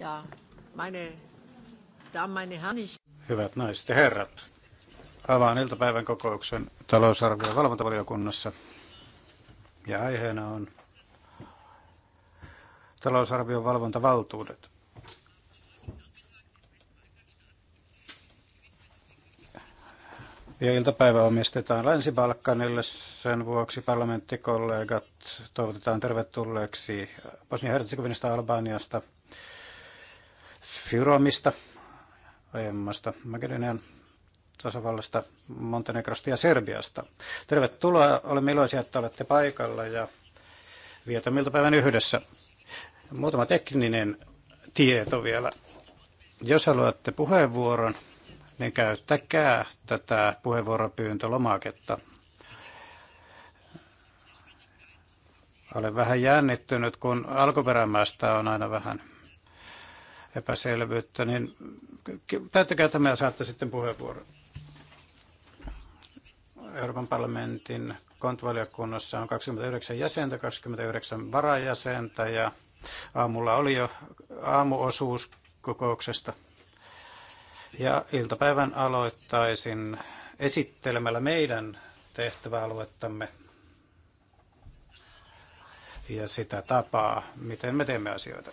Ja meine Damen, meine Herren, ich... Hyvät naiset ja herrat, avaan iltapäivän kokouksen talousarvio- ja valvontavaliokunnassa. Ja aiheena on talousarvion valvontavaltuudet. Ja iltapäivä omistetaan Länsi-Balkanille. Sen vuoksi parlamenttikollegat toivotetaan tervetulleeksi Bosnia-Herzegovinasta, Albaniasta, Fyromista, aiemmasta Makedonian tasavallasta, Montenegrosta ja Serbiasta. Tervetuloa, olemme iloisia, että olette paikalla ja vietämme iltapäivän yhdessä. Muutama tekninen tieto vielä. Jos haluatte puheenvuoron, niin käyttäkää tätä puheenvuoropyyntölomaketta. Olen vähän jännittynyt, kun alkuperämästä on aina vähän epäselvyyttä, niin päättäkää tämä ja saatte sitten puheenvuoron. Euroopan parlamentin kontvaliokunnassa on 29 jäsentä, 29 varajäsentä ja aamulla oli jo aamuosuus kokouksesta. Ja iltapäivän aloittaisin esittelemällä meidän tehtäväaluettamme ja sitä tapaa, miten me teemme asioita.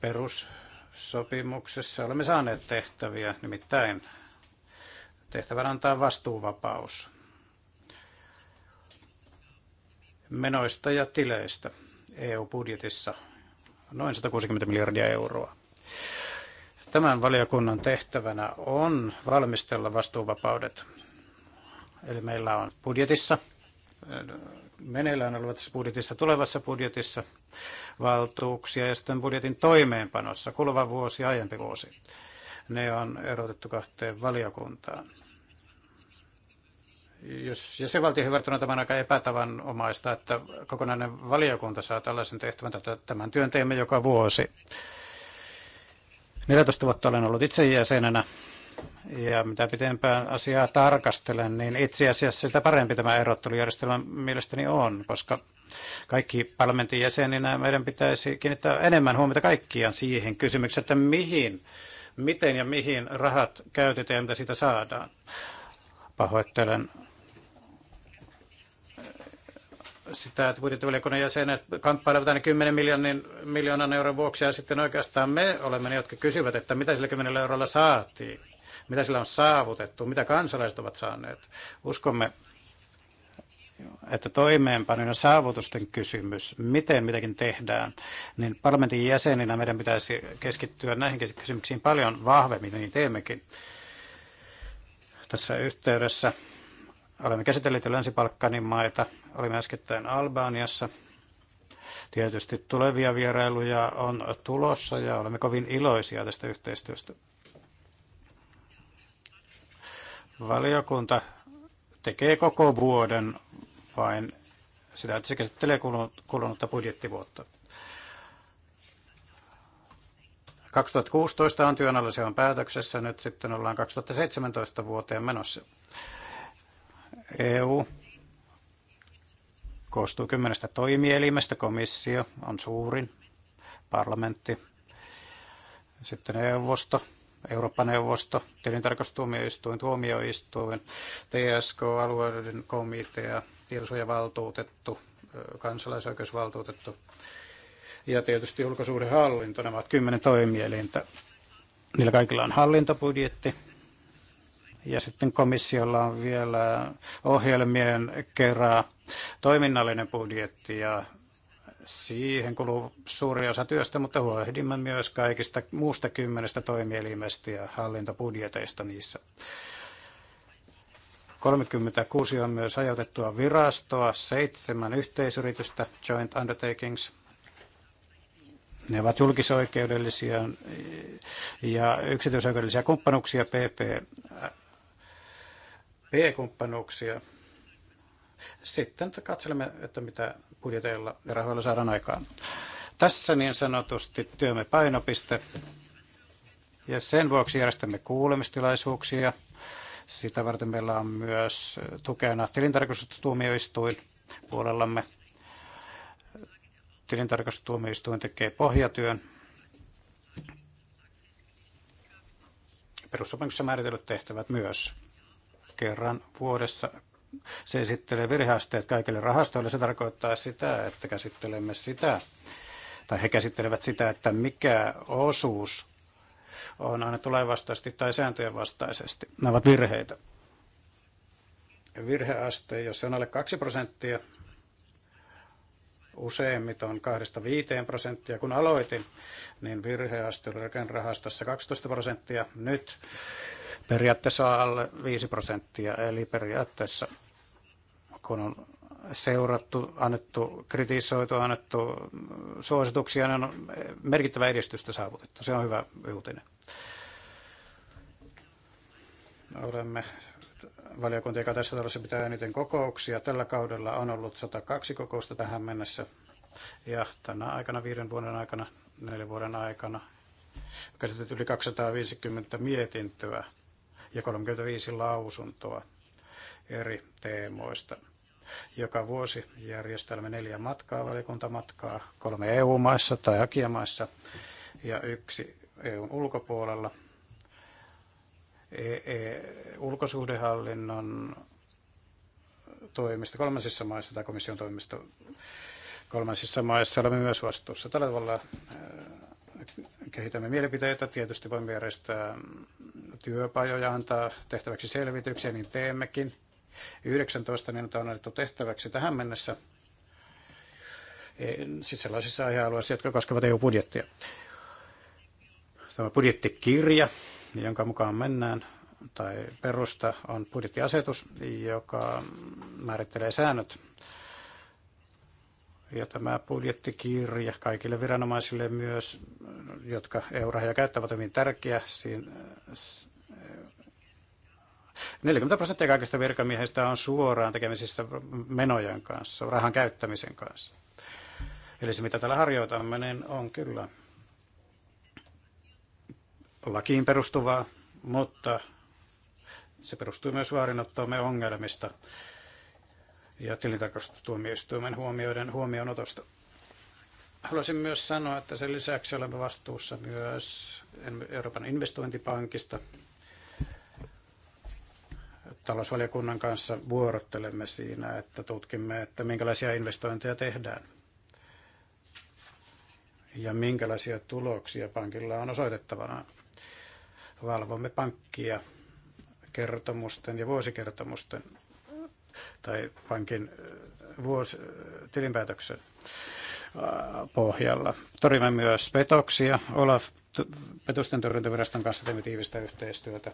Perussopimuksessa olemme saaneet tehtäviä, nimittäin tehtävän antaa vastuuvapaus menoista ja tileistä EU-budjetissa noin 160 miljardia euroa. Tämän valiokunnan tehtävänä on valmistella vastuuvapaudet. Eli meillä on budjetissa meneillään olevassa budjetissa, tulevassa budjetissa valtuuksia ja sitten budjetin toimeenpanossa, kuluva vuosi ja aiempi vuosi. Ne on erotettu kahteen valiokuntaan. Jos jäsenvaltio on tämä tämän aika epätavanomaista, että kokonainen valiokunta saa tällaisen tehtävän, tämän työn teemme joka vuosi. 14 vuotta olen ollut itse jäsenenä ja mitä pidempään asiaa tarkastelen, niin itse asiassa sitä parempi tämä erottelujärjestelmä mielestäni on, koska kaikki parlamentin jäseninä meidän pitäisi kiinnittää enemmän huomiota kaikkiaan siihen kysymykseen, että mihin, miten ja mihin rahat käytetään ja mitä siitä saadaan. Pahoittelen sitä, että budjettivaliokunnan jäsenet kamppailevat aina 10 miljoonan, miljoonan euron vuoksi, ja sitten oikeastaan me olemme ne, jotka kysyvät, että mitä sillä 10 eurolla saatiin mitä sillä on saavutettu, mitä kansalaiset ovat saaneet. Uskomme, että toimeenpano ja saavutusten kysymys, miten mitäkin tehdään, niin parlamentin jäseninä meidän pitäisi keskittyä näihin kysymyksiin paljon vahvemmin, niin teemmekin tässä yhteydessä. Olemme käsitelleet jo Länsi-Balkanin maita, olimme äskettäin Albaaniassa. Tietysti tulevia vierailuja on tulossa ja olemme kovin iloisia tästä yhteistyöstä. Valiokunta tekee koko vuoden vain sitä, että se käsittelee kulunutta budjettivuotta. 2016 on työn alla, se on päätöksessä, nyt sitten ollaan 2017 vuoteen menossa. EU koostuu kymmenestä toimielimestä, komissio on suurin, parlamentti, sitten neuvosto, Eurooppa-neuvosto, tilintarkastustuomioistuin, tuomioistuin, TSK, alueellinen komitea, tietosuojavaltuutettu, kansalaisoikeusvaltuutettu ja tietysti ulkosuhdehallinto. Nämä ovat kymmenen toimielintä. Niillä kaikilla on hallintobudjetti, ja sitten komissiolla on vielä ohjelmien kerran toiminnallinen budjetti ja Siihen kuluu suuri osa työstä, mutta huolehdimme myös kaikista muusta kymmenestä toimielimestä ja hallintobudjeteista niissä. 36 on myös hajautettua virastoa, seitsemän yhteisyritystä, joint undertakings. Ne ovat julkisoikeudellisia ja yksityisoikeudellisia kumppanuuksia, PP, P-kumppanuuksia. Sitten katselemme, että mitä budjeteilla ja rahoilla saadaan aikaan. Tässä niin sanotusti työmme painopiste. Ja sen vuoksi järjestämme kuulemistilaisuuksia. Sitä varten meillä on myös tukena tilintarkastustuomioistuin puolellamme. Tilintarkastustuomioistuin tekee pohjatyön. Perussopimuksessa määritellyt tehtävät myös kerran vuodessa se esittelee virheasteet kaikille rahastoille. Se tarkoittaa sitä, että käsittelemme sitä, tai he käsittelevät sitä, että mikä osuus on aina tulevastaisesti tai sääntöjen vastaisesti. Nämä ovat virheitä. Virheaste, jos se on alle 2 prosenttia, useimmit on 2-5 prosenttia. Kun aloitin, niin virheaste oli rakennerahastossa 12 prosenttia. Nyt periaatteessa alle 5 prosenttia, eli periaatteessa kun on seurattu, annettu, kritisoitu, annettu suosituksia, niin on merkittävä edistystä saavutettu. Se on hyvä uutinen. Olemme valiokunta, joka tässä talossa pitää eniten kokouksia. Tällä kaudella on ollut 102 kokousta tähän mennessä. Ja tänä aikana, viiden vuoden aikana, neljän vuoden aikana, käsitelty yli 250 mietintöä ja 35 lausuntoa eri teemoista. Joka vuosi järjestelmä neljä matkaa, valiokuntamatkaa, kolme EU-maissa tai hakijamaissa ja yksi EUn ulkopuolella. E- e- ulkosuhdehallinnon toimista kolmansissa maissa tai komission toimista kolmansissa maissa olemme myös vastuussa. Tällä tavalla äh, kehitämme mielipiteitä, tietysti voimme järjestää työpajoja, antaa tehtäväksi selvityksiä, niin teemmekin. 19 niin on annettu tehtäväksi tähän mennessä siis sellaisissa aihealueissa, jotka koskevat EU-budjettia. Tämä budjettikirja, jonka mukaan mennään, tai perusta on budjettiasetus, joka määrittelee säännöt ja tämä budjettikirja kaikille viranomaisille myös, jotka euroja käyttävät, on hyvin tärkeä. Siinä 40 prosenttia kaikista virkamiehistä on suoraan tekemisissä menojen kanssa, rahan käyttämisen kanssa. Eli se, mitä täällä harjoitamme, niin on kyllä lakiin perustuvaa, mutta se perustuu myös vaarinottoomme ongelmista ja tilintarkastustuomioistuimen huomioiden huomionotosta. Haluaisin myös sanoa, että sen lisäksi olemme vastuussa myös Euroopan investointipankista, talousvaliokunnan kanssa vuorottelemme siinä, että tutkimme, että minkälaisia investointeja tehdään ja minkälaisia tuloksia pankilla on osoitettavana. Valvomme pankkia kertomusten ja vuosikertomusten tai pankin äh, vuos, äh, tilinpäätöksen äh, pohjalla. Torimme myös petoksia. Olaf Petusten torjuntaviraston kanssa teemme tiivistä yhteistyötä.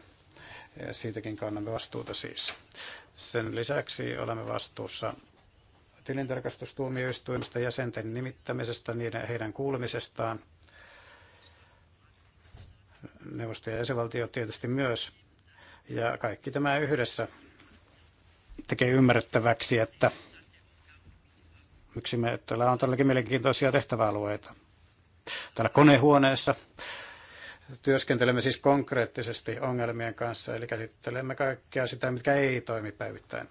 Ja siitäkin kannamme vastuuta siis. Sen lisäksi olemme vastuussa tilintarkastustuomioistuimesta jäsenten nimittämisestä, niiden, heidän kuulemisestaan. Neuvosto ja jäsenvaltio tietysti myös. Ja kaikki tämä yhdessä tekee ymmärrettäväksi, että miksi me, täällä on todellakin mielenkiintoisia tehtäväalueita. Täällä konehuoneessa Työskentelemme siis konkreettisesti ongelmien kanssa, eli käsittelemme kaikkea sitä, mikä ei toimi päivittäin.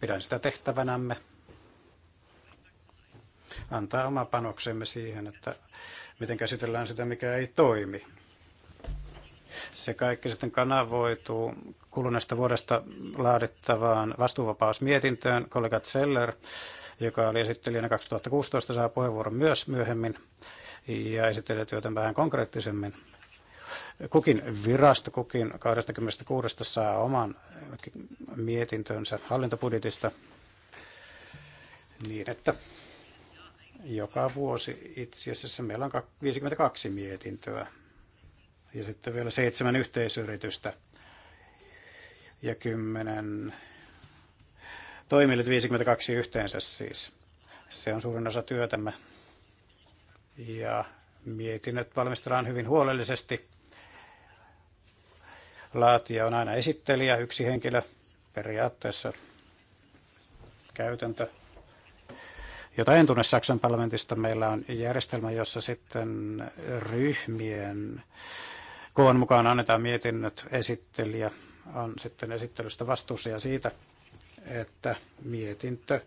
Pidän sitä tehtävänämme antaa oma panoksemme siihen, että miten käsitellään sitä, mikä ei toimi. Se kaikki sitten kanavoituu kuluneesta vuodesta laadittavaan vastuuvapausmietintöön. Kollega Zeller, joka oli esittelijänä 2016, saa puheenvuoron myös myöhemmin ja esitelleet joten vähän konkreettisemmin. Kukin virasto, kukin 26 saa oman mietintönsä hallintobudjetista niin, että joka vuosi itse asiassa meillä on 52 mietintöä ja sitten vielä seitsemän yhteisyritystä ja kymmenen toimilit 52 yhteensä siis. Se on suurin osa työtämme ja mietinnöt valmistellaan hyvin huolellisesti. Laatija on aina esittelijä, yksi henkilö, periaatteessa käytäntö, jota en tunne Saksan parlamentista. Meillä on järjestelmä, jossa sitten ryhmien koon mukaan annetaan mietinnöt esittelijä on sitten esittelystä vastuussa ja siitä, että mietintö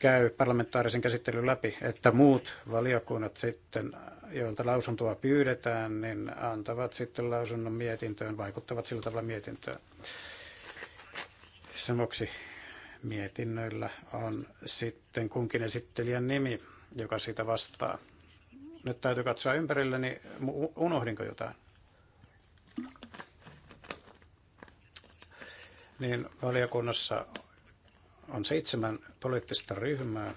käy parlamentaarisen käsittelyn läpi, että muut valiokunnat sitten, joilta lausuntoa pyydetään, niin antavat sitten lausunnon mietintöön, vaikuttavat sillä tavalla mietintöön. Sen vuoksi mietinnöillä on sitten kunkin esittelijän nimi, joka siitä vastaa. Nyt täytyy katsoa ympärilleni, unohdinko jotain? Niin valiokunnassa on seitsemän poliittista ryhmää.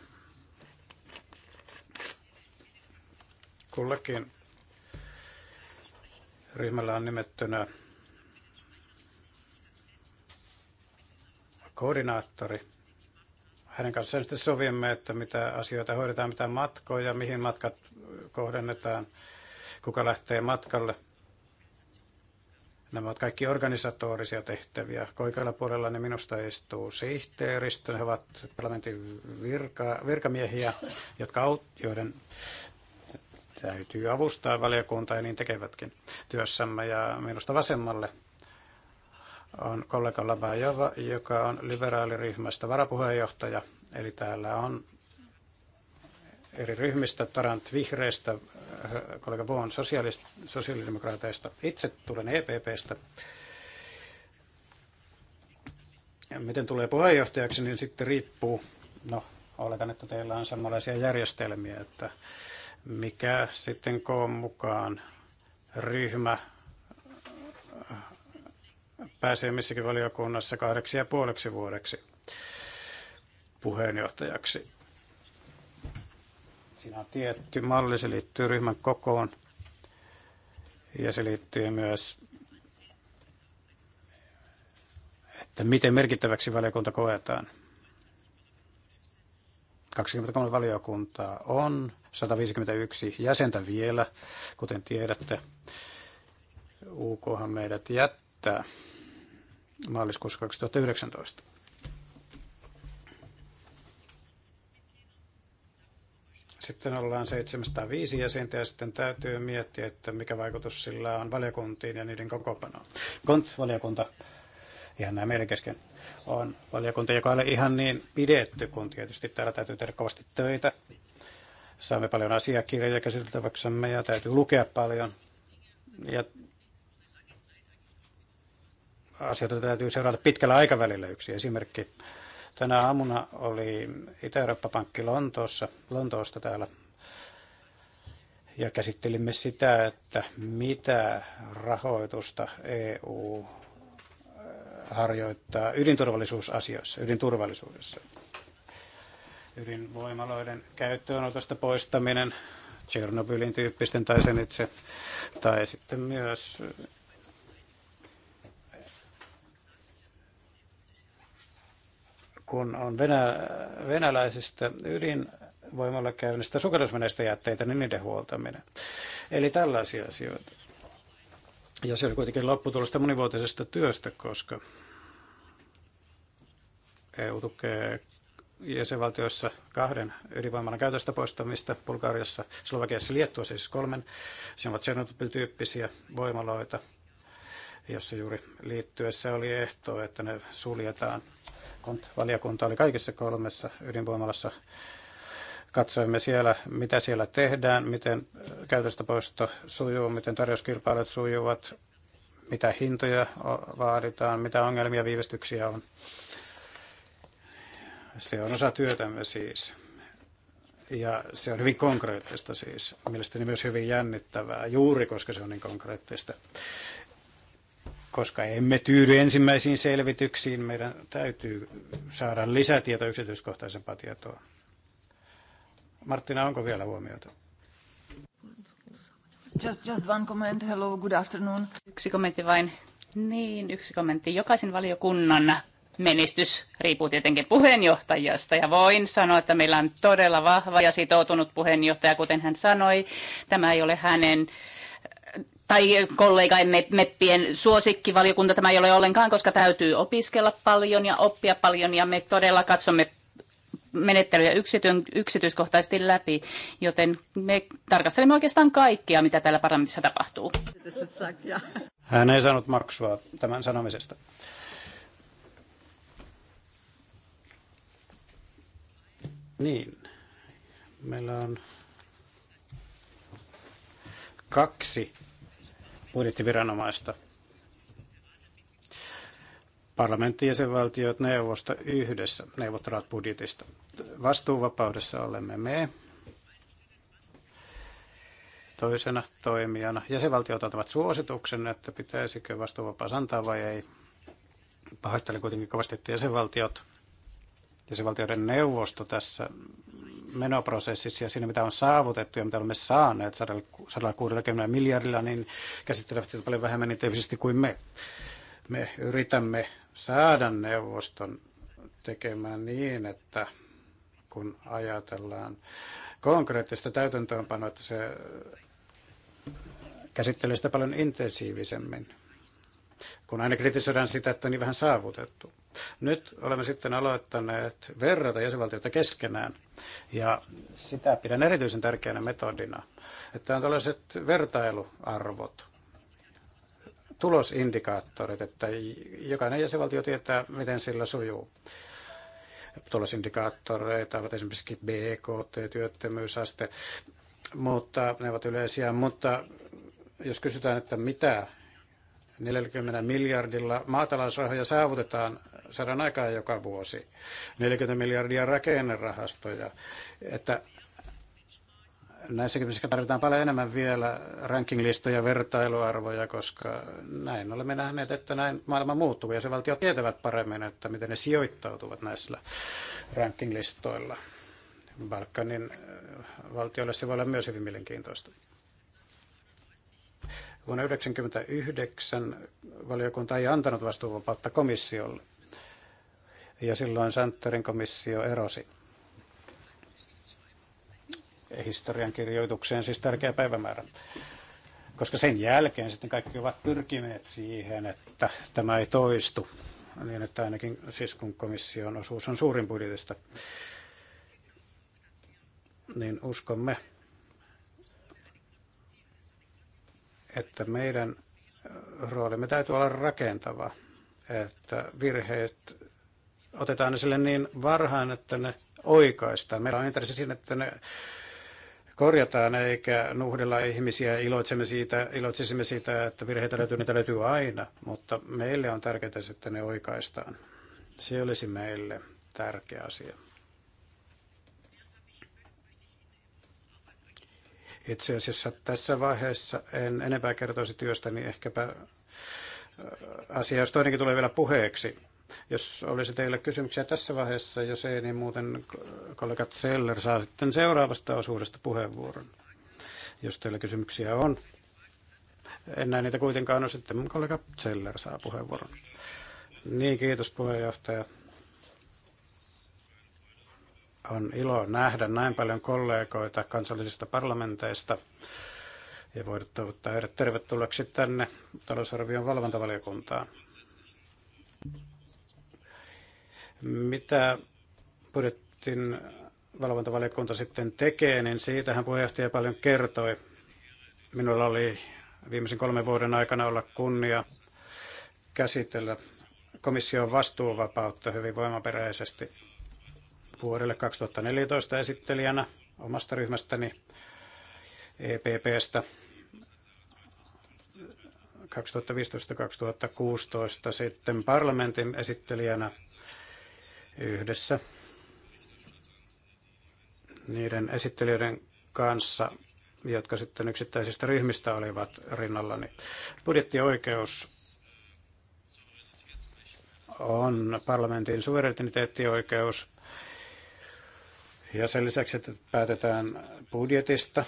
Kullakin ryhmällä on nimettynä koordinaattori. Hänen kanssaan sitten sovimme, että mitä asioita hoidetaan, mitä matkoja, mihin matkat kohdennetaan, kuka lähtee matkalle – Nämä ovat kaikki organisatorisia tehtäviä. Koikealla puolella ne minusta istuu sihteeristö. He ovat parlamentin virka, virkamiehiä, jotka, joiden täytyy avustaa valiokuntaa ja niin tekevätkin työssämme. Ja minusta vasemmalle on kollega Labajova, joka on liberaaliryhmästä varapuheenjohtaja. Eli täällä on eri ryhmistä, Tarant vihreistä, äh, kollega Boon sosiaalidemokraateista, itse tulen EPPstä. ja Miten tulee puheenjohtajaksi, niin sitten riippuu, no oletan, että teillä on samanlaisia järjestelmiä, että mikä sitten koon mukaan ryhmä äh, pääsee missäkin valiokunnassa kahdeksi ja puoleksi vuodeksi puheenjohtajaksi. Siinä on tietty malli, se liittyy ryhmän kokoon ja se liittyy myös, että miten merkittäväksi valiokunta koetaan. 23 valiokuntaa on, 151 jäsentä vielä, kuten tiedätte. UKhan meidät jättää maaliskuussa 2019. Sitten ollaan 705 jäsentä ja sitten täytyy miettiä, että mikä vaikutus sillä on valiokuntiin ja niiden kokoonpanoon. KONT-valiokunta, ihan nämä meidän kesken, on valiokunta, joka ei ole ihan niin pidetty, kun tietysti täällä täytyy tehdä kovasti töitä. Saamme paljon asiakirjoja käsiteltäväksemme ja täytyy lukea paljon. Ja asioita täytyy seurata pitkällä aikavälillä. Yksi esimerkki Tänä aamuna oli Itä-Eurooppa-pankki Lontoossa, Lontoosta täällä ja käsittelimme sitä, että mitä rahoitusta EU äh, harjoittaa ydinturvallisuusasioissa, ydinturvallisuudessa. Ydinvoimaloiden käyttöönotosta poistaminen, Chernobylin tyyppisten tai sen itse, tai sitten myös kun on venä, venäläisistä ydinvoimalla käynnistä sukellusveneistä jätteitä, niin niiden huoltaminen. Eli tällaisia asioita. Ja se oli kuitenkin lopputulosta monivuotisesta työstä, koska EU tukee jäsenvaltioissa kahden ydinvoimalan käytöstä poistamista, Bulgariassa, Slovakiassa Liettua siis kolmen. Se ovat Chernobyl-tyyppisiä voimaloita, jossa juuri liittyessä oli ehto, että ne suljetaan valiokunta oli kaikissa kolmessa ydinvoimalassa. Katsoimme siellä, mitä siellä tehdään, miten poisto sujuu, miten tarjouskilpailut sujuvat, mitä hintoja vaaditaan, mitä ongelmia ja viivästyksiä on. Se on osa työtämme siis. Ja se on hyvin konkreettista siis. Mielestäni myös hyvin jännittävää, juuri koska se on niin konkreettista koska emme tyydy ensimmäisiin selvityksiin, meidän täytyy saada lisätietoa, yksityiskohtaisempaa tietoa. Martina, onko vielä huomioita? Just, just one comment. Hello, good afternoon. Yksi kommentti vain. Niin, yksi kommentti. Jokaisen valiokunnan menestys riippuu tietenkin puheenjohtajasta ja voin sanoa, että meillä on todella vahva ja sitoutunut puheenjohtaja, kuten hän sanoi. Tämä ei ole hänen tai kollega meppien suosikkivaliokunta tämä ei ole ollenkaan, koska täytyy opiskella paljon ja oppia paljon ja me todella katsomme menettelyjä yksityiskohtaisesti läpi, joten me tarkastelemme oikeastaan kaikkia, mitä täällä parlamentissa tapahtuu. Hän ei saanut maksua tämän sanomisesta. Niin, meillä on kaksi budjettiviranomaista. Parlamentti, jäsenvaltiot, neuvosto yhdessä neuvottelevat budjetista. Vastuuvapaudessa olemme me toisena toimijana. Jäsenvaltiot antavat suosituksen, että pitäisikö vastuuvapaus antaa vai ei. Pahoittelen kuitenkin kovasti, että jäsenvaltiot, jäsenvaltioiden neuvosto tässä menoprosessissa ja siinä, mitä on saavutettu ja mitä olemme saaneet 160 miljardilla, niin käsittelevät sitä paljon vähemmän intensiivisesti kuin me. Me yritämme saada neuvoston tekemään niin, että kun ajatellaan konkreettista täytäntöönpanoa, että se käsittelee sitä paljon intensiivisemmin, kun aina kritisoidaan sitä, että on niin vähän saavutettu. Nyt olemme sitten aloittaneet verrata jäsenvaltioita keskenään, ja sitä pidän erityisen tärkeänä metodina, että on tällaiset vertailuarvot, tulosindikaattorit, että jokainen jäsenvaltio tietää, miten sillä sujuu tulosindikaattoreita, ovat esimerkiksi BKT, työttömyysaste, mutta ne ovat yleisiä. Mutta jos kysytään, että mitä 40 miljardilla maatalousrahoja saavutetaan saadaan aikaa joka vuosi. 40 miljardia rakennerahastoja. Että näissä kysymyksissä tarvitaan paljon enemmän vielä rankinglistoja, vertailuarvoja, koska näin olemme nähneet, että näin maailma muuttuu ja se valtiot tietävät paremmin, että miten ne sijoittautuvat näissä rankinglistoilla. Balkanin äh, valtioille se voi olla myös hyvin mielenkiintoista. Vuonna 1999 valiokunta ei antanut vastuuvapautta komissiolle ja silloin Santorin komissio erosi historian kirjoitukseen, siis tärkeä päivämäärä. Koska sen jälkeen sitten kaikki ovat pyrkineet siihen, että tämä ei toistu, niin että ainakin siis kun komission osuus on suurin budjetista, niin uskomme, että meidän roolimme täytyy olla rakentava, että virheet otetaan esille niin varhain, että ne oikaistaan. Meillä on intressi siinä, että ne korjataan eikä nuhdella ihmisiä. Iloitsemme siitä, iloitsisimme siitä, että virheitä löytyy, niitä löytyy aina, mutta meille on tärkeää, että ne oikaistaan. Se olisi meille tärkeä asia. Itse asiassa tässä vaiheessa en enempää kertoisi työstäni, niin ehkäpä asia, jos toinenkin tulee vielä puheeksi. Jos olisi teille kysymyksiä tässä vaiheessa, jos ei, niin muuten kollega Zeller saa sitten seuraavasta osuudesta puheenvuoron, jos teillä kysymyksiä on. En näe niitä kuitenkaan, no sitten kollega Zeller saa puheenvuoron. Niin, kiitos puheenjohtaja. On ilo nähdä näin paljon kollegoita kansallisista parlamenteista ja voida toivottaa heidät tervetulleeksi tänne talousarvion valvontavaliokuntaan. Mitä budjettin valvontavaliokunta sitten tekee, niin siitähän puheenjohtaja paljon kertoi. Minulla oli viimeisen kolmen vuoden aikana olla kunnia käsitellä komission vastuuvapautta hyvin voimaperäisesti vuodelle 2014 esittelijänä omasta ryhmästäni EPPstä. 2015-2016 sitten parlamentin esittelijänä yhdessä niiden esittelijöiden kanssa, jotka sitten yksittäisistä ryhmistä olivat rinnallani. Niin budjettioikeus on parlamentin suvereniteettioikeus. Ja sen lisäksi, että päätetään budjetista,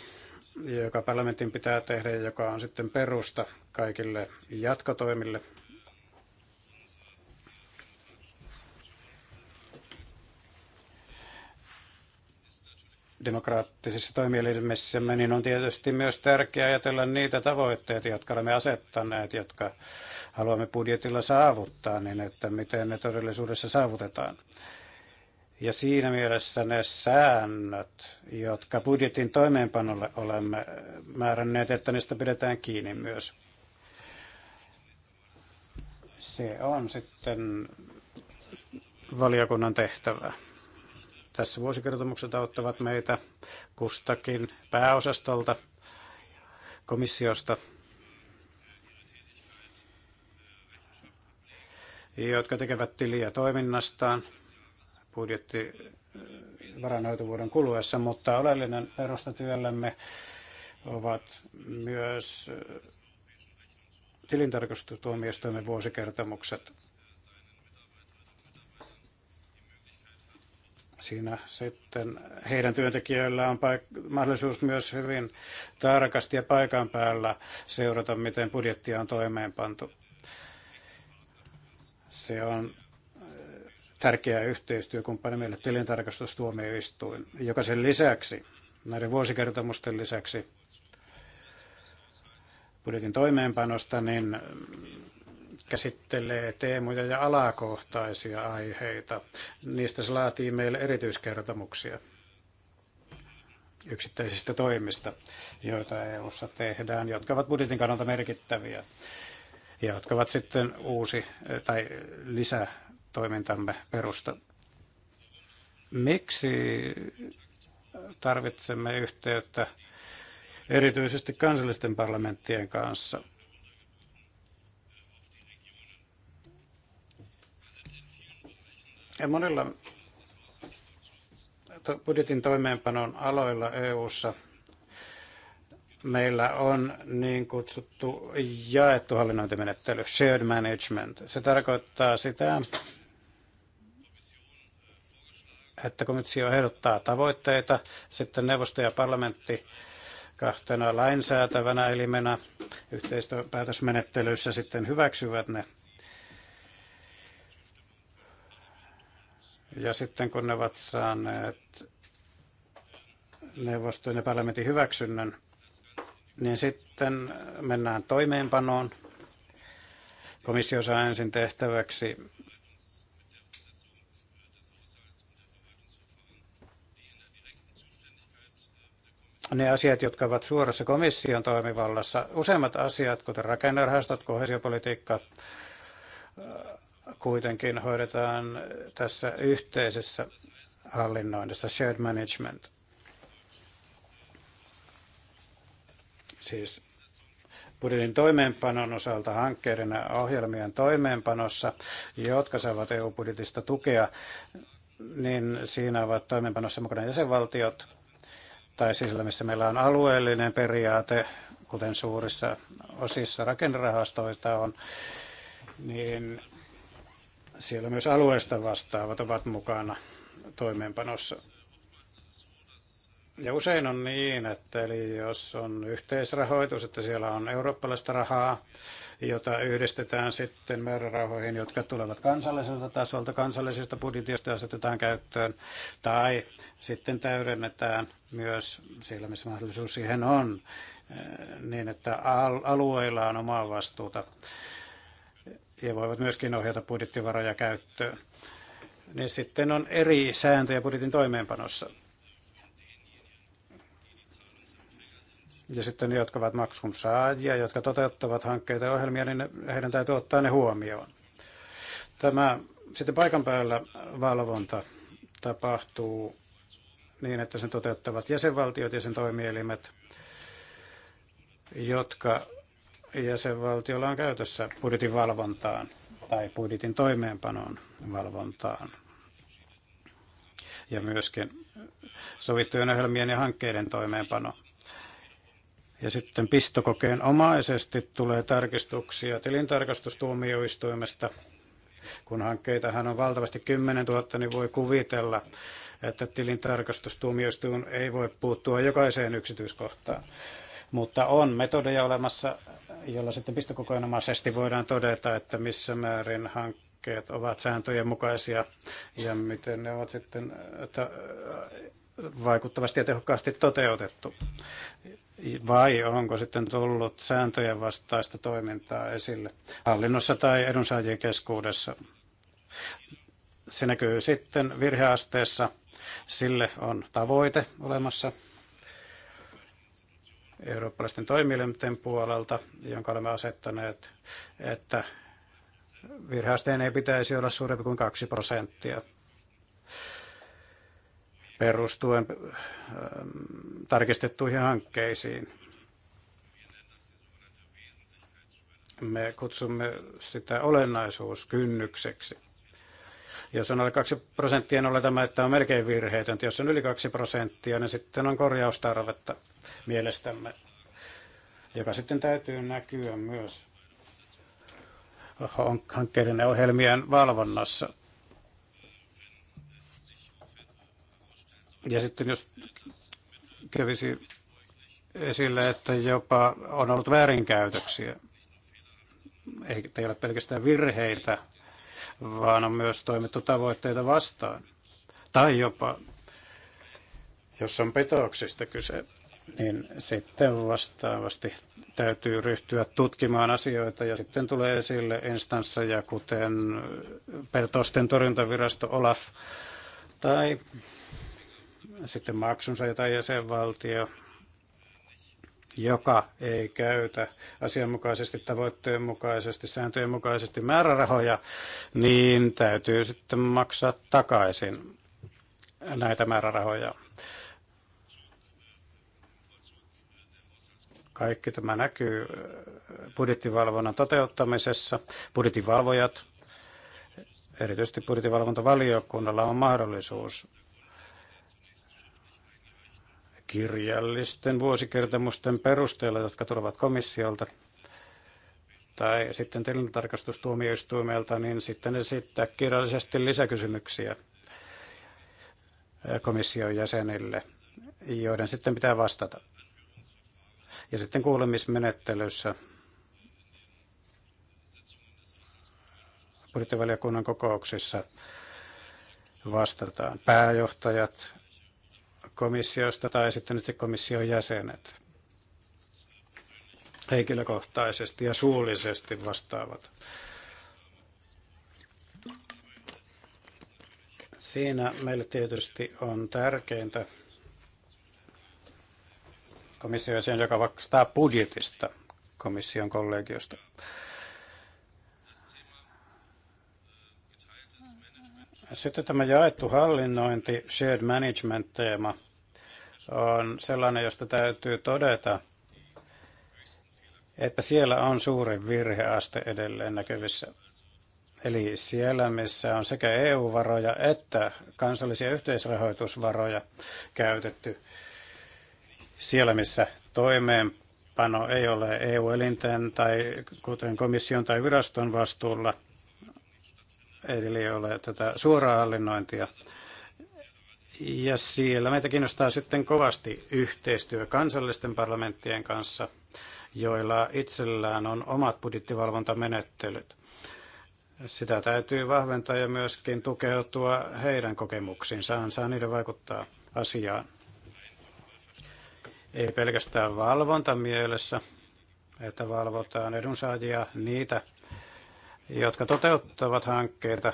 joka parlamentin pitää tehdä, joka on sitten perusta kaikille jatkotoimille demokraattisissa toimielimissämme, niin on tietysti myös tärkeää ajatella niitä tavoitteita, jotka olemme asettaneet, jotka haluamme budjetilla saavuttaa, niin että miten ne todellisuudessa saavutetaan. Ja siinä mielessä ne säännöt, jotka budjetin toimeenpanolle olemme määränneet, että niistä pidetään kiinni myös. Se on sitten valiokunnan tehtävää tässä vuosikertomuksessa ottavat meitä kustakin pääosastolta, komissiosta, jotka tekevät tiliä toiminnastaan budjetti äh, varanhoitovuoden kuluessa, mutta oleellinen perusta työllämme ovat myös äh, tilintarkastustuomioistuimen vuosikertomukset. siinä sitten heidän työntekijöillä on paik- mahdollisuus myös hyvin tarkasti ja paikan päällä seurata, miten budjettia on toimeenpantu. Se on eh, tärkeä yhteistyökumppani meille tilintarkastustuomioistuin, joka sen lisäksi, näiden vuosikertomusten lisäksi budjetin toimeenpanosta, niin käsittelee teemoja ja alakohtaisia aiheita. Niistä se laatii meille erityiskertomuksia yksittäisistä toimista, joita EU-ssa tehdään, jotka ovat budjetin kannalta merkittäviä ja jotka ovat sitten uusi eh, tai lisätoimintamme perusta. Miksi tarvitsemme yhteyttä erityisesti kansallisten parlamenttien kanssa? Ja monilla budjetin toimeenpanon aloilla EU:ssa meillä on niin kutsuttu jaettu hallinnointimenettely, shared management. Se tarkoittaa sitä, että komissio ehdottaa tavoitteita, sitten neuvosto ja parlamentti kahtena lainsäätävänä elimenä yhteispäätösmenettelyissä sitten hyväksyvät ne Ja sitten kun ne ovat saaneet neuvoston ja parlamentin hyväksynnän, niin sitten mennään toimeenpanoon. Komissio saa ensin tehtäväksi ne asiat, jotka ovat suorassa komission toimivallassa. Useimmat asiat, kuten rakennerahastot, kohesiopolitiikka, kuitenkin hoidetaan tässä yhteisessä hallinnoinnissa, shared management. Siis budjetin toimeenpanon osalta hankkeiden ja ohjelmien toimeenpanossa, jotka saavat EU-budjetista tukea, niin siinä ovat toimeenpanossa mukana jäsenvaltiot, tai sillä, missä meillä on alueellinen periaate, kuten suurissa osissa rakennerahastoita on, niin siellä myös alueesta vastaavat ovat mukana toimeenpanossa. Ja usein on niin, että eli jos on yhteisrahoitus, että siellä on eurooppalaista rahaa, jota yhdistetään sitten määrärahoihin, jotka tulevat kansalliselta tasolta, kansallisista budjetista asetetaan käyttöön, tai sitten täydennetään myös siellä, missä mahdollisuus siihen on, eh, niin että alueilla on omaa vastuuta ja voivat myöskin ohjata budjettivaroja käyttöön. Niin sitten on eri sääntöjä budjetin toimeenpanossa. Ja sitten ne, jotka ovat maksun saajia, jotka toteuttavat hankkeita ja ohjelmia, niin heidän täytyy ottaa ne huomioon. Tämä sitten paikan päällä valvonta tapahtuu niin, että sen toteuttavat jäsenvaltiot ja sen toimielimet, jotka jäsenvaltiolla on käytössä budjetin valvontaan tai budjetin toimeenpanon valvontaan ja myöskin sovittujen ohjelmien ja hankkeiden toimeenpano. Ja sitten pistokokeen omaisesti tulee tarkistuksia tilintarkastustuomioistuimesta. Kun hankkeitahan on valtavasti 10 000, niin voi kuvitella, että tilintarkastustuomioistuin ei voi puuttua jokaiseen yksityiskohtaan. Mutta on metodeja olemassa jolla sitten pistokokoelmaisesti voidaan todeta, että missä määrin hankkeet ovat sääntöjen mukaisia ja miten ne ovat sitten äh, vaikuttavasti ja tehokkaasti toteutettu. Vai onko sitten tullut sääntöjen vastaista toimintaa esille hallinnossa tai edunsaajien keskuudessa? Se näkyy sitten virheasteessa. Sille on tavoite olemassa eurooppalaisten toimielinten puolelta, jonka olemme asettaneet, että virheasteen ei pitäisi olla suurempi kuin 2 prosenttia perustuen ähm, tarkistettuihin hankkeisiin. Me kutsumme sitä olennaisuuskynnykseksi. Jos on alle 2 prosenttia, niin tämä, että on melkein virheetöntä. Jos on yli 2 prosenttia, niin sitten on korjaustarvetta mielestämme, joka sitten täytyy näkyä myös hankkeiden ja ohjelmien valvonnassa. Ja sitten jos kävisi esille, että jopa on ollut väärinkäytöksiä, ei, ei ole pelkästään virheitä, vaan on myös toimittu tavoitteita vastaan. Tai jopa, jos on petoksista kyse, niin sitten vastaavasti täytyy ryhtyä tutkimaan asioita ja sitten tulee esille instansseja, kuten petosten torjuntavirasto Olaf tai sitten maksunsa jotain jäsenvaltio joka ei käytä asianmukaisesti, tavoitteen mukaisesti, sääntöjen mukaisesti määrärahoja, niin täytyy sitten maksaa takaisin näitä määrärahoja. Kaikki tämä näkyy budjettivalvonnan toteuttamisessa. Budjettivalvojat, erityisesti budjettivalvontavaliokunnalla on mahdollisuus kirjallisten vuosikertomusten perusteella, jotka tulevat komissiolta tai sitten tilintarkastustuomioistuimelta, niin sitten esittää kirjallisesti lisäkysymyksiä komission jäsenille, joiden sitten pitää vastata. Ja sitten kuulemismenettelyssä budjettivaliokunnan kokouksissa vastataan. Pääjohtajat komissiosta tai sitten nyt komission jäsenet henkilökohtaisesti ja suullisesti vastaavat. Siinä meille tietysti on tärkeintä komission jäsen, joka vastaa budjetista komission kollegiosta. Sitten tämä jaettu hallinnointi, shared management-teema, on sellainen, josta täytyy todeta, että siellä on suuri virheaste edelleen näkyvissä. Eli siellä, missä on sekä EU-varoja että kansallisia yhteisrahoitusvaroja käytetty, siellä, missä toimeenpano ei ole EU-elinten tai kuten komission tai viraston vastuulla – ei ole tätä suoraa hallinnointia. Ja siellä meitä kiinnostaa sitten kovasti yhteistyö kansallisten parlamenttien kanssa, joilla itsellään on omat budjettivalvontamenettelyt. Sitä täytyy vahventaa ja myöskin tukeutua heidän kokemuksiinsa, saa niiden vaikuttaa asiaan. Ei pelkästään valvontamielessä, että valvotaan edunsaajia, niitä, jotka toteuttavat hankkeita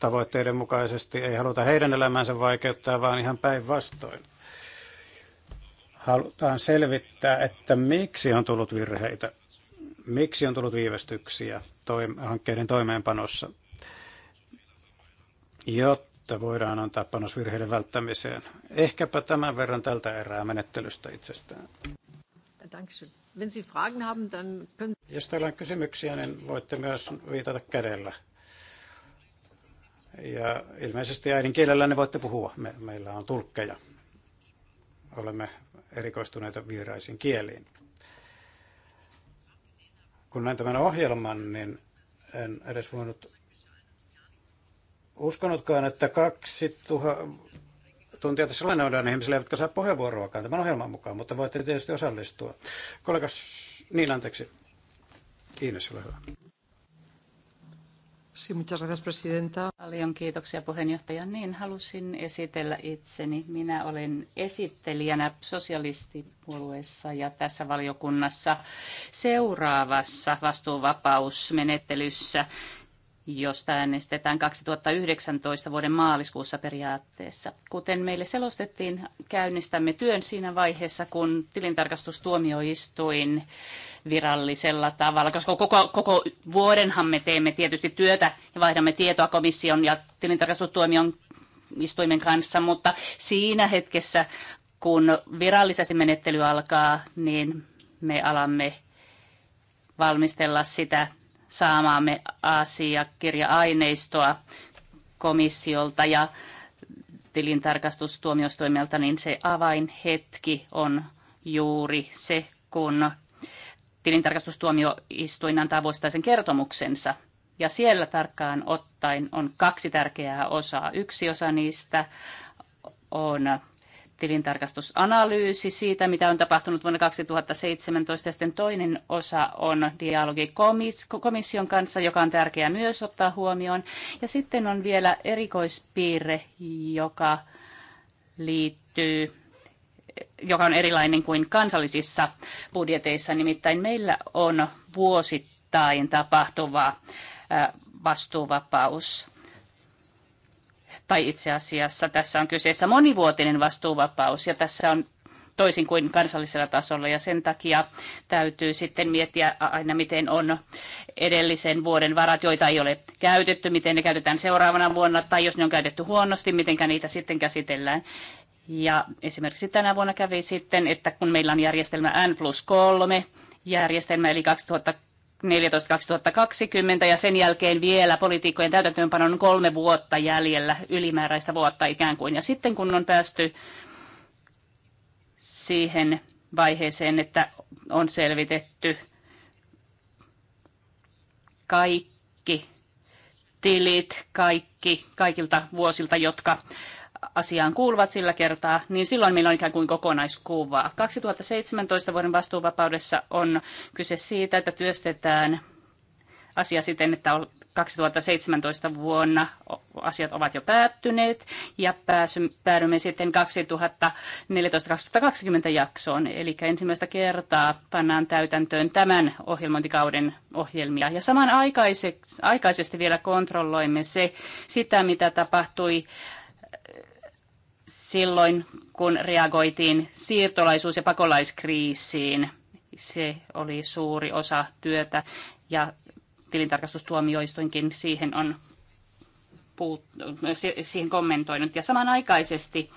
tavoitteiden mukaisesti. Ei haluta heidän elämänsä vaikeuttaa, vaan ihan päinvastoin. Halutaan selvittää, että miksi on tullut virheitä, miksi on tullut viivästyksiä toim- hankkeiden toimeenpanossa, jotta voidaan antaa panos virheiden välttämiseen. Ehkäpä tämän verran tältä erää menettelystä itsestään. Dankeschön. Jos teillä on kysymyksiä, niin voitte myös viitata kädellä. Ja ilmeisesti äidinkielellä ne voitte puhua. Me, meillä on tulkkeja. Olemme erikoistuneita vieraisiin kieliin. Kun näin tämän ohjelman, niin en edes voinut uskonutkaan, että 2000, tuntia tässä lainaudan niin ihmisille, jotka saa puheenvuoroakaan tämän ohjelman mukaan, mutta voitte tietysti osallistua. Kollegas, niin anteeksi. Ines, ole hyvä. Sí, muchas gracias, presidenta. Paljon kiitoksia puheenjohtaja. Niin, halusin esitellä itseni. Minä olen esittelijänä sosialistipuolueessa ja tässä valiokunnassa seuraavassa vastuuvapausmenettelyssä, josta äänestetään 2019 vuoden maaliskuussa periaatteessa. Kuten meille selostettiin, käynnistämme työn siinä vaiheessa, kun tilintarkastustuomioistuin virallisella tavalla, koska koko, koko vuodenhan me teemme tietysti työtä ja vaihdamme tietoa komission ja tilintarkastustuomion istuimen kanssa, mutta siinä hetkessä, kun virallisesti menettely alkaa, niin me alamme valmistella sitä saamaamme asiakirja-aineistoa komissiolta ja tilintarkastustuomioistuimelta, niin se avainhetki on juuri se, kun tilintarkastustuomioistuin antaa vuosittaisen kertomuksensa. Ja siellä tarkkaan ottaen on kaksi tärkeää osaa. Yksi osa niistä on tilintarkastusanalyysi siitä, mitä on tapahtunut vuonna 2017. Ja sitten toinen osa on dialogi komission kanssa, joka on tärkeää myös ottaa huomioon. Ja sitten on vielä erikoispiirre, joka liittyy joka on erilainen kuin kansallisissa budjeteissa. Nimittäin meillä on vuosittain tapahtuva vastuuvapaus tai itse asiassa tässä on kyseessä monivuotinen vastuuvapaus ja tässä on toisin kuin kansallisella tasolla ja sen takia täytyy sitten miettiä aina, miten on edellisen vuoden varat, joita ei ole käytetty, miten ne käytetään seuraavana vuonna tai jos ne on käytetty huonosti, miten niitä sitten käsitellään. Ja esimerkiksi tänä vuonna kävi sitten, että kun meillä on järjestelmä N plus 3, järjestelmä, eli 2000 2014-2020 ja sen jälkeen vielä poliitikkojen täytäntöönpanon kolme vuotta jäljellä, ylimääräistä vuotta ikään kuin. Ja sitten kun on päästy siihen vaiheeseen, että on selvitetty kaikki tilit kaikki, kaikilta vuosilta, jotka asiaan kuuluvat sillä kertaa, niin silloin meillä on ikään kuin kokonaiskuvaa. 2017 vuoden vastuuvapaudessa on kyse siitä, että työstetään asia siten, että 2017 vuonna asiat ovat jo päättyneet ja pääsy, päädymme sitten 2014-2020 jaksoon. Eli ensimmäistä kertaa pannaan täytäntöön tämän ohjelmointikauden ohjelmia. Ja samanaikaisesti vielä kontrolloimme se, sitä, mitä tapahtui silloin, kun reagoitiin siirtolaisuus- ja pakolaiskriisiin. Se oli suuri osa työtä ja tilintarkastustuomioistuinkin siihen on puut- siihen kommentoinut. Ja samanaikaisesti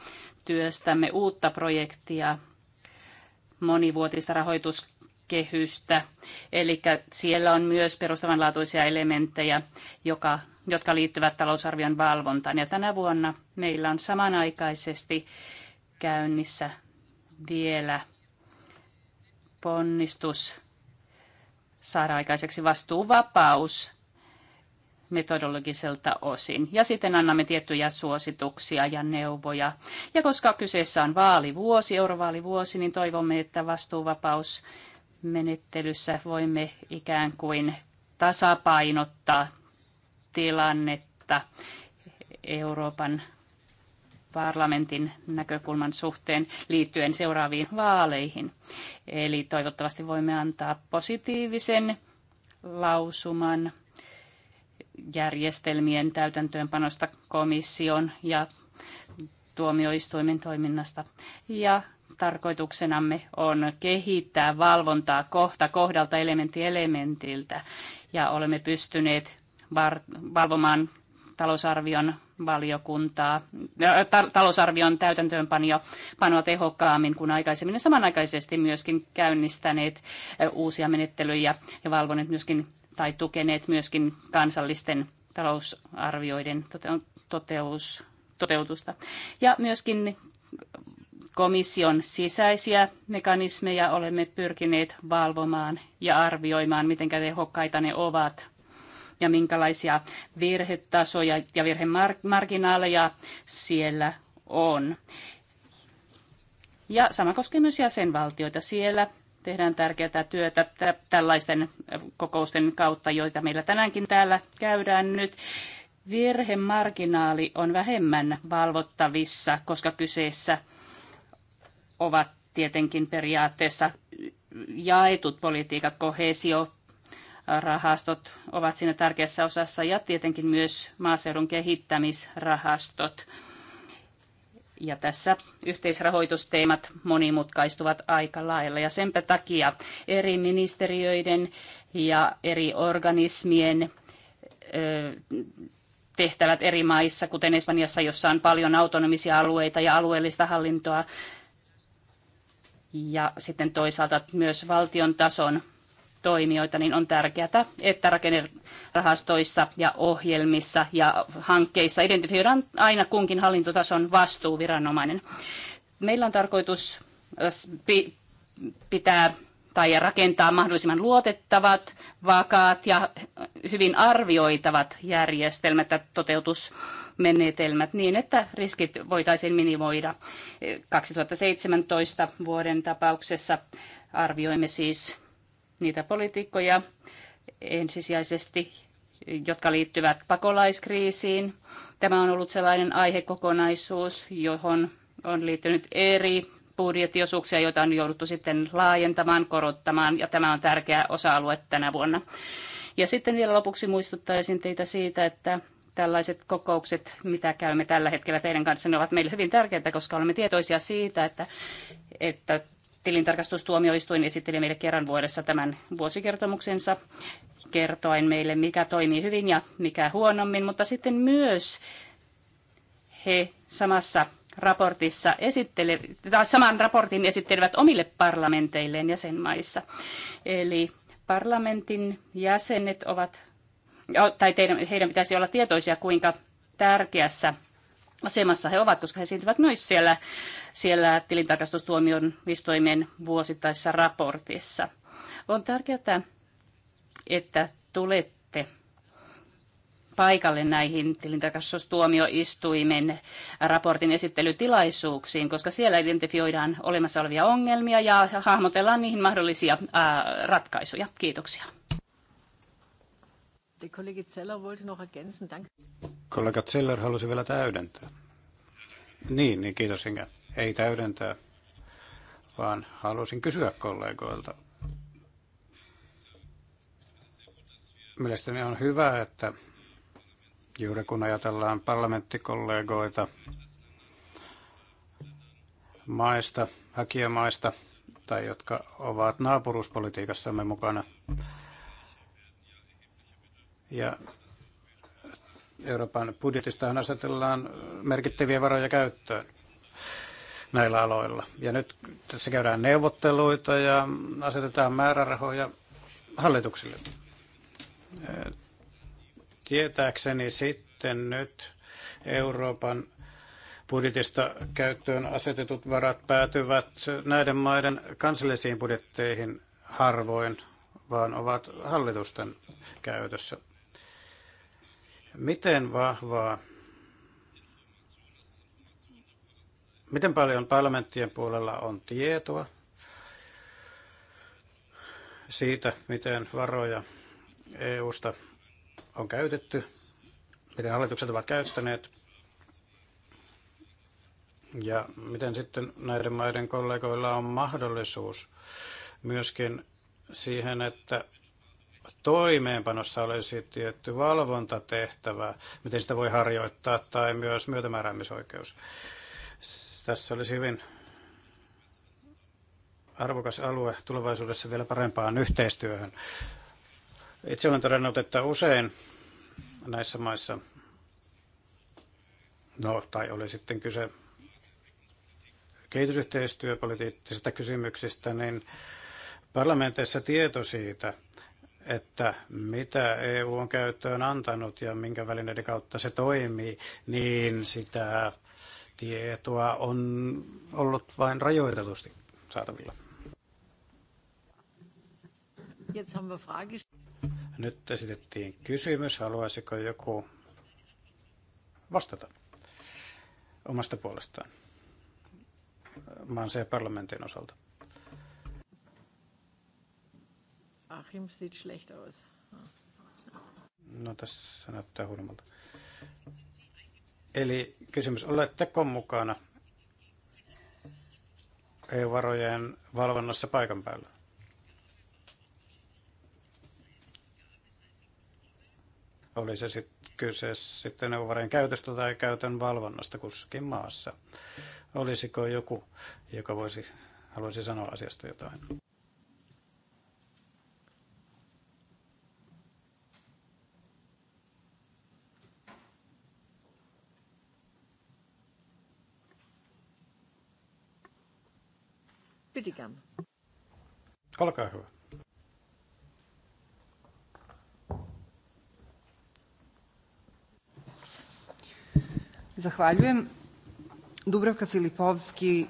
työstämme uutta projektia monivuotista rahoitus kehystä. Eli siellä on myös perustavanlaatuisia elementtejä, joka, jotka liittyvät talousarvion valvontaan. Ja tänä vuonna meillä on samanaikaisesti käynnissä vielä ponnistus saada aikaiseksi vastuuvapaus metodologiselta osin. Ja sitten annamme tiettyjä suosituksia ja neuvoja. Ja koska kyseessä on vaalivuosi, eurovaalivuosi, niin toivomme, että vastuuvapaus menettelyssä voimme ikään kuin tasapainottaa tilannetta Euroopan parlamentin näkökulman suhteen liittyen seuraaviin vaaleihin. Eli toivottavasti voimme antaa positiivisen lausuman järjestelmien täytäntöönpanosta komission ja tuomioistuimen toiminnasta ja tarkoituksenamme on kehittää valvontaa kohta kohdalta elementti elementiltä ja olemme pystyneet valvomaan talousarvion valiokuntaa, äh, talousarvion täytäntöönpanoa tehokkaammin kuin aikaisemmin ja samanaikaisesti myöskin käynnistäneet äh, uusia menettelyjä ja valvoneet myöskin tai tukeneet myöskin kansallisten talousarvioiden toteutusta. Ja myöskin komission sisäisiä mekanismeja olemme pyrkineet valvomaan ja arvioimaan, miten tehokkaita ne ovat ja minkälaisia virhetasoja ja virhemarginaaleja siellä on. Ja sama koskee myös jäsenvaltioita. Siellä tehdään tärkeää työtä tällaisten kokousten kautta, joita meillä tänäänkin täällä käydään nyt. Virhemarginaali on vähemmän valvottavissa, koska kyseessä ovat tietenkin periaatteessa jaetut politiikat, kohesio, rahastot ovat siinä tärkeässä osassa ja tietenkin myös maaseudun kehittämisrahastot. Ja tässä yhteisrahoitusteemat monimutkaistuvat aika lailla ja senpä takia eri ministeriöiden ja eri organismien tehtävät eri maissa, kuten Espanjassa, jossa on paljon autonomisia alueita ja alueellista hallintoa, ja sitten toisaalta myös valtion tason toimijoita, niin on tärkeää, että rakennerahastoissa ja ohjelmissa ja hankkeissa identifioidaan aina kunkin hallintotason vastuuviranomainen. Meillä on tarkoitus äh, pitää tai rakentaa mahdollisimman luotettavat, vakaat ja hyvin arvioitavat järjestelmät ja toteutus menetelmät niin, että riskit voitaisiin minimoida. 2017 vuoden tapauksessa arvioimme siis niitä politiikkoja ensisijaisesti, jotka liittyvät pakolaiskriisiin. Tämä on ollut sellainen aihekokonaisuus, johon on liittynyt eri budjettiosuuksia, joita on jouduttu sitten laajentamaan, korottamaan, ja tämä on tärkeä osa-alue tänä vuonna. Ja sitten vielä lopuksi muistuttaisin teitä siitä, että tällaiset kokoukset, mitä käymme tällä hetkellä teidän kanssa, ne ovat meille hyvin tärkeitä, koska olemme tietoisia siitä, että, että tilintarkastustuomioistuin esitteli meille kerran vuodessa tämän vuosikertomuksensa kertoen meille, mikä toimii hyvin ja mikä huonommin, mutta sitten myös he samassa raportissa esittele, tai saman raportin esittelevät omille parlamenteilleen jäsenmaissa. Eli parlamentin jäsenet ovat tai teidän, heidän pitäisi olla tietoisia, kuinka tärkeässä asemassa he ovat, koska he esiintyvät myös siellä, siellä vistoimen vuosittaisessa raportissa. On tärkeää, että tulette paikalle näihin tilintarkastustuomioistuimen raportin esittelytilaisuuksiin, koska siellä identifioidaan olemassa olevia ongelmia ja hahmotellaan niihin mahdollisia ää, ratkaisuja. Kiitoksia. Kollege Zeller wollte noch ergänzen. Danke. Kollega Zeller halusi vielä täydentää. Niin, niin kiitos Inge. Ei täydentää, vaan halusin kysyä kollegoilta. Mielestäni on hyvä, että juuri kun ajatellaan parlamenttikollegoita maista, hakijamaista, tai jotka ovat naapuruuspolitiikassamme mukana, ja Euroopan budjetistahan asetellaan merkittäviä varoja käyttöön näillä aloilla. Ja nyt tässä käydään neuvotteluita ja asetetaan määrärahoja hallituksille. Tietääkseni sitten nyt Euroopan budjetista käyttöön asetetut varat päätyvät näiden maiden kansallisiin budjetteihin harvoin, vaan ovat hallitusten käytössä. Miten vahvaa, miten paljon parlamenttien puolella on tietoa siitä, miten varoja EUsta on käytetty, miten hallitukset ovat käyttäneet ja miten sitten näiden maiden kollegoilla on mahdollisuus myöskin siihen, että toimeenpanossa olisi tietty valvontatehtävä, miten sitä voi harjoittaa, tai myös myötämääräämisoikeus. Tässä olisi hyvin arvokas alue tulevaisuudessa vielä parempaan yhteistyöhön. Itse olen todennut, että usein näissä maissa, no tai oli sitten kyse kehitysyhteistyöpoliittisista kysymyksistä, niin parlamenteissa tieto siitä, että mitä EU on käyttöön antanut ja minkä välineiden kautta se toimii, niin sitä tietoa on ollut vain rajoitetusti saatavilla. Nyt esitettiin kysymys. Haluaisiko joku vastata omasta puolestaan maan parlamentin osalta? Achim sieht schlecht aus. No tässä näyttää huonommalta. Eli kysymys, oletteko mukana EU-varojen valvonnassa paikan päällä? Oli se sit kyse sitten EU-varojen käytöstä tai käytön valvonnasta kussakin maassa. Olisiko joku, joka voisi, haluaisi sanoa asiasta jotain? Pytikään. Olkaa hyvä. Zahvaljujem. Dubravka Filipovski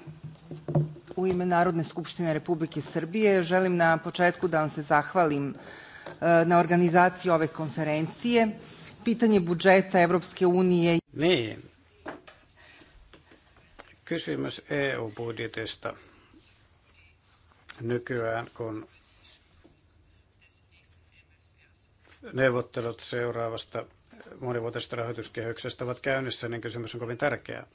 u ime Narodne skupštine Republike Srbije želim na početku da vam se zahvalim e, na organizaciji ove konferencije. Pitanje budžeta Evropske unije... Niin. Kysymys EU-budjetista nykyään, kun neuvottelut seuraavasta monivuotisesta rahoituskehyksestä ovat käynnissä, niin kysymys on kovin tärkeä.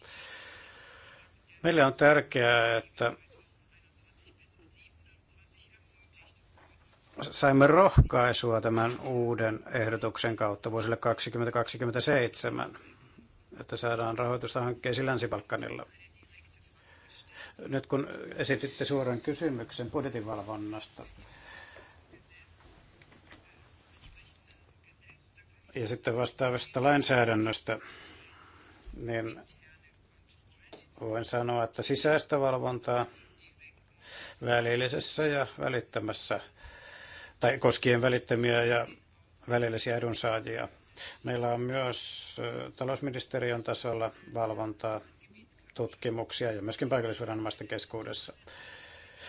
Meille on tärkeää, että saimme rohkaisua tämän uuden ehdotuksen kautta vuosille 2027, että saadaan rahoitusta hankkeisiin Länsi-Balkanilla. Nyt kun esititte suoran kysymyksen budjetinvalvonnasta, ja sitten vastaavasta lainsäädännöstä, niin voin sanoa, että sisäistä valvontaa välillisessä ja välittämässä, tai koskien välittömiä ja välillisiä edunsaajia. Meillä on myös talousministeriön tasolla valvontaa tutkimuksia ja myöskin paikallisviranomaisten keskuudessa.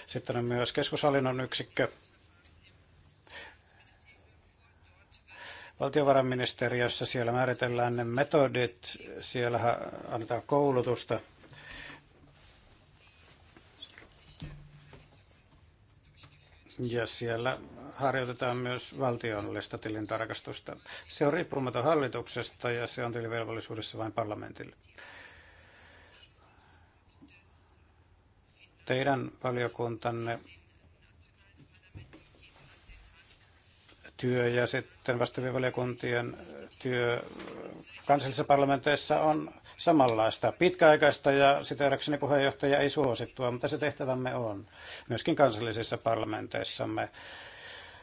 Sitten on myös keskushallinnon yksikkö. Valtiovarainministeriössä siellä määritellään ne metodit, siellä annetaan koulutusta Ja siellä harjoitetaan myös valtionollista tilintarkastusta. Se on riippumaton hallituksesta ja se on tilivelvollisuudessa vain parlamentille. Teidän valiokuntanne työ ja sitten vastaavien valiokuntien työ kansallisissa parlamenteissa on samanlaista. Pitkäaikaista ja siteerakseni puheenjohtaja ei suosittua, mutta se tehtävämme on myöskin kansallisissa parlamenteissamme.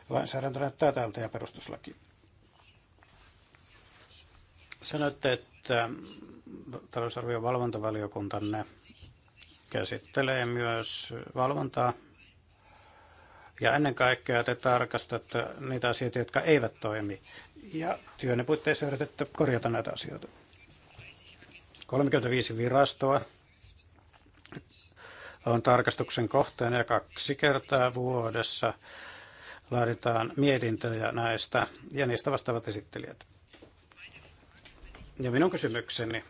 Lainsäädäntö näyttää täältä ja perustuslaki. Sanoitte, että talousarvion valvontavaliokuntanne käsittelee myös valvontaa ja ennen kaikkea te tarkastatte niitä asioita, jotka eivät toimi. Ja työnne puitteissa yritätte korjata näitä asioita. 35 virastoa on tarkastuksen kohteena ja kaksi kertaa vuodessa laaditaan mietintöjä näistä ja niistä vastaavat esittelijät. Ja minun kysymykseni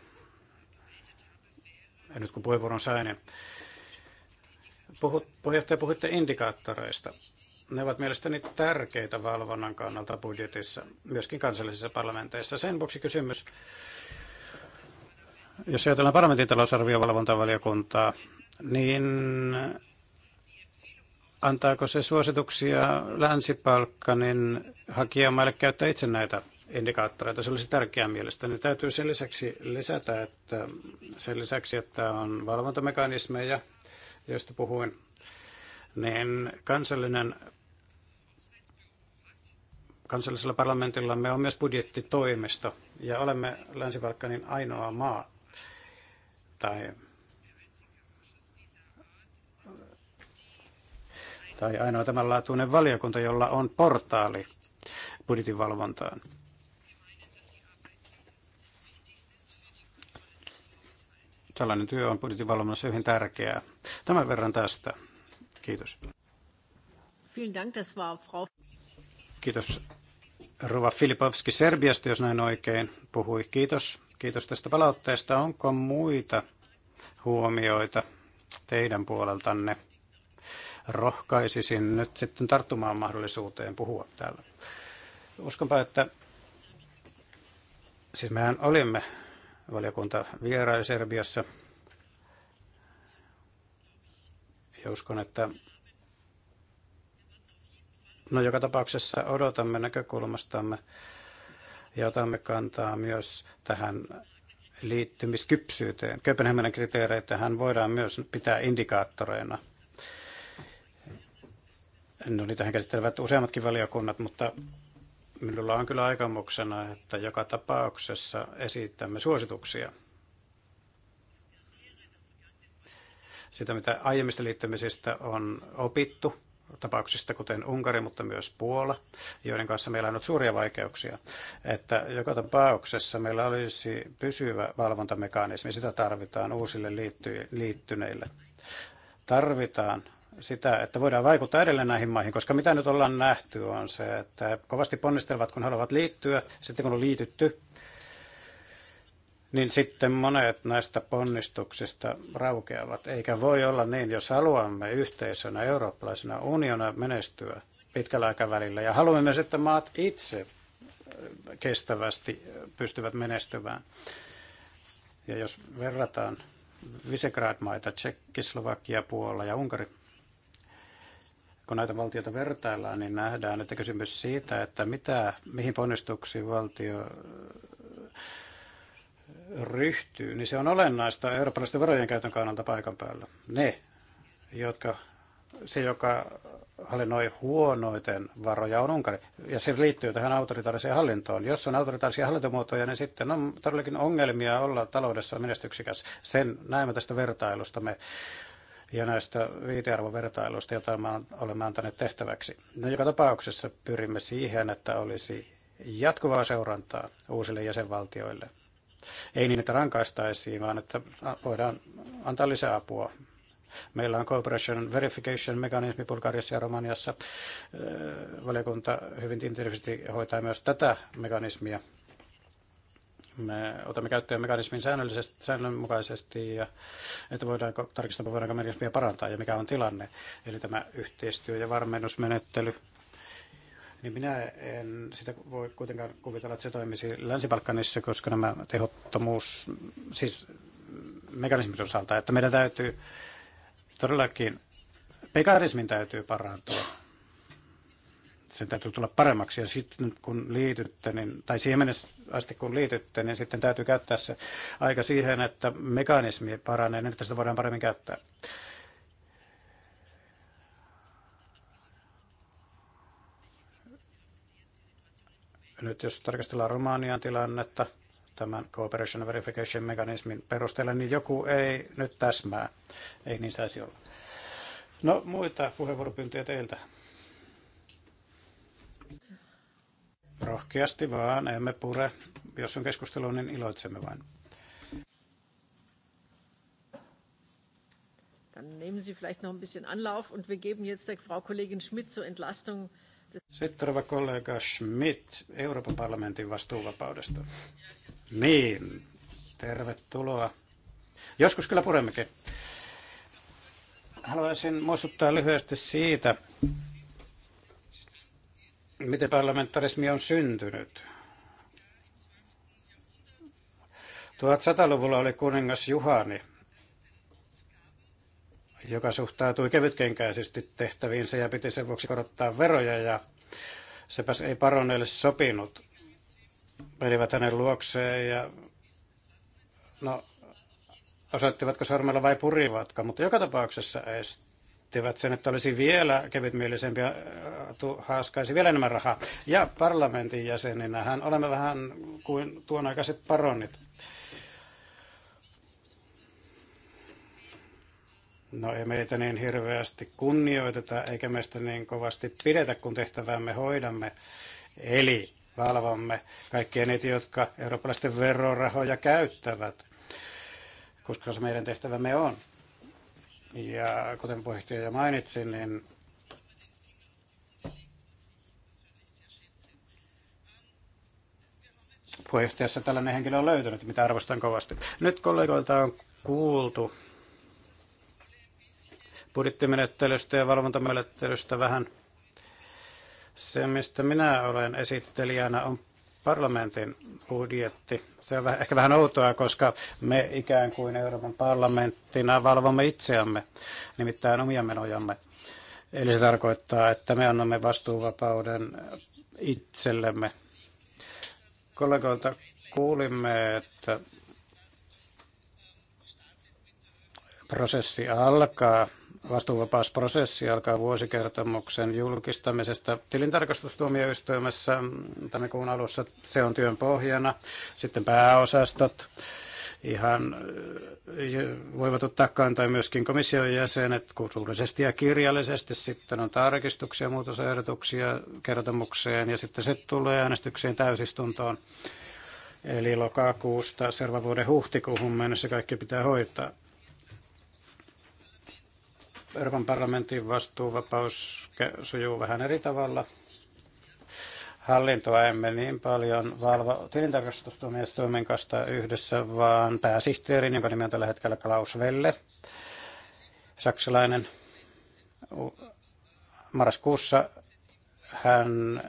nyt kun puheenvuoron sain. Niin puhut, puheenjohtaja, puhutte indikaattoreista. Ne ovat mielestäni tärkeitä valvonnan kannalta budjetissa, myöskin kansallisissa parlamenteissa. Sen vuoksi kysymys, jos ajatellaan parlamentin talousarviovalvontavaliokuntaa, niin antaako se suosituksia Länsi-Balkanin hakijamaille käyttää itse näitä indikaattoreita. Se olisi tärkeää mielestäni. Täytyy sen lisäksi lisätä, että sen lisäksi, että on valvontamekanismeja, joista puhuin, niin kansallinen kansallisella parlamentillamme on myös budjettitoimisto ja olemme länsi ainoa maa tai, tai ainoa tämänlaatuinen valiokunta, jolla on portaali budjetinvalvontaan. Tällainen työ on budjetinvalvonnassa hyvin tärkeää. Tämän verran tästä. Kiitos. Kiitos. Rova Filipovski Serbiasta, jos näin oikein puhui. Kiitos. Kiitos tästä palautteesta. Onko muita huomioita teidän puoleltanne? Rohkaisisin nyt sitten tarttumaan mahdollisuuteen puhua täällä. Uskonpa, että siis mehän olimme Valiokunta vieraili Serbiassa ja uskon, että no joka tapauksessa odotamme näkökulmastamme ja otamme kantaa myös tähän liittymiskypsyyteen. Kööpenhaminan hän voidaan myös pitää indikaattoreina. No niitähän käsittelevät useammatkin valiokunnat, mutta Minulla on kyllä aikomuksena, että joka tapauksessa esitämme suosituksia. Sitä, mitä aiemmista liittymisistä on opittu, tapauksista kuten Unkari, mutta myös Puola, joiden kanssa meillä on ollut suuria vaikeuksia, että joka tapauksessa meillä olisi pysyvä valvontamekanismi, sitä tarvitaan uusille liittyneille. Tarvitaan sitä, että voidaan vaikuttaa edelleen näihin maihin, koska mitä nyt ollaan nähty on se, että kovasti ponnistelevat, kun haluavat liittyä, sitten kun on liitytty, niin sitten monet näistä ponnistuksista raukeavat. Eikä voi olla niin, jos haluamme yhteisönä, eurooppalaisena uniona menestyä pitkällä aikavälillä ja haluamme myös, että maat itse kestävästi pystyvät menestymään. Ja jos verrataan Visegrad-maita, Tsekki, Slovakia, Puola ja Unkari, kun näitä valtioita vertaillaan, niin nähdään, että kysymys siitä, että mitä, mihin ponnistuksiin valtio äh, ryhtyy, niin se on olennaista eurooppalaisten varojen käytön kannalta paikan päällä. Ne, jotka, se joka hallinnoi huonoiten varoja on Unkari. Ja se liittyy tähän autoritaariseen hallintoon. Jos on autoritaarisia hallintomuotoja, niin sitten on todellakin ongelmia olla taloudessa menestyksikäs. Sen näemme tästä vertailusta. Me ja näistä viitearvovertailuista, joita olemme antaneet tehtäväksi. No, joka tapauksessa pyrimme siihen, että olisi jatkuvaa seurantaa uusille jäsenvaltioille. Ei niin, että rankaistaisiin, vaan että voidaan antaa apua. Meillä on Cooperation Verification mekanismi Bulgariassa ja Romaniassa. Valiokunta hyvin intensiivisesti hoitaa myös tätä mekanismia me otamme käyttöön mekanismin säännöllisesti, säännönmukaisesti, ja että voidaanko, tarkistaa, voidaanko mekanismia parantaa ja mikä on tilanne. Eli tämä yhteistyö ja varmennusmenettely niin minä en sitä voi kuitenkaan kuvitella, että se toimisi länsi koska nämä tehottomuus, siis mekanismin osalta, että meidän täytyy todellakin, mekanismin täytyy parantua sen täytyy tulla paremmaksi. Ja sitten kun liitytte, niin, tai siihen mennessä asti kun liitytte, niin sitten täytyy käyttää se aika siihen, että mekanismi paranee, niin että sitä voidaan paremmin käyttää. Nyt jos tarkastellaan Romanian tilannetta tämän Cooperation Verification mekanismin perusteella, niin joku ei nyt täsmää. Ei niin saisi olla. No muita puheenvuoropyyntöjä teiltä. rohkeasti vaan, emme pure. Jos on keskustelu, niin iloitsemme vain. Dann nehmen Sie vielleicht noch ein bisschen Anlauf und wir geben jetzt der Frau Kollegin Schmidt zur Entlastung. Sitten rouva kollega Schmidt Euroopan parlamentin vastuuvapaudesta. Niin, tervetuloa. Joskus kyllä puremmekin. Haluaisin muistuttaa lyhyesti siitä, miten parlamentarismi on syntynyt. 1100-luvulla oli kuningas Juhani, joka suhtautui kevytkenkäisesti tehtäviinsä ja piti sen vuoksi korottaa veroja ja sepäs ei paroneille sopinut. Menivät hänen luokseen ja no, osoittivatko sormella vai purivatko, mutta joka tapauksessa est esittivät sen, että olisi vielä kevytmielisempi ja äh, haaskaisi vielä enemmän rahaa. Ja parlamentin jäseninähän olemme vähän kuin tuon aikaiset paronit. No ei meitä niin hirveästi kunnioiteta eikä meistä niin kovasti pidetä, kun tehtävämme hoidamme. Eli valvomme kaikkia niitä, jotka eurooppalaisten verorahoja käyttävät, koska se meidän tehtävämme on. Ja kuten puheenjohtaja jo mainitsin, niin puheenjohtajassa tällainen henkilö on löytynyt, mitä arvostan kovasti. Nyt kollegoilta on kuultu budjettimenettelystä ja valvontamenettelystä vähän. Se, mistä minä olen esittelijänä, on parlamentin budjetti. Se on ehkä vähän outoa, koska me ikään kuin Euroopan parlamenttina valvomme itseämme, nimittäin omia menojamme. Eli se tarkoittaa, että me annamme vastuuvapauden itsellemme. Kollegoilta kuulimme, että prosessi alkaa vastuuvapausprosessi alkaa vuosikertomuksen julkistamisesta tilintarkastustuomioistuimessa tammikuun alussa. Se on työn pohjana. Sitten pääosastot ihan voivat ottaa kantaa myöskin komission jäsenet suullisesti ja kirjallisesti. Sitten on tarkistuksia, muutosehdotuksia kertomukseen ja sitten se tulee äänestykseen täysistuntoon. Eli lokakuusta seuraavan vuoden huhtikuuhun mennessä kaikki pitää hoitaa. Euroopan parlamentin vastuuvapaus sujuu vähän eri tavalla. Hallintoa emme niin paljon valvo tilintarkastustuomioistuimen kanssa yhdessä, vaan pääsihteerin, jonka nimi on tällä hetkellä Klaus Welle, saksalainen. Marraskuussa hän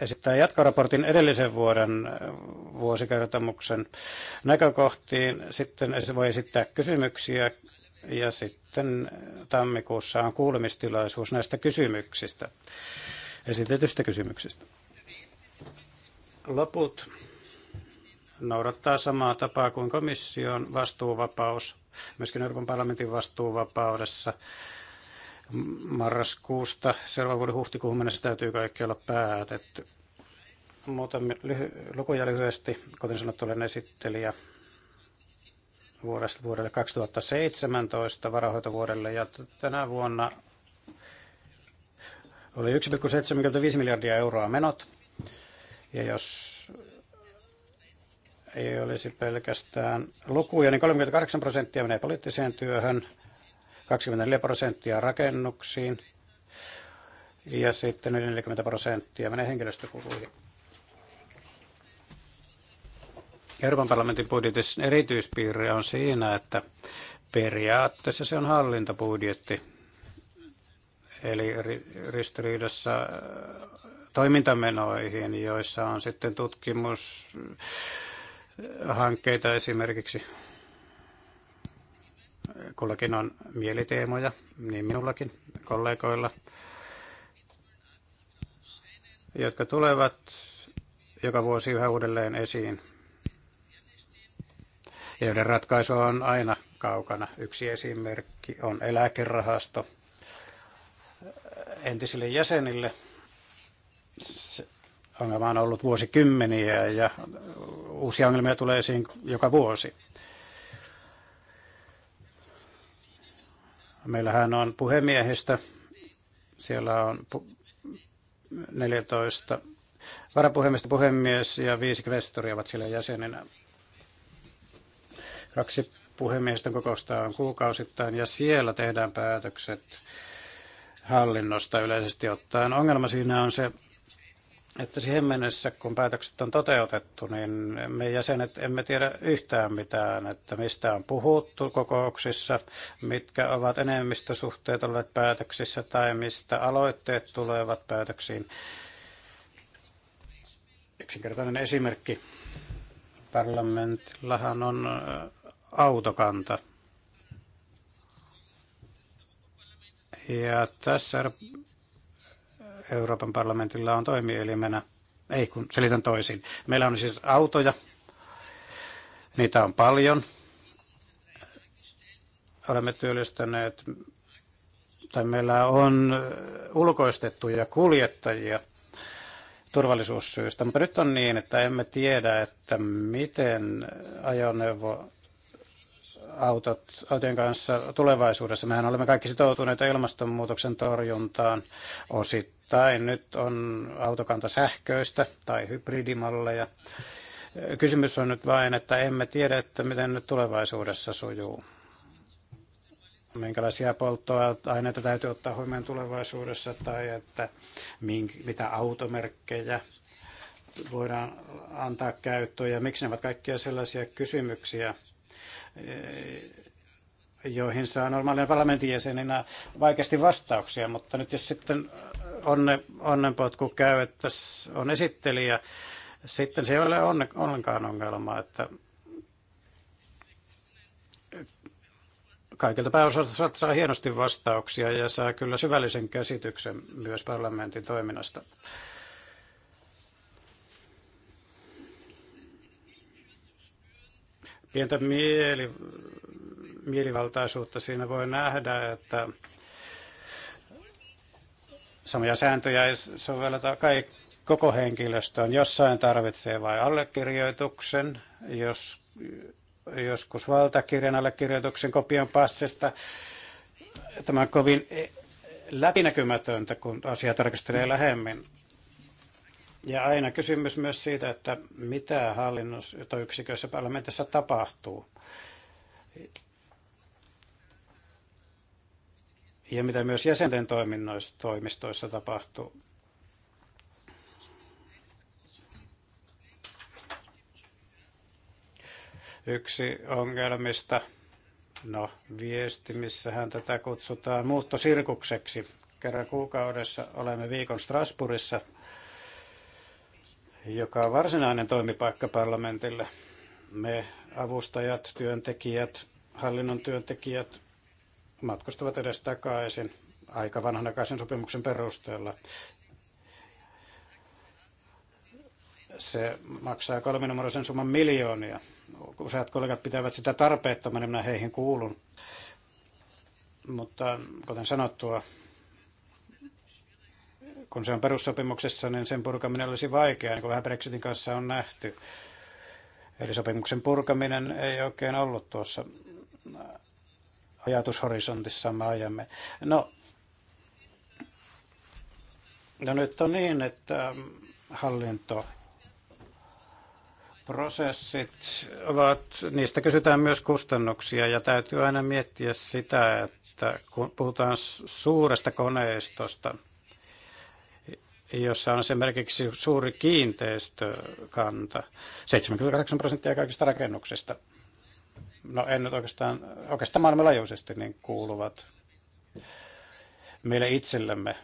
esittää jatkoraportin edellisen vuoden vuosikertomuksen näkökohtiin. Sitten voi esittää kysymyksiä ja sitten tammikuussa on kuulemistilaisuus näistä kysymyksistä, esitetystä kysymyksistä. Loput noudattaa samaa tapaa kuin komission vastuuvapaus, myöskin Euroopan parlamentin vastuuvapaudessa. Marraskuusta seuraavan vuoden huhtikuuhun mennessä täytyy kaikki olla päätetty. Muutamia lyhy- lukuja lyhyesti, kuten sanottu, olen esittelijä vuodesta vuodelle 2017 varahoitovuodelle ja tänä vuonna oli 1,75 miljardia euroa menot. Ja jos ei olisi pelkästään lukuja, niin 38 prosenttia menee poliittiseen työhön, 24 prosenttia rakennuksiin ja sitten 40 prosenttia menee henkilöstökuluihin. Euroopan parlamentin budjetissa erityispiirre on siinä, että periaatteessa se on hallintabudjetti, eli ristiriidassa äh, toimintamenoihin, joissa on sitten tutkimushankkeita äh, esimerkiksi. Kullakin on mieliteemoja, niin minullakin, kollegoilla, jotka tulevat joka vuosi yhä uudelleen esiin ja joiden ratkaisu on aina kaukana. Yksi esimerkki on eläkerahasto entisille jäsenille. Se ongelma on ollut vuosikymmeniä ja uusia ongelmia tulee esiin joka vuosi. Meillähän on puhemiehistä, siellä on 14 varapuhemiestä puhemies ja viisi kvestoria ovat siellä jäseninä. Kaksi puhemiesten kokousta on kuukausittain ja siellä tehdään päätökset hallinnosta yleisesti ottaen. Ongelma siinä on se, että siihen mennessä, kun päätökset on toteutettu, niin me jäsenet emme tiedä yhtään mitään, että mistä on puhuttu kokouksissa, mitkä ovat enemmistösuhteet olleet päätöksissä tai mistä aloitteet tulevat päätöksiin. Yksinkertainen esimerkki. Parlamentillahan on autokanta. Ja tässä Euroopan parlamentilla on toimielimenä, ei kun selitän toisin. Meillä on siis autoja, niitä on paljon. Olemme työllistäneet, tai meillä on ulkoistettuja kuljettajia turvallisuussyistä, mutta nyt on niin, että emme tiedä, että miten ajoneuvo autot, autojen kanssa tulevaisuudessa. Mehän olemme kaikki sitoutuneita ilmastonmuutoksen torjuntaan osittain. Nyt on autokanta sähköistä tai hybridimalleja. Kysymys on nyt vain, että emme tiedä, että miten nyt tulevaisuudessa sujuu. Minkälaisia polttoaineita täytyy ottaa huomioon tulevaisuudessa tai että mitä automerkkejä voidaan antaa käyttöön ja miksi ne ovat kaikkia sellaisia kysymyksiä, joihin saa normaalina parlamentin jäsenenä vaikeasti vastauksia, mutta nyt jos sitten onne, onnenpotku käy, että on esittelijä, sitten se ei ole onne, ollenkaan ongelma, että kaikilta pääosalta saa hienosti vastauksia ja saa kyllä syvällisen käsityksen myös parlamentin toiminnasta. pientä mieli, mielivaltaisuutta siinä voi nähdä, että samoja sääntöjä ei sovelleta kai koko henkilöstöön. Jossain tarvitsee vain allekirjoituksen, jos, joskus valtakirjan allekirjoituksen kopion passista. Tämä on kovin e- läpinäkymätöntä, kun asiaa tarkastelee lähemmin. Ja aina kysymys myös siitä, että mitä hallinnossa parlamentissa tapahtuu. Ja mitä myös jäsenten toimistoissa tapahtuu. Yksi ongelmista, no missähän tätä kutsutaan muuttosirkukseksi. Kerran kuukaudessa olemme viikon Strasbourgissa – joka on varsinainen toimipaikka parlamentille. Me avustajat, työntekijät, hallinnon työntekijät matkustavat edes takaisin aika vanhanakaisen sopimuksen perusteella. Se maksaa kolminumeroisen summan miljoonia. Useat kollegat pitävät sitä tarpeettomana, minä heihin kuulun. Mutta kuten sanottua, kun se on perussopimuksessa, niin sen purkaminen olisi vaikeaa, niin kuin vähän Brexitin kanssa on nähty. Eli sopimuksen purkaminen ei oikein ollut tuossa ajatushorisontissa me ajamme. No, no nyt on niin, että hallinto prosessit ovat, niistä kysytään myös kustannuksia ja täytyy aina miettiä sitä, että kun puhutaan suuresta koneistosta, jossa on esimerkiksi suuri kiinteistökanta, 78 prosenttia kaikista rakennuksista. No en nyt oikeastaan, oikeastaan maailmanlaajuisesti niin kuuluvat meille itsellemme.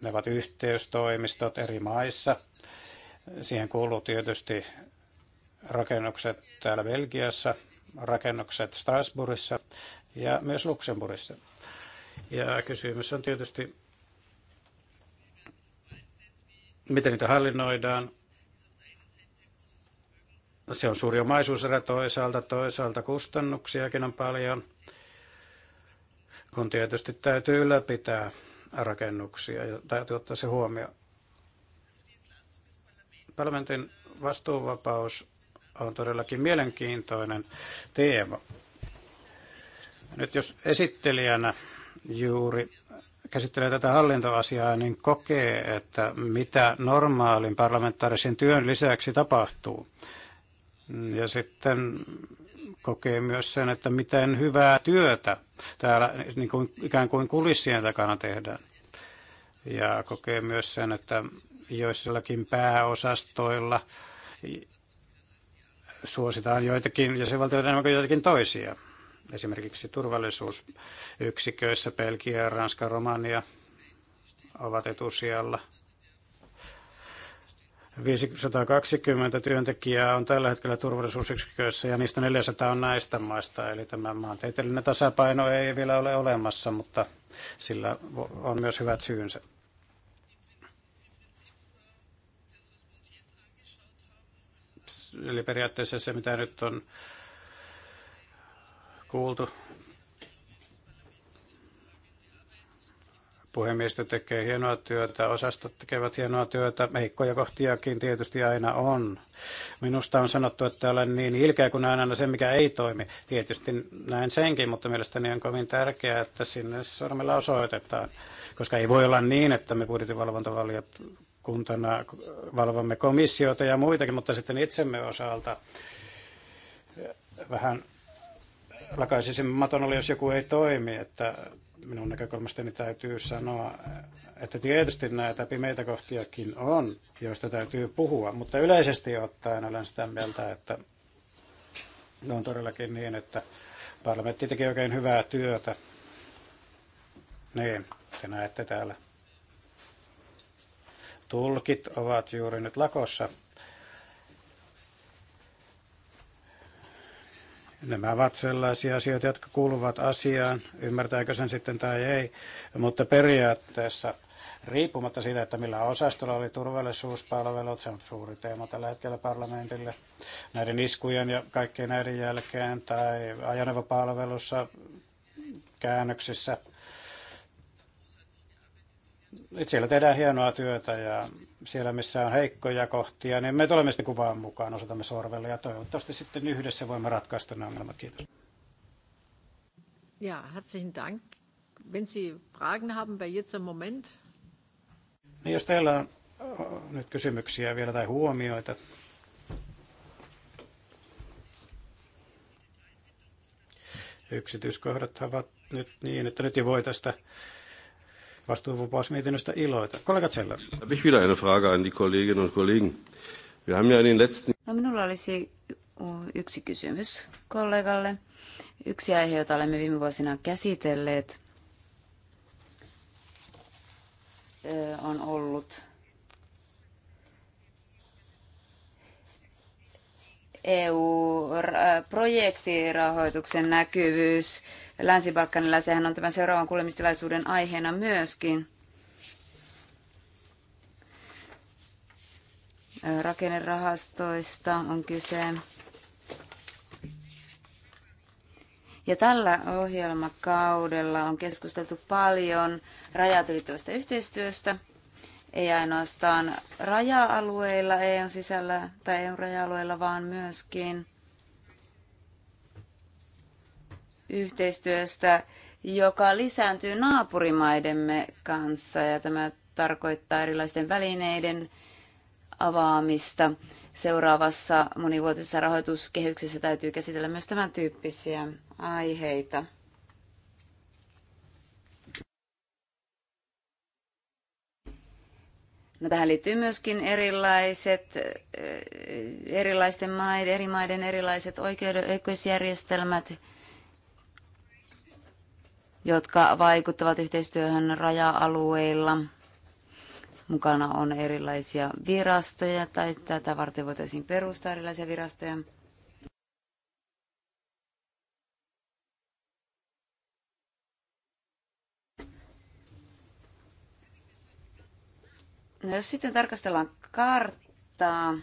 Ne ovat yhteystoimistot eri maissa. Siihen kuuluu tietysti rakennukset täällä Belgiassa, rakennukset Strasbourgissa ja myös Luxemburgissa. Ja kysymys on tietysti miten niitä hallinnoidaan. Se on suuri omaisuuserä toisaalta, toisaalta kustannuksiakin on paljon, kun tietysti täytyy ylläpitää rakennuksia ja täytyy ottaa se huomio. Parlamentin vastuuvapaus on todellakin mielenkiintoinen teema. Nyt jos esittelijänä juuri käsittelee tätä hallintoasiaa, niin kokee, että mitä normaalin parlamentaarisen työn lisäksi tapahtuu. Ja sitten kokee myös sen, että miten hyvää työtä täällä niin kuin, ikään kuin kulissien takana tehdään. Ja kokee myös sen, että joissakin pääosastoilla suositaan joitakin ja enemmän kuin joitakin toisia. Esimerkiksi turvallisuusyksiköissä Belgia, Ranska, Romania ovat etusijalla. 520 työntekijää on tällä hetkellä turvallisuusyksiköissä ja niistä 400 on näistä maista. Eli tämä maantieteellinen tasapaino ei vielä ole olemassa, mutta sillä on myös hyvät syynsä. Eli periaatteessa se, mitä nyt on kuultu. Puhemiestö tekee hienoa työtä, osastot tekevät hienoa työtä, heikkoja kohtiakin tietysti aina on. Minusta on sanottu, että olen niin ilkeä kuin aina se, mikä ei toimi. Tietysti näin senkin, mutta mielestäni on kovin tärkeää, että sinne sormella osoitetaan, koska ei voi olla niin, että me kuntana valvomme komissioita ja muitakin, mutta sitten itsemme osalta vähän sen maton oli, jos joku ei toimi, että minun näkökulmastani täytyy sanoa, että tietysti näitä pimeitä kohtiakin on, joista täytyy puhua, mutta yleisesti ottaen olen sitä mieltä, että on todellakin niin, että parlamentti teki oikein hyvää työtä. Niin, te näette täällä. Tulkit ovat juuri nyt lakossa. Nämä ovat sellaisia asioita, jotka kuuluvat asiaan, ymmärtääkö sen sitten tai ei, mutta periaatteessa riippumatta siitä, että millä osastolla oli turvallisuuspalvelut, se on suuri teema tällä hetkellä parlamentille, näiden iskujen ja kaikkien näiden jälkeen, tai ajoneuvopalvelussa, käännöksissä, siellä tehdään hienoa työtä ja siellä, missä on heikkoja kohtia, niin me tulemme sitten kuvaan mukaan, osoitamme sorvelle ja toivottavasti sitten yhdessä voimme ratkaista nämä ongelmat. Kiitos. Ja, herzlichen Dank. Wenn Sie Fragen haben, bei jetzt im Moment. Niin, jos teillä on äh, nyt kysymyksiä vielä tai huomioita. Yksityiskohdat ovat nyt niin, että nyt ei voi tästä vastuuvapausmietinnöstä iloita. Kollega Zeller. Habe ich wieder eine Frage an die Kolleginnen und Kollegen. Wir haben ja in den letzten... No, minulla olisi yksi kysymys kollegalle. Yksi aihe, jota olemme viime vuosina käsitelleet, on ollut EU-projektirahoituksen näkyvyys länsi-Balkanilla. Sehän on tämän seuraavan kuulemistilaisuuden aiheena myöskin. Rakennerahastoista on kyse. Ja tällä ohjelmakaudella on keskusteltu paljon rajat ylittävästä yhteistyöstä, ei ainoastaan raja-alueilla eu sisällä tai eu raja-alueilla, vaan myöskin – yhteistyöstä, joka lisääntyy naapurimaidemme kanssa ja tämä tarkoittaa erilaisten välineiden avaamista. Seuraavassa monivuotisessa rahoituskehyksessä täytyy käsitellä myös tämän tyyppisiä aiheita. No, tähän liittyy myöskin erilaiset, eh, erilaisten maiden, eri maiden erilaiset oikeusjärjestelmät, jotka vaikuttavat yhteistyöhön raja-alueilla. Mukana on erilaisia virastoja tai tätä varten voitaisiin perustaa erilaisia virastoja. No, jos sitten tarkastellaan karttaa,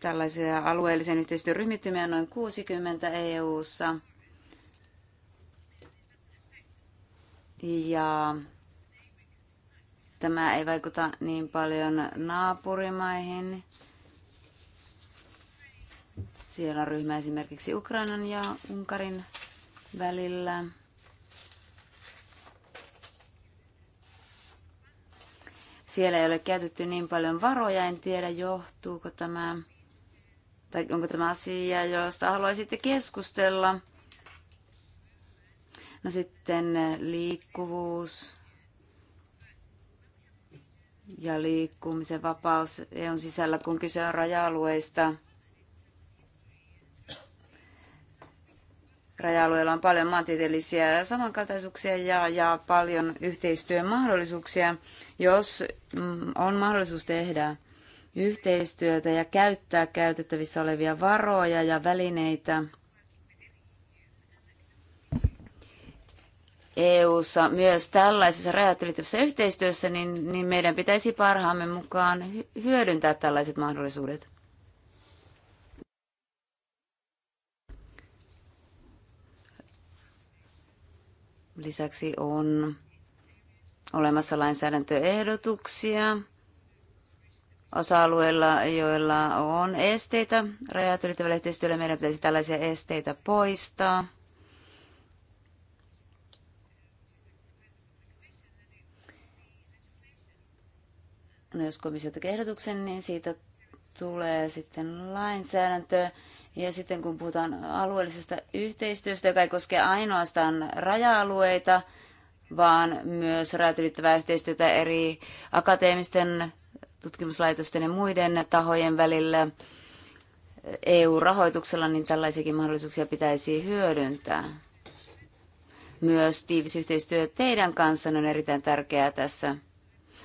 Tällaisia alueellisen yhteistyön ryhmittymiä on noin 60 EU-ssa. Ja tämä ei vaikuta niin paljon naapurimaihin. Siellä on ryhmä esimerkiksi Ukrainan ja Unkarin välillä. Siellä ei ole käytetty niin paljon varoja, en tiedä johtuuko tämä tai onko tämä asia, josta haluaisitte keskustella? No sitten eh, liikkuvuus ja liikkumisen vapaus EUn sisällä, kun kyse on raja-alueista. raja alueilla on paljon maantieteellisiä samankaltaisuuksia ja, ja paljon yhteistyön mahdollisuuksia, jos mm, on mahdollisuus tehdä yhteistyötä ja käyttää käytettävissä olevia varoja ja välineitä EU-ssa myös tällaisessa rajat ylittävässä yhteistyössä, niin, niin meidän pitäisi parhaamme mukaan hyödyntää tällaiset mahdollisuudet. Lisäksi on olemassa lainsäädäntöehdotuksia osa-alueilla, joilla on esteitä rajat ylittävällä yhteistyöllä, meidän pitäisi tällaisia esteitä poistaa. No, jos komissio tekee ehdotuksen, niin siitä tulee sitten lainsäädäntö. Ja sitten kun puhutaan alueellisesta yhteistyöstä, joka ei koske ainoastaan raja-alueita, vaan myös rajat ylittävää yhteistyötä eri akateemisten tutkimuslaitosten ja muiden tahojen välillä EU-rahoituksella, niin tällaisiakin mahdollisuuksia pitäisi hyödyntää. Myös tiivis yhteistyö teidän kanssa on erittäin tärkeää tässä.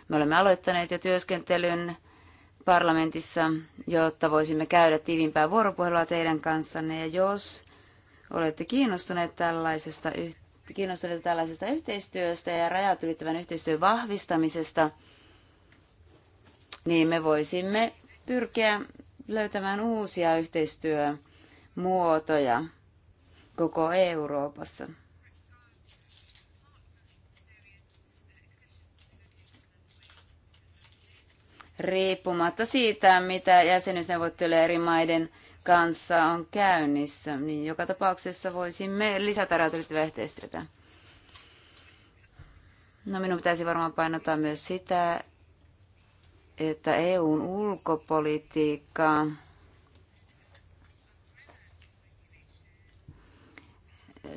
Me olemme aloittaneet jo työskentelyn parlamentissa, jotta voisimme käydä tiivimpää vuoropuhelua teidän kanssanne. Ja jos olette kiinnostuneet tällaisesta, kiinnostuneet tällaisesta yhteistyöstä ja rajat ylittävän yhteistyön vahvistamisesta – niin me voisimme pyrkiä löytämään uusia yhteistyömuotoja koko Euroopassa. Riippumatta siitä, mitä jäsenyysneuvotteluja eri maiden kanssa on käynnissä, niin joka tapauksessa voisimme lisätä räätälöityvää yhteistyötä. No minun pitäisi varmaan painottaa myös sitä, että EUn ulkopolitiikka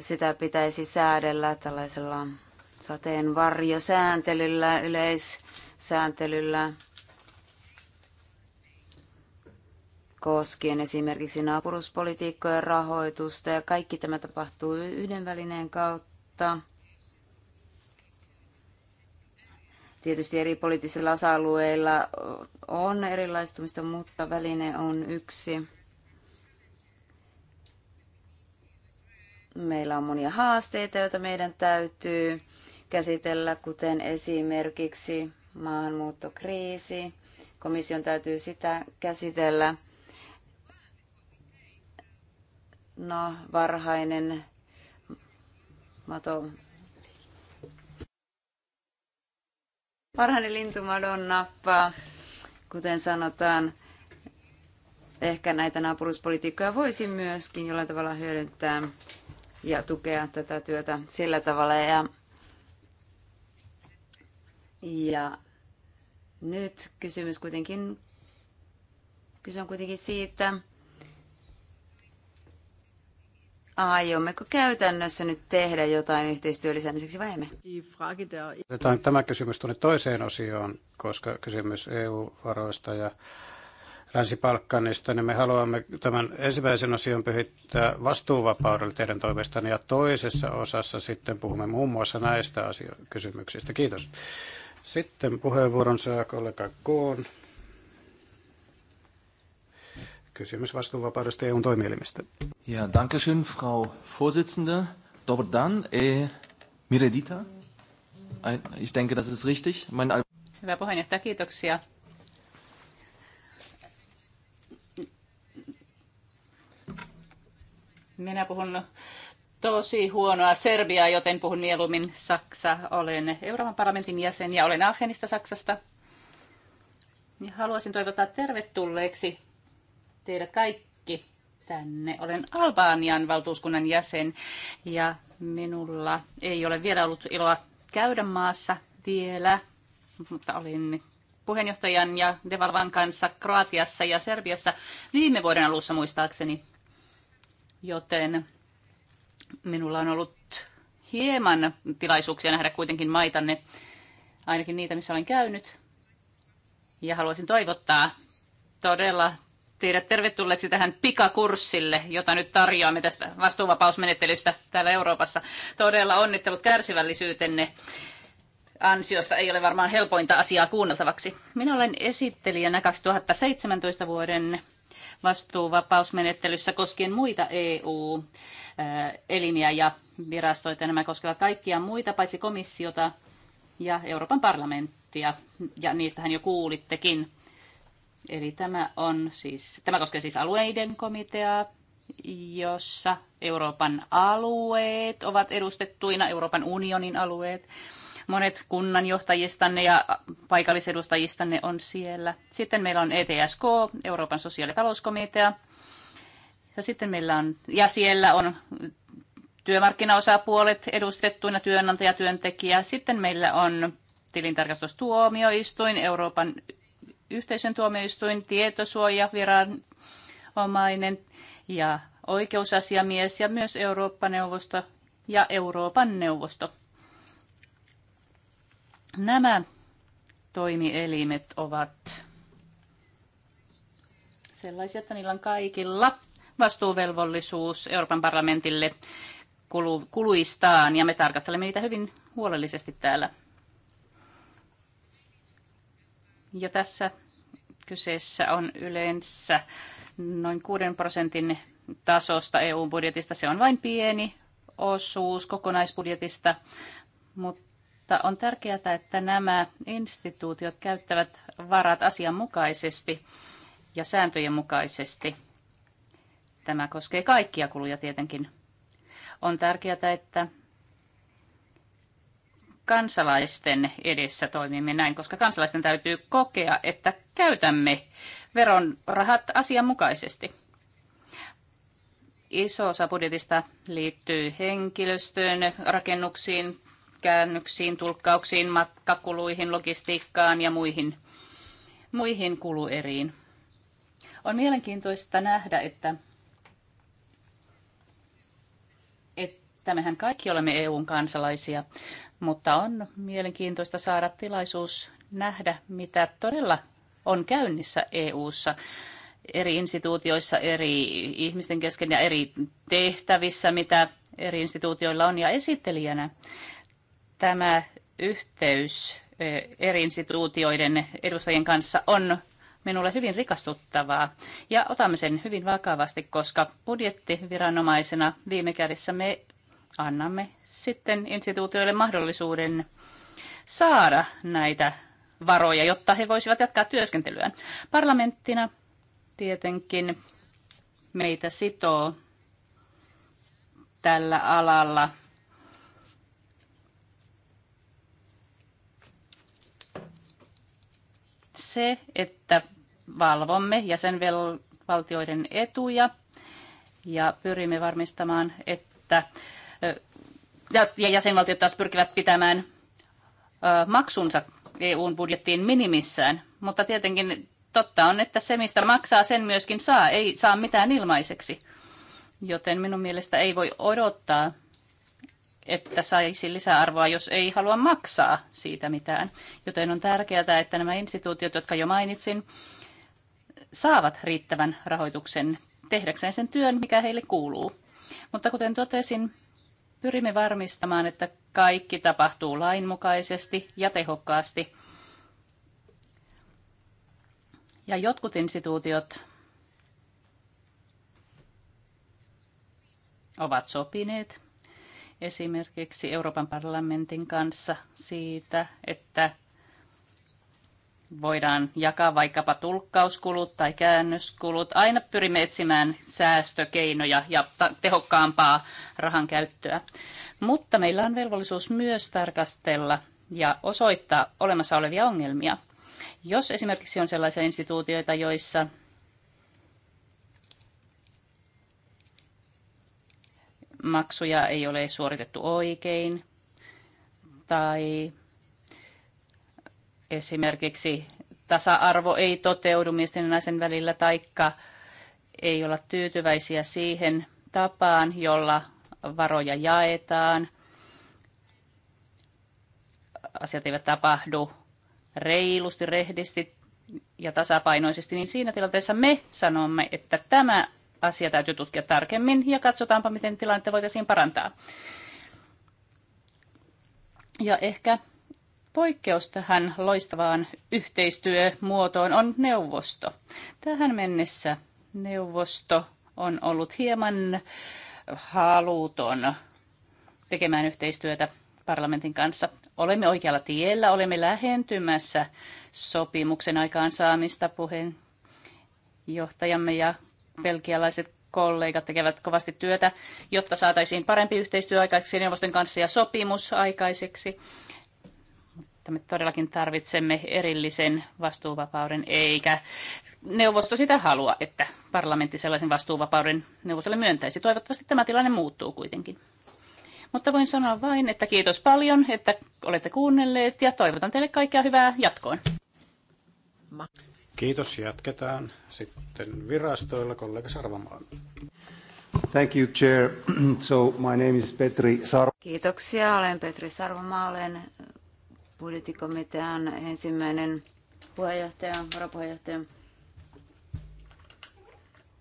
sitä pitäisi säädellä tällaisella sateenvarjosääntelyllä, yleissääntelyllä koskien esimerkiksi naapuruspolitiikkojen rahoitusta ja kaikki tämä tapahtuu yhden välineen kautta. Tietysti eri poliittisilla osa-alueilla on erilaistumista, mutta väline on yksi. Meillä on monia haasteita, joita meidän täytyy käsitellä, kuten esimerkiksi maahanmuuttokriisi. Komission täytyy sitä käsitellä. No, varhainen mato Parhainen lintu nappaa, kuten sanotaan. Ehkä näitä naapuruuspolitiikkoja voisi myöskin jollain tavalla hyödyntää ja tukea tätä työtä sillä tavalla. Ja, ja nyt kysymys kuitenkin, kysymys on kuitenkin siitä, Aiommeko käytännössä nyt tehdä jotain yhteistyön lisäämiseksi vai emme? Otetaan tämä kysymys tuonne toiseen osioon, koska kysymys EU-varoista ja Länsi-Balkanista, niin me haluamme tämän ensimmäisen osion pyhittää vastuuvapaudelle teidän toiveestanne ja toisessa osassa sitten puhumme muun muassa näistä asio- kysymyksistä. Kiitos. Sitten puheenvuoron saa kollega Koon Kysymys vastuuvapaudesta EUn toimielimistä. Ja, danke schön, Frau Vorsitzende. dan, e, Miredita. Ich denke, das ist richtig. Mein Hyvä puheenjohtaja, kiitoksia. Minä puhun tosi huonoa Serbiaa, joten puhun mieluummin Saksa. Olen Euroopan parlamentin jäsen ja olen Aachenista Saksasta. Ja haluaisin toivottaa tervetulleeksi teidät kaikki tänne. Olen Albanian valtuuskunnan jäsen ja minulla ei ole vielä ollut iloa käydä maassa vielä, mutta olin puheenjohtajan ja Devalvan kanssa Kroatiassa ja Serbiassa viime vuoden alussa muistaakseni. Joten minulla on ollut hieman tilaisuuksia nähdä kuitenkin maitanne, ainakin niitä, missä olen käynyt. Ja haluaisin toivottaa todella teidät tervetulleeksi tähän pikakurssille, jota nyt tarjoamme tästä vastuuvapausmenettelystä täällä Euroopassa. Todella onnittelut kärsivällisyytenne ansiosta ei ole varmaan helpointa asiaa kuunneltavaksi. Minä olen esittelijänä 2017 vuoden vastuuvapausmenettelyssä koskien muita EU-elimiä ja virastoita. Nämä koskevat kaikkia muita, paitsi komissiota ja Euroopan parlamenttia, ja niistähän jo kuulittekin. Eli tämä, on siis, tämä koskee siis alueiden komiteaa, jossa Euroopan alueet ovat edustettuina, Euroopan unionin alueet. Monet kunnanjohtajistanne ja paikallisedustajistanne on siellä. Sitten meillä on ETSK, Euroopan sosiaali- ja talouskomitea. Ja, sitten meillä on, ja siellä on työmarkkinaosapuolet edustettuina, työnantaja, työntekijä. Sitten meillä on tilintarkastustuomioistuin, Euroopan yhteisen tuomioistuin, tietosuojaviranomainen ja oikeusasiamies ja myös Eurooppa-neuvosto ja Euroopan neuvosto. Nämä toimielimet ovat sellaisia, että niillä on kaikilla vastuuvelvollisuus Euroopan parlamentille kuluistaan ja me tarkastelemme niitä hyvin huolellisesti täällä Ja tässä kyseessä on yleensä noin 6 prosentin tasosta EU-budjetista. Se on vain pieni osuus kokonaisbudjetista, mutta on tärkeää, että nämä instituutiot käyttävät varat asianmukaisesti ja sääntöjen mukaisesti. Tämä koskee kaikkia kuluja tietenkin. On tärkeää, että kansalaisten edessä toimimme näin, koska kansalaisten täytyy kokea, että käytämme rahat asianmukaisesti. Iso osa budjetista liittyy henkilöstöön, rakennuksiin, käännöksiin, tulkkauksiin, matkakuluihin, logistiikkaan ja muihin, muihin kulueriin. On mielenkiintoista nähdä, että että mehän kaikki olemme EUn kansalaisia, mutta on mielenkiintoista saada tilaisuus nähdä, mitä todella on käynnissä EU:ssa eri instituutioissa, eri ihmisten kesken ja eri tehtävissä, mitä eri instituutioilla on. Ja esittelijänä tämä yhteys eh, eri instituutioiden edustajien kanssa on minulle hyvin rikastuttavaa. Ja otamme sen hyvin vakavasti, koska budjettiviranomaisena viime kädessä me annamme sitten instituutioille mahdollisuuden saada näitä varoja, jotta he voisivat jatkaa työskentelyään. Parlamenttina tietenkin meitä sitoo tällä alalla se, että valvomme jäsenvaltioiden etuja ja pyrimme varmistamaan, että ja jäsenvaltiot taas pyrkivät pitämään maksunsa EUn budjettiin minimissään. Mutta tietenkin totta on, että se mistä maksaa, sen myöskin saa. Ei saa mitään ilmaiseksi. Joten minun mielestä ei voi odottaa, että saisi lisäarvoa, jos ei halua maksaa siitä mitään. Joten on tärkeää, että nämä instituutiot, jotka jo mainitsin, saavat riittävän rahoituksen tehdäkseen sen työn, mikä heille kuuluu. Mutta kuten totesin, Pyrimme varmistamaan, että kaikki tapahtuu lainmukaisesti ja tehokkaasti. Ja jotkut instituutiot ovat sopineet esimerkiksi Euroopan parlamentin kanssa siitä, että voidaan jakaa vaikkapa tulkkauskulut tai käännöskulut. Aina pyrimme etsimään säästökeinoja ja tehokkaampaa rahan käyttöä. Mutta meillä on velvollisuus myös tarkastella ja osoittaa olemassa olevia ongelmia. Jos esimerkiksi on sellaisia instituutioita, joissa maksuja ei ole suoritettu oikein tai esimerkiksi tasa-arvo ei toteudu miesten ja naisen välillä, taikka ei olla tyytyväisiä siihen tapaan, jolla varoja jaetaan. Asiat eivät tapahdu reilusti, rehdisti ja tasapainoisesti, niin siinä tilanteessa me sanomme, että tämä asia täytyy tutkia tarkemmin ja katsotaanpa, miten tilannetta voitaisiin parantaa. Ja ehkä Poikkeus tähän loistavaan yhteistyömuotoon on neuvosto. Tähän mennessä neuvosto on ollut hieman haluton tekemään yhteistyötä parlamentin kanssa. Olemme oikealla tiellä, olemme lähentymässä sopimuksen aikaansaamista puheenjohtajamme ja belgialaiset kollegat tekevät kovasti työtä, jotta saataisiin parempi yhteistyö aikaiseksi neuvoston kanssa ja sopimus aikaiseksi että me todellakin tarvitsemme erillisen vastuuvapauden, eikä neuvosto sitä halua, että parlamentti sellaisen vastuuvapauden neuvostolle myöntäisi. Toivottavasti tämä tilanne muuttuu kuitenkin. Mutta voin sanoa vain, että kiitos paljon, että olette kuunnelleet ja toivotan teille kaikkea hyvää jatkoon. Kiitos. Jatketaan sitten virastoilla kollega Sarvamaa. Thank you, Chair. So my name is Petri Sar- Kiitoksia. Olen Petri Sarvamaa. Olen budjettikomitean ensimmäinen puheenjohtaja, varapuheenjohtaja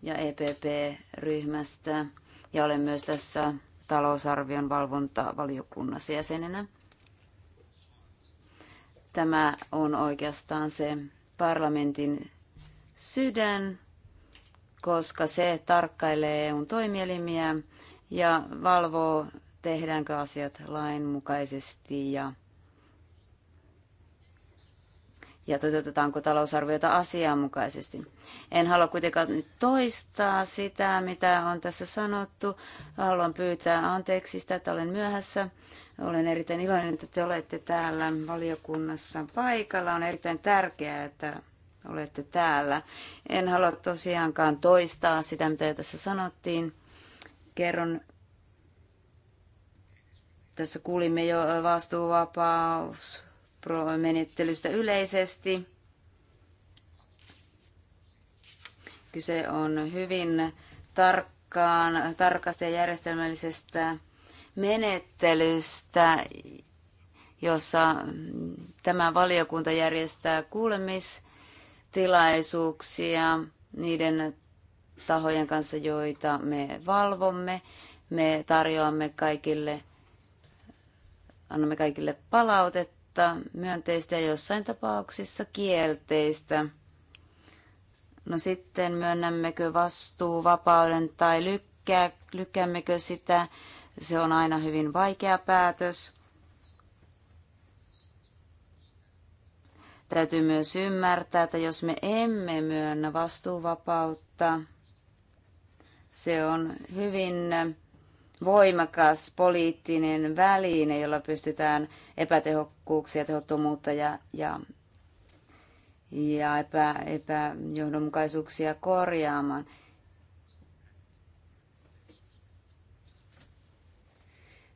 ja EPP-ryhmästä ja olen myös tässä talousarvion valvontavaliokunnassa jäsenenä. Tämä on oikeastaan se parlamentin sydän, koska se tarkkailee EUn toimielimiä ja valvoo, tehdäänkö asiat lainmukaisesti ja ja toteutetaanko talousarviota asianmukaisesti. En halua kuitenkaan nyt toistaa sitä, mitä on tässä sanottu. Haluan pyytää anteeksi sitä, että olen myöhässä. Olen erittäin iloinen, että te olette täällä valiokunnassa paikalla. On erittäin tärkeää, että olette täällä. En halua tosiaankaan toistaa sitä, mitä tässä sanottiin. Kerron tässä kuulimme jo vastuuvapaus menettelystä yleisesti. Kyse on hyvin tarkkaan, tarkasta ja järjestelmällisestä menettelystä, jossa tämä valiokunta järjestää kuulemistilaisuuksia niiden tahojen kanssa, joita me valvomme. Me tarjoamme kaikille, annamme kaikille palautetta mutta myönteistä ja jossain tapauksissa kielteistä. No sitten myönnämmekö vastuu, vapauden tai lykkää, lykkäämmekö sitä, se on aina hyvin vaikea päätös. Täytyy myös ymmärtää, että jos me emme myönnä vastuuvapautta, se on hyvin voimakas poliittinen väline, jolla pystytään epätehokkuuksia, tehottomuutta ja, ja, ja epä, epäjohdonmukaisuuksia korjaamaan.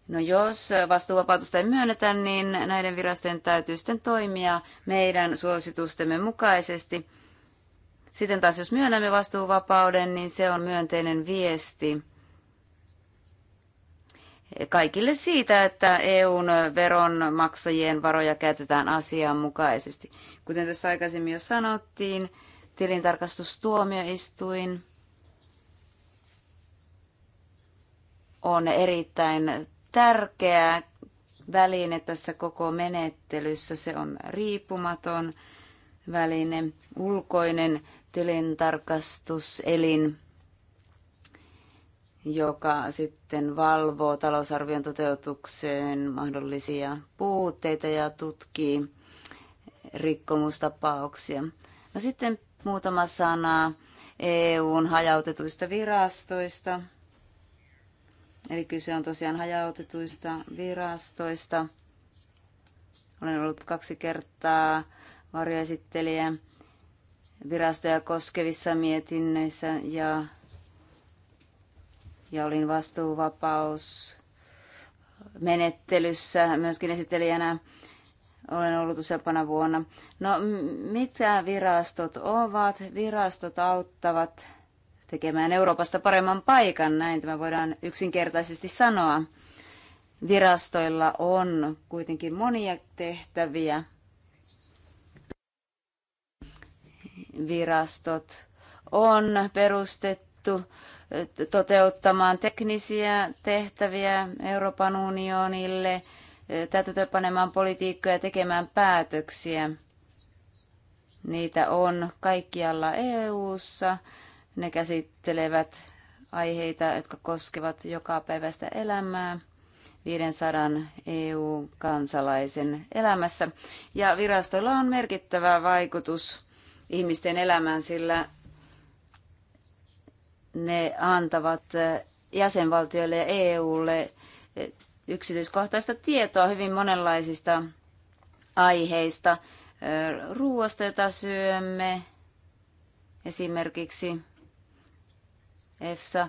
No jos vastuuvapautusta ei myönnetä, niin näiden virastojen täytyy sitten toimia meidän suositustemme mukaisesti. Sitten taas jos myönnämme vastuuvapauden, niin se on myönteinen viesti kaikille siitä, että EUn veronmaksajien varoja käytetään asianmukaisesti. Kuten tässä aikaisemmin jo sanottiin, tilintarkastustuomioistuin on erittäin tärkeä väline tässä koko menettelyssä. Se on riippumaton väline, ulkoinen tilintarkastuselin joka sitten valvoo talousarvion toteutukseen mahdollisia puutteita ja tutkii rikkomustapauksia. No sitten muutama sana EUn hajautetuista virastoista. Eli kyse on tosiaan hajautetuista virastoista. Olen ollut kaksi kertaa varjoesittelijä virastoja koskevissa mietinnöissä ja ja olin vastuuvapaus menettelyssä myöskin esittelijänä. Olen ollut useampana vuonna. No, mitä virastot ovat? Virastot auttavat tekemään Euroopasta paremman paikan, näin tämä voidaan yksinkertaisesti sanoa. Virastoilla on kuitenkin monia tehtäviä. Virastot on perustettu toteuttamaan teknisiä tehtäviä Euroopan unionille, täytäntöönpanemaan politiikkoja, tekemään päätöksiä. Niitä on kaikkialla EU:ssa. Ne käsittelevät aiheita, jotka koskevat joka päivästä elämää 500 EU-kansalaisen elämässä. Ja virastoilla on merkittävä vaikutus ihmisten elämään, sillä ne antavat eh, jäsenvaltioille ja EUlle eh, yksityiskohtaista tietoa hyvin monenlaisista aiheista, eh, ruoasta, jota syömme, esimerkiksi EFSA,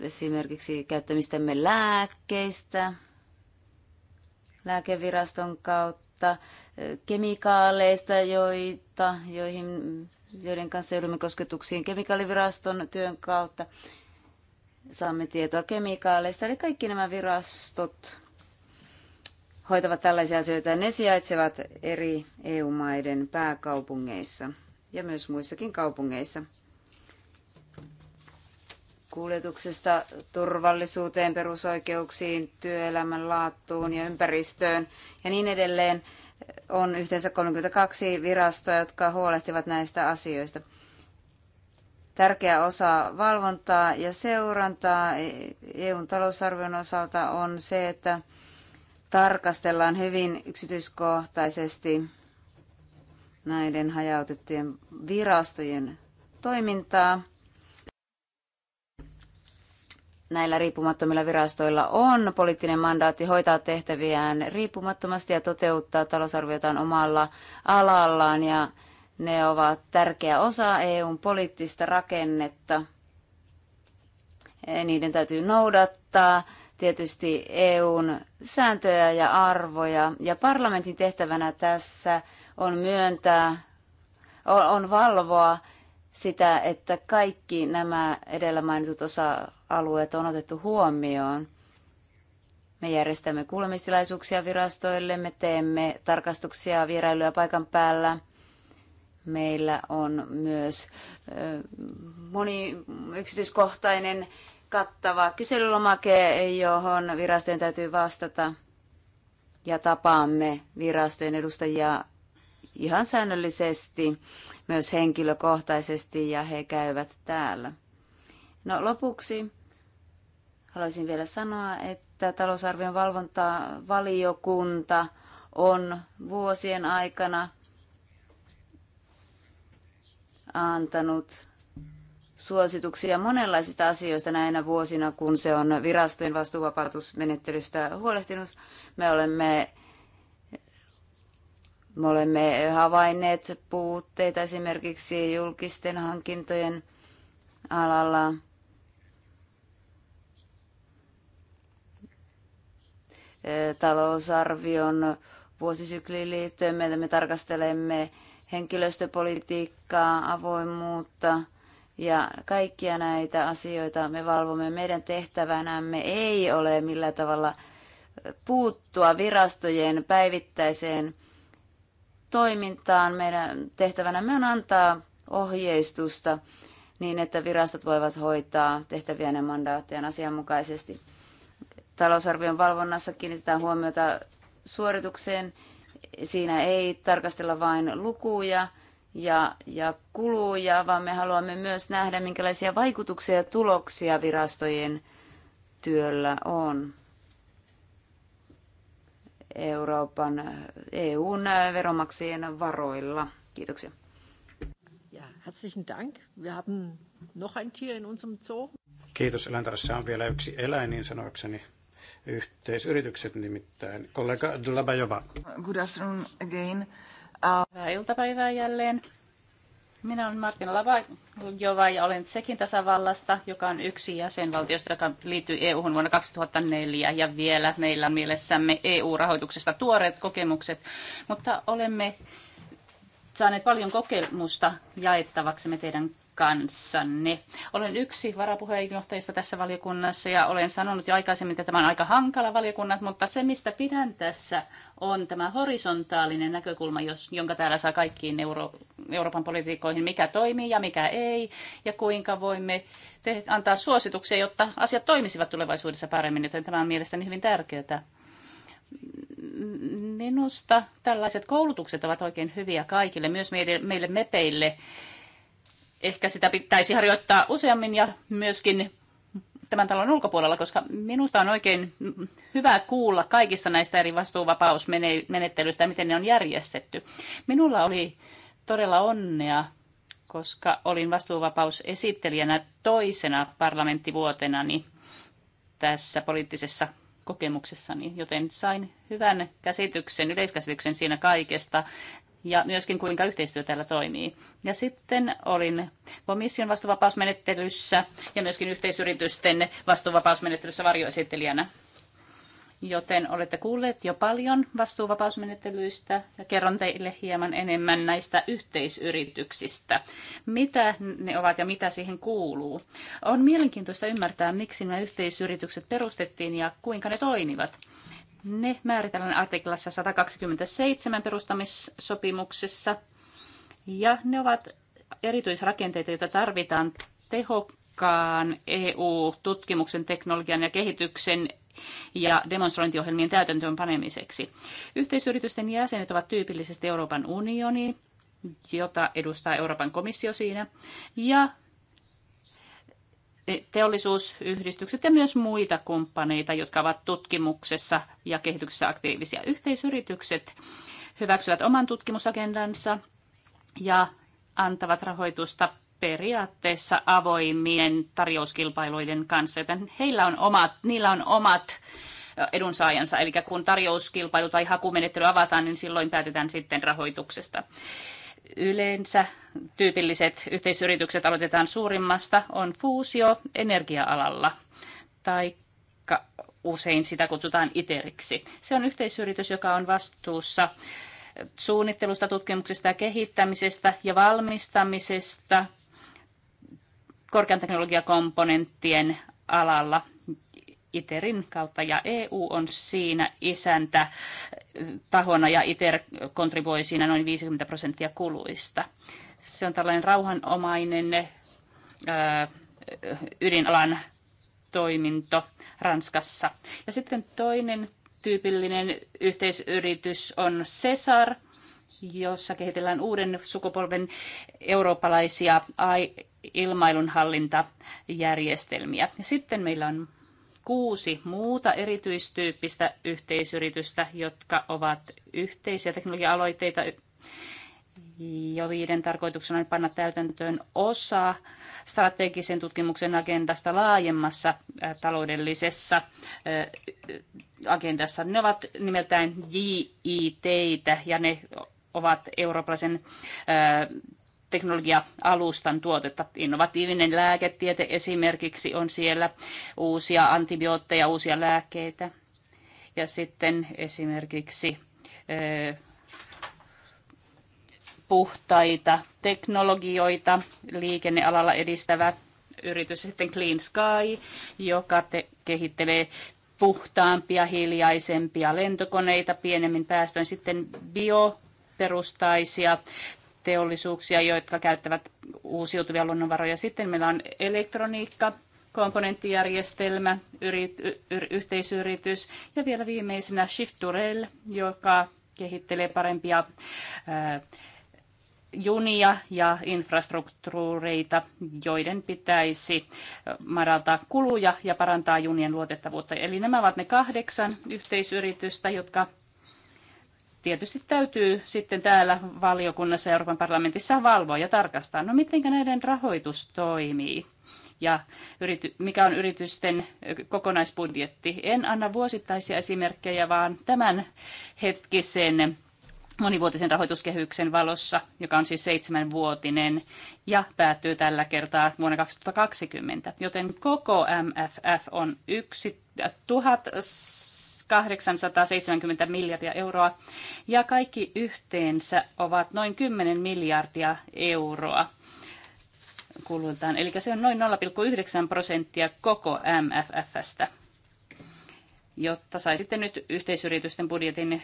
esimerkiksi käyttämistämme lääkkeistä, lääkeviraston kautta, kemikaaleista, joita, joihin joiden kanssa joudumme kosketuksiin kemikaaliviraston työn kautta. Saamme tietoa kemikaaleista, eli kaikki nämä virastot hoitavat tällaisia asioita ja ne sijaitsevat eri EU-maiden pääkaupungeissa ja myös muissakin kaupungeissa. Kuljetuksesta turvallisuuteen, perusoikeuksiin, työelämän laatuun ja ympäristöön ja niin edelleen – on yhteensä 32 virastoa, jotka huolehtivat näistä asioista. Tärkeä osa valvontaa ja seurantaa EUn talousarvion osalta on se, että tarkastellaan hyvin yksityiskohtaisesti näiden hajautettujen virastojen toimintaa – näillä riippumattomilla virastoilla on poliittinen mandaatti hoitaa tehtäviään riippumattomasti ja toteuttaa talousarviotaan omalla alallaan ja ne ovat tärkeä osa EUn poliittista rakennetta. Niiden täytyy noudattaa tietysti EUn sääntöjä ja arvoja ja parlamentin tehtävänä tässä on myöntää, on valvoa sitä, että kaikki nämä edellä mainitut osa-alueet on otettu huomioon. Me järjestämme kuulemistilaisuuksia virastoille, me teemme tarkastuksia vierailuja paikan päällä. Meillä on myös moni yksityiskohtainen kattava kyselylomake, johon virastojen täytyy vastata. Ja tapaamme virastojen edustajia ihan säännöllisesti, myös henkilökohtaisesti, ja he käyvät täällä. No lopuksi haluaisin vielä sanoa, että talousarvion valvontavaliokunta on vuosien aikana antanut suosituksia monenlaisista asioista näinä vuosina, kun se on virastojen vastuuvapautusmenettelystä huolehtinut. Me olemme me olemme havainneet puutteita esimerkiksi julkisten hankintojen alalla. Talousarvion vuosisykliin liittyen me, me tarkastelemme henkilöstöpolitiikkaa, avoimuutta ja kaikkia näitä asioita me valvomme. Meidän tehtävänämme ei ole millä tavalla puuttua virastojen päivittäiseen toimintaan meidän tehtävänä on antaa ohjeistusta niin, että virastot voivat hoitaa tehtäviä ja mandaattien asianmukaisesti. Talousarvion valvonnassa kiinnitetään huomiota suoritukseen. Siinä ei tarkastella vain lukuja ja, ja kuluja, vaan me haluamme myös nähdä, minkälaisia vaikutuksia ja tuloksia virastojen työllä on. Euroopan EUn veronmaksajien varoilla. Kiitoksia. Ja, herzlichen Dank. Wir haben noch ein Tier in unserem Zoo. Kiitos. Eläintarassa on vielä yksi eläin, niin sanoakseni yhteisyritykset nimittäin. Kollega Dlabajova. Good afternoon again. Hyvää iltapäivää jälleen. Minä olen Martina Lavajova ja olen Tsekin tasavallasta, joka on yksi jäsenvaltiosta, joka liittyy EU-hun vuonna 2004. Ja vielä meillä on mielessämme EU-rahoituksesta tuoreet kokemukset, mutta olemme saaneet paljon kokemusta jaettavaksemme teidän kanssanne. Olen yksi varapuheenjohtajista tässä valiokunnassa ja olen sanonut jo aikaisemmin, että tämä on aika hankala valiokunnat, mutta se mistä pidän tässä on tämä horisontaalinen näkökulma, jos, jonka täällä saa kaikkiin Euro- Euroopan politiikoihin, mikä toimii ja mikä ei ja kuinka voimme te- antaa suosituksia, jotta asiat toimisivat tulevaisuudessa paremmin, joten tämä on mielestäni hyvin tärkeää Minusta tällaiset koulutukset ovat oikein hyviä kaikille, myös meille, meille mepeille. Ehkä sitä pitäisi harjoittaa useammin ja myöskin tämän talon ulkopuolella, koska minusta on oikein hyvä kuulla kaikista näistä eri vastuuvapausmenettelyistä ja miten ne on järjestetty. Minulla oli todella onnea, koska olin vastuuvapausesittelijänä toisena parlamenttivuotena tässä poliittisessa kokemuksessani, joten sain hyvän käsityksen, yleiskäsityksen siinä kaikesta ja myöskin kuinka yhteistyö täällä toimii. Ja sitten olin komission vastuvapausmenettelyssä ja myöskin yhteisyritysten vastuvapausmenettelyssä varjoesittelijänä joten olette kuulleet jo paljon vastuuvapausmenettelyistä ja kerron teille hieman enemmän näistä yhteisyrityksistä, mitä ne ovat ja mitä siihen kuuluu. On mielenkiintoista ymmärtää, miksi nämä yhteisyritykset perustettiin ja kuinka ne toimivat. Ne määritellään artiklassa 127 perustamissopimuksessa ja ne ovat erityisrakenteita, joita tarvitaan tehokkaan EU-tutkimuksen, teknologian ja kehityksen ja demonstrointiohjelmien täytäntöön panemiseksi. Yhteisyritysten jäsenet ovat tyypillisesti Euroopan unioni, jota edustaa Euroopan komissio siinä, ja teollisuusyhdistykset ja myös muita kumppaneita, jotka ovat tutkimuksessa ja kehityksessä aktiivisia. Yhteisyritykset hyväksyvät oman tutkimusagendansa ja antavat rahoitusta periaatteessa avoimien tarjouskilpailuiden kanssa, joten heillä on omat, niillä on omat edunsaajansa. Eli kun tarjouskilpailu tai hakumenettely avataan, niin silloin päätetään sitten rahoituksesta. Yleensä tyypilliset yhteisyritykset aloitetaan suurimmasta, on fuusio energia-alalla tai usein sitä kutsutaan ITERiksi. Se on yhteisyritys, joka on vastuussa suunnittelusta, tutkimuksesta ja kehittämisestä ja valmistamisesta korkean teknologiakomponenttien alalla ITERin kautta ja EU on siinä isäntä tahona ja ITER kontribuoi siinä noin 50 prosenttia kuluista. Se on tällainen rauhanomainen ää, ydinalan toiminto Ranskassa. Ja sitten toinen tyypillinen yhteisyritys on Cesar, jossa kehitellään uuden sukupolven eurooppalaisia ilmailunhallintajärjestelmiä. Ja sitten meillä on kuusi muuta erityistyyppistä yhteisyritystä, jotka ovat yhteisiä teknologia-aloitteita, joiden tarkoituksena on panna täytäntöön osa strategisen tutkimuksen agendasta laajemmassa taloudellisessa agendassa. Ne ovat nimeltään JIT ja ne ovat eurooppalaisen teknologia-alustan tuotetta. Innovatiivinen lääketiete esimerkiksi on siellä uusia antibiootteja, uusia lääkkeitä. Ja sitten esimerkiksi puhtaita teknologioita liikennealalla edistävä yritys sitten Clean Sky, joka te- kehittelee puhtaampia, hiljaisempia lentokoneita pienemmin päästöin. Sitten bio perustaisia teollisuuksia, jotka käyttävät uusiutuvia luonnonvaroja. Sitten meillä on elektroniikka, komponenttijärjestelmä, yrit, y, yhteisyritys ja vielä viimeisenä Shift Rail, joka kehittelee parempia ää, junia ja infrastruktuureita, joiden pitäisi madaltaa kuluja ja parantaa junien luotettavuutta. Eli nämä ovat ne kahdeksan yhteisyritystä, jotka tietysti täytyy sitten täällä valiokunnassa Euroopan parlamentissa valvoa ja tarkastaa, no miten näiden rahoitus toimii ja yrity, mikä on yritysten kokonaisbudjetti. En anna vuosittaisia esimerkkejä, vaan tämän hetkisen monivuotisen rahoituskehyksen valossa, joka on siis seitsemänvuotinen ja päättyy tällä kertaa vuonna 2020. Joten koko MFF on 1100 870 miljardia euroa ja kaikki yhteensä ovat noin 10 miljardia euroa kuluiltaan. Eli se on noin 0,9 prosenttia koko MFFstä, jotta saisitte nyt yhteisyritysten budjetin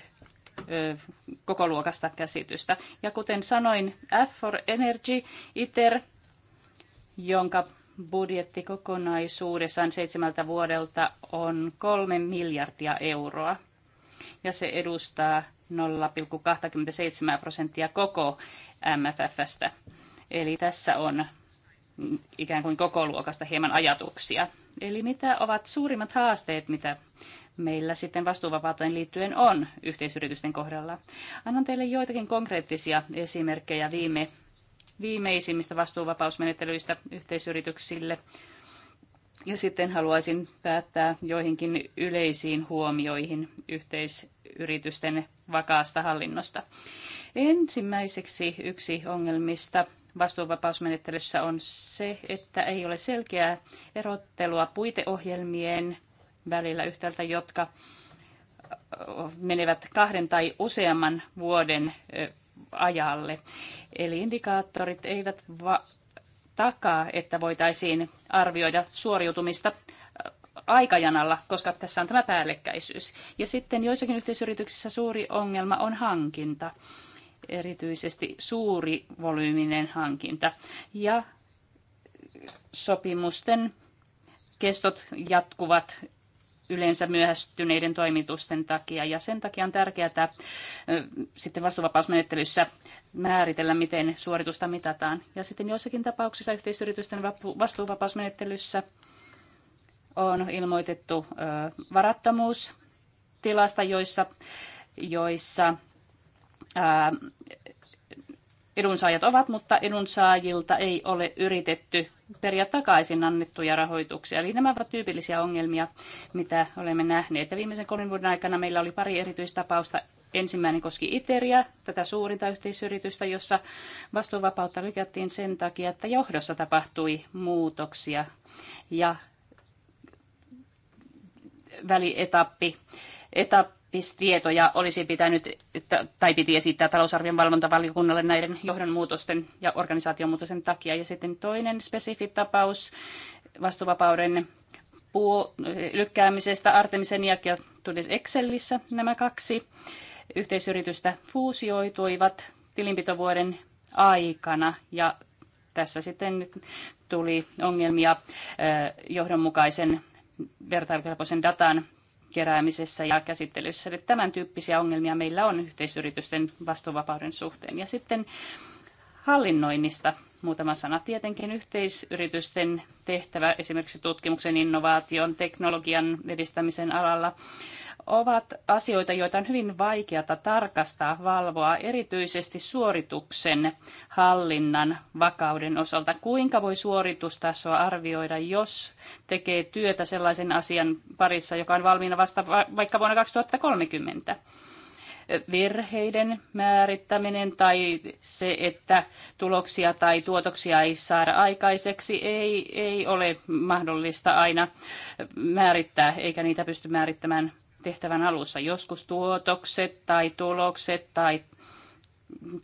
koko luokasta käsitystä. Ja kuten sanoin, F for Energy, ITER, jonka budjetti kokonaisuudessaan seitsemältä vuodelta on kolme miljardia euroa. Ja se edustaa 0,27 prosenttia koko MFFstä. Eli tässä on ikään kuin koko luokasta hieman ajatuksia. Eli mitä ovat suurimmat haasteet, mitä meillä sitten vastuuvapauteen liittyen on yhteisyritysten kohdalla? Annan teille joitakin konkreettisia esimerkkejä viime viimeisimmistä vastuuvapausmenettelyistä yhteisyrityksille. Ja sitten haluaisin päättää joihinkin yleisiin huomioihin yhteisyritysten vakaasta hallinnosta. Ensimmäiseksi yksi ongelmista vastuuvapausmenettelyssä on se, että ei ole selkeää erottelua puiteohjelmien välillä yhtäältä, jotka menevät kahden tai useamman vuoden ajalle. Eli indikaattorit eivät va- takaa, että voitaisiin arvioida suoriutumista äh, aikajanalla, koska tässä on tämä päällekkäisyys. Ja sitten joissakin yhteisyrityksissä suuri ongelma on hankinta, erityisesti suuri volyyminen hankinta. Ja sopimusten kestot jatkuvat yleensä myöhästyneiden toimitusten takia. Ja sen takia on tärkeää että sitten vastuuvapausmenettelyssä määritellä, miten suoritusta mitataan. Ja sitten joissakin tapauksissa yhteisyritysten vastuuvapausmenettelyssä on ilmoitettu varattomuus tilasta, joissa, joissa edunsaajat ovat, mutta edunsaajilta ei ole yritetty periä takaisin annettuja rahoituksia. Eli nämä ovat tyypillisiä ongelmia, mitä olemme nähneet. Ja viimeisen kolmen vuoden aikana meillä oli pari erityistapausta Ensimmäinen koski Iteria, tätä suurinta yhteisyritystä, jossa vastuuvapautta lykättiin sen takia, että johdossa tapahtui muutoksia ja välietappi etappitietoja olisi pitänyt tai piti esittää talousarvion valvontavaliokunnalle näiden johdonmuutosten ja organisaatiomuutosten takia. Ja sitten toinen spesifi tapaus vastuuvapauden lykkäämisestä Artemisen ja tuli Excelissä nämä kaksi yhteisyritystä fuusioituivat tilinpitovuoden aikana ja tässä sitten tuli ongelmia johdonmukaisen vertailukelpoisen datan keräämisessä ja käsittelyssä. Eli tämän tyyppisiä ongelmia meillä on yhteisyritysten vastuuvapauden suhteen. Ja sitten hallinnoinnista muutama sana. Tietenkin yhteisyritysten tehtävä esimerkiksi tutkimuksen, innovaation, teknologian edistämisen alalla ovat asioita, joita on hyvin vaikeata tarkastaa, valvoa, erityisesti suorituksen hallinnan vakauden osalta. Kuinka voi suoritustasoa arvioida, jos tekee työtä sellaisen asian parissa, joka on valmiina vasta vaikka vuonna 2030? virheiden määrittäminen tai se, että tuloksia tai tuotoksia ei saada aikaiseksi, ei, ei ole mahdollista aina määrittää, eikä niitä pysty määrittämään tehtävän alussa. Joskus tuotokset tai tulokset tai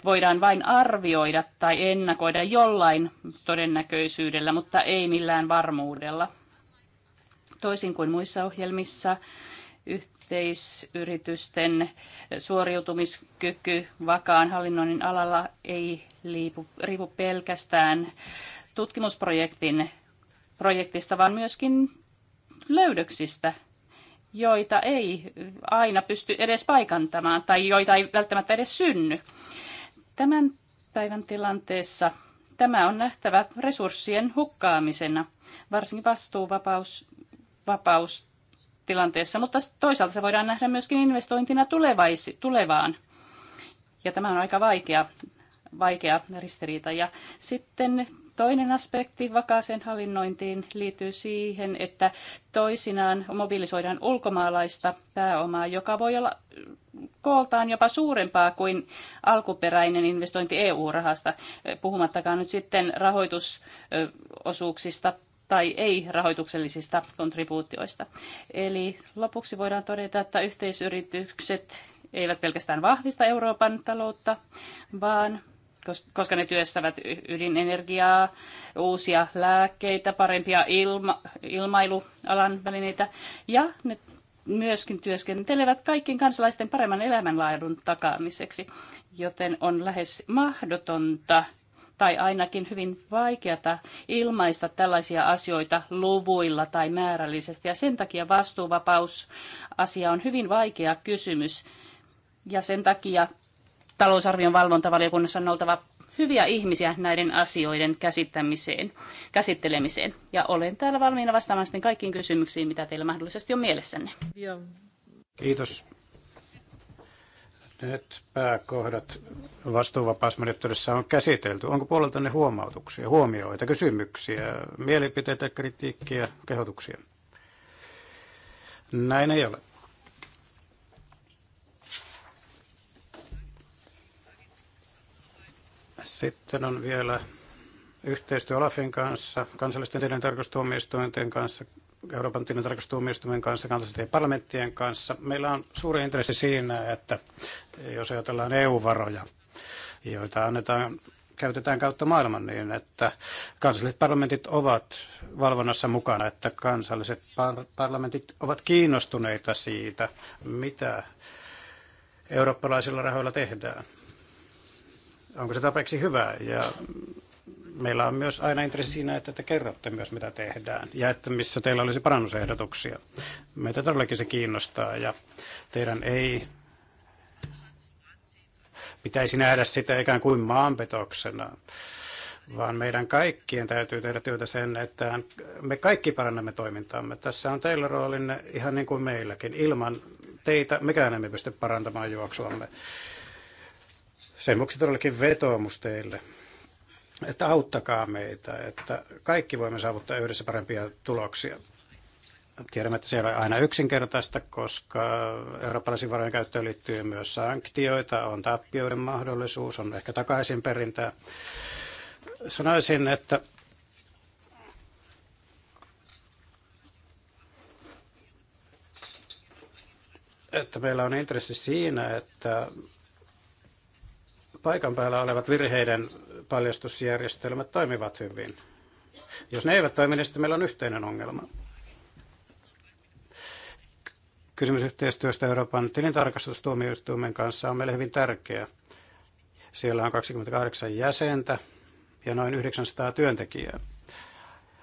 voidaan vain arvioida tai ennakoida jollain todennäköisyydellä, mutta ei millään varmuudella. Toisin kuin muissa ohjelmissa, yhteisyritysten suoriutumiskyky vakaan hallinnoinnin alalla ei liipu, riipu pelkästään tutkimusprojektin projektista, vaan myöskin löydöksistä joita ei aina pysty edes paikantamaan tai joita ei välttämättä edes synny. Tämän päivän tilanteessa tämä on nähtävä resurssien hukkaamisena, varsinkin vastuuvapaus vapaus tilanteessa, mutta toisaalta se voidaan nähdä myöskin investointina tulevaisi, tulevaan. Ja tämä on aika vaikea, vaikea ristiriita. Ja sitten Toinen aspekti vakaaseen hallinnointiin liittyy siihen, että toisinaan mobilisoidaan ulkomaalaista pääomaa, joka voi olla kooltaan jopa suurempaa kuin alkuperäinen investointi EU-rahasta, puhumattakaan nyt sitten rahoitusosuuksista tai ei-rahoituksellisista kontribuutioista. Eli lopuksi voidaan todeta, että yhteisyritykset eivät pelkästään vahvista Euroopan taloutta, vaan koska ne työstävät ydinenergiaa, uusia lääkkeitä, parempia ilma, ilmailualan välineitä ja ne myöskin työskentelevät kaikkien kansalaisten paremman elämänlaadun takaamiseksi, joten on lähes mahdotonta tai ainakin hyvin vaikeata ilmaista tällaisia asioita luvuilla tai määrällisesti. Ja sen takia vastuuvapausasia on hyvin vaikea kysymys. Ja sen takia talousarvion valvontavaliokunnassa on oltava hyviä ihmisiä näiden asioiden käsittämiseen, käsittelemiseen. Ja olen täällä valmiina vastaamaan sitten kaikkiin kysymyksiin, mitä teillä mahdollisesti on mielessänne. Kiitos. Nyt pääkohdat vastuuvapausmenettelyssä on käsitelty. Onko puoleltanne huomautuksia, huomioita, kysymyksiä, mielipiteitä, kritiikkiä, kehotuksia? Näin ei ole. Sitten on vielä yhteistyö Olafin kanssa, kansallisten tilintarkastustuomioistuinten kanssa, Euroopan tilintarkastustuomioistuimen kanssa, kansallisten parlamenttien kanssa. Meillä on suuri intressi siinä, että jos ajatellaan EU-varoja, joita annetaan käytetään kautta maailman niin, että kansalliset parlamentit ovat valvonnassa mukana, että kansalliset par- parlamentit ovat kiinnostuneita siitä, mitä eurooppalaisilla rahoilla tehdään onko se tarpeeksi hyvää. Ja meillä on myös aina intressi siinä, että te kerrotte myös, mitä tehdään ja että missä teillä olisi parannusehdotuksia. Meitä todellakin se kiinnostaa ja teidän ei pitäisi nähdä sitä ikään kuin maanpetoksena, vaan meidän kaikkien täytyy tehdä työtä sen, että me kaikki parannamme toimintaamme. Tässä on teillä roolinne ihan niin kuin meilläkin. Ilman teitä mekään emme pysty parantamaan juoksuamme. Sen vuoksi todellakin vetoomus teille, että auttakaa meitä, että kaikki voimme saavuttaa yhdessä parempia tuloksia. Tiedämme, että se ei ole aina yksinkertaista, koska eurooppalaisiin varojen käyttöön liittyy myös sanktioita, on tappioiden mahdollisuus, on ehkä takaisinperintää. Sanoisin, että että meillä on intressi siinä, että paikan päällä olevat virheiden paljastusjärjestelmät toimivat hyvin. Jos ne eivät toimi, niin sitten meillä on yhteinen ongelma. Kysymys yhteistyöstä Euroopan tilintarkastustuomioistuimen kanssa on meille hyvin tärkeä. Siellä on 28 jäsentä ja noin 900 työntekijää,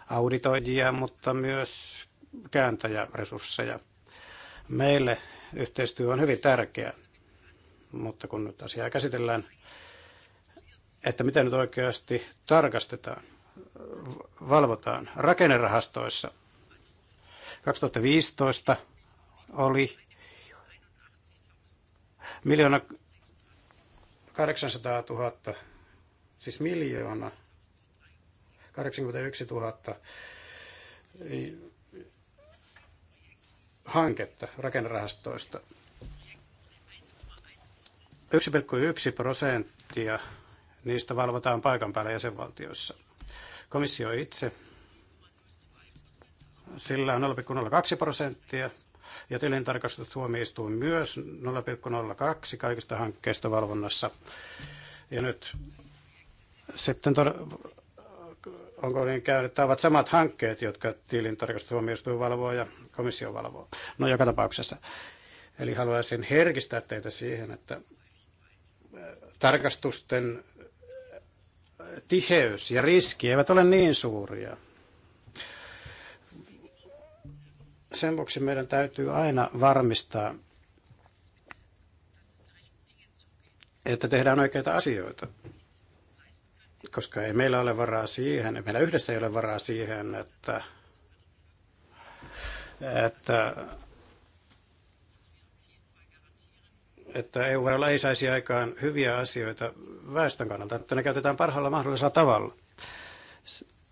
auditoijia, mutta myös kääntäjäresursseja. Meille yhteistyö on hyvin tärkeää, mutta kun nyt asiaa käsitellään, että mitä nyt oikeasti tarkastetaan, valvotaan. Rakennerahastoissa 2015 oli miljoona 800 000, siis miljoona 81 000 hanketta rakennerahastoista. 1,1 prosenttia Niistä valvotaan paikan päällä jäsenvaltioissa. Komissio itse, sillä on 0,02 prosenttia ja tilintarkastustuomioistuin myös 0,02 kaikista hankkeista valvonnassa. Ja nyt sitten tod- onko niin käynyt, että ovat samat hankkeet, jotka tilintarkastustuomioistuin valvoo ja komissio valvoo. No joka tapauksessa. Eli haluaisin herkistää teitä siihen, että tarkastusten tiheys ja riski eivät ole niin suuria. Sen vuoksi meidän täytyy aina varmistaa, että tehdään oikeita asioita, koska ei meillä ole varaa siihen, meillä yhdessä ei ole varaa siihen, että, että että EU-varoilla ei saisi aikaan hyviä asioita väestön kannalta, että ne käytetään parhaalla mahdollisella tavalla.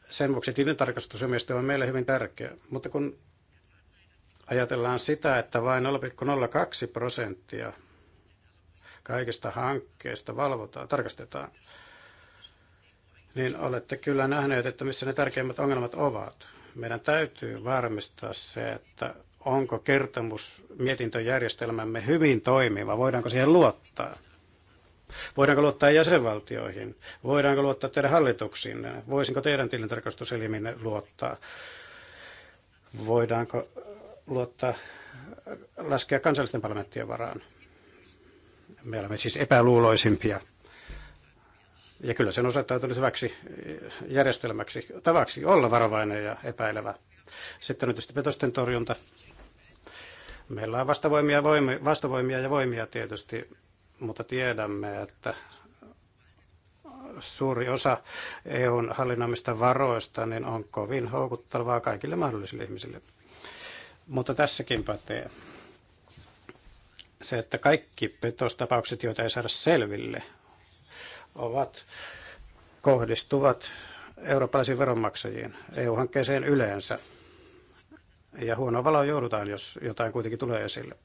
Sen vuoksi tilintarkastus on meille hyvin tärkeä. Mutta kun ajatellaan sitä, että vain 0,02 prosenttia kaikista hankkeista valvotaan, tarkastetaan, niin olette kyllä nähneet, että missä ne tärkeimmät ongelmat ovat. Meidän täytyy varmistaa se, että onko kertomus mietintöjärjestelmämme hyvin toimiva, voidaanko siihen luottaa. Voidaanko luottaa jäsenvaltioihin? Voidaanko luottaa teidän hallituksiinne? Voisinko teidän tilintarkastuseliminne luottaa? Voidaanko luottaa äh, laskea kansallisten parlamenttien varaan? Me olemme siis epäluuloisimpia. Ja kyllä sen osoittautunut hyväksi äh, järjestelmäksi, tavaksi olla varovainen ja epäilevä. Sitten on tietysti petosten torjunta. Meillä on vastavoimia, voimia, vastavoimia ja voimia tietysti, mutta tiedämme, että suuri osa EUn hallinnoimista varoista niin on kovin houkuttavaa kaikille mahdollisille ihmisille. Mutta tässäkin pätee se, että kaikki petostapaukset, joita ei saada selville, ovat, kohdistuvat eurooppalaisiin veronmaksajiin, EU-hankkeeseen yleensä – ja huono valo joudutaan, jos jotain kuitenkin tulee esille.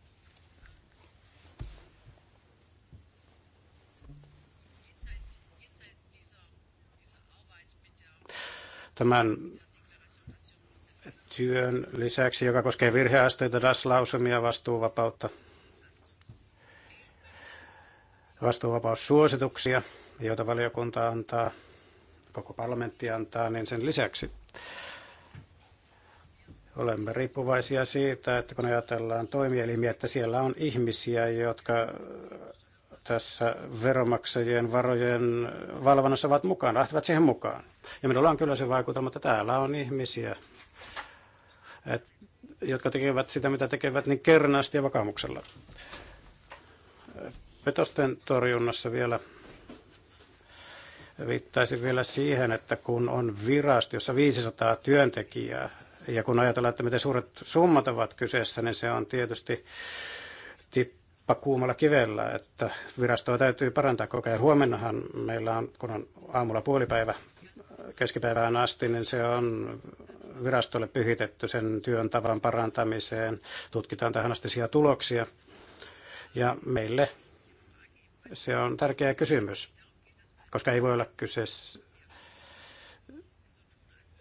Tämän työn lisäksi, joka koskee virheasteita, DAS-lausumia, vastuuvapautta, vastuuvapaussuosituksia, joita valiokunta antaa, koko parlamentti antaa, niin sen lisäksi Olemme riippuvaisia siitä, että kun ajatellaan toimielimiä, että siellä on ihmisiä, jotka tässä veromaksajien varojen valvonnassa ovat mukaan, lähtevät siihen mukaan. Ja minulla on kyllä se vaikutelma, että täällä on ihmisiä, et, jotka tekevät sitä, mitä tekevät, niin kernaasti ja vakaumuksella. Petosten torjunnassa vielä viittaisin vielä siihen, että kun on virasto, jossa 500 työntekijää, ja kun ajatellaan, että miten suuret summat ovat kyseessä, niin se on tietysti tippa kuumalla kivellä, että virastoa täytyy parantaa koko ajan. Huomennahan meillä on, kun on aamulla puolipäivä keskipäivään asti, niin se on virastolle pyhitetty sen työn tavan parantamiseen. Tutkitaan tähän astisia tuloksia. Ja meille se on tärkeä kysymys, koska ei voi olla kyse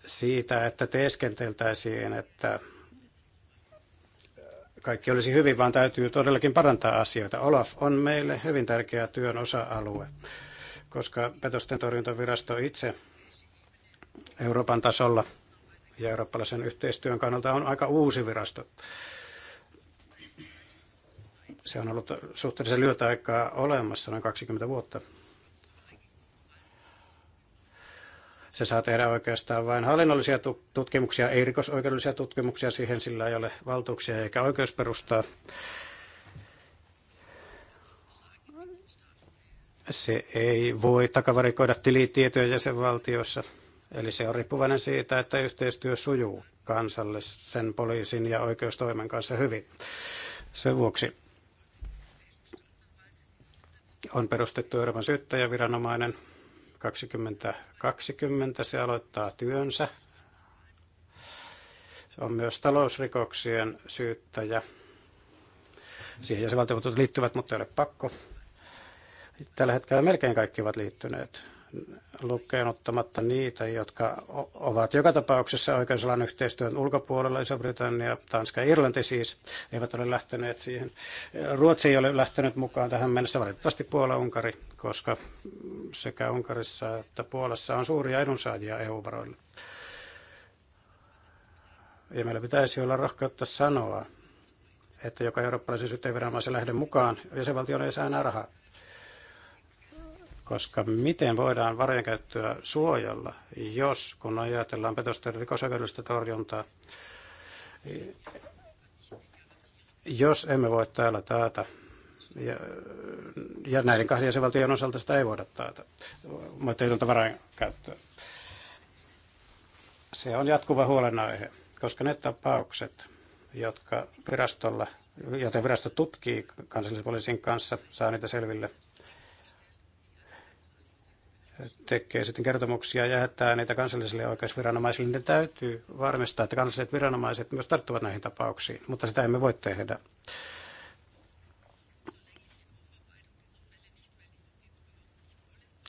siitä, että teeskenteltäisiin, että kaikki olisi hyvin, vaan täytyy todellakin parantaa asioita. Olaf on meille hyvin tärkeä työn osa-alue, koska petosten torjuntavirasto itse Euroopan tasolla ja eurooppalaisen yhteistyön kannalta on aika uusi virasto. Se on ollut suhteellisen lyötä aikaa olemassa, noin 20 vuotta. Se saa tehdä oikeastaan vain hallinnollisia tutkimuksia, ei rikosoikeudellisia tutkimuksia, siihen sillä ei ole valtuuksia eikä oikeusperustaa. Se ei voi takavarikoida tilitietoja jäsenvaltioissa, eli se on riippuvainen siitä, että yhteistyö sujuu sen poliisin ja oikeustoimen kanssa hyvin. Sen vuoksi on perustettu Euroopan syyttäjäviranomainen, 2020 se aloittaa työnsä. Se on myös talousrikoksien syyttäjä. Siihen jäsenvaltiot liittyvät, mutta ei ole pakko. Tällä hetkellä melkein kaikki ovat liittyneet lukeen ottamatta niitä, jotka ovat joka tapauksessa oikeusalan yhteistyön ulkopuolella, Iso-Britannia, Tanska ja Irlanti siis, eivät ole lähteneet siihen. Ruotsi ei ole lähtenyt mukaan tähän mennessä, valitettavasti Puola, Unkari koska sekä Unkarissa että Puolassa on suuria edunsaajia EU-varoille. Ja meillä pitäisi olla rohkeutta sanoa, että joka eurooppalaisen syyttäjäviranomaisen lähde mukaan, jäsenvaltio ei saa enää rahaa. Koska miten voidaan varojen käyttöä suojella, jos kun ajatellaan petosten rikosoikeudellista torjuntaa, jos emme voi täällä taata ja, ja näiden kahden jäsenvaltion osalta sitä ei voida taata moitteetonta varain käyttöä. Se on jatkuva huolenaihe, koska ne tapaukset, jotka virastolla, joten virasto tutkii kansallispoliisin kanssa, saa niitä selville, tekee sitten kertomuksia ja jättää niitä kansallisille oikeusviranomaisille, niin täytyy varmistaa, että kansalliset viranomaiset myös tarttuvat näihin tapauksiin, mutta sitä emme voi tehdä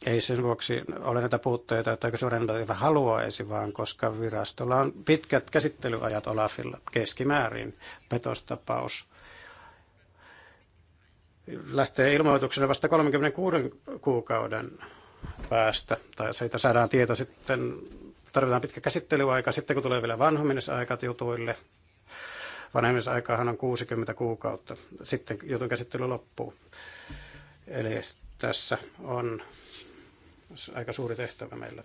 Ei sen vuoksi ole näitä puutteita, että suurennetaiva haluaisi, vaan koska virastolla on pitkät käsittelyajat Olafilla keskimäärin petostapaus lähtee ilmoituksena vasta 36 kuukauden päästä, tai siitä saadaan tieto sitten, tarvitaan pitkä käsittelyaika, sitten kun tulee vielä vanhumisaikat jutuille, vanhemmisaikahan on 60 kuukautta, sitten jutun käsittely loppuu. Eli tässä on aika suuri tehtävä meillä.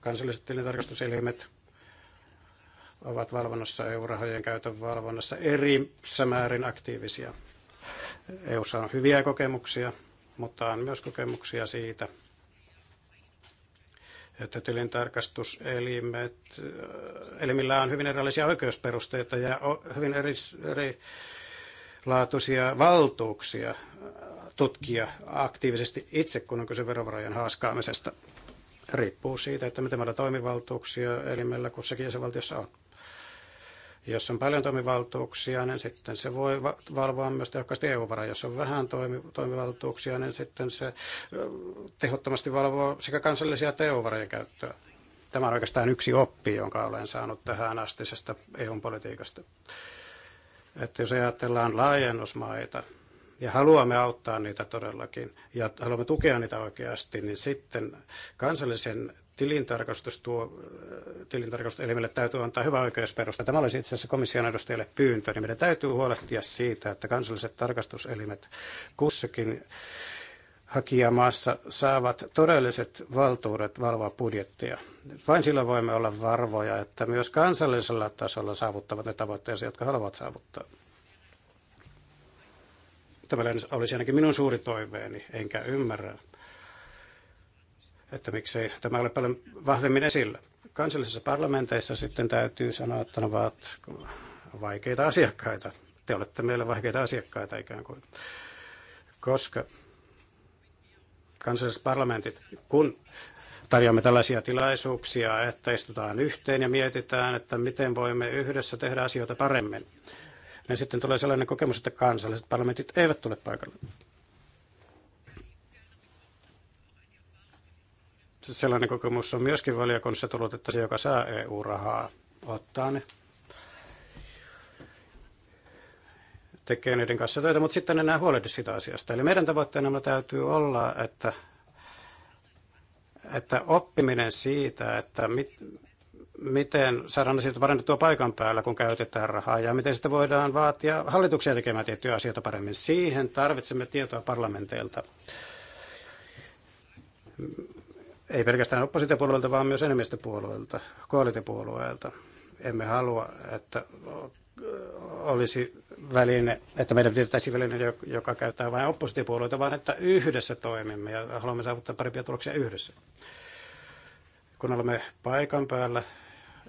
Kansalliset tilintarkastuselimet ovat valvonnassa, EU-rahojen käytön valvonnassa eri määrin aktiivisia. eu on hyviä kokemuksia, mutta on myös kokemuksia siitä, että tilintarkastuselimet, elimillä on hyvin erilaisia oikeusperusteita ja hyvin eri, eri valtuuksia tutkia aktiivisesti itse, kun on kyse verovarojen haaskaamisesta. Riippuu siitä, että miten meillä toimivaltuuksia elimellä kussakin jäsenvaltiossa on. Jos on paljon toimivaltuuksia, niin sitten se voi valvoa myös tehokkaasti EU-varaa. Jos on vähän toimi, toimivaltuuksia, niin sitten se tehottomasti valvoo sekä kansallisia että EU-varojen käyttöä. Tämä on oikeastaan yksi oppi, jonka olen saanut tähän astisesta EU-politiikasta. Että jos ajatellaan laajennusmaita, ja haluamme auttaa niitä todellakin ja haluamme tukea niitä oikeasti, niin sitten kansallisen tilintarkastus tuo, äh, tilintarkastuselimelle täytyy antaa hyvä oikeusperusta. Tämä olisi itse asiassa komission edustajalle pyyntö, niin meidän täytyy huolehtia siitä, että kansalliset tarkastuselimet kussakin hakijamaassa saavat todelliset valtuudet valvoa budjettia. Vain silloin voimme olla varvoja, että myös kansallisella tasolla saavuttavat ne tavoitteensa, jotka haluavat saavuttaa. Tämä olisi ainakin minun suuri toiveeni, enkä ymmärrä, että miksei tämä ole paljon vahvemmin esillä. Kansallisissa parlamenteissa sitten täytyy sanoa, että ne ovat vaikeita asiakkaita. Te olette meille vaikeita asiakkaita ikään kuin. Koska kansalliset parlamentit, kun tarjoamme tällaisia tilaisuuksia, että istutaan yhteen ja mietitään, että miten voimme yhdessä tehdä asioita paremmin, niin sitten tulee sellainen kokemus, että kansalliset parlamentit eivät tule paikalle. Sellainen kokemus on myöskin valiokunnassa tullut, että se, joka saa EU-rahaa, ottaa ne. tekee niiden kanssa töitä, mutta sitten enää huolehdi sitä asiasta. Eli meidän tavoitteena täytyy olla, että, että oppiminen siitä, että mit, miten saadaan asioita parannettua paikan päällä, kun käytetään rahaa, ja miten sitä voidaan vaatia hallituksia tekemään tiettyjä asioita paremmin. Siihen tarvitsemme tietoa parlamenteilta. Ei pelkästään oppositiopuolueelta, vaan myös enemmistöpuolueelta, koalitiopuolueelta. Emme halua, että olisi väline, että meidän pitäisi väline, joka käyttää vain oppositiopuolueita, vaan että yhdessä toimimme ja haluamme saavuttaa parempia tuloksia yhdessä kun olemme paikan päällä,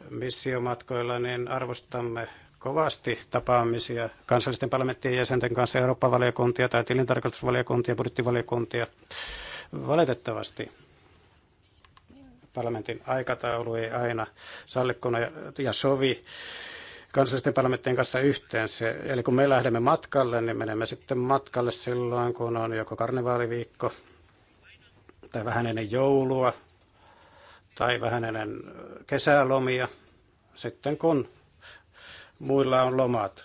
missiomatkoilla, niin arvostamme kovasti tapaamisia kansallisten parlamenttien jäsenten kanssa, Eurooppa-valiokuntia tai tilintarkastusvaliokuntia, budjettivaliokuntia. Valitettavasti parlamentin aikataulu ei aina sallikkona ja sovi kansallisten parlamenttien kanssa yhteen. Se, eli kun me lähdemme matkalle, niin menemme sitten matkalle silloin, kun on joko karnevaaliviikko tai vähän ennen joulua tai vähän ennen kesälomia, sitten kun muilla on lomat.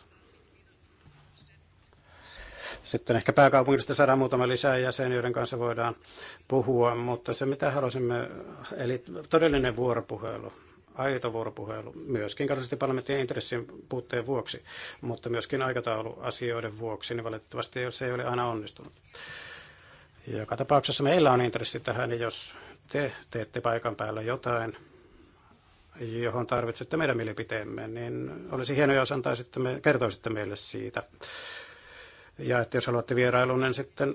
Sitten ehkä pääkaupungista saadaan muutama lisää jäsen, joiden kanssa voidaan puhua, mutta se mitä haluaisimme, eli todellinen vuoropuhelu, aito vuoropuhelu, myöskin kansallisesti parlamentin intressin puutteen vuoksi, mutta myöskin aikatauluasioiden vuoksi, niin valitettavasti se ei ole aina onnistunut. Joka tapauksessa meillä on intressi tähän, niin jos te teette paikan päällä jotain, johon tarvitsette meidän mielipiteemme, niin olisi hienoa, jos antaisitte me, kertoisitte meille siitä. Ja että jos haluatte vierailun, niin sitten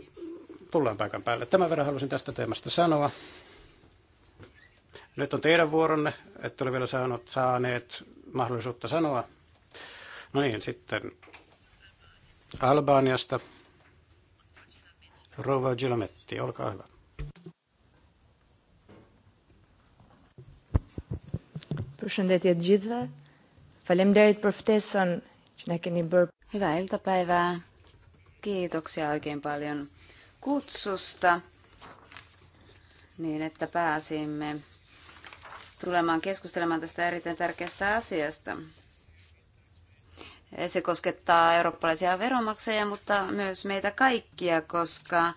tullaan paikan päälle. Tämän verran halusin tästä teemasta sanoa. Nyt on teidän vuoronne, että ole vielä saanut, saaneet mahdollisuutta sanoa. No niin, sitten Albaniasta. Rova Gilametti, olkaa hyvä. Përshëndetje të gjithëve. Faleminderit për ftesën që na keni bërë. Hyvää iltapäivää. Kiitoksia oikein paljon kutsusta niin, että pääsimme tulemaan keskustelemaan tästä erittäin tärkeästä asiasta. Se koskettaa eurooppalaisia veronmaksajia, mutta myös meitä kaikkia, koska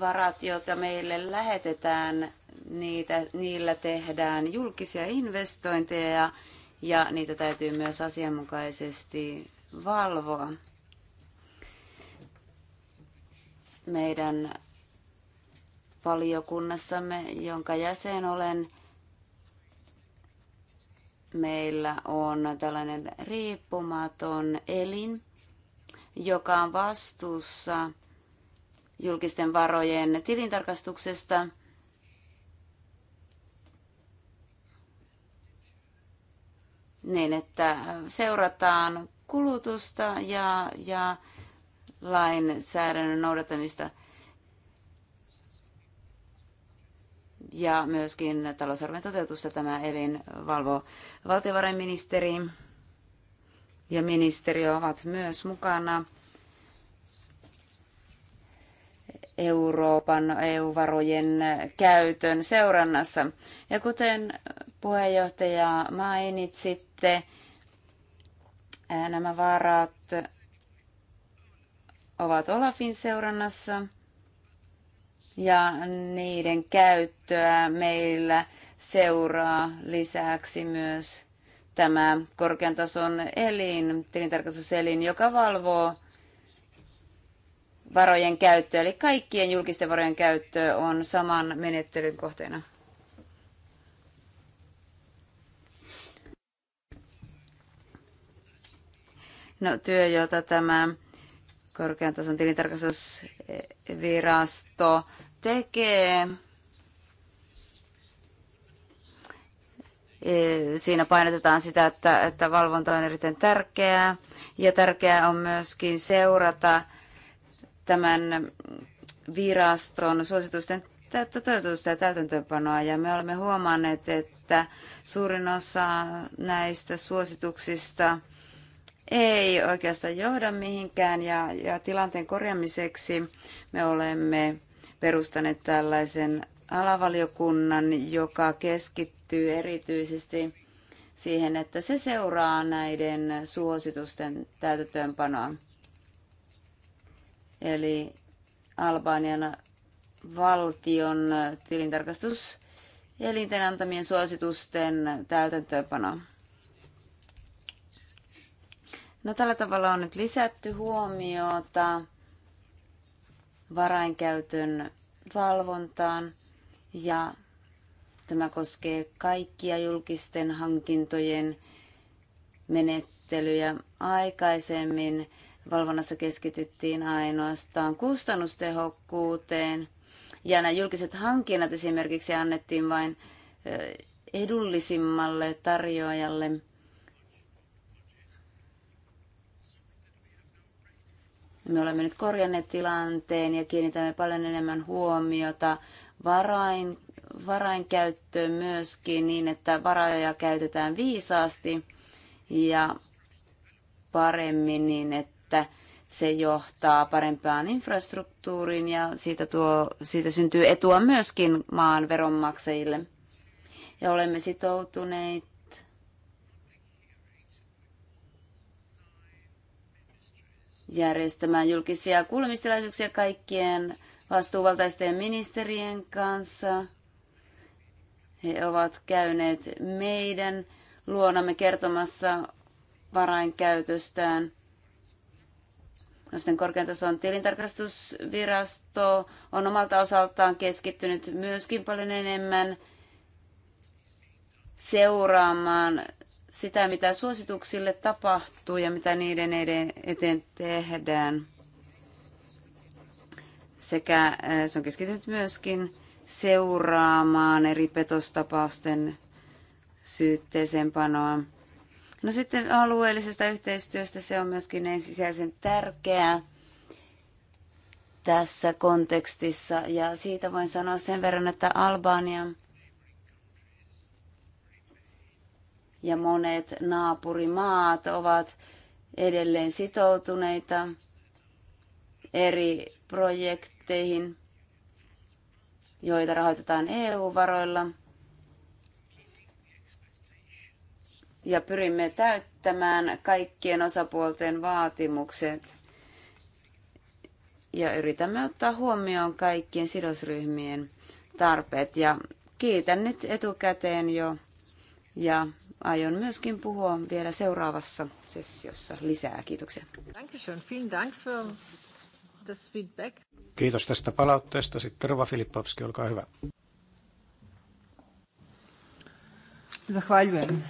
varat, joita meille lähetetään, niitä, niillä tehdään julkisia investointeja ja niitä täytyy myös asianmukaisesti valvoa. Meidän valiokunnassamme, jonka jäsen olen, meillä on tällainen riippumaton elin, joka on vastuussa julkisten varojen tilintarkastuksesta. Niin, että seurataan kulutusta ja, ja lainsäädännön noudattamista ja myöskin talousarvion toteutusta tämä elin valvoo valtiovarainministeri ja ministeriö ovat myös mukana Euroopan EU-varojen käytön seurannassa. Ja kuten puheenjohtaja mainitsitte, nämä varat ovat Olafin seurannassa ja niiden käyttöä meillä seuraa lisäksi myös tämä korkean tason elin, tilintarkastuselin, joka valvoo varojen käyttö, eli kaikkien julkisten varojen käyttö on saman menettelyn kohteena. No, työ, jota tämä korkean tason tilintarkastusvirasto tekee, e, siinä painotetaan sitä, että, että valvonta on erittäin tärkeää ja tärkeää on myöskin seurata tämän viraston suositusten toteutusta ja täytäntöönpanoa. Ja me olemme huomanneet, että suurin osa näistä suosituksista ei oikeastaan johda mihinkään ja, ja tilanteen korjaamiseksi me olemme perustaneet tällaisen alavaliokunnan, joka keskittyy erityisesti siihen, että se seuraa näiden suositusten täytäntöönpanoa. Eli Albanian valtion tilintarkastus elinten antamien suositusten täytäntöönpano. No tällä tavalla on nyt lisätty huomiota varainkäytön valvontaan ja tämä koskee kaikkia julkisten hankintojen menettelyjä. Aikaisemmin valvonnassa keskityttiin ainoastaan kustannustehokkuuteen. Ja nämä julkiset hankinnat esimerkiksi annettiin vain edullisimmalle tarjoajalle. Me olemme nyt korjanneet tilanteen ja kiinnitämme paljon enemmän huomiota varain, varainkäyttöön myöskin niin, että varoja käytetään viisaasti ja paremmin niin, että että se johtaa parempaan infrastruktuuriin ja siitä, tuo, siitä syntyy etua myöskin maan veronmaksajille. Ja olemme sitoutuneet järjestämään julkisia kuulemistilaisuuksia kaikkien vastuuvaltaisten ministerien kanssa. He ovat käyneet meidän luonamme kertomassa varainkäytöstään – No sitten korkean tason tilintarkastusvirasto on omalta osaltaan keskittynyt myöskin paljon enemmän seuraamaan sitä, mitä suosituksille tapahtuu ja mitä niiden eteen tehdään. Sekä eh, se on keskittynyt myöskin seuraamaan eri petostapausten syytteeseenpanoa. No sitten alueellisesta yhteistyöstä se on myöskin ensisijaisen tärkeää tässä kontekstissa. Ja siitä voin sanoa sen verran, että Albania ja monet naapurimaat ovat edelleen sitoutuneita eri projekteihin, joita rahoitetaan EU-varoilla – ja pyrimme täyttämään kaikkien osapuolten vaatimukset ja yritämme ottaa huomioon kaikkien sidosryhmien tarpeet ja kiitän nyt etukäteen jo ja aion myöskin puhua vielä seuraavassa sessiossa lisää. Kiitoksia. Kiitos tästä palautteesta. Sitten Rova Filippovski, olkaa hyvä. Zahvaljujem.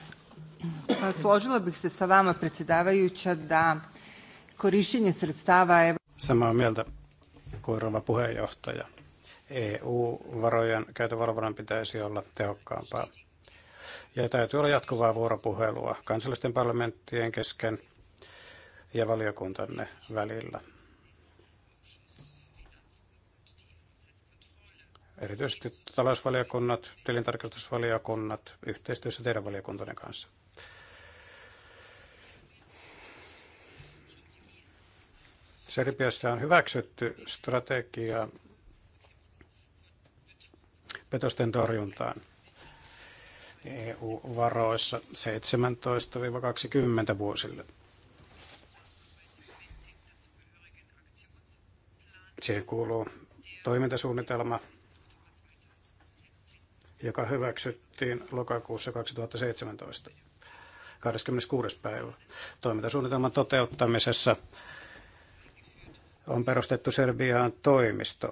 Složila bih se sa vama, predsedavajuća, da korišćenje sredstava... Samaa mieltä kuin rouva puheenjohtaja. EU-varojen, käytövarovaran pitäisi olla tehokkaampaa. Ja täytyy olla jatkuvaa vuoropuhelua kansallisten parlamenttien kesken ja valiokuntanne välillä. Erityisesti talousvaliokunnat, tilintarkastusvaliokunnat yhteistyössä teidän valiokuntanne kanssa. Serbiassa on hyväksytty strategia petosten torjuntaan EU-varoissa 17-20 vuosille. Siihen kuuluu toimintasuunnitelma, joka hyväksyttiin lokakuussa 2017, 26. päivä. Toimintasuunnitelman toteuttamisessa on perustettu Serbiaan toimisto,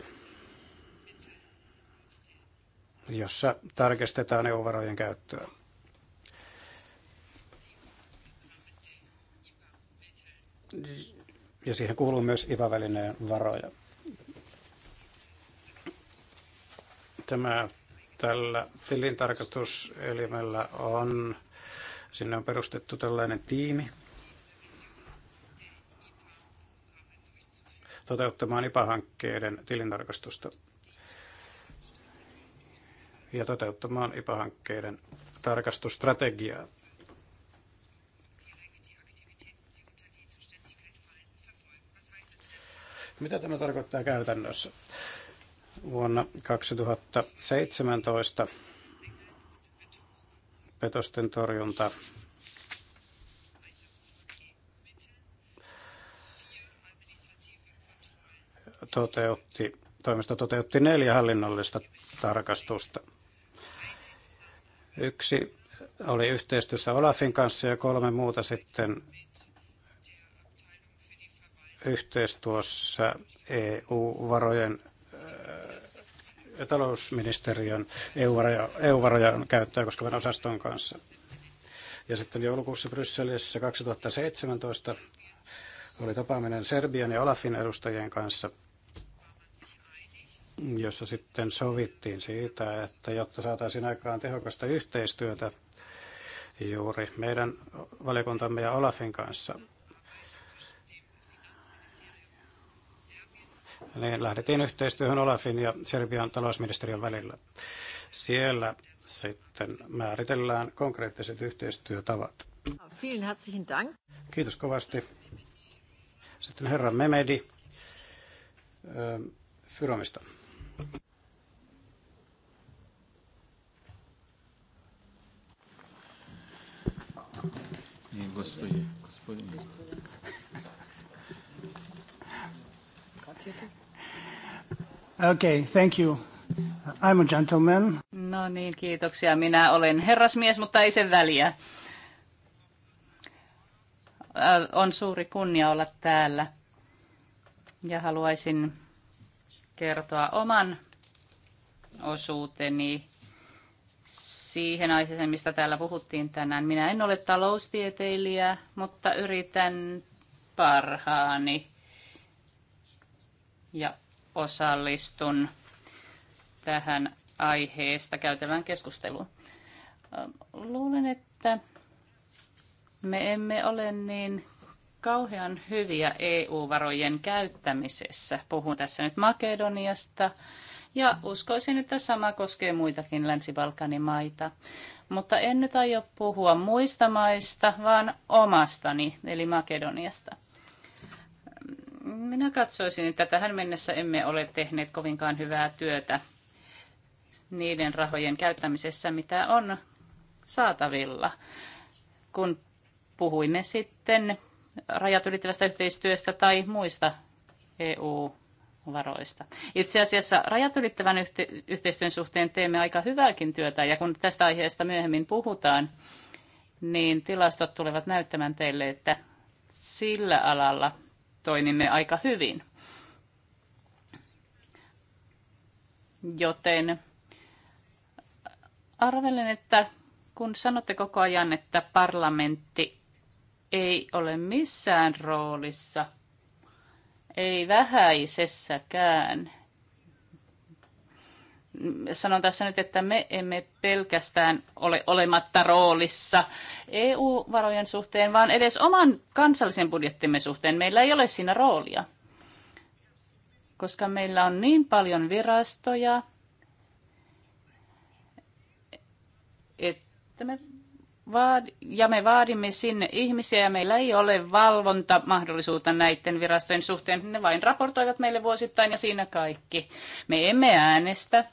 jossa tarkistetaan EU-varojen käyttöä. Ja siihen kuuluu myös iva välineen varoja. Tämä tällä tilintarkastuselimellä on, sinne on perustettu tällainen tiimi, toteuttamaan IPA-hankkeiden tilintarkastusta ja toteuttamaan IPA-hankkeiden tarkastusstrategiaa. Mitä tämä tarkoittaa käytännössä? Vuonna 2017 petosten torjunta toteutti, toimisto toteutti neljä hallinnollista tarkastusta. Yksi oli yhteistyössä Olafin kanssa ja kolme muuta sitten yhteistyössä EU-varojen äh, talousministeriön EU-varoja, eu käyttöä koskevan osaston kanssa. Ja sitten joulukuussa Brysselissä 2017 oli tapaaminen Serbian ja Olafin edustajien kanssa – jossa sitten sovittiin siitä, että jotta saataisiin aikaan tehokasta yhteistyötä juuri meidän valiokuntamme ja Olafin kanssa, niin lähdettiin yhteistyöhön Olafin ja Serbian talousministeriön välillä. Siellä sitten määritellään konkreettiset yhteistyötavat. Kiitos kovasti. Sitten herra Memedi Fyromista. Gospodje, gospodine. Okay, thank you. I'm a gentleman. No niin, kiitoksia. Minä olen herrasmies, mutta ei sen väliä. Äh, on suuri kunnia olla täällä ja haluaisin kertoa oman osuuteni siihen aiheeseen, mistä täällä puhuttiin tänään. Minä en ole taloustieteilijä, mutta yritän parhaani ja osallistun tähän aiheesta käytävään keskusteluun. Luulen, että me emme ole niin kauhean hyviä EU-varojen käyttämisessä. Puhun tässä nyt Makedoniasta ja uskoisin, että sama koskee muitakin Länsi-Balkanin maita. Mutta en nyt aio puhua muista maista, vaan omastani, eli Makedoniasta. Minä katsoisin, että tähän mennessä emme ole tehneet kovinkaan hyvää työtä niiden rahojen käyttämisessä, mitä on saatavilla. Kun puhuimme sitten rajat ylittävästä yhteistyöstä tai muista EU varoista. Itse asiassa rajat ylittävän yhte- yhteistyön suhteen teemme aika hyvääkin työtä ja kun tästä aiheesta myöhemmin puhutaan, niin tilastot tulevat näyttämään teille, että sillä alalla toimimme aika hyvin. Joten arvelen, että kun sanotte koko ajan, että parlamentti ei ole missään roolissa, ei vähäisessäkään. Sanon tässä nyt, että me emme pelkästään ole olematta roolissa EU-varojen suhteen, vaan edes oman kansallisen budjettimme suhteen. Meillä ei ole siinä roolia, koska meillä on niin paljon virastoja, että me vaad, ja me vaadimme sinne ihmisiä ja meillä ei ole valvontamahdollisuutta näiden virastojen suhteen. Ne vain raportoivat meille vuosittain ja siinä kaikki. Me emme äänestä.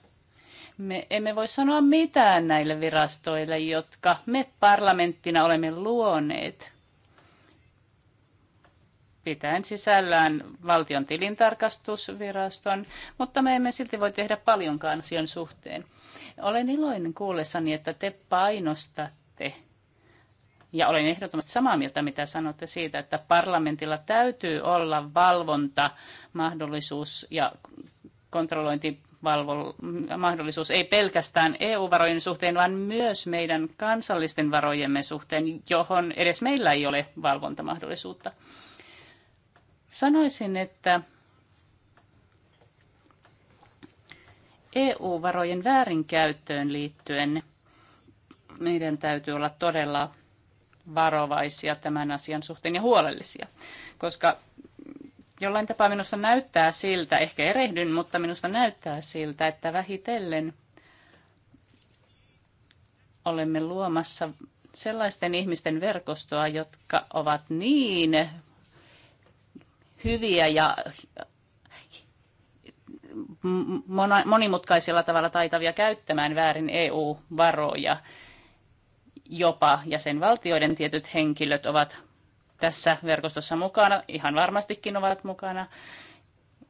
Me emme voi sanoa mitään näille virastoille, jotka me parlamenttina olemme luoneet. Pitäen sisällään valtion tilintarkastusviraston, mutta me emme silti voi tehdä paljonkaan asian suhteen. Olen iloinen kuullessani, että te painostatte sitten. Ja olen ehdottomasti samaa mieltä, mitä sanotte siitä, että parlamentilla täytyy olla valvonta, mahdollisuus ja kontrollointi mahdollisuus ei pelkästään EU-varojen suhteen, vaan myös meidän kansallisten varojemme suhteen, johon edes meillä ei ole valvontamahdollisuutta. Sanoisin, että EU-varojen väärinkäyttöön liittyen – meidän täytyy olla todella varovaisia tämän asian suhteen ja huolellisia, koska jollain tapaa minusta näyttää siltä, ehkä erehdyn, mutta minusta näyttää siltä, että vähitellen olemme luomassa sellaisten ihmisten verkostoa, jotka ovat niin hyviä ja monimutkaisella tavalla taitavia käyttämään väärin EU-varoja, jopa jäsenvaltioiden tietyt henkilöt ovat tässä verkostossa mukana, ihan varmastikin ovat mukana.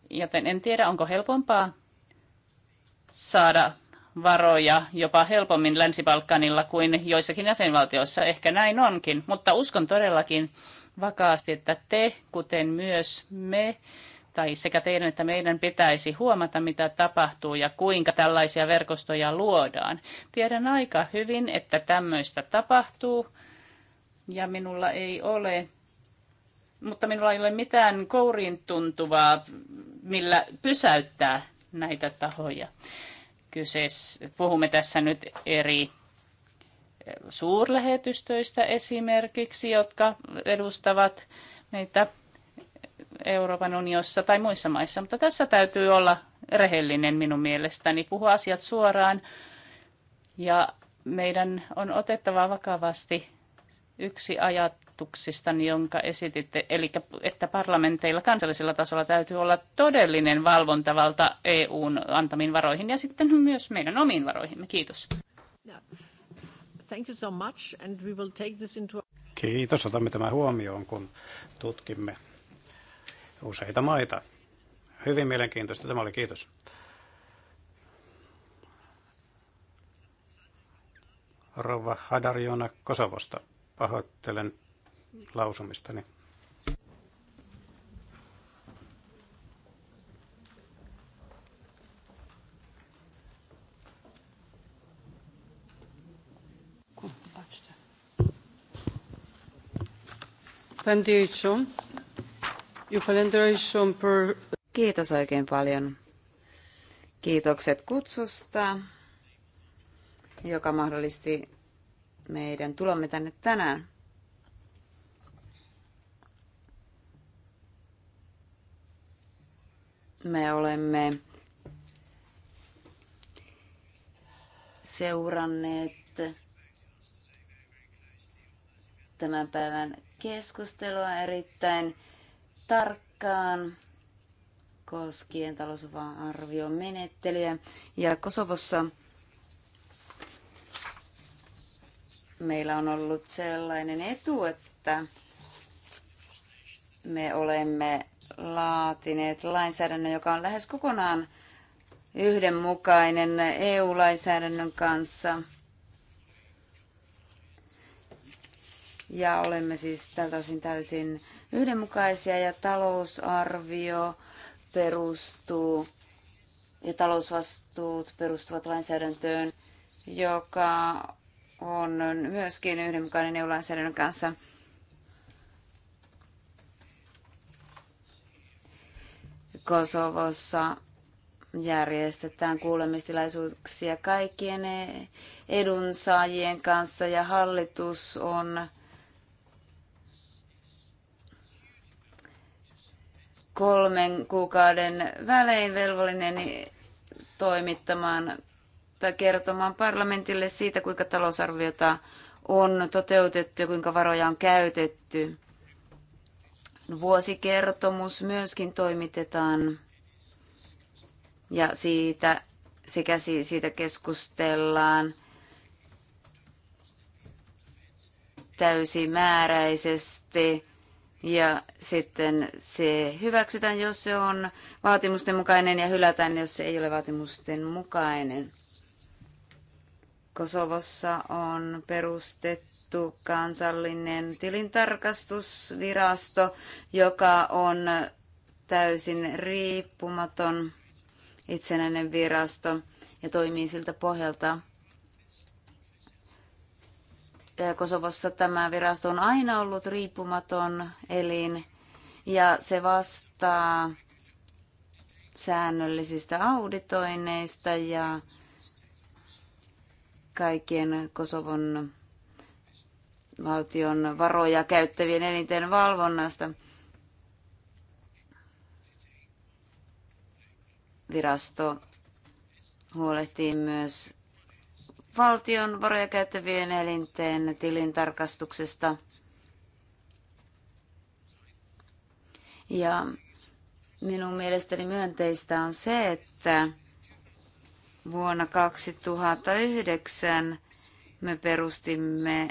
Joten en tiedä, onko helpompaa saada varoja jopa helpommin Länsi-Balkanilla kuin joissakin jäsenvaltioissa. Ehkä näin onkin, mutta uskon todellakin vakaasti, että te, kuten myös me, tai sekä teidän että meidän pitäisi huomata, mitä tapahtuu ja kuinka tällaisia verkostoja luodaan. Tiedän aika hyvin, että tämmöistä tapahtuu ja minulla ei ole, mutta minulla ei ole mitään kouriin tuntuvaa, millä pysäyttää näitä tahoja. Kyseessä, puhumme tässä nyt eri eh, suurlähetystöistä esimerkiksi, jotka edustavat meitä Euroopan unionissa tai muissa maissa, mutta tässä täytyy olla rehellinen minun mielestäni, puhua asiat suoraan ja meidän on otettava vakavasti yksi ajatuksista, jonka esititte, eli että parlamenteilla kansallisella tasolla täytyy olla todellinen valvontavalta EUn antamiin varoihin ja sitten myös meidän omiin varoihimme. Kiitos. Thank you so much and we will take this into... Kiitos, otamme tämän huomioon, kun tutkimme useita maita. Hyvin mielenkiintoista tämä oli, kiitos. Rova Hadarjona Kosovosta. Pahoittelen lausumistani. Pan Kiitos oikein paljon. Kiitokset kutsusta, joka mahdollisti meidän tulomme tänne tänään. Me olemme seuranneet tämän päivän keskustelua erittäin tarkkaan koskien talousarvion menettelyä. Ja Kosovossa meillä on ollut sellainen etu, että me olemme laatineet lainsäädännön, joka on lähes kokonaan yhdenmukainen EU-lainsäädännön kanssa – ja olemme siis tältä osin täysin yhdenmukaisia ja talousarvio perustuu ja talousvastuut perustuvat lainsäädäntöön, joka on myöskin yhdenmukainen EU-lainsäädännön kanssa. Kosovossa järjestetään kuulemistilaisuuksia kaikkien edunsaajien kanssa ja hallitus on kolmen kuukauden välein velvollinen toimittamaan tai kertomaan parlamentille siitä, kuinka talousarviota on toteutettu ja kuinka varoja on käytetty. Vuosikertomus myöskin toimitetaan ja siitä, sekä siitä keskustellaan täysimääräisesti ja sitten se hyväksytään, jos se on vaatimusten mukainen ja hylätään, jos se ei ole vaatimusten mukainen. Kosovossa on perustettu kansallinen tilintarkastusvirasto, joka on täysin riippumaton itsenäinen virasto ja toimii siltä pohjalta, Äh, Kosovossa tämä virasto on aina ollut riippumaton elin ja se vastaa säännöllisistä auditoinneista ja kaikkien Kosovon valtion varoja käyttävien elinten valvonnasta. Virasto huolehtii myös valtion varoja käyttävien elinten tilintarkastuksesta. Ja minun mielestäni myönteistä on se, että vuonna 2009 me perustimme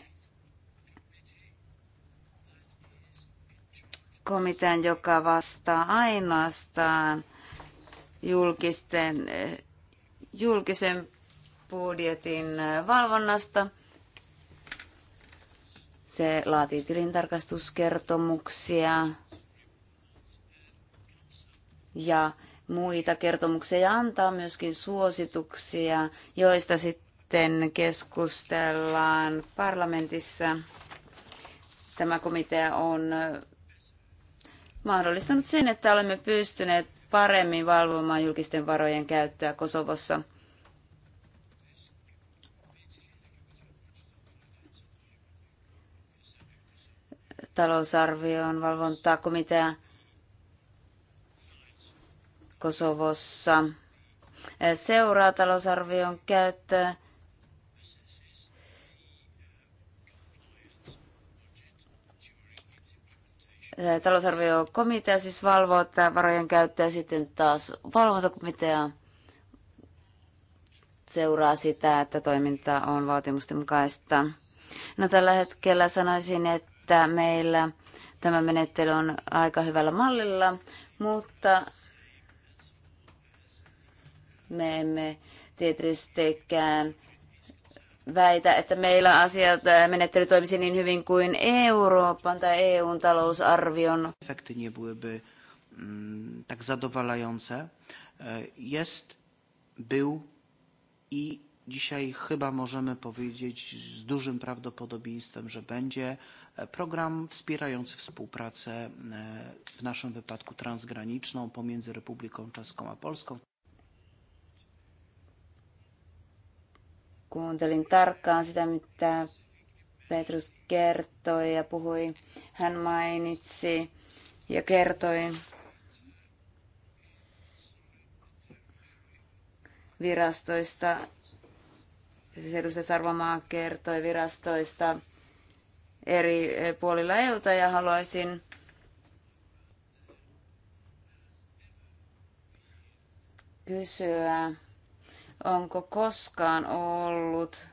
komitean, joka vastaa ainoastaan julkisten, julkisen budjetin äh, valvonnasta. Se laatii tilintarkastuskertomuksia ja muita kertomuksia ja antaa myöskin suosituksia, joista sitten keskustellaan parlamentissa. Tämä komitea on äh, mahdollistanut sen, että olemme pystyneet paremmin valvomaan julkisten varojen käyttöä Kosovossa – talousarvioon valvontaa komitea Kosovossa seuraa talousarvion käyttöä. Talousarviokomitea siis valvoo tämä varojen käyttöä, sitten taas valvontakomitea seuraa sitä, että toiminta on vaatimusten mukaista. No tällä hetkellä sanoisin, että että meillä tämä menettely on aika hyvällä mallilla, mutta me emme tietystikään väitä, että meillä asiat menettely toimisi niin hyvin kuin Euroopan tai EUn talousarvion. Efekty nie byłyby mm, tak zadowalające. E, jest, był i Dzisiaj chyba możemy powiedzieć z dużym prawdopodobieństwem, że będzie e, program wspierający współpracę, e, w naszym wypadku transgraniczną, pomiędzy Republiką Czeską a Polską. Kuuntelin tarkkaan sitä, mitä Petrus kertoi ja puhui. Hän mainitsi ja kertoi virastoista siis edustaja Sarvamaa kertoi virastoista eri puolilla EUta ja haluaisin kysyä, onko koskaan ollut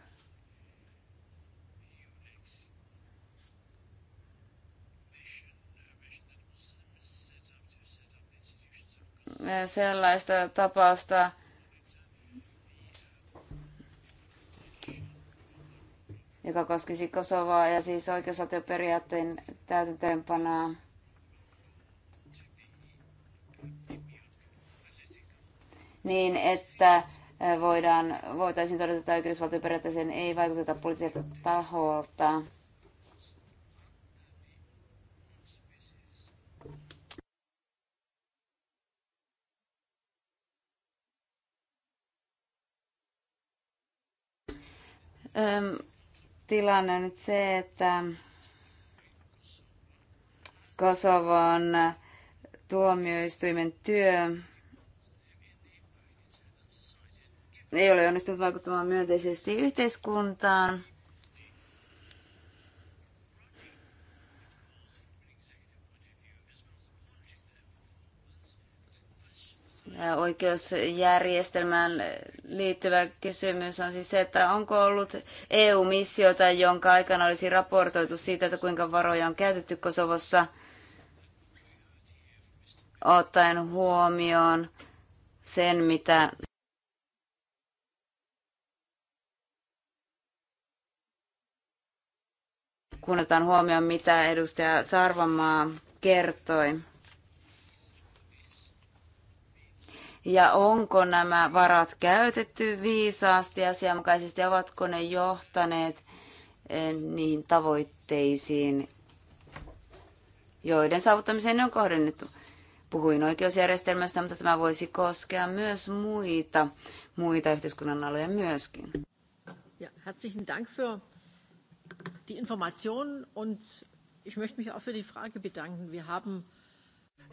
sellaista tapausta, joka koskisi Kosovaa ja siis oikeusvaltioperiaatteen täytäntöönpanoa. Niin, että voidaan, voitaisiin todeta, että oikeusvaltioperiaatteeseen ei vaikuteta poliittiselta taholta. Öm, tilanne on nyt se, että Kosovon tuomioistuimen työ ei ole onnistunut vaikuttamaan myönteisesti yhteiskuntaan. oikeusjärjestelmään liittyvä kysymys on siis se, että onko ollut EU-missiota, jonka aikana olisi raportoitu siitä, että kuinka varoja on käytetty Kosovossa, ottaen huomioon sen, mitä kun otetaan huomioon, mitä edustaja Sarvamaa kertoi. ja onko nämä varat käytetty viisaasti ja asianmukaisesti, ovatko ne johtaneet eh, niihin tavoitteisiin, joiden saavuttamiseen ne on kohdennettu. Puhuin oikeusjärjestelmästä, mutta tämä voisi koskea myös muita, muita yhteiskunnan aloja myöskin. Ja, herzlichen Dank für die Information und ich möchte mich auch für die Frage bedanken. Wir haben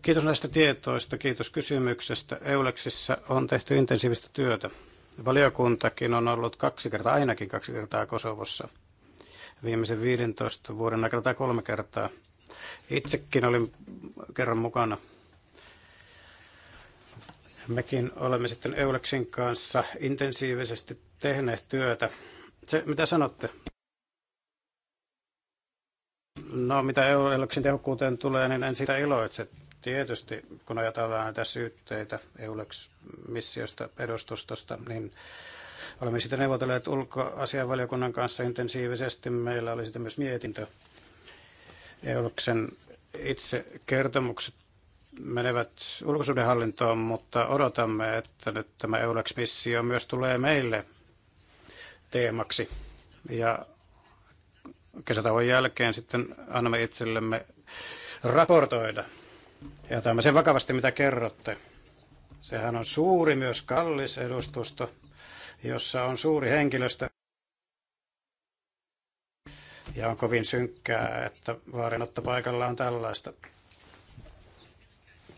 Kiitos näistä tietoista, kiitos kysymyksestä. Euleksissä on tehty intensiivistä työtä. Valiokuntakin on ollut kaksi kertaa, ainakin kaksi kertaa Kosovossa. Viimeisen 15 vuoden aikana tai kolme kertaa. Itsekin olin kerran mukana. Mekin olemme sitten Euleksin kanssa intensiivisesti tehneet työtä. Se, mitä sanotte? No, mitä Euleksin tehokkuuteen tulee, niin en sitä iloitse Tietysti kun ajatellaan näitä syytteitä EULEX-missiosta, edustustosta, niin olemme sitä neuvotelleet ulkoasianvaliokunnan kanssa intensiivisesti. Meillä oli sitten myös mietintö. EULEXen itse kertomukset menevät ulkosuudenhallintoon, mutta odotamme, että nyt tämä EULEX-missio myös tulee meille teemaksi. Ja kesätauon jälkeen sitten annamme itsellemme raportoida ja tämä sen vakavasti, mitä kerrotte. Sehän on suuri, myös kallis edustusto, jossa on suuri henkilöstö. Ja on kovin synkkää, että vaarinotta paikalla on tällaista.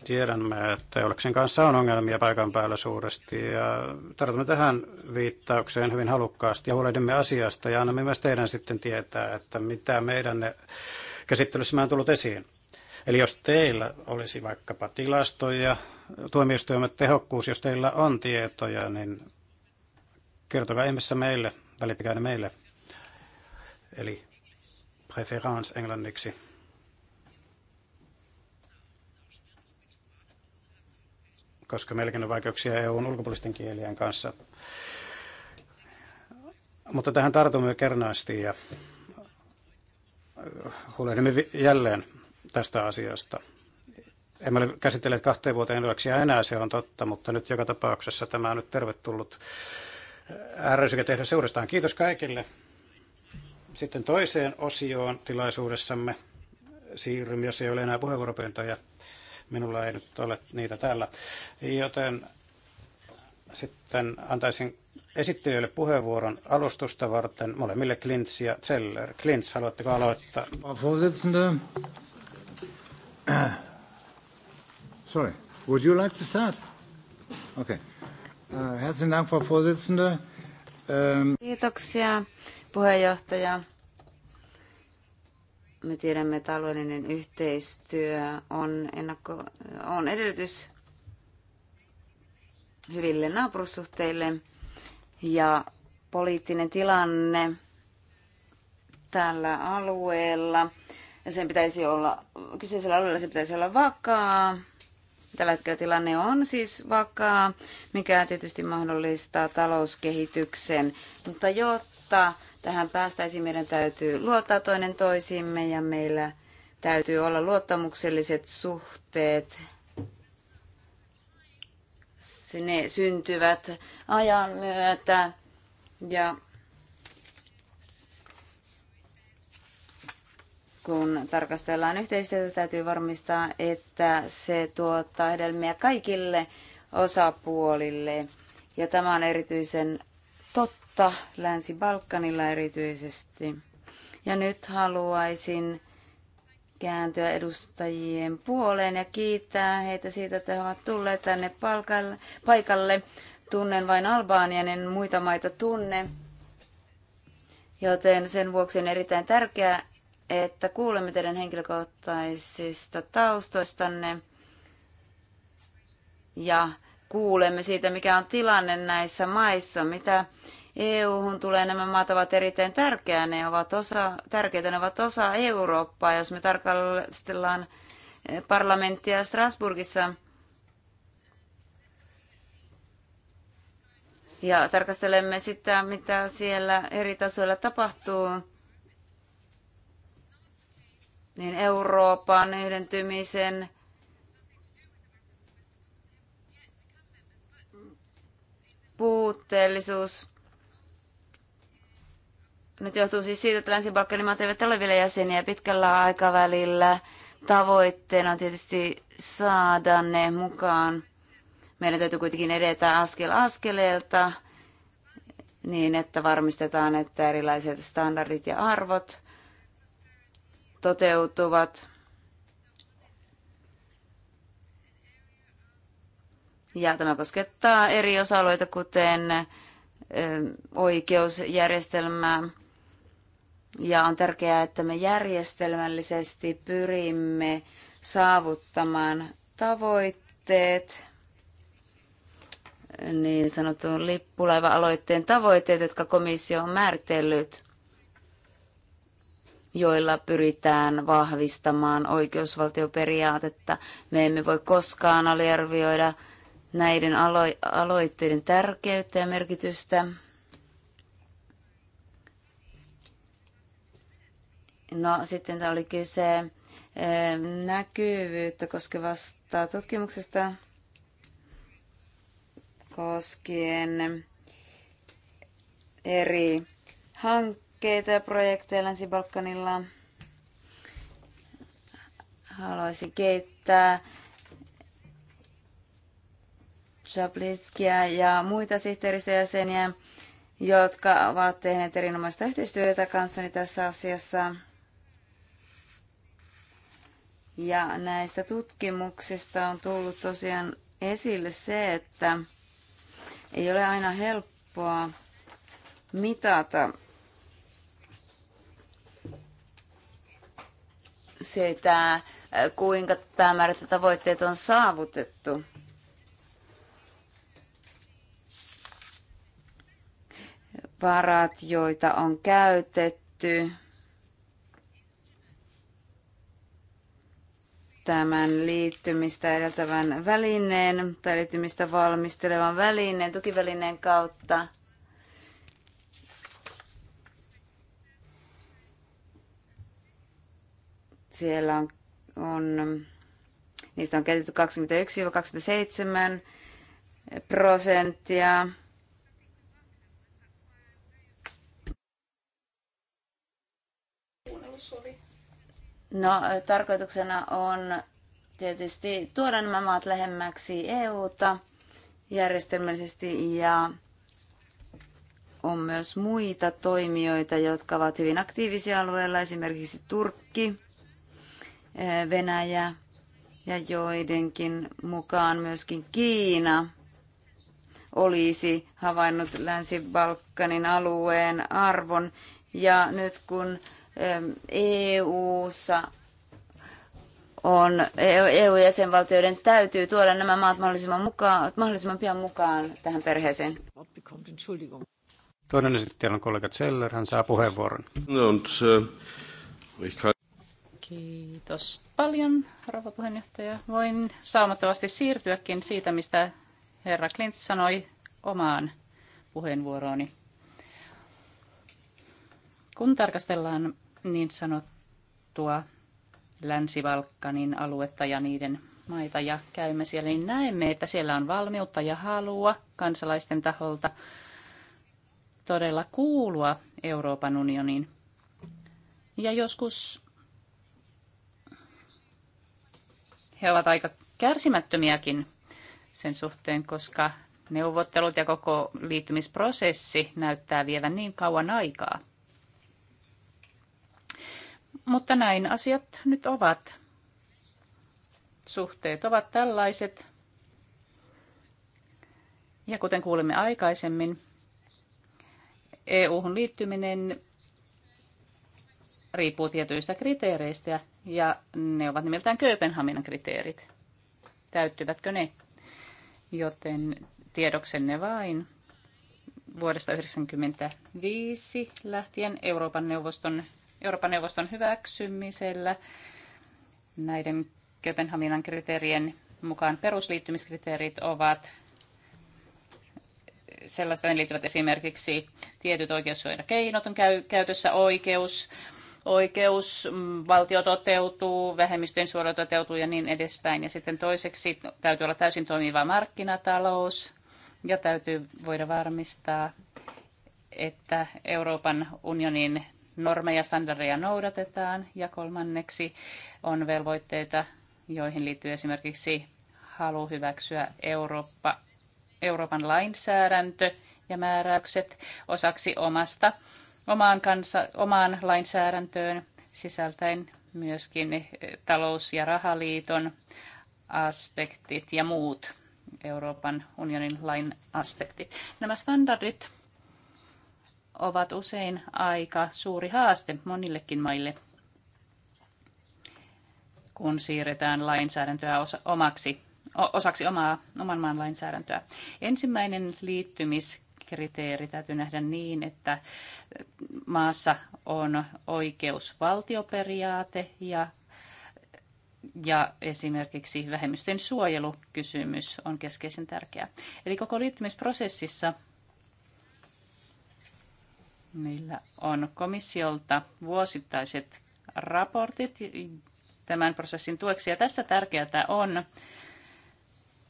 Tiedämme, että Jolleksen kanssa on ongelmia paikan päällä suuresti ja tartumme tähän viittaukseen hyvin halukkaasti ja huolehdimme asiasta ja annamme myös teidän sitten tietää, että mitä meidän käsittelyssä on tullut esiin. Eli jos teillä olisi vaikkapa tilastoja, tuomioistuimen tehokkuus, jos teillä on tietoja, niin kertokaa ihmeessä meille, välipikäinen meille. Eli preference englanniksi. Koska meilläkin on vaikeuksia EUn ulkopuolisten kielien kanssa. Mutta tähän tartumme kernaasti ja huolehdimme jälleen tästä asiasta. Emme ole käsitelleet kahteen vuoteen yöksiä enää, se on totta, mutta nyt joka tapauksessa tämä on nyt tervetullut ärsykä äh, tehdä seurastaan. Kiitos kaikille. Sitten toiseen osioon tilaisuudessamme siirrymme, jos ei ole enää puheenvuoropyyntöjä. Minulla ei nyt ole niitä täällä. Joten sitten antaisin esittelijöille puheenvuoron alustusta varten molemmille Klintz ja Zeller. Klintz, haluatteko aloittaa? Sorry, would you like to start? Okay. Uh, herzlichen Dank, Frau Vorsitzende. Um... Kiitoksia, puheenjohtaja. Me tiedämme, että alueellinen yhteistyö on, ennakko, on edellytys hyville naapurussuhteille ja poliittinen tilanne tällä alueella sen pitäisi olla, kyseisellä alueella se pitäisi olla vakaa. Tällä hetkellä tilanne on siis vakaa, mikä tietysti mahdollistaa talouskehityksen. Mutta jotta tähän päästäisiin, meidän täytyy luottaa toinen toisimme ja meillä täytyy olla luottamukselliset suhteet. Ne syntyvät ajan myötä ja kun tarkastellaan yhteistyötä, täytyy varmistaa, että se tuottaa hedelmiä kaikille osapuolille. Ja tämä on erityisen totta Länsi-Balkanilla erityisesti. Ja nyt haluaisin kääntyä edustajien puoleen ja kiittää heitä siitä, että he ovat tulleet tänne paikalle. Tunnen vain Albanian, en muita maita tunne. Joten sen vuoksi on erittäin tärkeää, että kuulemme teidän henkilökohtaisista taustoistanne ja kuulemme siitä, mikä on tilanne näissä maissa, mitä EU-hun tulee. Nämä maat ovat erittäin tärkeää, ne ovat osa, tärkeitä, ne ovat osa Eurooppaa. Jos me tarkastellaan parlamenttia Strasbourgissa ja tarkastelemme sitä, mitä siellä eri tasoilla tapahtuu, niin Euroopan yhdentymisen puutteellisuus nyt johtuu siis siitä, että Länsi-Balkanin maat eivät ole vielä jäseniä pitkällä aikavälillä. Tavoitteena on tietysti saada ne mukaan. Meidän täytyy kuitenkin edetä askel askeleelta niin, että varmistetaan, että erilaiset standardit ja arvot toteutuvat. Ja tämä koskettaa eri osa-alueita, kuten oikeusjärjestelmää. Ja on tärkeää, että me järjestelmällisesti pyrimme saavuttamaan tavoitteet, niin sanotun lippulaiva-aloitteen tavoitteet, jotka komissio on määritellyt joilla pyritään vahvistamaan oikeusvaltioperiaatetta. Me emme voi koskaan aliarvioida näiden alo- aloitteiden tärkeyttä ja merkitystä. No sitten tämä oli kyse eh, näkyvyyttä koskevasta tutkimuksesta koskien eri hank- hankkeita ja projekteja Länsi-Balkanilla. Haluaisin keittää Chablitskia ja muita sihteeristöjäseniä, jotka ovat tehneet erinomaista yhteistyötä kanssani tässä asiassa. Ja näistä tutkimuksista on tullut tosiaan esille se, että ei ole aina helppoa mitata sitä, kuinka päämäärät ja tavoitteet on saavutettu. Varat, joita on käytetty tämän liittymistä edeltävän välineen tai liittymistä valmistelevan välineen, tukivälineen kautta – Siellä on, on niistä on käytetty 21-27 prosenttia. No, tarkoituksena on tietysti tuoda nämä maat lähemmäksi EUta järjestelmällisesti ja on myös muita toimijoita, jotka ovat hyvin aktiivisia alueella, esimerkiksi Turkki. Eh, Venäjä ja joidenkin mukaan myöskin Kiina olisi havainnut Länsi-Balkanin alueen arvon. Ja nyt kun EUssa e on, EU-jäsenvaltioiden e täytyy tuoda nämä maat mahdollisimman, mukaan, mahdollisimman pian mukaan tähän perheeseen. Toinen esittelijä on kollega Zeller, hän saa puheenvuoron. No, und, äh, Kiitos paljon, rouva puheenjohtaja. Voin saamattavasti siirtyäkin siitä, mistä herra Klint sanoi omaan puheenvuorooni. Kun tarkastellaan niin sanottua Länsi-Balkanin aluetta ja niiden maita ja käymme siellä, niin näemme, että siellä on valmiutta ja halua kansalaisten taholta todella kuulua Euroopan unioniin. Ja joskus he ovat aika kärsimättömiäkin sen suhteen, koska neuvottelut ja koko liittymisprosessi näyttää vievän niin kauan aikaa. Mutta näin asiat nyt ovat. Suhteet ovat tällaiset. Ja kuten kuulimme aikaisemmin, EU-hun liittyminen riippuu tietyistä kriteereistä ja ne ovat nimeltään Kööpenhaminan kriteerit. Täyttyvätkö ne? Joten tiedoksenne vain vuodesta 1995 lähtien Euroopan neuvoston, Euroopan neuvoston hyväksymisellä näiden Kööpenhaminan kriteerien mukaan perusliittymiskriteerit ovat sellaista, ne liittyvät esimerkiksi tietyt oikeussuojakeinot on käy, käytössä oikeus, oikeusvaltio mm, toteutuu, vähemmistöjen suojelu toteutuu ja niin edespäin. Ja sitten toiseksi täytyy olla täysin toimiva markkinatalous ja täytyy voida varmistaa, että Euroopan unionin normeja, standardeja noudatetaan. Ja kolmanneksi on velvoitteita, joihin liittyy esimerkiksi halu hyväksyä Eurooppa, Euroopan lainsäädäntö ja määräykset osaksi omasta omaan, kansa, omaan lainsäädäntöön sisältäen myöskin eh, talous- ja rahaliiton aspektit ja muut Euroopan unionin lain aspektit. Nämä standardit ovat usein aika suuri haaste monillekin maille, kun siirretään lainsäädäntöä osa, omaksi, osaksi omaa, oman maan lainsäädäntöä. Ensimmäinen liittymis kriteeri täytyy nähdä niin, että maassa on oikeusvaltioperiaate ja ja esimerkiksi vähemmistöjen suojelukysymys on keskeisen tärkeä. Eli koko liittymisprosessissa meillä on komissiolta vuosittaiset raportit tämän prosessin tueksi. Ja tässä tärkeää on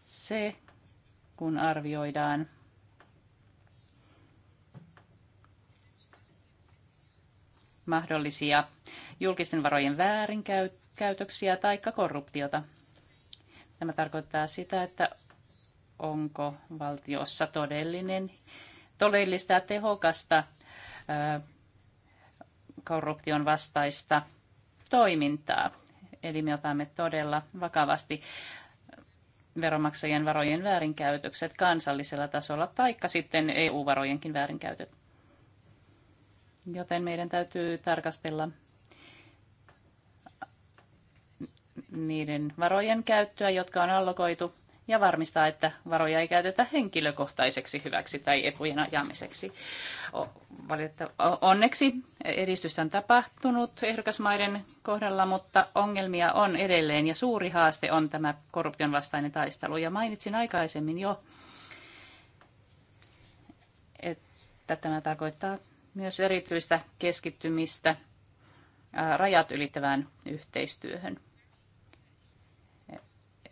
se, kun arvioidaan mahdollisia julkisten varojen väärinkäytöksiä tai korruptiota. Tämä tarkoittaa sitä, että onko valtiossa todellinen, todellista ja tehokasta korruption vastaista toimintaa. Eli me otamme todella vakavasti veromaksajien varojen väärinkäytökset kansallisella tasolla, taikka sitten EU-varojenkin väärinkäytöt Joten meidän täytyy tarkastella niiden varojen käyttöä, jotka on allokoitu, ja varmistaa, että varoja ei käytetä henkilökohtaiseksi hyväksi tai etujen ajamiseksi. Onneksi edistystä on tapahtunut ehdokasmaiden kohdalla, mutta ongelmia on edelleen ja suuri haaste on tämä korruption vastainen taistelu. Ja mainitsin aikaisemmin jo, että tämä tarkoittaa myös erityistä keskittymistä rajat ylittävään yhteistyöhön.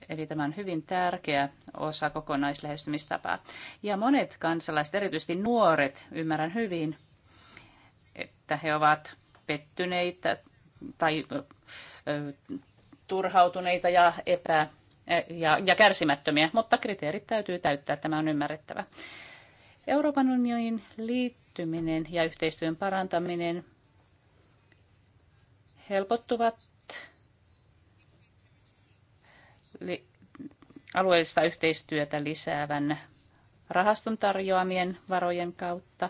Eli tämä on hyvin tärkeä osa kokonaislähestymistapaa. Ja monet kansalaiset, erityisesti nuoret, ymmärrän hyvin, että he ovat pettyneitä tai turhautuneita ja epä ja, ja kärsimättömiä, mutta kriteerit täytyy täyttää, tämä on ymmärrettävä. Euroopan unionin liittyminen kehittyminen ja yhteistyön parantaminen helpottuvat alueellista yhteistyötä lisäävän rahaston tarjoamien varojen kautta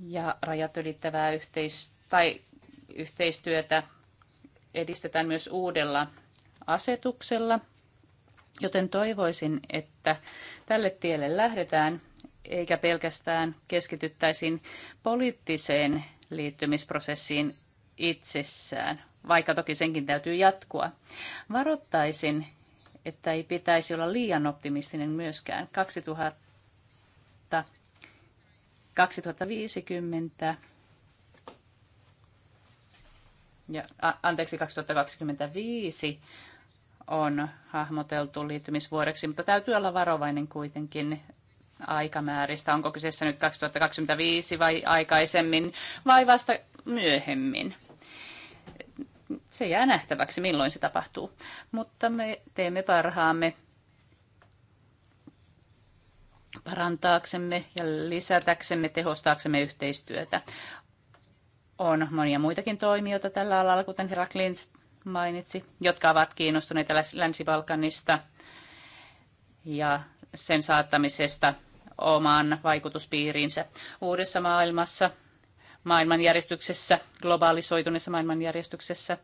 ja rajat ylittävää tai yhteistyötä edistetään myös uudella asetuksella, joten toivoisin, että tälle tielle lähdetään eikä pelkästään keskityttäisiin poliittiseen liittymisprosessiin itsessään, vaikka toki senkin täytyy jatkua. Varoittaisin, että ei pitäisi olla liian optimistinen myöskään. 2000, 2050 ja, a, anteeksi, 2025 on hahmoteltu liittymisvuodeksi, mutta täytyy olla varovainen kuitenkin aikamääristä, onko kyseessä nyt 2025 vai aikaisemmin vai vasta myöhemmin. Se jää nähtäväksi, milloin se tapahtuu. Mutta me teemme parhaamme parantaaksemme ja lisätäksemme, tehostaaksemme yhteistyötä. On monia muitakin toimijoita tällä alalla, kuten Heraklins mainitsi, jotka ovat kiinnostuneita Länsi-Balkanista ja sen saattamisesta oman vaikutuspiiriinsä. Uudessa maailmassa, maailmanjärjestyksessä, globaalisoituneessa maailmanjärjestyksessä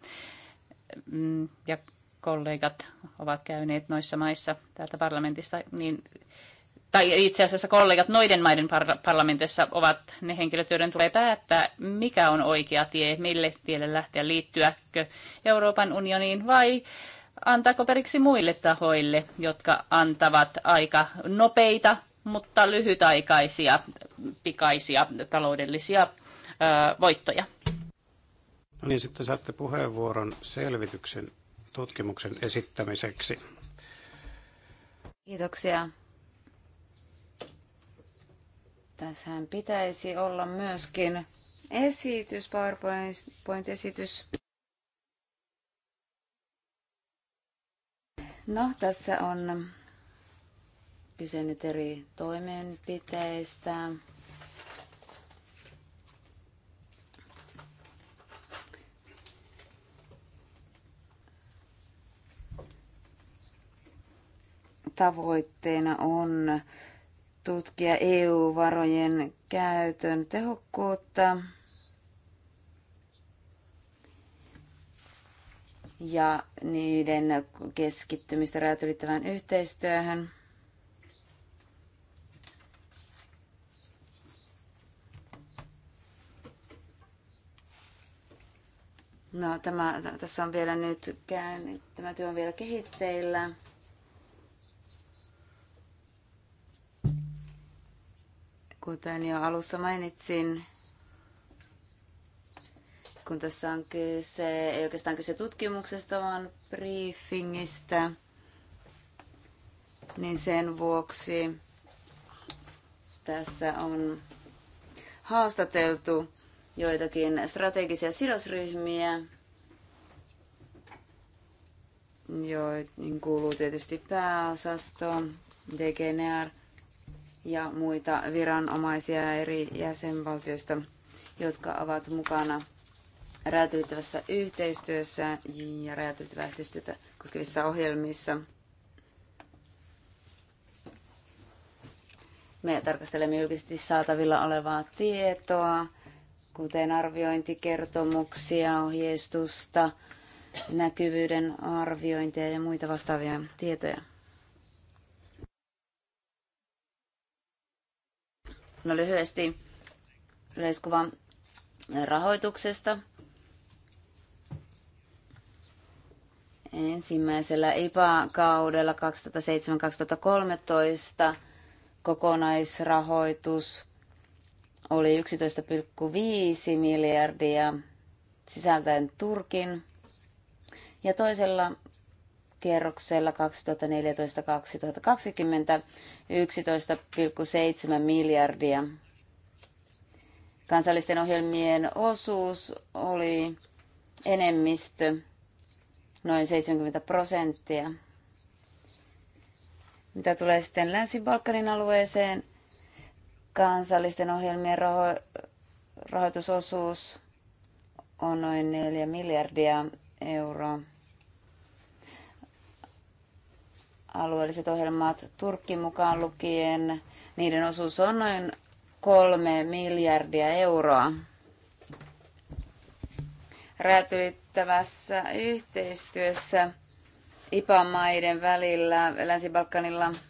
mm, ja kollegat ovat käyneet noissa maissa täältä parlamentista, niin tai itse asiassa kollegat noiden maiden par- parlamentissa ovat ne henkilöt, joiden tulee päättää, mikä on oikea tie, mille tielle lähteä liittyäkö Euroopan unioniin vai antaako periksi muille tahoille, jotka antavat aika nopeita mutta lyhytaikaisia, pikaisia taloudellisia voittoja. No niin, sitten saatte puheenvuoron selvityksen tutkimuksen esittämiseksi. Kiitoksia. Tässähän pitäisi olla myöskin esitys, PowerPoint-esitys. No, tässä on kyse nyt eri toimenpiteistä. Tavoitteena on tutkia EU-varojen käytön tehokkuutta ja niiden keskittymistä rajat ylittävään yhteistyöhön. No, tämä, tässä on vielä nyt käyn, tämä työ on vielä kehitteillä. Kuten jo alussa mainitsin, kun tässä on kyse, ei oikeastaan kyse tutkimuksesta, vaan briefingistä, niin sen vuoksi tässä on haastateltu joitakin strategisia sidosryhmiä, joihin kuuluu tietysti pääosasto, DGNR ja muita viranomaisia eri jäsenvaltioista, jotka ovat mukana rajat yhteistyössä ja rajat yhteistyötä koskevissa ohjelmissa. Me tarkastelemme julkisesti saatavilla olevaa tietoa kuten arviointikertomuksia, ohjeistusta, näkyvyyden arviointia ja muita vastaavia tietoja. No lyhyesti yleiskuva rahoituksesta. Ensimmäisellä IPA-kaudella 2007-2013 kokonaisrahoitus oli 11,5 miljardia sisältäen Turkin ja toisella kierroksella 2014-2020 11,7 miljardia. Kansallisten ohjelmien osuus oli enemmistö, noin 70 prosenttia. Mitä tulee sitten Länsi-Balkanin alueeseen, kansallisten ohjelmien raho- rahoitusosuus on noin 4 miljardia euroa. Alueelliset ohjelmat Turkki mukaan lukien, niiden osuus on noin 3 miljardia euroa. Rajat ylittävässä yhteistyössä IPA-maiden välillä Länsi-Balkanilla –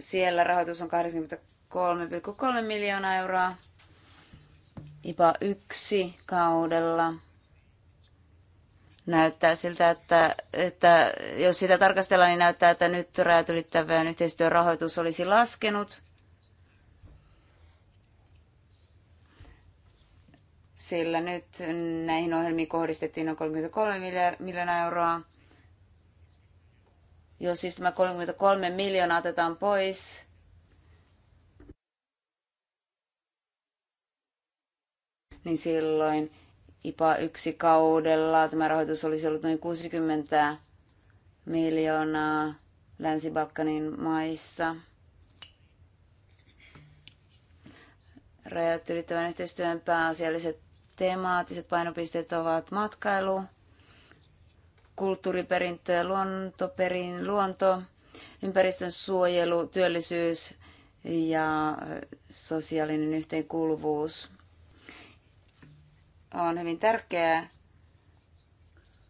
siellä rahoitus on 83,3 miljoonaa euroa. IPA 1 kaudella näyttää siltä, että, että jos sitä tarkastellaan, niin näyttää, että nyt rajat ylittävän yhteistyön rahoitus olisi laskenut. Sillä nyt näihin ohjelmiin kohdistettiin noin 33 miljoonaa euroa jos siis tämä 33 miljoonaa otetaan pois, niin silloin IPA yksi kaudella tämä rahoitus olisi ollut noin 60 miljoonaa Länsi-Balkanin maissa. Rajat ylittävän yhteistyön pääasialliset temaattiset painopisteet ovat matkailu, kulttuuriperintö, luontoperin, luonto, ympäristön suojelu, työllisyys ja sosiaalinen yhteenkuuluvuus. On hyvin tärkeää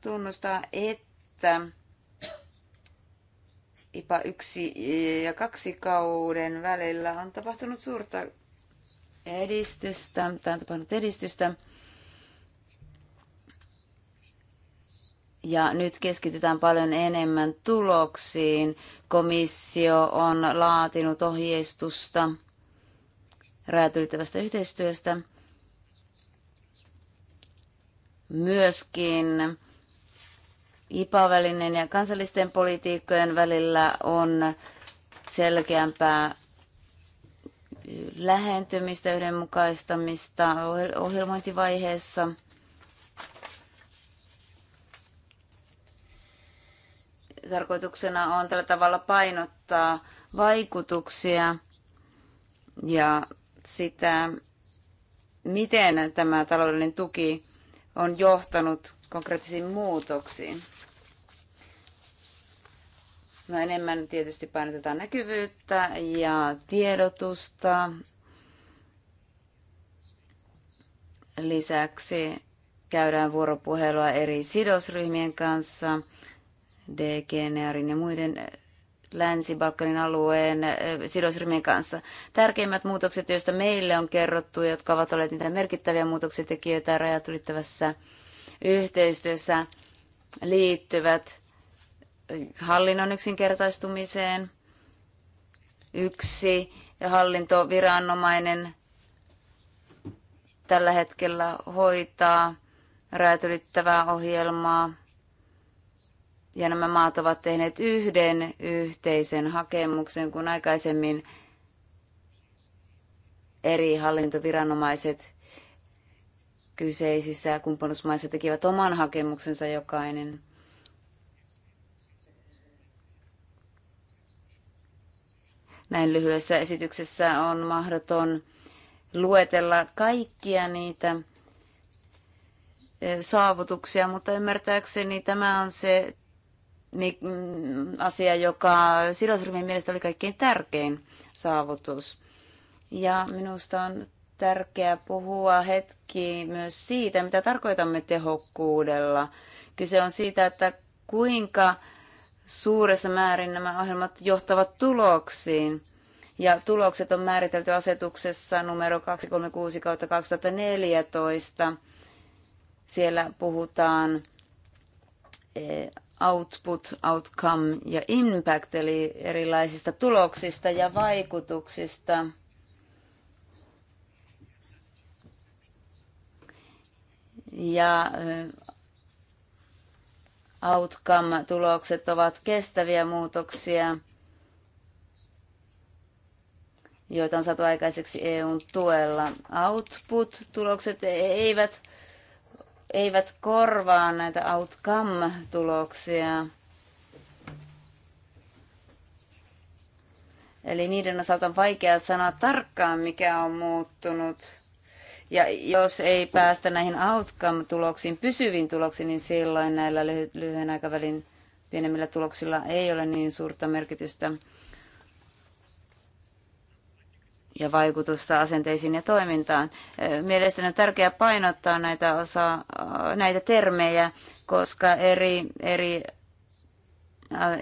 tunnustaa, että IPA 1 ja 2 kauden välillä on tapahtunut suurta edistystä, tai on tapahtunut edistystä, Ja nyt keskitytään paljon enemmän tuloksiin. Komissio on laatinut ohjeistusta rajat yhteistyöstä. Myöskin IPA-välinen ja kansallisten politiikkojen välillä on selkeämpää lähentymistä, yhdenmukaistamista ohjelmointivaiheessa – tarkoituksena on tällä tavalla painottaa vaikutuksia ja sitä, miten tämä taloudellinen tuki on johtanut konkreettisiin muutoksiin. No enemmän tietysti painotetaan näkyvyyttä ja tiedotusta. Lisäksi käydään vuoropuhelua eri sidosryhmien kanssa – DGNRin ja muiden eh, Länsi-Balkanin alueen eh, sidosryhmien kanssa. Tärkeimmät muutokset, joista meille on kerrottu, jotka ovat olleet niitä merkittäviä tekijöitä rajat ylittävässä yhteistyössä, liittyvät eh, hallinnon yksinkertaistumiseen. Yksi hallintoviranomainen tällä hetkellä hoitaa rajat ylittävää ohjelmaa ja nämä maat ovat tehneet yhden yhteisen hakemuksen, kun aikaisemmin eri hallintoviranomaiset kyseisissä kumppanuusmaissa tekivät oman hakemuksensa jokainen. Näin lyhyessä esityksessä on mahdoton luetella kaikkia niitä eh, saavutuksia, mutta ymmärtääkseni tämä on se niin, mm, asia, joka sidosryhmien mielestä oli kaikkein tärkein saavutus. Ja minusta on tärkeää puhua hetki myös siitä, mitä tarkoitamme tehokkuudella. Kyse on siitä, että kuinka suuressa määrin nämä ohjelmat johtavat tuloksiin. Ja tulokset on määritelty asetuksessa numero 236 2014. Siellä puhutaan eh, output, outcome ja impact, eli erilaisista tuloksista ja vaikutuksista. Ja outcome-tulokset ovat kestäviä muutoksia, joita on saatu aikaiseksi EUn tuella. Output-tulokset e-, eivät eivät korvaa näitä outcome-tuloksia. Eli niiden osalta on vaikea sanoa tarkkaan, mikä on muuttunut. Ja jos ei päästä näihin outcome-tuloksiin, pysyviin tuloksiin, niin silloin näillä lyhyen aikavälin pienemmillä tuloksilla ei ole niin suurta merkitystä. ja vaikutusta asenteisiin ja toimintaan. Mielestäni on tärkeää painottaa näitä, osa, näitä termejä, koska eri, eri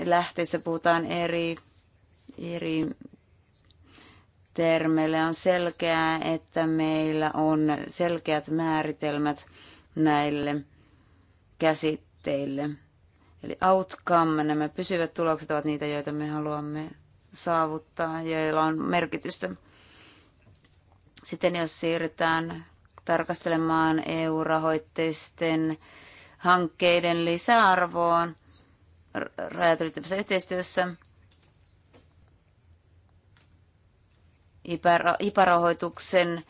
lähteissä puhutaan eri, eri termeillä. On selkeää, että meillä on selkeät määritelmät näille käsitteille. Eli outcome, nämä pysyvät tulokset ovat niitä, joita me haluamme saavuttaa ja joilla on merkitystä. Sitten jos siirrytään tarkastelemaan EU-rahoitteisten hankkeiden lisäarvoon rajat yhteistyössä, IPA-rahoituksen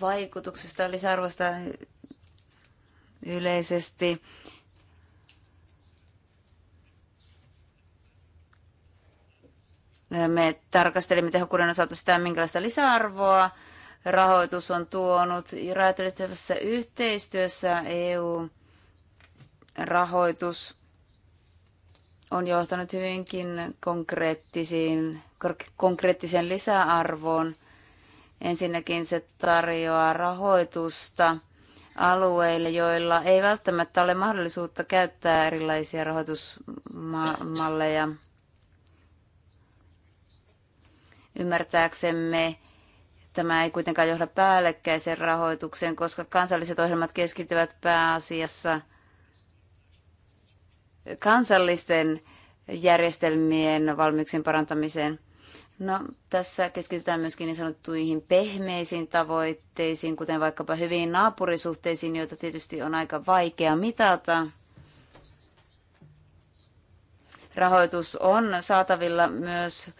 vaikutuksesta lisäarvosta yleisesti Me tarkastelimme tehokkuuden osalta sitä, minkälaista lisäarvoa rahoitus on tuonut. Rajoitettavassa yhteistyössä EU-rahoitus on johtanut hyvinkin konkreettisiin, konkreettiseen lisäarvoon. Ensinnäkin se tarjoaa rahoitusta alueille, joilla ei välttämättä ole mahdollisuutta käyttää erilaisia rahoitusmalleja Ymmärtääksemme tämä ei kuitenkaan johda päällekkäiseen rahoitukseen, koska kansalliset ohjelmat keskittyvät pääasiassa kansallisten järjestelmien valmiuksien parantamiseen. No, tässä keskitytään myöskin niin sanottuihin pehmeisiin tavoitteisiin, kuten vaikkapa hyviin naapurisuhteisiin, joita tietysti on aika vaikea mitata. Rahoitus on saatavilla myös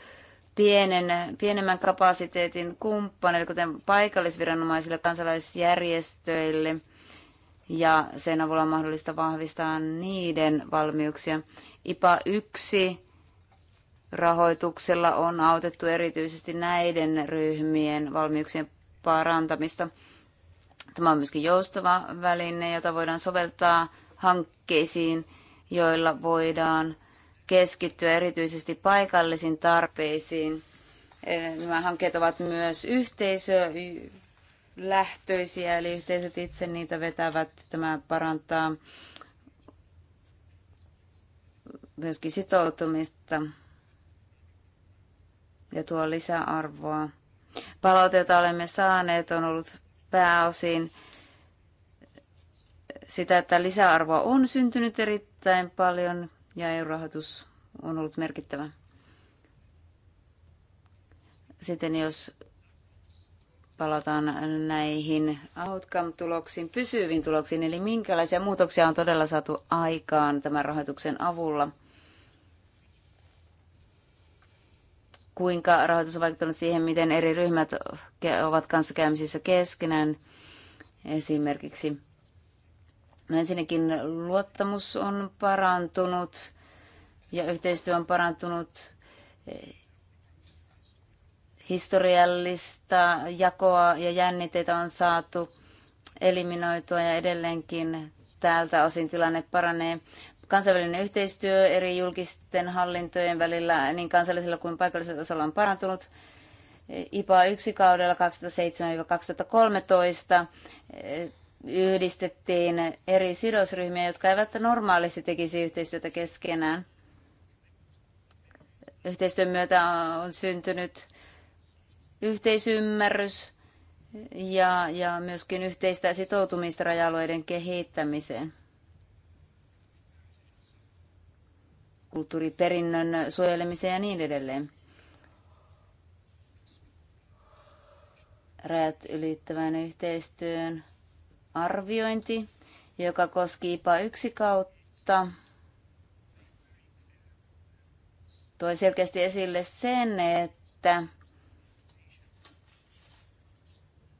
pienen, pienemmän kapasiteetin kumppaneille, kuten paikallisviranomaisille, kansalaisjärjestöille, ja sen avulla on mahdollista vahvistaa niiden valmiuksia. IPA 1 rahoituksella on autettu erityisesti näiden ryhmien valmiuksien parantamista. Tämä on myöskin joustava väline, jota voidaan soveltaa hankkeisiin, joilla voidaan keskittyä erityisesti paikallisiin tarpeisiin. Eh, Nämä hankkeet ovat myös yhteisölähtöisiä, eli yhteisöt itse niitä vetävät. Tämä parantaa myöskin sitoutumista ja tuo lisäarvoa. Palaute, jota olemme saaneet, on ollut pääosin sitä, että lisäarvoa on syntynyt erittäin paljon ja EU-rahoitus on ollut merkittävä. Sitten jos palataan näihin outcome-tuloksiin, pysyviin tuloksiin, eli minkälaisia muutoksia on todella saatu aikaan tämän rahoituksen avulla. Kuinka rahoitus on vaikuttanut siihen, miten eri ryhmät ovat kanssakäymisissä keskenään esimerkiksi. No ensinnäkin luottamus on parantunut ja yhteistyö on parantunut. Historiallista jakoa ja jännitteitä on saatu eliminoitua ja edelleenkin täältä osin tilanne paranee. Kansainvälinen yhteistyö eri julkisten hallintojen välillä niin kansallisella kuin paikallisella tasolla on parantunut. IPA 1 kaudella 2007-2013 yhdistettiin eri sidosryhmiä, jotka eivät normaalisti tekisi yhteistyötä keskenään. Yhteistyön myötä on syntynyt yhteisymmärrys ja, ja myöskin yhteistä sitoutumista raja kehittämiseen. kulttuuriperinnön suojelemiseen ja niin edelleen. Rajat ylittävän yhteistyön arviointi, joka koski IPA 1 kautta, toi selkeästi esille sen, että,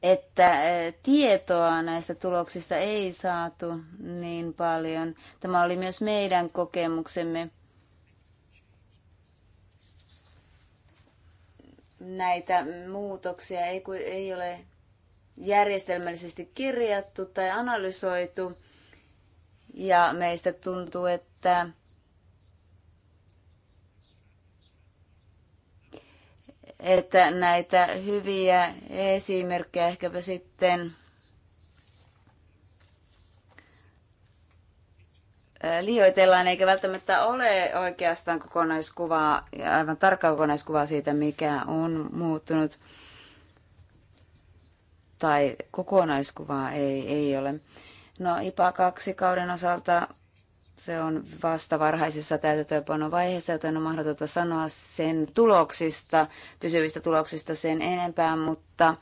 että eh, tietoa näistä tuloksista ei saatu niin paljon. Tämä oli myös meidän kokemuksemme. Näitä muutoksia ei, ei ole järjestelmällisesti kirjattu tai analysoitu. Ja meistä tuntuu, että että näitä hyviä esimerkkejä ehkäpä sitten liioitellaan, eikä välttämättä ole oikeastaan kokonaiskuvaa, aivan tarkkaa kokonaiskuvaa siitä, mikä on muuttunut tai kokonaiskuvaa ei, ei ole. No IPA 2 kauden osalta se on vasta varhaisessa täytäntöönpanovaiheessa, joten on mahdotonta sanoa sen tuloksista, pysyvistä tuloksista sen enempää, mutta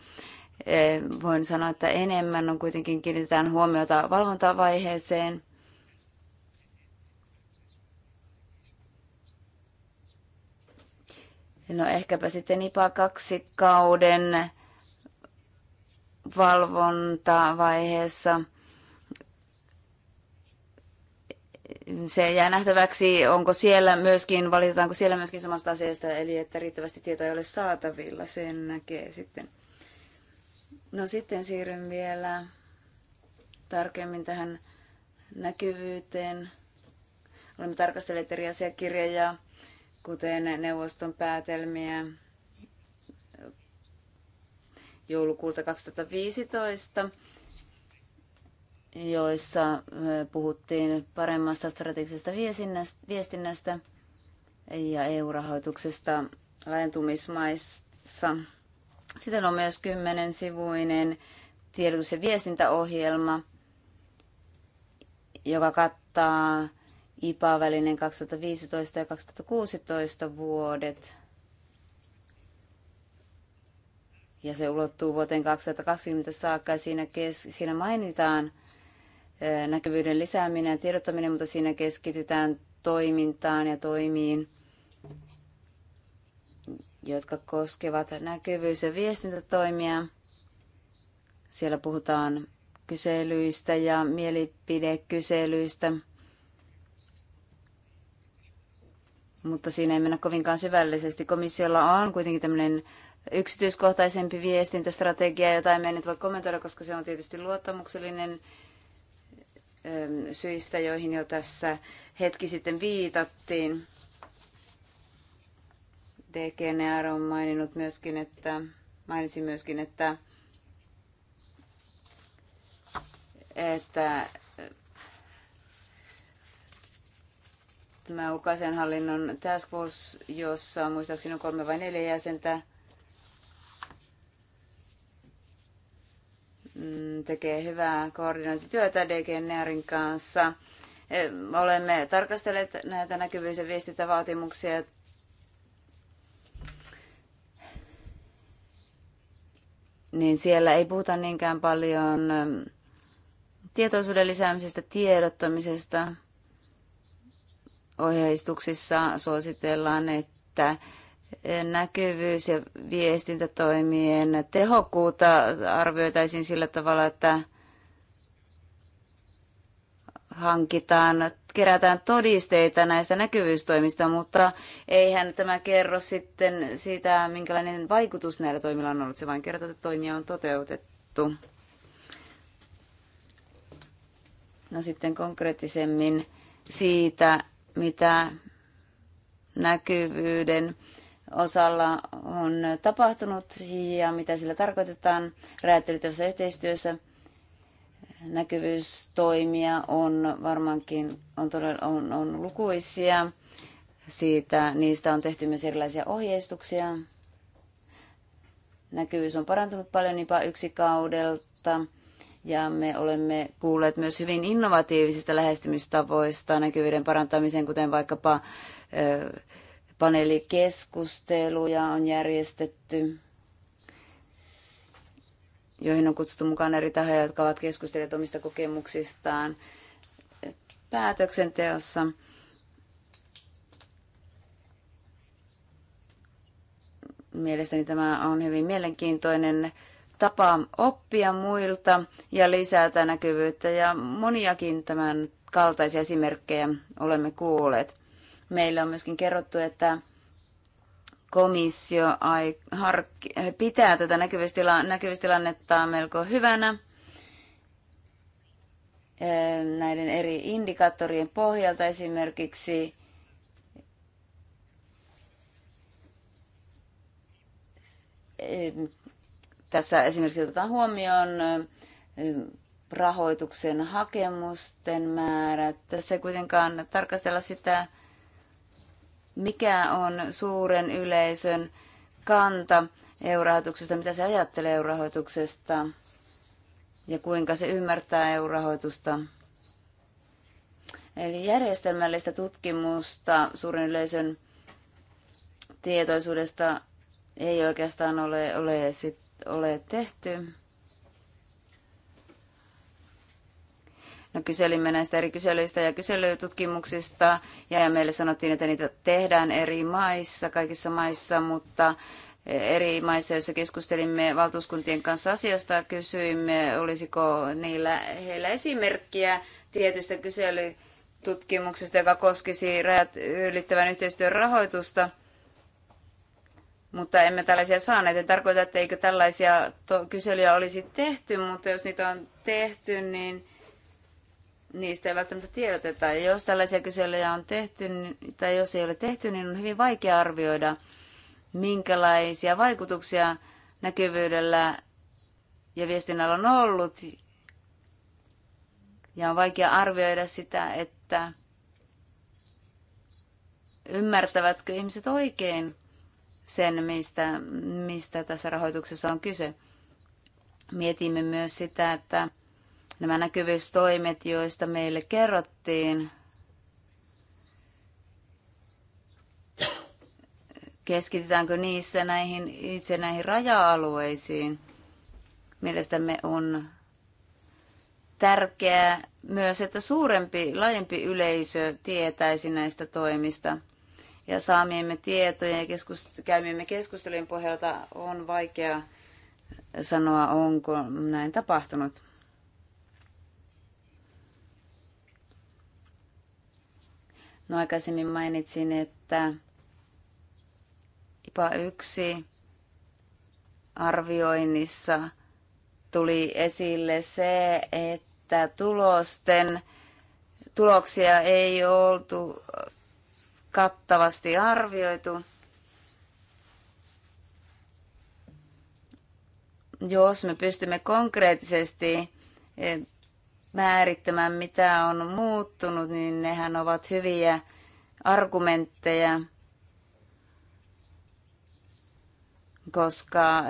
eh, voin sanoa, että enemmän on kuitenkin kiinnitetään huomiota valvontavaiheeseen. No ehkäpä sitten IPA 2 kauden valvontavaiheessa. Se jää nähtäväksi, onko siellä myöskin, valitetaanko siellä myöskin samasta asiasta, eli että riittävästi tietoa ei ole saatavilla, sen näkee sitten. No sitten siirryn vielä tarkemmin tähän näkyvyyteen. Olemme tarkastelleet eri asiakirjoja, kuten neuvoston päätelmiä, joulukuulta 2015, joissa puhuttiin paremmasta strategisesta viestinnästä ja EU-rahoituksesta laajentumismaissa. Sitten on myös kymmenen sivuinen tiedotus- ja viestintäohjelma, joka kattaa IPA-välinen 2015 ja 2016 vuodet. ja se ulottuu vuoteen 2020 saakka. Siinä, kes, siinä mainitaan näkyvyyden lisääminen ja tiedottaminen, mutta siinä keskitytään toimintaan ja toimiin, jotka koskevat näkyvyys- ja viestintätoimia. Siellä puhutaan kyselyistä ja mielipidekyselyistä, mutta siinä ei mennä kovinkaan syvällisesti. Komissiolla on kuitenkin tämmöinen yksityiskohtaisempi viestintästrategia, jota emme nyt voi kommentoida, koska se on tietysti luottamuksellinen ähm, syistä, joihin jo tässä hetki sitten viitattiin. DGNR on maininnut myöskin, että, mainitsin myöskin, että, että äh, tämä ulkoisen hallinnon task force, jossa on muistaakseni on kolme vai neljä jäsentä, Mm, tekee hyvää koordinointityötä DGNRin kanssa. E, olemme tarkastelleet näitä näkyvyys- ja viestintävaatimuksia. Niin siellä ei puhuta niinkään paljon mm, tietoisuuden lisäämisestä, tiedottamisesta. Ohjeistuksissa suositellaan, että näkyvyys- ja viestintätoimien tehokkuutta arvioitaisiin sillä tavalla, että hankitaan, kerätään todisteita näistä näkyvyystoimista, mutta eihän tämä kerro sitten sitä, minkälainen vaikutus näillä toimilla on ollut. Se vain kertoo, että toimia on toteutettu. No sitten konkreettisemmin siitä, mitä näkyvyyden osalla on tapahtunut ja mitä sillä tarkoitetaan räätälöitävässä yhteistyössä. Näkyvyystoimia on varmaankin on todella, on, on lukuisia. Siitä, niistä on tehty myös erilaisia ohjeistuksia. Näkyvyys on parantunut paljon niinpä yksi kaudelta. Ja me olemme kuulleet myös hyvin innovatiivisista lähestymistavoista näkyvyyden parantamiseen, kuten vaikkapa paneelikeskusteluja on järjestetty, joihin on kutsuttu mukaan eri tahoja, jotka ovat keskustelleet omista kokemuksistaan päätöksenteossa. Mielestäni tämä on hyvin mielenkiintoinen tapa oppia muilta ja lisätä näkyvyyttä ja moniakin tämän kaltaisia esimerkkejä olemme kuulleet. Meillä on myöskin kerrottu, että komissio pitää tätä näkyvyystilannetta melko hyvänä eh, näiden eri indikaattorien pohjalta esimerkiksi tässä esimerkiksi otetaan huomioon eh, rahoituksen hakemusten määrä. Tässä ei kuitenkaan tarkastella sitä mikä on suuren yleisön kanta eurahoituksesta, mitä se ajattelee eurahoituksesta ja kuinka se ymmärtää eurahoitusta. Eli järjestelmällistä tutkimusta suuren yleisön tietoisuudesta ei oikeastaan ole, ole, sit, ole tehty. No kyselimme näistä eri kyselyistä ja kyselytutkimuksista ja meille sanottiin, että niitä tehdään eri maissa, kaikissa maissa, mutta eh, eri maissa, joissa keskustelimme valtuuskuntien kanssa asiasta, kysyimme, olisiko niillä, heillä esimerkkiä tietystä kyselytutkimuksesta, joka koskisi rajat ylittävän yhteistyön rahoitusta. Mutta emme tällaisia saaneet. En tarkoita, että eikö tällaisia kyselyjä olisi tehty, mutta jos niitä on tehty, niin niistä ei välttämättä tiedoteta. Ja jos tällaisia kyselyjä on tehty, niin- tai jos ei ole tehty, niin on hyvin vaikea arvioida, minkälaisia vaikutuksia näkyvyydellä ja viestinnällä on ollut. Ja on vaikea arvioida sitä, että ymmärtävätkö ihmiset oikein sen, mistä, mistä tässä rahoituksessa on kyse. Mietimme myös sitä, että Nämä näkyvyystoimet, joista meille kerrottiin, keskitytäänkö niissä näihin, itse näihin raja-alueisiin. Mielestämme on tärkeää myös, että suurempi, laajempi yleisö tietäisi näistä toimista. Ja saamiemme tietojen ja keskust- käymiemme keskustelujen pohjalta on vaikea sanoa, onko näin tapahtunut. No aikaisemmin mainitsin, että IPA 1 arvioinnissa tuli esille se, että tulosten tuloksia ei oltu kattavasti arvioitu. Jos me pystymme konkreettisesti määrittämään, mitä on muuttunut, niin nehän ovat hyviä argumentteja, koska ähm,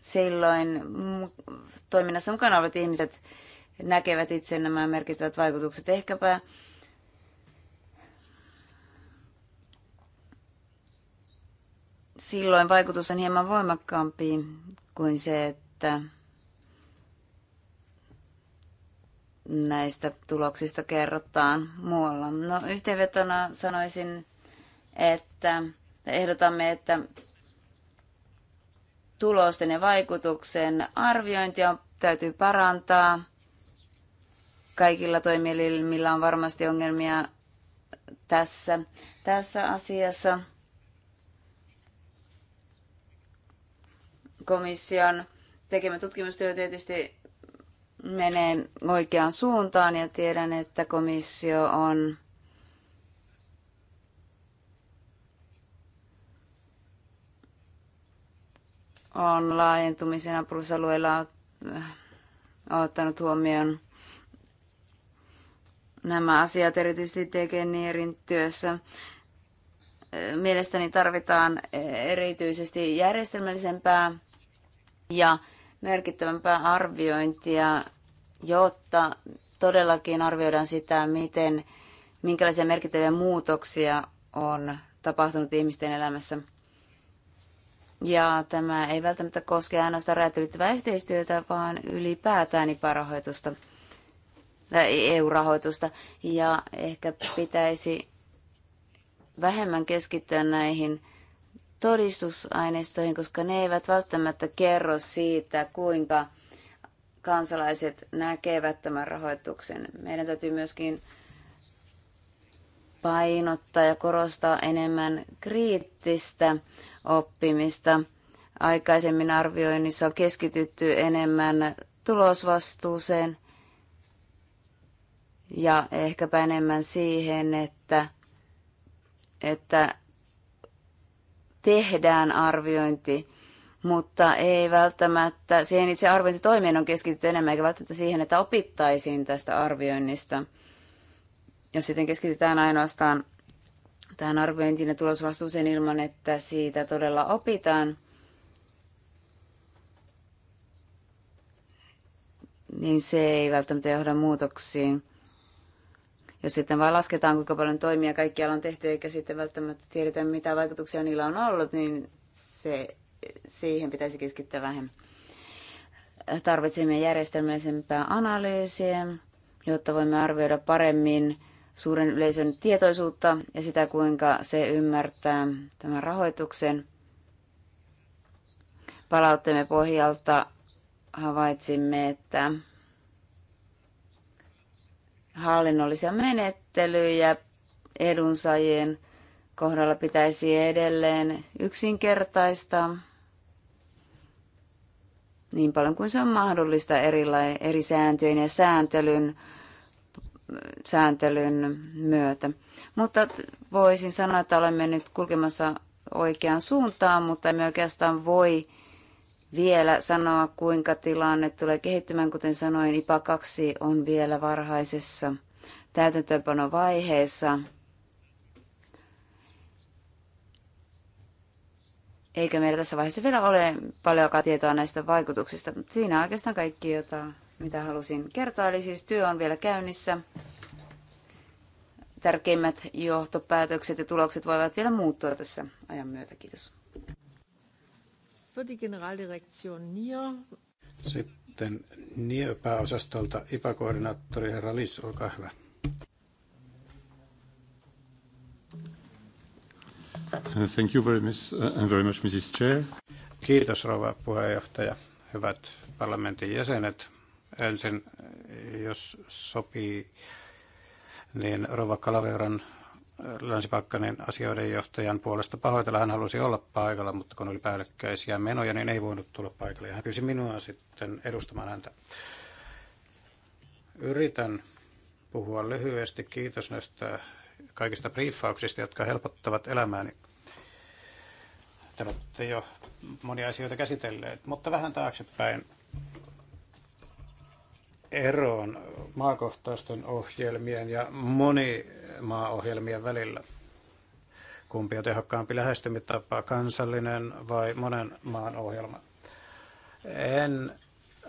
silloin toiminnassa mukana olevat ihmiset näkevät itse nämä merkittävät vaikutukset. Ehkäpä silloin vaikutus on hieman voimakkaampi kuin se, että näistä tuloksista kerrotaan muualla. No yhteenvetona sanoisin, että ehdotamme, että tulosten ja vaikutuksen arviointia täytyy parantaa. Kaikilla toimielimillä on varmasti ongelmia tässä, tässä asiassa. Komission tekemä tutkimustyö tietysti menee oikeaan suuntaan ja tiedän, että komissio on on laajentumisen apursalueella ottanut huomioon nämä asiat erityisesti Degenierin työssä. Mielestäni tarvitaan erityisesti järjestelmällisempää ja merkittävämpää arviointia, jotta todellakin arvioidaan sitä, miten, minkälaisia merkittäviä muutoksia on tapahtunut ihmisten elämässä. Ja tämä ei välttämättä koske ainoastaan räätälyttävää yhteistyötä, vaan ylipäätään IPA-rahoitusta tai EU-rahoitusta. Ja ehkä pitäisi vähemmän keskittyä näihin todistusaineistoihin, koska ne eivät välttämättä kerro siitä, kuinka kansalaiset näkevät tämän rahoituksen. Meidän täytyy myöskin painottaa ja korostaa enemmän kriittistä oppimista. Aikaisemmin arvioinnissa on keskitytty enemmän tulosvastuuseen ja ehkäpä enemmän siihen, että, että tehdään arviointi, mutta ei välttämättä, siihen itse arviointitoimeen on keskitytty enemmän, eikä välttämättä siihen, että opittaisiin tästä arvioinnista. Jos sitten keskitytään ainoastaan tähän arviointiin ja tulosvastuuseen ilman, että siitä todella opitaan, niin se ei välttämättä johda muutoksiin jos sitten vain lasketaan, kuinka paljon toimia kaikkialla on tehty, eikä sitten välttämättä tiedetä, mitä vaikutuksia niillä on ollut, niin se, siihen pitäisi keskittyä vähemmän. Tarvitsemme järjestelmällisempää analyysiä, jotta voimme arvioida paremmin suuren yleisön tietoisuutta ja sitä, kuinka se ymmärtää tämän rahoituksen. Palautteemme pohjalta havaitsimme, että hallinnollisia menettelyjä edunsaajien kohdalla pitäisi edelleen yksinkertaistaa niin paljon kuin se on mahdollista erila- eri sääntöjen ja sääntelyn, sääntelyn myötä. Mutta voisin sanoa, että olemme nyt kulkemassa oikeaan suuntaan, mutta emme oikeastaan voi vielä sanoa, kuinka tilanne tulee kehittymään. Kuten sanoin, IPA 2 on vielä varhaisessa täytäntöönpanovaiheessa. Eikä meillä tässä vaiheessa vielä ole paljonkaan tietoa näistä vaikutuksista. Siinä on oikeastaan kaikki, jota, mitä halusin kertoa. Eli siis työ on vielä käynnissä. Tärkeimmät johtopäätökset ja tulokset voivat vielä muuttua tässä ajan myötä. Kiitos für die Generaldirektion NIR. Sitten NIR-pääosastolta IPA-koordinaattori herra Liss, olkaa hyvä. Thank you very much, uh, very much Mrs. Chair. Kiitos rouva puheenjohtaja. Hyvät parlamentin jäsenet. Ensin, jos sopii, niin rouva Kalaveran Länsi-Balkanin asioiden johtajan puolesta pahoitella. Hän halusi olla paikalla, mutta kun oli päällekkäisiä menoja, niin ei voinut tulla paikalle. Ja hän pyysi minua sitten edustamaan häntä. Yritän puhua lyhyesti. Kiitos näistä kaikista briefauksista, jotka helpottavat elämääni. Te olette jo monia asioita käsitelleet, mutta vähän taaksepäin eroon maakohtaisten ohjelmien ja monimaaohjelmien välillä? Kumpi on tehokkaampi lähestymistapa kansallinen vai monen maan ohjelma? En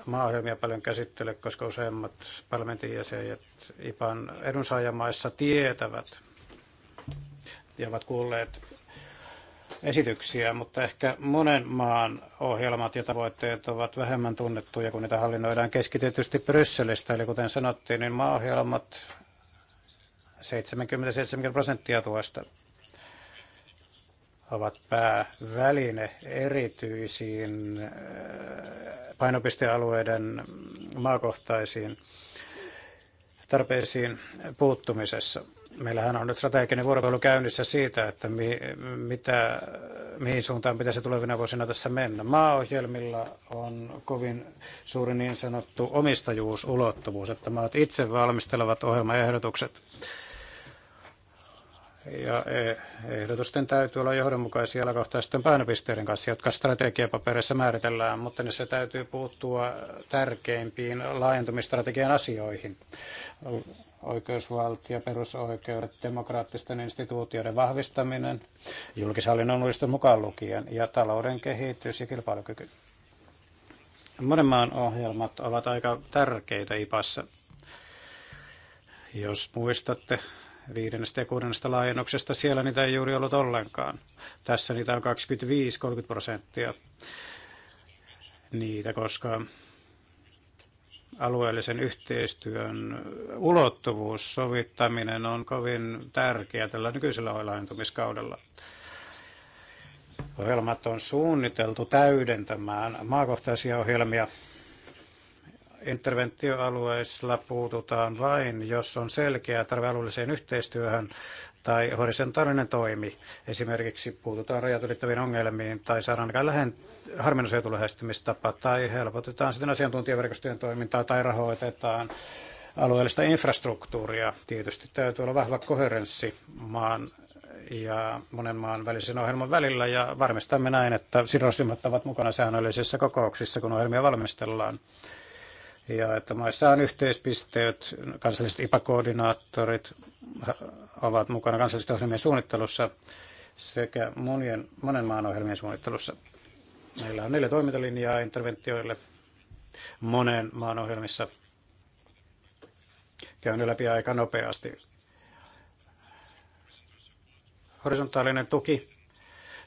maaohjelmia paljon käsittele, koska useimmat parlamentin jäsenet IPAN edunsaajamaissa tietävät ja ovat kuulleet esityksiä, mutta ehkä monen maan ohjelmat ja tavoitteet ovat vähemmän tunnettuja, kun niitä hallinnoidaan keskitetysti Brysselistä. Eli kuten sanottiin, niin maaohjelmat 70-70 prosenttia tuosta ovat pääväline erityisiin äh, painopistealueiden maakohtaisiin tarpeisiin puuttumisessa. Meillähän on nyt strateginen vuoropuhelu käynnissä siitä, että mi, mitä, mihin suuntaan pitäisi tulevina vuosina tässä mennä. Maaohjelmilla on kovin suuri niin sanottu omistajuusulottuvuus, että maat itse valmistelevat ohjelmaehdotukset. Ja e, ehdotusten täytyy olla johdonmukaisia alakohtaisten painopisteiden kanssa, jotka strategiapaperissa määritellään, mutta niissä täytyy puuttua tärkeimpiin laajentumistrategian asioihin oikeusvaltio, perusoikeudet, demokraattisten instituutioiden vahvistaminen, julkishallinnon uudistus mukaan lukien ja talouden kehitys ja kilpailukyky. Monen maan ohjelmat ovat aika tärkeitä IPassa. Jos muistatte, viidennestä ja kuudennesta laajennuksesta siellä niitä ei juuri ollut ollenkaan. Tässä niitä on 25-30 prosenttia niitä, koska alueellisen yhteistyön ulottuvuus, sovittaminen on kovin tärkeä tällä nykyisellä laajentumiskaudella. Ohjelmat on suunniteltu täydentämään maakohtaisia ohjelmia. Interventioalueissa puututaan vain, jos on selkeä tarve alueelliseen yhteistyöhön tai horisontaalinen toimi. Esimerkiksi puututaan rajat ylittäviin ongelmiin tai saadaan ainakaan lähen, harminoseetu lähestymistapa tai helpotetaan sitten asiantuntijaverkostojen toimintaa tai rahoitetaan alueellista infrastruktuuria. Tietysti täytyy olla vahva koherenssi maan ja monen maan välisen ohjelman välillä ja varmistamme näin, että sidosryhmät ovat mukana säännöllisissä kokouksissa, kun ohjelmia valmistellaan ja että maissa on yhteispisteet, kansalliset IPA-koordinaattorit ovat mukana kansallisten ohjelmien suunnittelussa sekä monien, monen maan ohjelmien suunnittelussa. Meillä on neljä toimintalinjaa interventioille monen maan ohjelmissa. Käyn läpi aika nopeasti. Horisontaalinen tuki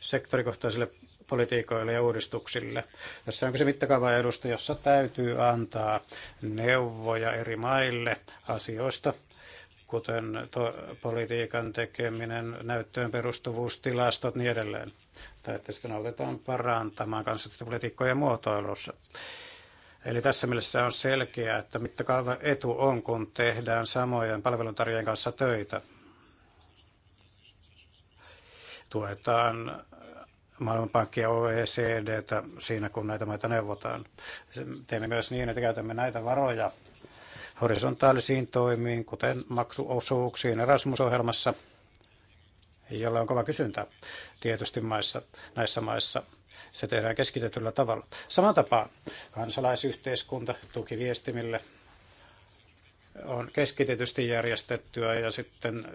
sektorikohtaisille politiikoille ja uudistuksille. Tässä on mittakaava edusta, jossa täytyy antaa neuvoja eri maille asioista, kuten to- politiikan tekeminen, näyttöön perustuvuus, tilastot niin edelleen. Tai että sitten autetaan parantamaan kansallista politiikkojen muotoilussa. Eli tässä mielessä on selkeää, että mittakaava etu on, kun tehdään samojen palveluntarjoajien kanssa töitä. Tuetaan Maailmanpankki ja OECD siinä, kun näitä maita neuvotaan. Teemme myös niin, että käytämme näitä varoja horisontaalisiin toimiin, kuten maksuosuuksiin Erasmus-ohjelmassa, jolla on kova kysyntä tietysti maissa, näissä maissa. Se tehdään keskitetyllä tavalla. Samalla tapaan kansalaisyhteiskunta tuki viestimille on keskitetysti järjestettyä ja sitten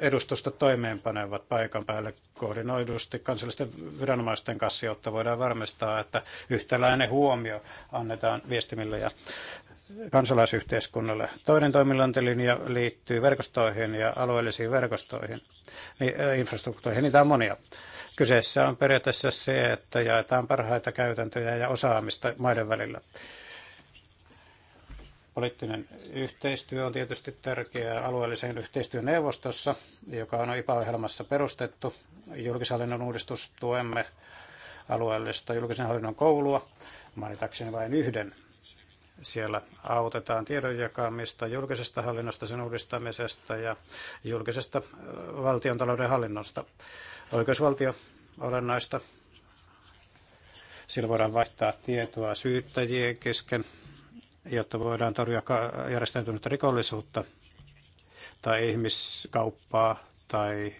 edustusta toimeenpanevat paikan päälle koordinoidusti kansallisten viranomaisten kanssa, jotta voidaan varmistaa, että yhtäläinen huomio annetaan viestimille ja kansalaisyhteiskunnalle. Toinen toimilantilinja liittyy verkostoihin ja alueellisiin verkostoihin, niin, infrastruktuihin. Niitä on monia. Kyseessä on periaatteessa se, että jaetaan parhaita käytäntöjä ja osaamista maiden välillä. Poliittinen yhteistyö on tietysti tärkeää alueellisen yhteistyön neuvostossa, joka on IPA-ohjelmassa perustettu. Julkishallinnon uudistus tuemme alueellista julkisen hallinnon koulua, mainitakseni vain yhden. Siellä autetaan tiedon jakamista julkisesta hallinnosta, sen uudistamisesta ja julkisesta valtiontalouden hallinnosta. Oikeusvaltio olennaista. Sillä voidaan vaihtaa tietoa syyttäjien kesken, jotta voidaan torjua järjestäytynyttä rikollisuutta tai ihmiskauppaa tai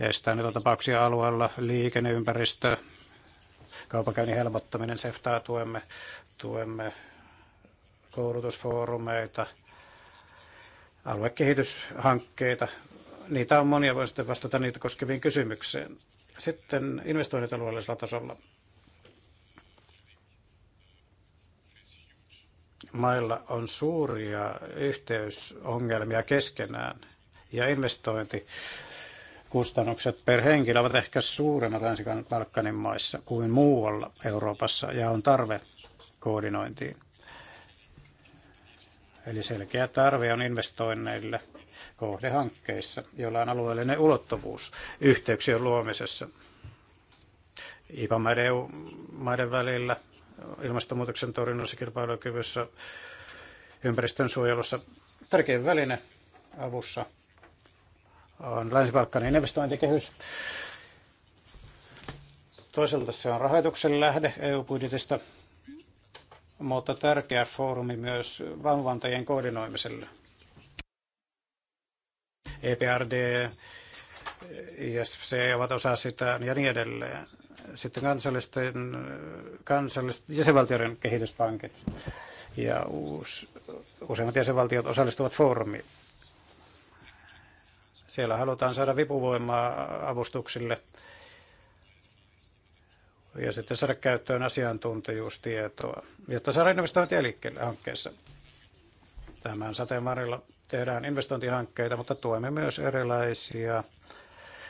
estää näitä tapauksia alueella, liikenneympäristö, kaupankäynnin helpottaminen, SEFTAa tuemme, tuemme koulutusfoorumeita, aluekehityshankkeita. Niitä on monia, voin sitten vastata niitä koskeviin kysymykseen. Sitten investoinnit alueellisella tasolla. mailla on suuria yhteysongelmia keskenään ja investointi kustannukset per henkilö ovat ehkä suuremmat Länsi-Balkanin maissa kuin muualla Euroopassa ja on tarve koordinointiin. Eli selkeä tarve on investoinneille kohdehankkeissa, joilla on alueellinen ulottuvuus yhteyksien luomisessa. IPA-maiden välillä ilmastonmuutoksen torjunnassa, kilpailukyvyssä, ympäristön suojelussa. Tärkein väline avussa on Länsi-Balkanin investointikehys. Toisaalta se on rahoituksen lähde EU-budjetista, mutta tärkeä foorumi myös valvontajien koordinoimiselle. EPRD, ja se ovat osa sitä ja niin edelleen. Sitten kansallisten, kansallisten jäsenvaltioiden kehityspankit ja uus, useimmat jäsenvaltiot osallistuvat foorumiin. Siellä halutaan saada vipuvoimaa avustuksille ja sitten saada käyttöön asiantuntijuustietoa, jotta saadaan investointia liikkeelle hankkeessa. Tämän sateenvarilla tehdään investointihankkeita, mutta tuemme myös erilaisia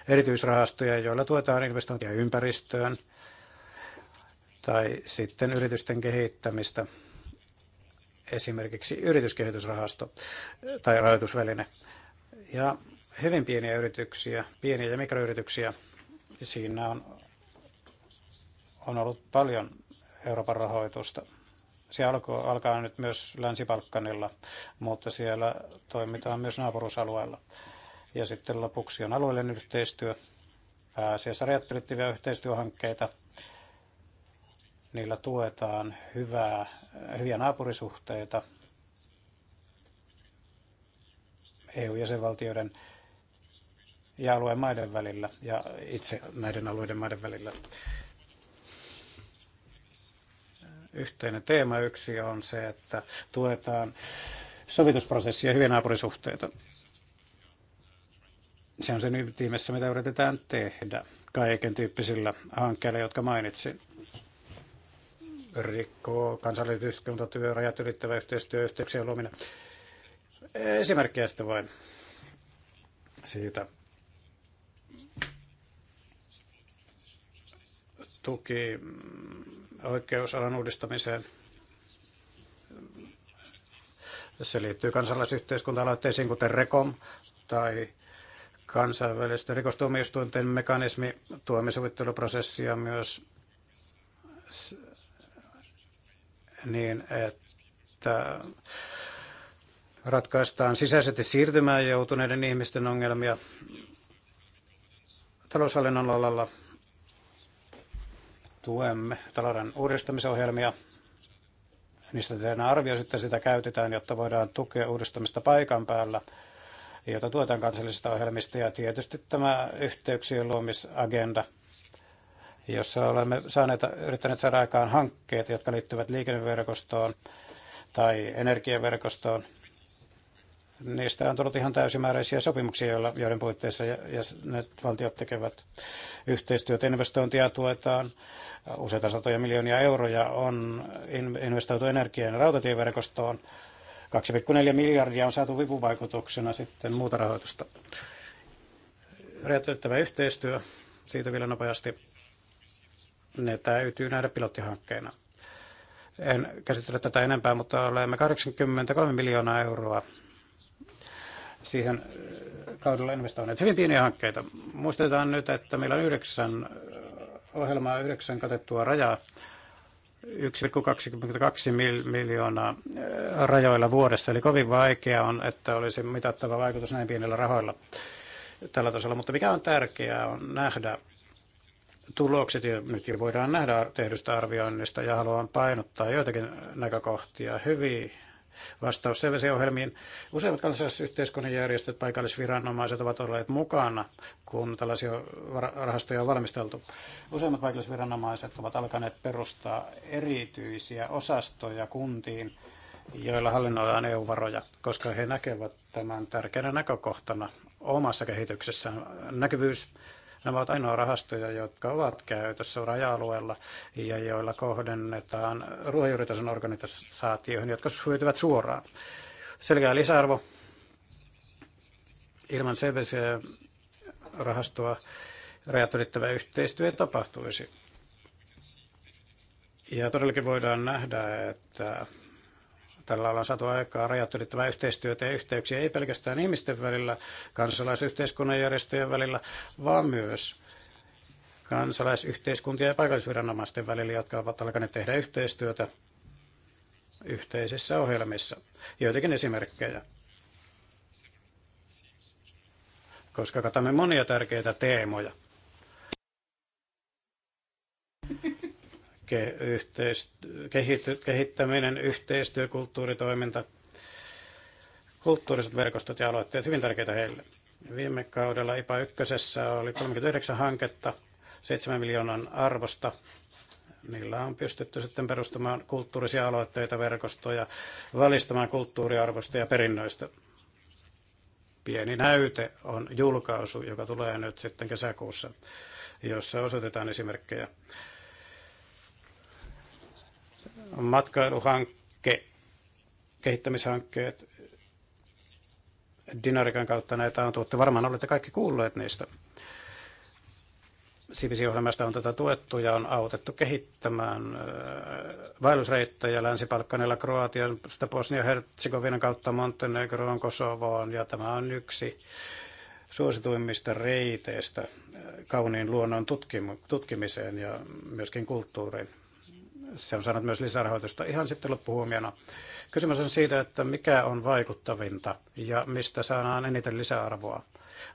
erityisrahastoja, joilla tuetaan investointia ympäristöön tai sitten yritysten kehittämistä, esimerkiksi yrityskehitysrahasto tai rahoitusväline. Ja hyvin pieniä yrityksiä, pieniä ja mikroyrityksiä, siinä on, on ollut paljon Euroopan rahoitusta se alkoi, alkaa nyt myös Länsi-Balkanilla, mutta siellä toimitaan myös naapurusalueella. Ja sitten lopuksi on alueellinen yhteistyö, pääasiassa rajat yhteistyöhankkeita. Niillä tuetaan hyvää, hyviä naapurisuhteita EU-jäsenvaltioiden ja alueen maiden välillä ja itse näiden alueiden maiden välillä. Yhteinen teema yksi on se, että tuetaan sovitusprosessia ja hyviä naapurisuhteita se on sen ytimessä, mitä yritetään tehdä kaiken tyyppisillä hankkeilla, jotka mainitsin. rikko kansallisyyskuntatyö, rajat ylittävä yhteistyö, yhteyksien luominen. Esimerkkiä sitten vain siitä. Tuki oikeusalan uudistamiseen. Se liittyy kansalaisyhteiskunta-aloitteisiin, kuten REKOM tai kansainvälistä rikostuomioistuinten mekanismi tuomisovitteluprosessia myös niin, että ratkaistaan sisäisesti siirtymään joutuneiden ihmisten ongelmia taloushallinnon alalla. Tuemme talouden uudistamisohjelmia. Niistä tehdään arvio, sitten sitä käytetään, jotta voidaan tukea uudistamista paikan päällä – jota tuetaan kansallisista ohjelmista ja tietysti tämä yhteyksien luomisagenda, jossa olemme saaneet, yrittäneet saada aikaan hankkeet, jotka liittyvät liikenneverkostoon tai energiaverkostoon. Niistä on tullut ihan täysimääräisiä sopimuksia, joilla, joiden puitteissa ne valtiot tekevät yhteistyötä. Investointia tuetaan useita satoja miljoonia euroja on investoitu energian ja rautatieverkostoon 2,4 miljardia on saatu vipuvaikutuksena sitten muuta rahoitusta. Räjäytettävä yhteistyö, siitä vielä nopeasti. Ne täytyy nähdä pilottihankkeena. En käsittele tätä enempää, mutta olemme 83 miljoonaa euroa siihen kaudella investoineet. Hyvin pieniä hankkeita. Muistetaan nyt, että meillä on yhdeksän ohjelmaa, yhdeksän katettua rajaa 1,22 miljoonaa rajoilla vuodessa, eli kovin vaikea on, että olisi mitattava vaikutus näin pienillä rahoilla tällä tasolla. Mutta mikä on tärkeää on nähdä tulokset, ja nyt jo voidaan nähdä tehdystä arvioinnista, ja haluan painottaa joitakin näkökohtia. Hyvin vastaus CVC-ohjelmiin. Useimmat kansalaisyhteiskunnan järjestöt, paikallisviranomaiset ovat olleet mukana, kun tällaisia rahastoja on valmisteltu. Useimmat paikallisviranomaiset ovat alkaneet perustaa erityisiä osastoja kuntiin, joilla hallinnoidaan EU-varoja, koska he näkevät tämän tärkeänä näkökohtana omassa kehityksessään. Näkyvyys Nämä ovat ainoa rahastoja, jotka ovat käytössä raja-alueella ja joilla kohdennetaan ruohonjuuritason organisaatioihin, jotka hyötyvät suoraan. Selkeä lisäarvo ilman CBC-rahastoa rajat ylittävä yhteistyö ei tapahtuisi. Ja todellakin voidaan nähdä, että Tällä ollaan saatu aikaa rajat yhteistyötä ja yhteyksiä ei pelkästään ihmisten välillä, kansalaisyhteiskunnan järjestöjen välillä, vaan myös kansalaisyhteiskuntien ja paikallisviranomaisten välillä, jotka ovat alkaneet tehdä yhteistyötä yhteisissä ohjelmissa. Joitakin esimerkkejä. Koska katamme monia tärkeitä teemoja. ke- yhteist- kehittäminen, yhteistyö, kulttuuritoiminta, kulttuuriset verkostot ja aloitteet, hyvin tärkeitä heille. Viime kaudella IPA 1 oli 39 hanketta 7 miljoonan arvosta. Niillä on pystytty sitten perustamaan kulttuurisia aloitteita, verkostoja, valistamaan kulttuuriarvosta ja perinnöistä. Pieni näyte on julkaisu, joka tulee nyt sitten kesäkuussa, jossa osoitetaan esimerkkejä matkailuhankke, kehittämishankkeet Dinarikan kautta näitä on tuotte. Varmaan olette kaikki kuulleet niistä. Sivisiohjelmasta on tätä tuettu ja on autettu kehittämään äh, vaellusreittejä länsi palkkanilla Kroatian, Bosnia-Herzegovinan kautta Montenegroon, Kosovoon ja tämä on yksi suosituimmista reiteistä äh, kauniin luonnon tutkimiseen ja myöskin kulttuuriin se on saanut myös lisärahoitusta. Ihan sitten loppuhuomiona. Kysymys on siitä, että mikä on vaikuttavinta ja mistä saadaan eniten lisäarvoa.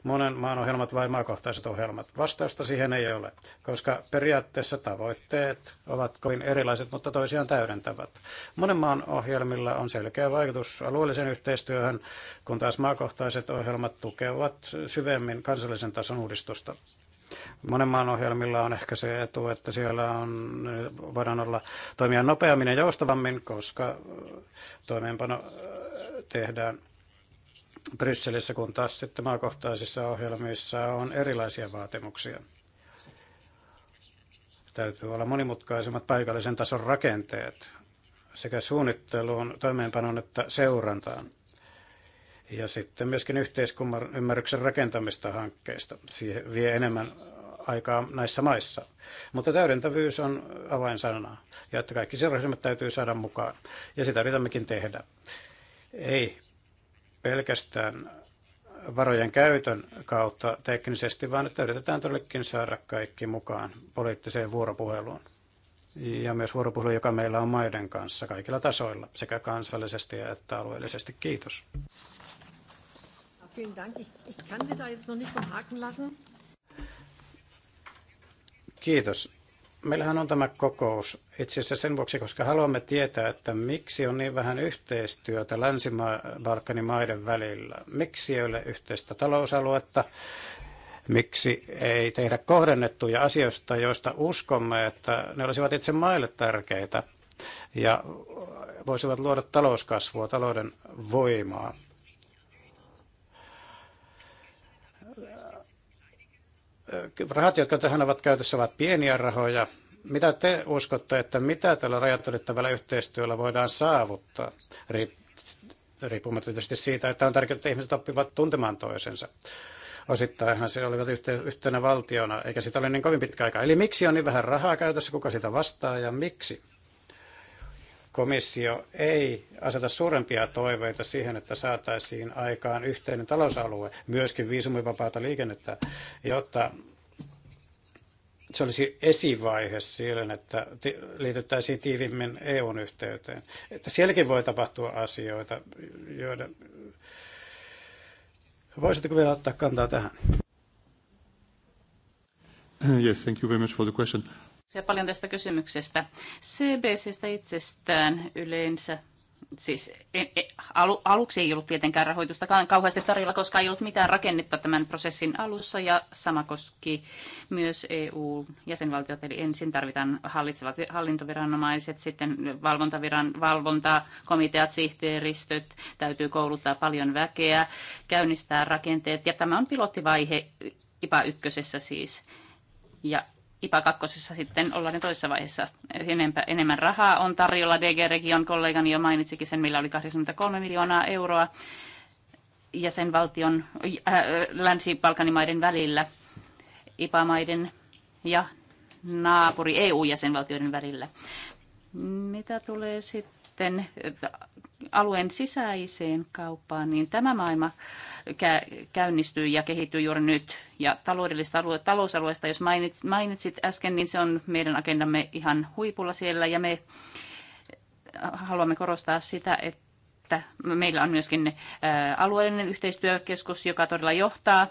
Monen maan ohjelmat vai maakohtaiset ohjelmat? Vastausta siihen ei ole, koska periaatteessa tavoitteet ovat kovin erilaiset, mutta toisiaan täydentävät. Monen maan ohjelmilla on selkeä vaikutus alueelliseen yhteistyöhön, kun taas maakohtaiset ohjelmat tukevat syvemmin kansallisen tason uudistusta. Monen maan ohjelmilla on ehkä se etu, että siellä on, voidaan olla toimia nopeammin ja joustavammin, koska toimeenpano tehdään Brysselissä, kun taas sitten maakohtaisissa ohjelmissa on erilaisia vaatimuksia. Täytyy olla monimutkaisemmat paikallisen tason rakenteet sekä suunnitteluun, toimeenpanoon että seurantaan ja sitten myöskin yhteisymmärryksen rakentamista hankkeista. Siihen vie enemmän aikaa näissä maissa. Mutta täydentävyys on avainsana, ja että kaikki sidosryhmät täytyy saada mukaan, ja sitä yritämmekin tehdä. Ei pelkästään varojen käytön kautta teknisesti, vaan että yritetään todellakin saada kaikki mukaan poliittiseen vuoropuheluun. Ja myös vuoropuhelu, joka meillä on maiden kanssa kaikilla tasoilla, sekä kansallisesti että alueellisesti. Kiitos vielen Dank. Ich, ich kann Sie da jetzt noch nicht vom Haken lassen. Kiitos. Meillähän on tämä kokous itse asiassa sen vuoksi, koska haluamme tietää, että miksi on niin vähän yhteistyötä Länsi-Balkanin maiden välillä. Miksi ei ole yhteistä talousaluetta? Miksi ei tehdä kohdennettuja asioista, joista uskomme, että ne olisivat itse maille tärkeitä ja voisivat luoda talouskasvua, talouden voimaa? rahat, jotka tähän ovat käytössä, ovat pieniä rahoja. Mitä te uskotte, että mitä tällä rajat ylittävällä yhteistyöllä voidaan saavuttaa, riippumatta tietysti siitä, että on tärkeää, että ihmiset oppivat tuntemaan toisensa? Osittainhan se olivat yhtenä valtiona, eikä sitä ole niin kovin pitkä aika. Eli miksi on niin vähän rahaa käytössä, kuka sitä vastaa ja miksi? komissio ei aseta suurempia toiveita siihen, että saataisiin aikaan yhteinen talousalue, myöskin viisumivapaata liikennettä, jotta se olisi esivaihe siihen, että liityttäisiin tiivimmin EUn yhteyteen. Että sielläkin voi tapahtua asioita, joiden... Voisitteko vielä ottaa kantaa tähän? Yes, thank you very much for the question. Kiitoksia paljon tästä kysymyksestä. CBCstä itsestään yleensä, siis e, e, alu, aluksi ei ollut tietenkään rahoitusta kauheasti tarjolla, koska ei ollut mitään rakennetta tämän prosessin alussa ja sama koski myös EU-jäsenvaltiot, eli ensin tarvitaan hallitsevat hallintoviranomaiset, sitten valvontaviran, valvontakomiteat, sihteeristöt, täytyy kouluttaa paljon väkeä, käynnistää rakenteet ja tämä on pilottivaihe IPA ykkösessä siis. Ja IPA 2 sitten ollaan toisessa vaiheessa. Enempä, enemmän rahaa on tarjolla. DG-region kollegani jo mainitsikin sen, millä oli 83 miljoonaa euroa jäsenvaltion äh, länsi-Balkanimaiden välillä, IPA-maiden ja naapuri EU-jäsenvaltioiden välillä. Mitä tulee sitten alueen sisäiseen kauppaan, niin tämä maailma äh, käynnistyy ja kehittyy juuri nyt. Ja taloudellista alue, talousalueesta, jos mainitsit, mainitsit äsken, niin se on meidän agendamme ihan huipulla siellä ja me äh, haluamme korostaa sitä, että meillä on myöskin äh, alueellinen yhteistyökeskus, joka todella johtaa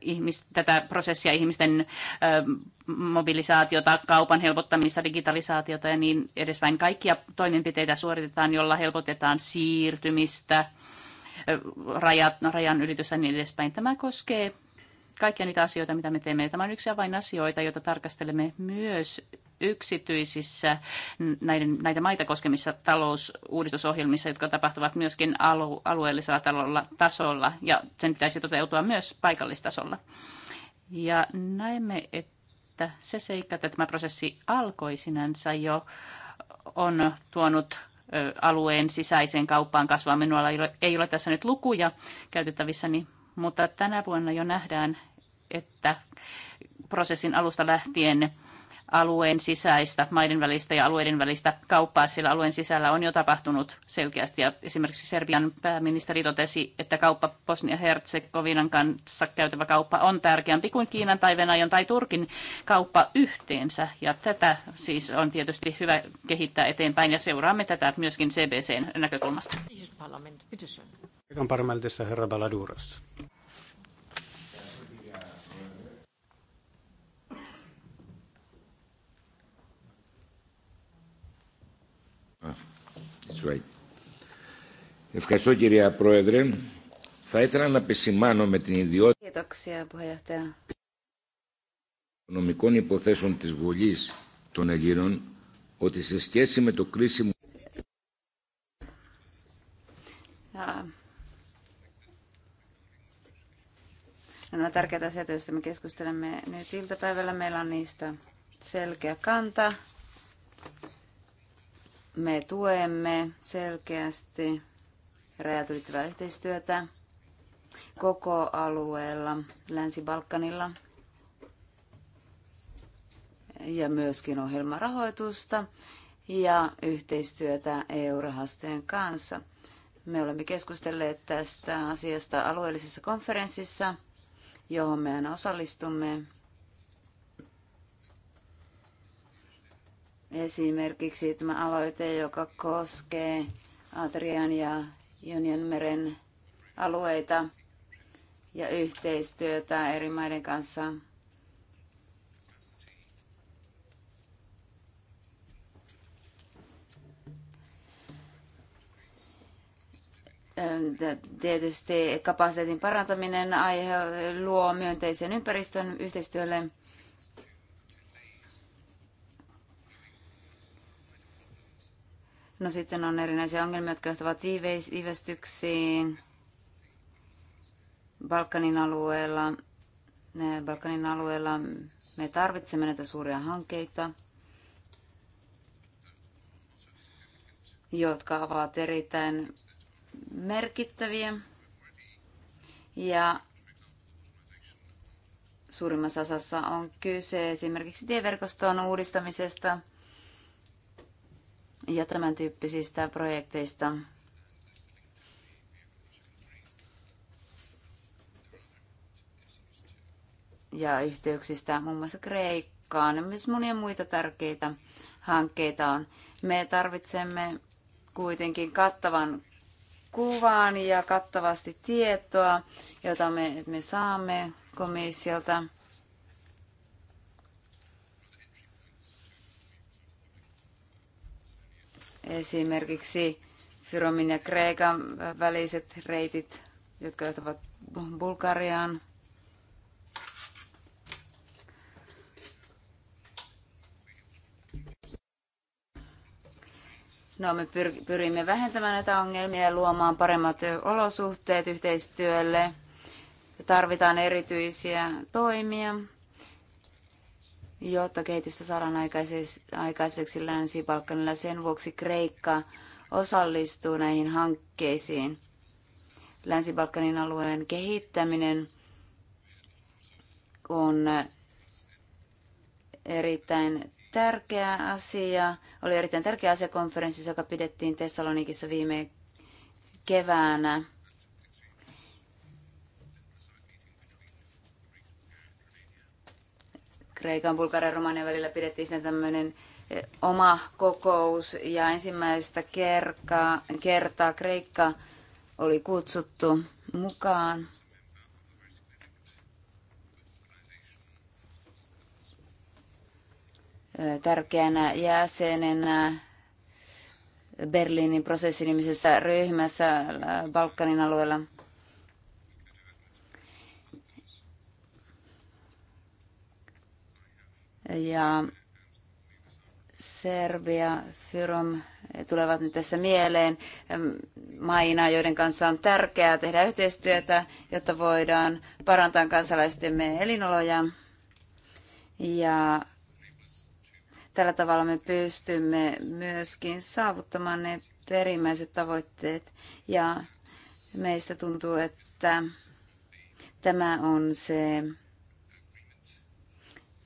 ihmis, tätä prosessia, ihmisten ö, äh, mobilisaatiota, kaupan helpottamista, digitalisaatiota ja niin edespäin. Kaikkia toimenpiteitä suoritetaan, jolla helpotetaan siirtymistä rajat, no, rajan ylitys ja niin edespäin. Tämä koskee kaikkia niitä asioita, mitä me teemme. Tämä on yksi avain asioita, joita tarkastelemme myös yksityisissä näiden, näitä maita koskemissa talousuudistusohjelmissa, jotka tapahtuvat myöskin alu, alueellisella talolla, tasolla ja sen pitäisi toteutua myös paikallistasolla. Ja näemme, että se seikka, että tämä prosessi alkoi sinänsä jo, on tuonut alueen sisäiseen kauppaan kasvaa. Minulla ei ole, ei ole tässä nyt lukuja käytettävissä, mutta tänä vuonna jo nähdään, että prosessin alusta lähtien alueen sisäistä, maiden välistä ja alueiden välistä kauppaa, sillä alueen sisällä on jo tapahtunut selkeästi. Ja esimerkiksi Serbian pääministeri totesi, että kauppa Bosnia-Herzegovinan kanssa käytävä kauppa on tärkeämpi kuin Kiinan tai Venäjän tai Turkin kauppa yhteensä. Ja tätä siis on tietysti hyvä kehittää eteenpäin ja seuraamme tätä myöskin CBCn näkökulmasta. herra Baladuras. That's right. Ευχαριστώ κυρία Πρόεδρε. Θα ήθελα να επισημάνω με την ιδιότητα οικονομικών υποθέσεων της Βουλής των Ελλήνων ότι σε σχέση με το κρίσιμο Nämä tärkeät asiat, joista me keskustelemme nyt iltapäivällä, meillä on niistä selkeä kanta. Me tuemme selkeästi rajat ylittävää yhteistyötä koko alueella, Länsi-Balkanilla ja myöskin ohjelmarahoitusta ja yhteistyötä EU-rahastojen kanssa. Me olemme keskustelleet tästä asiasta alueellisessa konferenssissa, johon me aina osallistumme Esimerkiksi tämä aloite, joka koskee Adrian ja meren alueita ja yhteistyötä eri maiden kanssa. Tietysti kapasiteetin parantaminen aihe luo myönteisen ympäristön yhteistyölle No sitten on erinäisiä ongelmia, jotka johtavat viivästyksiin Balkanin alueella. Balkanin alueella me tarvitsemme näitä suuria hankkeita, jotka ovat erittäin merkittäviä. Ja suurimmassa osassa on kyse esimerkiksi tieverkoston uudistamisesta – ja tämän tyyppisistä projekteista. ja yhteyksistä muun muassa Kreikkaan ja myös monia muita tärkeitä hankkeita on. Me tarvitsemme kuitenkin kattavan kuvan ja kattavasti tietoa, jota me, me saamme komissiolta. Esimerkiksi Fyromin ja Kreikan väliset reitit, jotka johtavat Bulgariaan. No, me pyrimme vähentämään näitä ongelmia ja luomaan paremmat olosuhteet yhteistyölle. Tarvitaan erityisiä toimia jotta kehitystä saadaan aikaiseksi Länsi-Balkanilla. Sen vuoksi Kreikka osallistuu näihin hankkeisiin. Länsi-Balkanin alueen kehittäminen on erittäin tärkeä asia. Oli erittäin tärkeä asia konferenssissa, joka pidettiin Thessalonikissa viime keväänä. Kreikan, Bulgarian ja Romanian välillä pidettiin sitten tämmöinen eh, oma kokous ja ensimmäistä kertaa, kertaa Kreikka oli kutsuttu mukaan. Eh, tärkeänä jäsenenä Berliinin prosessinimisessä ryhmässä eh, Balkanin alueella – ja Serbia, Fyrom tulevat nyt tässä mieleen maina, joiden kanssa on tärkeää tehdä yhteistyötä, jotta voidaan parantaa kansalaistemme elinoloja. Ja tällä tavalla me pystymme myöskin saavuttamaan ne perimmäiset tavoitteet. Ja meistä tuntuu, että tämä on se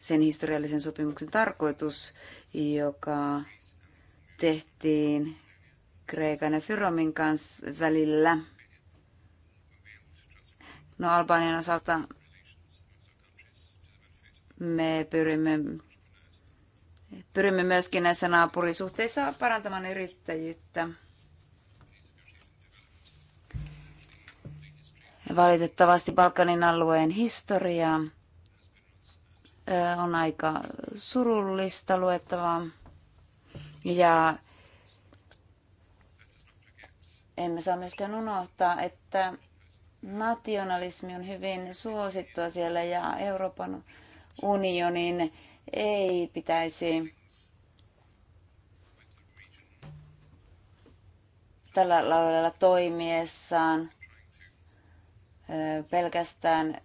sen historiallisen sopimuksen tarkoitus, joka tehtiin Kreikan ja Fyromin kanssa välillä. No Albanian osalta me pyrimme, pyrimme myöskin näissä naapurisuhteissa parantamaan yrittäjyyttä. Valitettavasti Balkanin alueen historiaa on aika surullista luettavaa. Ja emme saa myöskään unohtaa, että nationalismi on hyvin suosittua siellä ja Euroopan unionin ei pitäisi tällä lailla toimiessaan pelkästään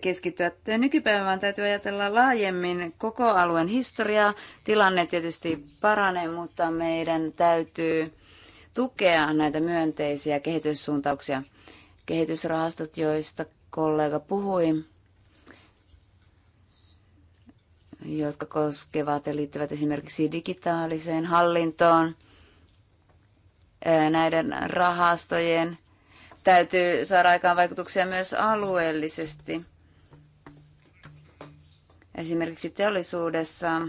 keskittyä. Nykypäivän täytyy ajatella laajemmin koko alueen historiaa. Tilanne tietysti paranee, mutta meidän täytyy tukea näitä myönteisiä kehityssuuntauksia. Kehitysrahastot, joista kollega puhui, jotka koskevat ja liittyvät esimerkiksi digitaaliseen hallintoon. Näiden rahastojen täytyy saada aikaan vaikutuksia myös alueellisesti. Esimerkiksi teollisuudessa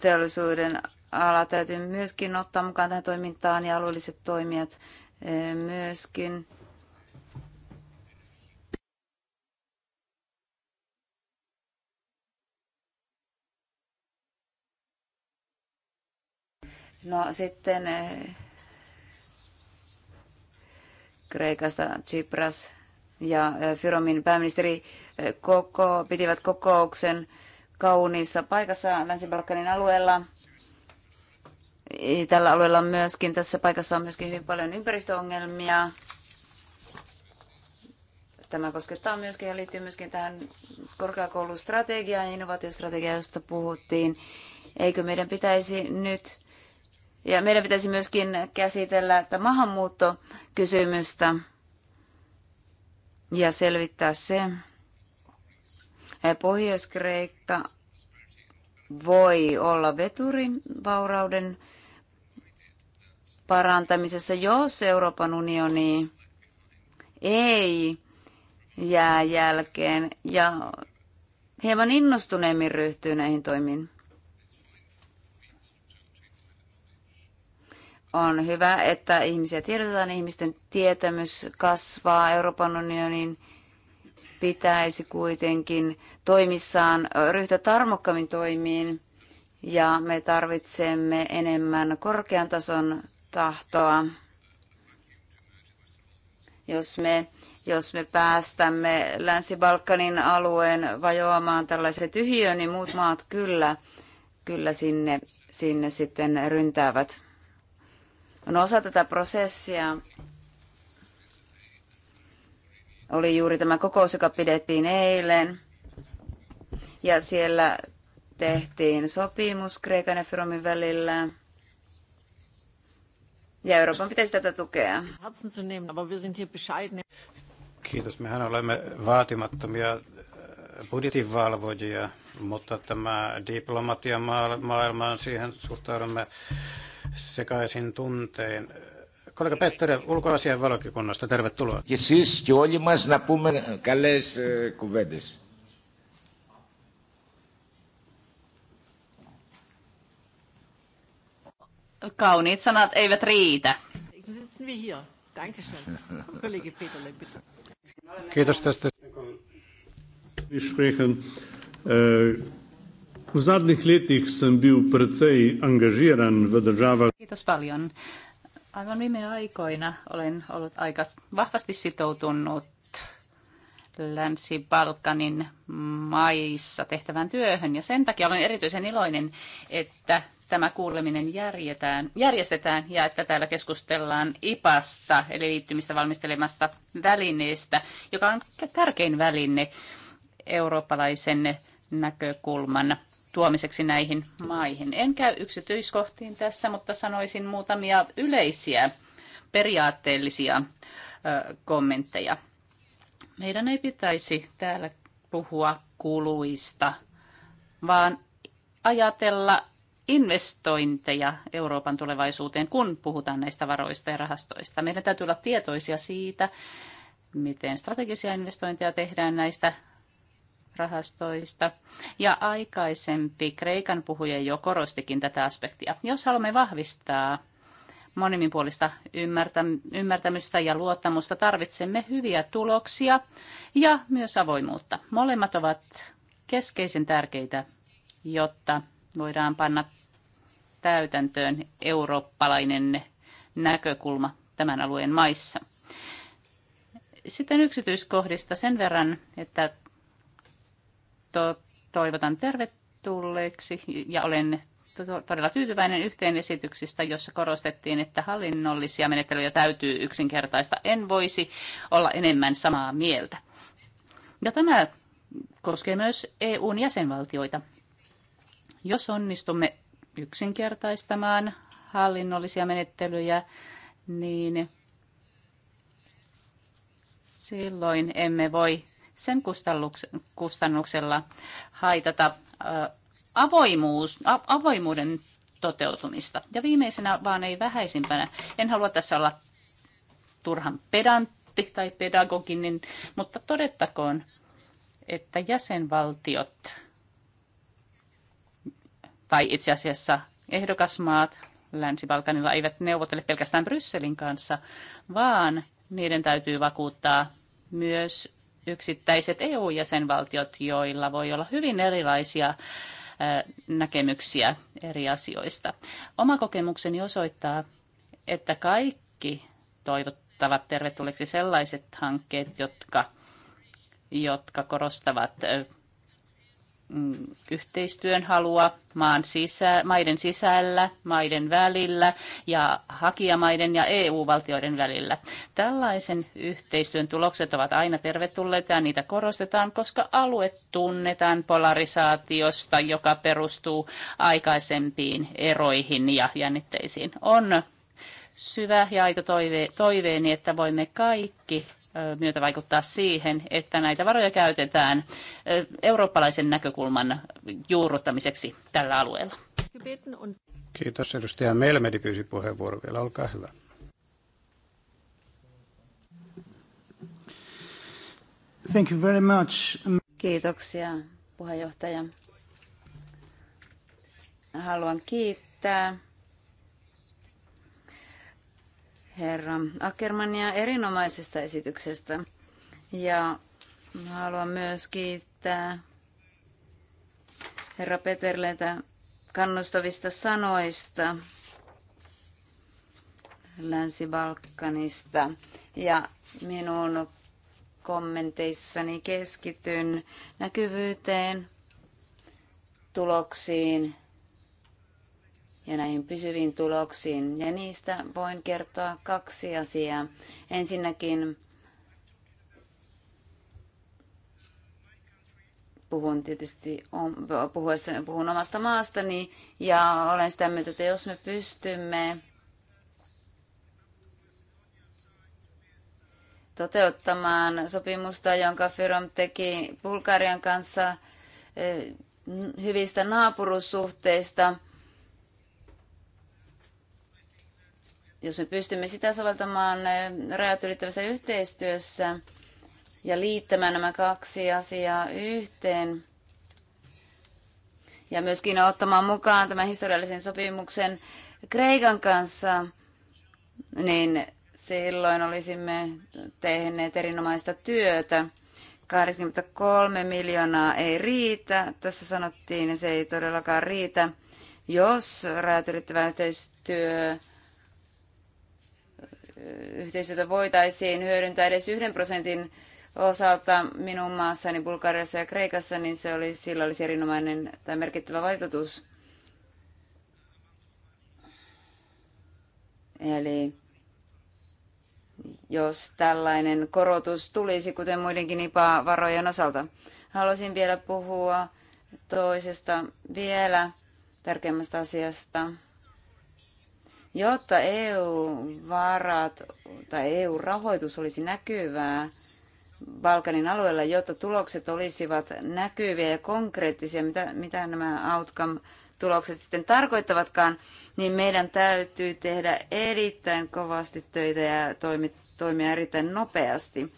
teollisuuden ala täytyy myöskin ottaa mukaan tähän toimintaan ja alueelliset toimijat eh, myöskin. No sitten eh, Kreikasta Tsipras ja Fyromin pääministeri koko, pitivät kokouksen kauniissa paikassa Länsi-Balkanin alueella. Tällä alueella on myöskin, tässä paikassa on myöskin hyvin paljon ympäristöongelmia. Tämä koskettaa myöskin ja liittyy myöskin tähän korkeakoulustrategiaan ja innovaatiostrategiaan, josta puhuttiin. Eikö meidän pitäisi nyt ja meidän pitäisi myöskin käsitellä että maahanmuuttokysymystä ja selvittää se. Pohjois-Kreikka voi olla veturin vaurauden parantamisessa, jos Euroopan unioni ei jää jälkeen ja hieman innostuneemmin ryhtyy näihin toimiin. on hyvä, että ihmisiä tiedotetaan, ihmisten tietämys kasvaa. Euroopan unionin pitäisi kuitenkin toimissaan ryhtyä tarmokkaammin toimiin ja me tarvitsemme enemmän korkean tason tahtoa. Jos me, jos me päästämme Länsi-Balkanin alueen vajoamaan tällaisen tyhjiön, niin muut maat kyllä, kyllä sinne, sinne sitten ryntäävät on osa tätä prosessia. Oli juuri tämä kokous, joka pidettiin eilen. Ja siellä tehtiin sopimus Kreikan ja Fyromin välillä. Ja Euroopan pitäisi tätä tukea. Kiitos. Mehän olemme vaatimattomia äh, budjetinvalvojia, mutta tämä diplomatia maailmaan siihen suhtaudumme sekaisin tunteen. Kollega Petter ulkoasian valokikunnasta, tervetuloa. Ja siis joolimas όλοι kalles kuvedes. Kauniit sanat eivät riitä. Kiitos tästä. Äh, V zadnjih letih sem bil precej angažiran v državah. Kiitos paljon. Aivan viime aikoina olen ollut aika vahvasti sitoutunut Länsi-Balkanin maissa tehtävään työhön. Ja sen takia olen erityisen iloinen, että tämä kuuleminen järjetään, järjestetään ja että täällä keskustellaan IPAsta, eli liittymistä valmistelemasta välineestä, joka on tärkein väline eurooppalaisen näkökulman tuomiseksi näihin maihin. En käy yksityiskohtiin tässä, mutta sanoisin muutamia yleisiä periaatteellisia kommentteja. Meidän ei pitäisi täällä puhua kuluista, vaan ajatella investointeja Euroopan tulevaisuuteen, kun puhutaan näistä varoista ja rahastoista. Meidän täytyy olla tietoisia siitä, miten strategisia investointeja tehdään näistä rahastoista. Ja aikaisempi Kreikan puhuja jo korostikin tätä aspektia. Jos haluamme vahvistaa monimipuolista ymmärtämystä ja luottamusta, tarvitsemme hyviä tuloksia ja myös avoimuutta. Molemmat ovat keskeisen tärkeitä, jotta voidaan panna täytäntöön eurooppalainen näkökulma tämän alueen maissa. Sitten yksityiskohdista sen verran, että to- toivotan tervetulleeksi ja olen todella tyytyväinen yhteen esityksistä, jossa korostettiin, että hallinnollisia menettelyjä täytyy yksinkertaista. En voisi olla enemmän samaa mieltä. Ja tämä koskee myös EUn jäsenvaltioita. Jos onnistumme yksinkertaistamaan hallinnollisia menettelyjä, niin silloin emme voi sen kustannuksella haitata avoimuus, avoimuuden toteutumista. Ja viimeisenä, vaan ei vähäisimpänä, en halua tässä olla turhan pedantti tai pedagoginen, mutta todettakoon, että jäsenvaltiot tai itse asiassa ehdokasmaat Länsi-Balkanilla eivät neuvottele pelkästään Brysselin kanssa, vaan niiden täytyy vakuuttaa myös yksittäiset EU-jäsenvaltiot, joilla voi olla hyvin erilaisia näkemyksiä eri asioista. Oma kokemukseni osoittaa, että kaikki toivottavat tervetulleeksi sellaiset hankkeet, jotka, jotka korostavat Mm, yhteistyön halua maan sisä, maiden sisällä, maiden välillä ja hakijamaiden ja EU-valtioiden välillä. Tällaisen yhteistyön tulokset ovat aina tervetulleita ja niitä korostetaan, koska alue tunnetaan polarisaatiosta, joka perustuu aikaisempiin eroihin ja jännitteisiin. On syvä ja aito toive, toiveeni, että voimme kaikki myötä vaikuttaa siihen, että näitä varoja käytetään eurooppalaisen näkökulman juurruttamiseksi tällä alueella. Kiitos. Edustaja Melmedi pyysi puheenvuoro vielä. Olkaa hyvä. Thank you very much. Kiitoksia puheenjohtaja. Haluan kiittää herra Ackermania erinomaisesta esityksestä. Ja haluan myös kiittää herra Peterletä kannustavista sanoista Länsi-Balkanista. Ja minun kommenteissani keskityn näkyvyyteen, tuloksiin ja näihin pysyviin tuloksiin. Ja niistä voin kertoa kaksi asiaa. Ensinnäkin puhun tietysti puhun omasta maastani ja olen sitä mieltä, että jos me pystymme toteuttamaan sopimusta, jonka Fyrom teki Bulgarian kanssa eh, hyvistä naapurussuhteista – jos me pystymme sitä soveltamaan eh, rajat ylittävässä yhteistyössä ja liittämään nämä kaksi asiaa yhteen ja myöskin ottamaan mukaan tämän historiallisen sopimuksen Kreikan kanssa, niin silloin olisimme tehneet erinomaista työtä. 83 miljoonaa ei riitä. Tässä sanottiin, että se ei todellakaan riitä, jos rajat ylittävä yhteistyö yhteistyötä voitaisiin hyödyntää edes yhden prosentin osalta minun maassani, Bulgariassa ja Kreikassa, niin se oli, sillä olisi erinomainen tai merkittävä vaikutus. Eli jos tällainen korotus tulisi, kuten muidenkin IPA-varojen osalta. Haluaisin vielä puhua toisesta vielä tärkeimmästä asiasta. Jotta EU-varat tai EU-rahoitus olisi näkyvää Balkanin alueella, jotta tulokset olisivat näkyviä ja konkreettisia, mitä, mitä nämä outcome tulokset sitten tarkoittavatkaan, niin meidän täytyy tehdä erittäin kovasti töitä ja toimia erittäin nopeasti.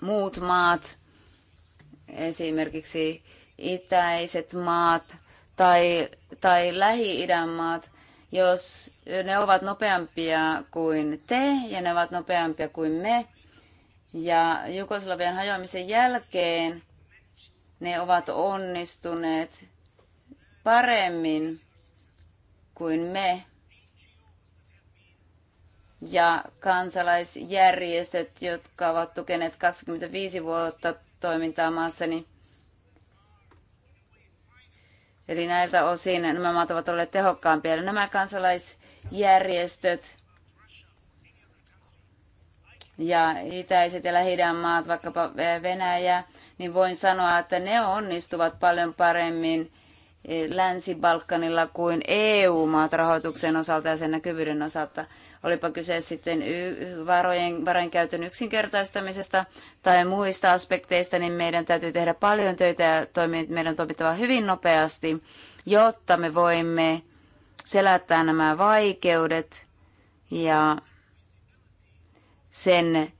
Muut maat, esimerkiksi itäiset maat tai, tai Lähi-idän maat, jos ne ovat nopeampia kuin te ja ne ovat nopeampia kuin me, ja Jugoslavian hajoamisen jälkeen ne ovat onnistuneet paremmin kuin me. Ja kansalaisjärjestöt, jotka ovat tukeneet 25 vuotta toimintaa maassani, Eli näiltä osin nämä maat ovat olleet tehokkaampia. Eli nämä kansalaisjärjestöt ja itäiset ja lähi maat, vaikkapa Venäjä, niin voin sanoa, että ne onnistuvat paljon paremmin Länsi-Balkanilla kuin EU-maat rahoituksen osalta ja sen näkyvyyden osalta olipa kyse sitten varojen, varojen käytön yksinkertaistamisesta tai muista aspekteista, niin meidän täytyy tehdä paljon töitä ja toimi, meidän on toimittava hyvin nopeasti, jotta me voimme selättää nämä vaikeudet ja sen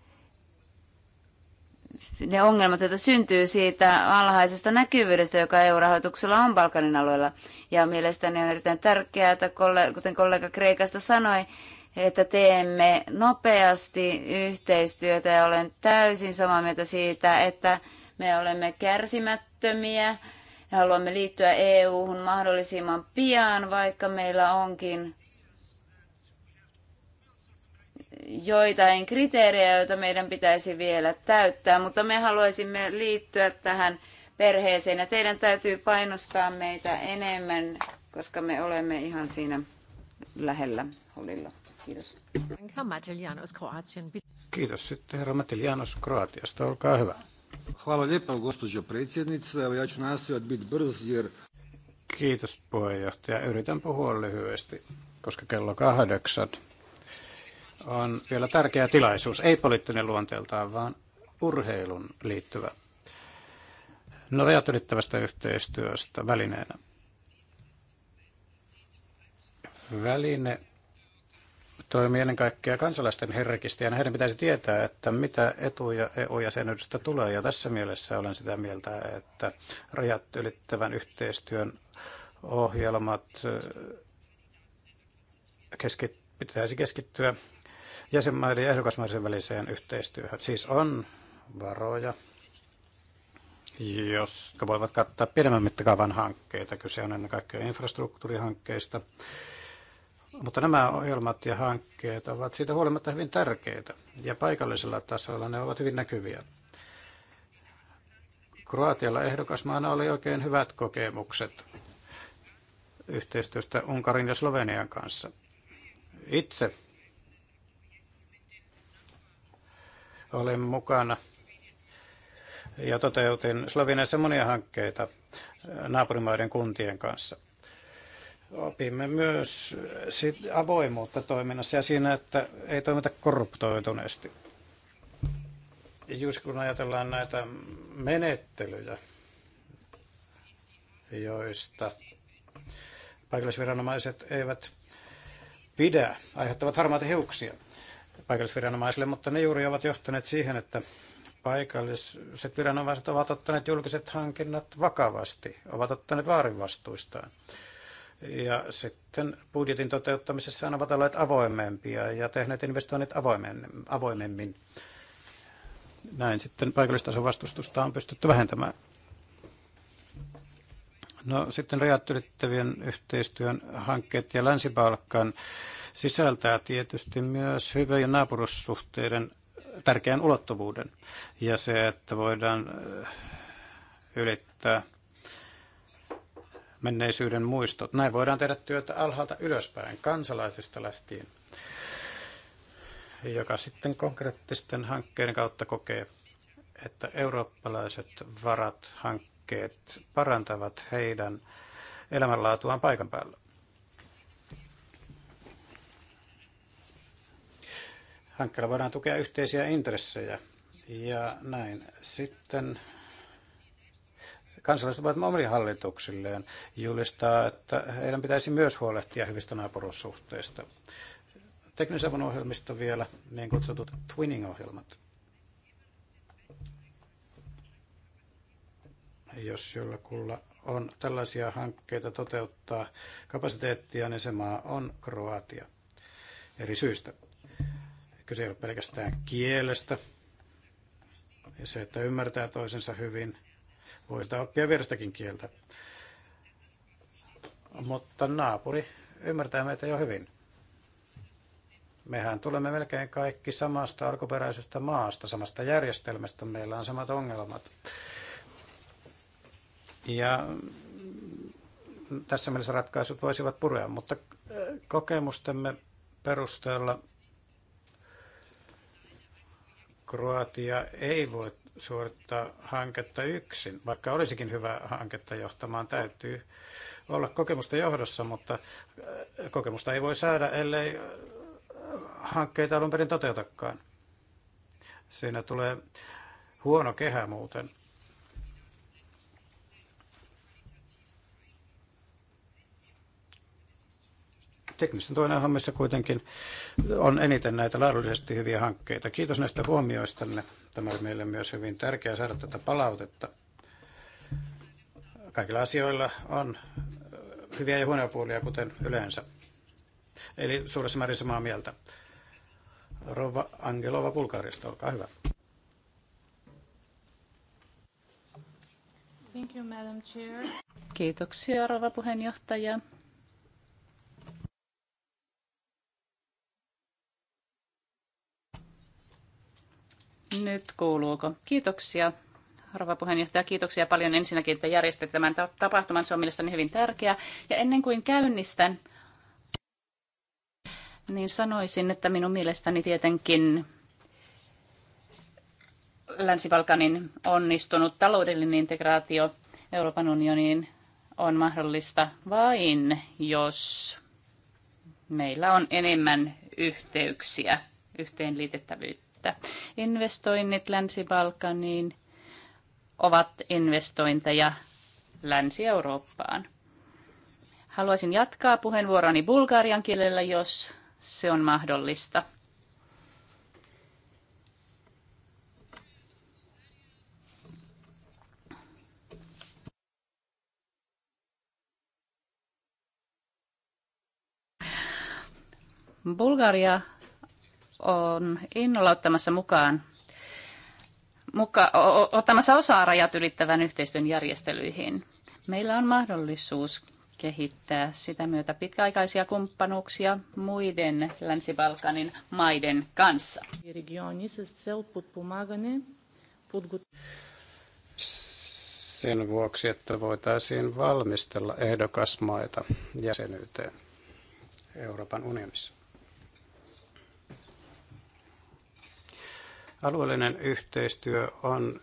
ne ongelmat, joita syntyy siitä alhaisesta näkyvyydestä, joka EU-rahoituksella on Balkanin alueella. Ja mielestäni on erittäin tärkeää, että kuten kollega Kreikasta sanoi, että teemme nopeasti yhteistyötä ja olen täysin samaa mieltä siitä, että me olemme kärsimättömiä ja haluamme liittyä EU-hun mahdollisimman pian, vaikka meillä onkin joitain kriteerejä, joita meidän pitäisi vielä täyttää, mutta me haluaisimme liittyä tähän perheeseen ja teidän täytyy painostaa meitä enemmän, koska me olemme ihan siinä lähellä holilla. Kiitos. Kiitos. Sitten herra Matilianos Kroatiasta. Olkaa hyvä. Hvala lijepa, gospođo predsjednice. Evo ja ću nastojati biti brz jer... Kiitos puheenjohtaja. Yritän puhua lyhyesti, koska kello kahdeksan on vielä tärkeä tilaisuus. Ei poliittinen luonteeltaan, vaan urheilun liittyvä. No rajat ylittävästä yhteistyöstä välineenä. Väline toimii ennen kaikkea kansalaisten herkisti, ja heidän pitäisi tietää, että mitä etuja EU-jäsenyydestä tulee. Ja tässä mielessä olen sitä mieltä, että rajat ylittävän yhteistyön ohjelmat äh, keskit, pitäisi keskittyä jäsenmaiden ja ehdokasmaiden väliseen yhteistyöhön. Siis on varoja, jotka voivat kattaa pidemmän mittakaavan hankkeita. Kyse on ennen kaikkea infrastruktuurihankkeista, mutta nämä ohjelmat ja hankkeet ovat siitä huolimatta hyvin tärkeitä ja paikallisella tasolla ne ovat hyvin näkyviä. Kroatialla ehdokasmaana oli oikein hyvät kokemukset yhteistyöstä Unkarin ja Slovenian kanssa. Itse olin mukana ja toteutin Sloveniassa monia hankkeita naapurimaiden kuntien kanssa – Opimme myös sit avoimuutta toiminnassa ja siinä, että ei toimita korruptoituneesti. Just kun ajatellaan näitä menettelyjä, joista paikallisviranomaiset eivät pidä, aiheuttavat harmaita hiuksia paikallisviranomaisille, mutta ne juuri ovat johtaneet siihen, että paikalliset viranomaiset ovat ottaneet julkiset hankinnat vakavasti, ovat ottaneet vaarin vastuistaan. Ja sitten budjetin toteuttamisessa ovat olleet avoimempia ja tehneet investoinnit avoimemmin. Näin sitten paikallistason vastustusta on pystytty vähentämään. No sitten rajat ylittävien yhteistyön hankkeet ja länsi sisältää tietysti myös hyvien naapurussuhteiden tärkeän ulottuvuuden ja se, että voidaan eh, ylittää menneisyyden muistot. Näin voidaan tehdä työtä alhaalta ylöspäin, kansalaisista lähtien, joka sitten konkreettisten hankkeiden kautta kokee, että eurooppalaiset varat, hankkeet parantavat heidän elämänlaatuaan paikan päällä. Hankkeella voidaan tukea yhteisiä intressejä ja näin sitten kansalaiset voivat hallituksilleen julistaa, että heidän pitäisi myös huolehtia hyvistä naapuruussuhteista. Teknisen avun ohjelmista vielä niin kutsutut twinning-ohjelmat. Jos jollakulla on tällaisia hankkeita toteuttaa kapasiteettia, niin se maa on Kroatia eri syistä. Kyse ei ole pelkästään kielestä ja se, että ymmärtää toisensa hyvin – voi sitä oppia vierestäkin kieltä. Mutta naapuri ymmärtää meitä jo hyvin. Mehän tulemme melkein kaikki samasta alkuperäisestä maasta, samasta järjestelmästä. Meillä on samat ongelmat. Ja tässä mielessä ratkaisut voisivat purea, mutta äh, kokemustemme perusteella Kroatia ei voi suorittaa hanketta yksin. Vaikka olisikin hyvä hanketta johtamaan, täytyy olla kokemusta johdossa, mutta äh, kokemusta ei voi saada, ellei äh, hankkeita alun perin toteutakaan. Siinä tulee huono kehä muuten. teknisten toinen hommissa kuitenkin on eniten näitä laadullisesti hyviä hankkeita. Kiitos näistä huomioistanne. Tämä oli meille myös hyvin tärkeää saada tätä palautetta. Kaikilla asioilla on hyviä ja huonoja puolia, kuten yleensä. Eli suuressa määrin samaa mieltä. Rova Angelova Bulgaarista, olkaa hyvä. Thank you, Madam Chair. Kiitoksia, rouva puheenjohtaja. Nyt kuuluuko? Kiitoksia, rouva puheenjohtaja. Kiitoksia paljon ensinnäkin, että järjestit tämän tapahtuman. Se on mielestäni hyvin tärkeä. Ja ennen kuin käynnistän, niin sanoisin, että minun mielestäni tietenkin Länsi-Balkanin onnistunut taloudellinen integraatio Euroopan unioniin on mahdollista vain, jos meillä on enemmän yhteyksiä, yhteenliitettävyyttä että investoinnit Länsi-Balkaniin ovat investointeja Länsi-Eurooppaan. Haluaisin jatkaa puheenvuoroni bulgarian kielellä, jos se on mahdollista. Bulgaria on innolla ottamassa mukaan muka, ottamassa osaa rajat ylittävän yhteistyön järjestelyihin. Meillä on mahdollisuus kehittää sitä myötä pitkäaikaisia kumppanuuksia muiden Länsi-Balkanin maiden kanssa. Sen vuoksi, että voitaisiin valmistella ehdokasmaita jäsenyyteen Euroopan unionissa. Alueellinen yhteistyö on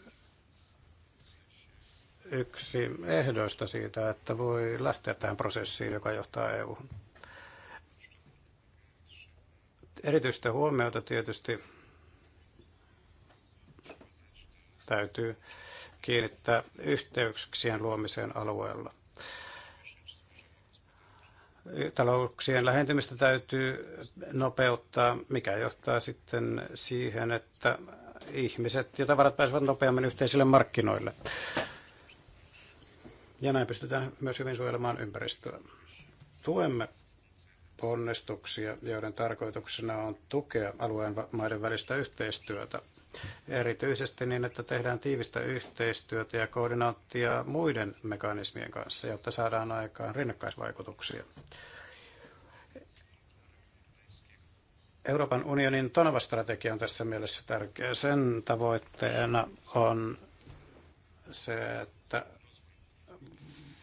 yksi ehdoista siitä, että voi lähteä tähän prosessiin, joka johtaa eu Erityistä huomiota tietysti täytyy kiinnittää yhteyksien luomiseen alueella talouksien lähentymistä täytyy nopeuttaa, mikä johtaa sitten siihen, että ihmiset ja tavarat pääsevät nopeammin yhteisille markkinoille. Ja näin pystytään myös hyvin suojelemaan ympäristöä. Tuemme ponnistuksia, joiden tarkoituksena on tukea alueen maiden välistä yhteistyötä. Erityisesti niin, että tehdään tiivistä yhteistyötä ja koordinaattia muiden mekanismien kanssa, jotta saadaan aikaan rinnakkaisvaikutuksia. Euroopan unionin Tonava-strategia on tässä mielessä tärkeä. Sen tavoitteena on se, että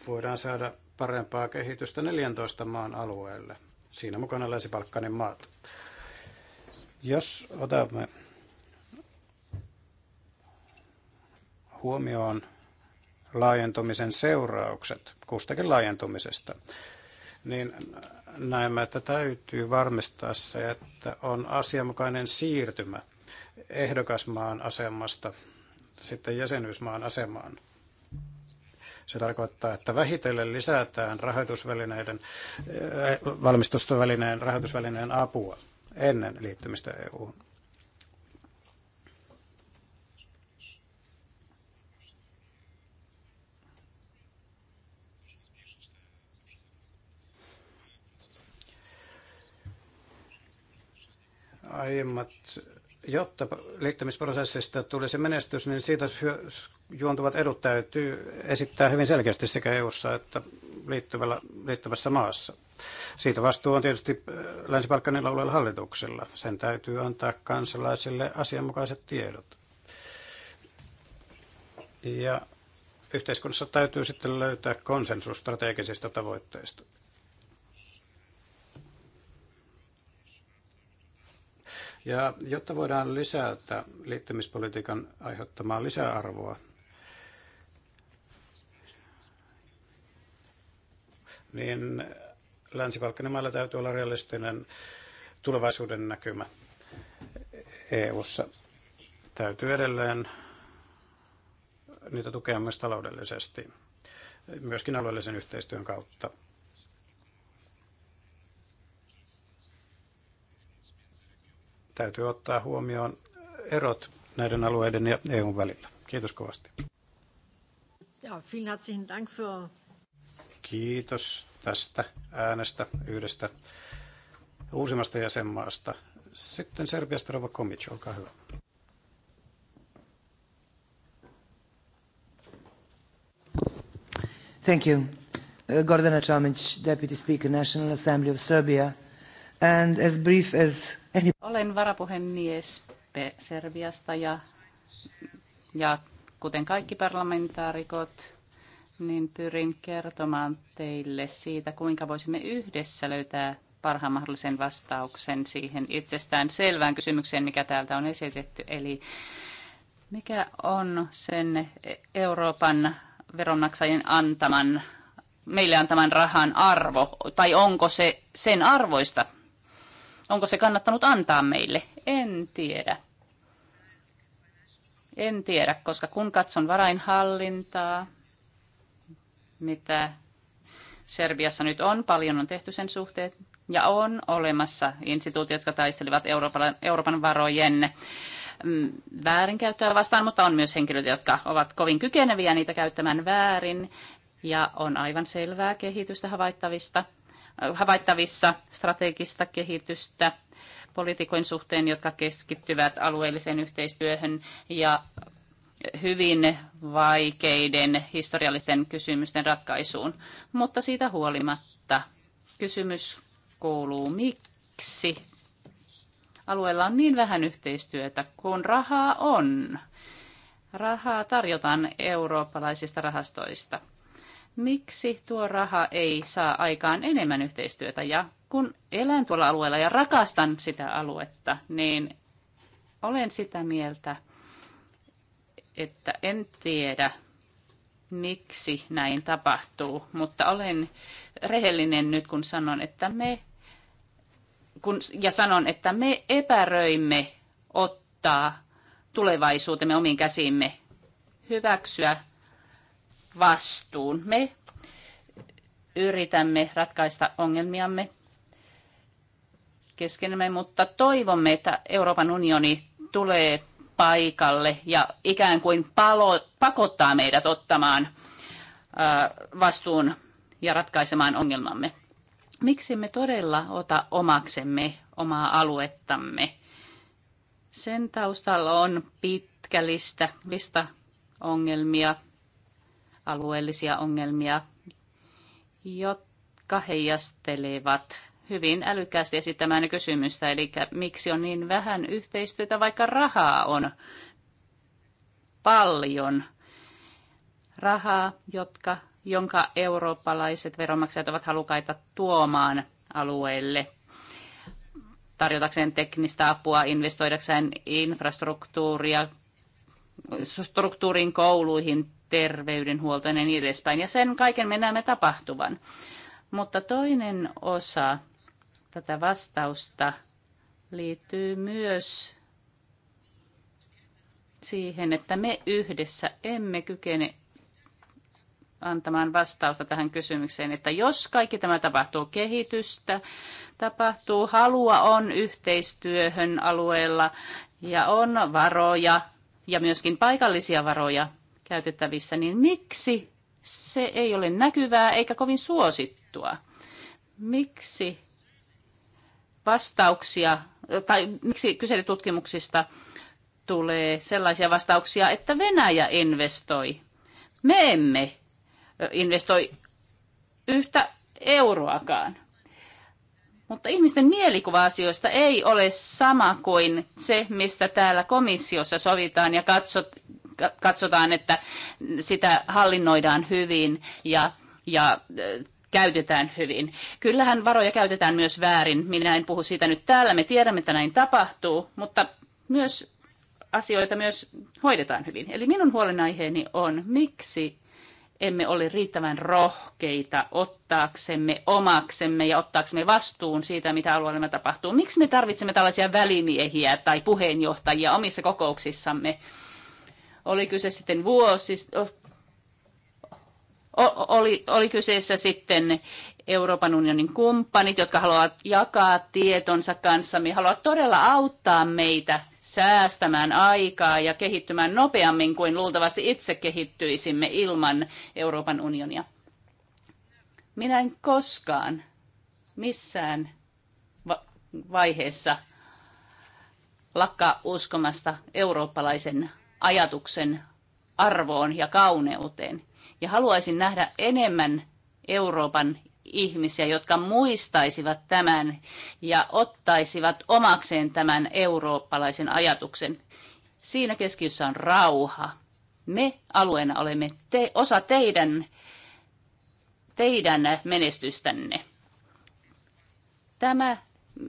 voidaan saada parempaa kehitystä 14 maan alueelle – Siinä mukana länsipalkkainen maat. Jos otamme huomioon laajentumisen seuraukset kustakin laajentumisesta, niin näemme, että täytyy varmistaa se, että on asianmukainen siirtymä ehdokasmaan asemasta sitten jäsenyysmaan asemaan. Se tarkoittaa, että vähitellen lisätään rahoitusvälineiden, eh, valmistustovälineen rahoitusvälineen apua ennen liittymistä EU:hun. aiemmat Jotta liittymisprosessista tulisi menestys, niin siitä juontuvat edut täytyy esittää hyvin selkeästi sekä EU:ssa että liittyvällä, liittyvässä maassa. Siitä vastuu on tietysti äh, länsi alueella hallituksella. Sen täytyy antaa kansalaisille asianmukaiset tiedot. Ja yhteiskunnassa täytyy sitten löytää konsensus strategisista tavoitteista. Ja jotta voidaan lisätä liittymispolitiikan aiheuttamaa lisäarvoa, niin länsi mailla täytyy olla realistinen tulevaisuuden näkymä EU-ssa. Täytyy edelleen niitä tukea myös taloudellisesti, myöskin alueellisen yhteistyön kautta. Täytyy ottaa huomioon erot näiden alueiden ja EUn välillä. Kiitos kovasti. Ja, vielen herzlichen Dank für... Kiitos tästä äänestä yhdestä uusimmasta jäsenmaasta. Sitten Serbiasta Rova Komic, olkaa hyvä. Thank you. Uh, Gordana Čomić, Deputy Speaker, National Assembly of Serbia and as brief as any... Olen varapuhemies Serbiasta ja, ja kuten kaikki parlamentaarikot, niin pyrin kertomaan teille siitä, kuinka voisimme yhdessä löytää parhaan mahdollisen vastauksen siihen itsestään selvään kysymykseen, mikä täältä on esitetty. Eli mikä on sen Euroopan veronmaksajien antaman, meille antaman rahan arvo, tai onko se sen arvoista Onko se kannattanut antaa meille? En tiedä. En tiedä, koska kun katson varainhallintaa, mitä Serbiassa nyt on, paljon on tehty sen suhteen, ja on olemassa instituutiot, jotka taistelivat Euroopan, Euroopan varojen mm, väärinkäyttöä vastaan, mutta on myös henkilöitä, jotka ovat kovin kykeneviä niitä käyttämään väärin, ja on aivan selvää kehitystä havaittavista havaittavissa strategista kehitystä poliitikoin suhteen, jotka keskittyvät alueelliseen yhteistyöhön ja hyvin vaikeiden historiallisten kysymysten ratkaisuun. Mutta siitä huolimatta kysymys kuuluu, miksi alueella on niin vähän yhteistyötä, kun rahaa on. Rahaa tarjotaan eurooppalaisista rahastoista miksi tuo raha ei saa aikaan enemmän yhteistyötä. Ja kun elän tuolla alueella ja rakastan sitä aluetta, niin olen sitä mieltä, että en tiedä, miksi näin tapahtuu, mutta olen rehellinen nyt, kun sanon, että me, kun, ja sanon, että me epäröimme ottaa tulevaisuutemme omiin käsiimme, hyväksyä vastuun. Me yritämme ratkaista ongelmiamme keskenämme, mutta toivomme, että Euroopan unioni tulee paikalle ja ikään kuin palo, pakottaa meidät ottamaan vastuun ja ratkaisemaan ongelmamme. Miksi me todella ota omaksemme omaa aluettamme? Sen taustalla on pitkä lista, lista ongelmia, alueellisia ongelmia, jotka heijastelevat hyvin älykkäästi esittämään kysymystä, eli miksi on niin vähän yhteistyötä, vaikka rahaa on paljon. Rahaa, jotka, jonka eurooppalaiset veronmaksajat ovat halukaita tuomaan alueelle tarjotakseen teknistä apua, investoidakseen infrastruktuuria, struktuurin kouluihin, terveydenhuoltoon ja niin edespäin. Ja sen kaiken me näemme tapahtuvan. Mutta toinen osa tätä vastausta liittyy myös siihen, että me yhdessä emme kykene antamaan vastausta tähän kysymykseen, että jos kaikki tämä tapahtuu kehitystä, tapahtuu halua on yhteistyöhön alueella ja on varoja ja myöskin paikallisia varoja käytettävissä, niin miksi se ei ole näkyvää eikä kovin suosittua? Miksi vastauksia tai miksi kyselytutkimuksista tulee sellaisia vastauksia, että Venäjä investoi? Me emme investoi yhtä euroakaan. Mutta ihmisten mielikuva asioista ei ole sama kuin se, mistä täällä komissiossa sovitaan ja katsot, katsotaan, että sitä hallinnoidaan hyvin ja, ja äh, käytetään hyvin. Kyllähän varoja käytetään myös väärin. Minä en puhu siitä nyt täällä. Me tiedämme, että näin tapahtuu, mutta myös asioita myös hoidetaan hyvin. Eli minun huolenaiheeni on, miksi emme ole riittävän rohkeita ottaaksemme omaksemme ja ottaaksemme vastuun siitä, mitä alueellamme tapahtuu. Miksi me tarvitsemme tällaisia välimiehiä tai puheenjohtajia omissa kokouksissamme? Oli kyse sitten vuosi, oli, oli kyseessä sitten Euroopan unionin kumppanit, jotka haluavat jakaa tietonsa kanssamme, haluavat todella auttaa meitä säästämään aikaa ja kehittymään nopeammin kuin luultavasti itse kehittyisimme ilman Euroopan unionia. Minä en koskaan missään vaiheessa lakkaa uskomasta eurooppalaisen ajatuksen arvoon ja kauneuteen. Ja haluaisin nähdä enemmän Euroopan ihmisiä, jotka muistaisivat tämän ja ottaisivat omakseen tämän eurooppalaisen ajatuksen. Siinä keskiössä on rauha. Me alueena olemme te, osa teidän, teidän menestystänne. Tämä,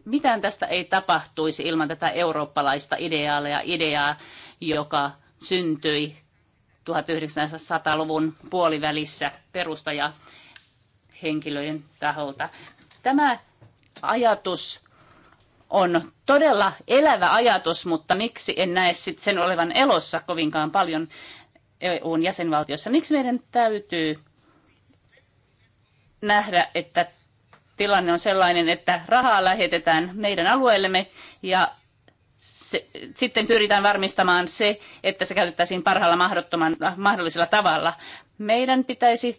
mitään tästä ei tapahtuisi ilman tätä eurooppalaista ideaalia, ideaa, joka syntyi 1900-luvun puolivälissä perustaja henkilöiden taholta. Tämä ajatus on todella elävä ajatus, mutta miksi en näe sit sen olevan elossa kovinkaan paljon EUn jäsenvaltiossa? Miksi meidän täytyy nähdä, että tilanne on sellainen, että rahaa lähetetään meidän alueellemme ja se, sitten pyritään varmistamaan se, että se käytettäisiin parhaalla mahdollisella tavalla. Meidän pitäisi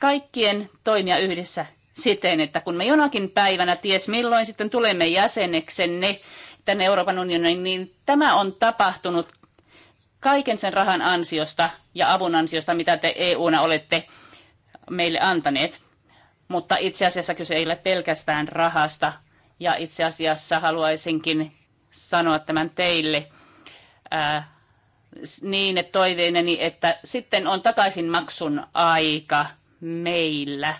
kaikkien toimia yhdessä siten, että kun me jonakin päivänä, ties milloin sitten tulemme jäseneksenne tänne Euroopan unioniin, niin tämä on tapahtunut kaiken sen rahan ansiosta ja avun ansiosta, mitä te EUna olette meille antaneet. Mutta itse asiassa kyse ei ole pelkästään rahasta, ja itse asiassa haluaisinkin sanoa tämän teille ää, niin, että toiveeni, että sitten on takaisin maksun aika – meillä.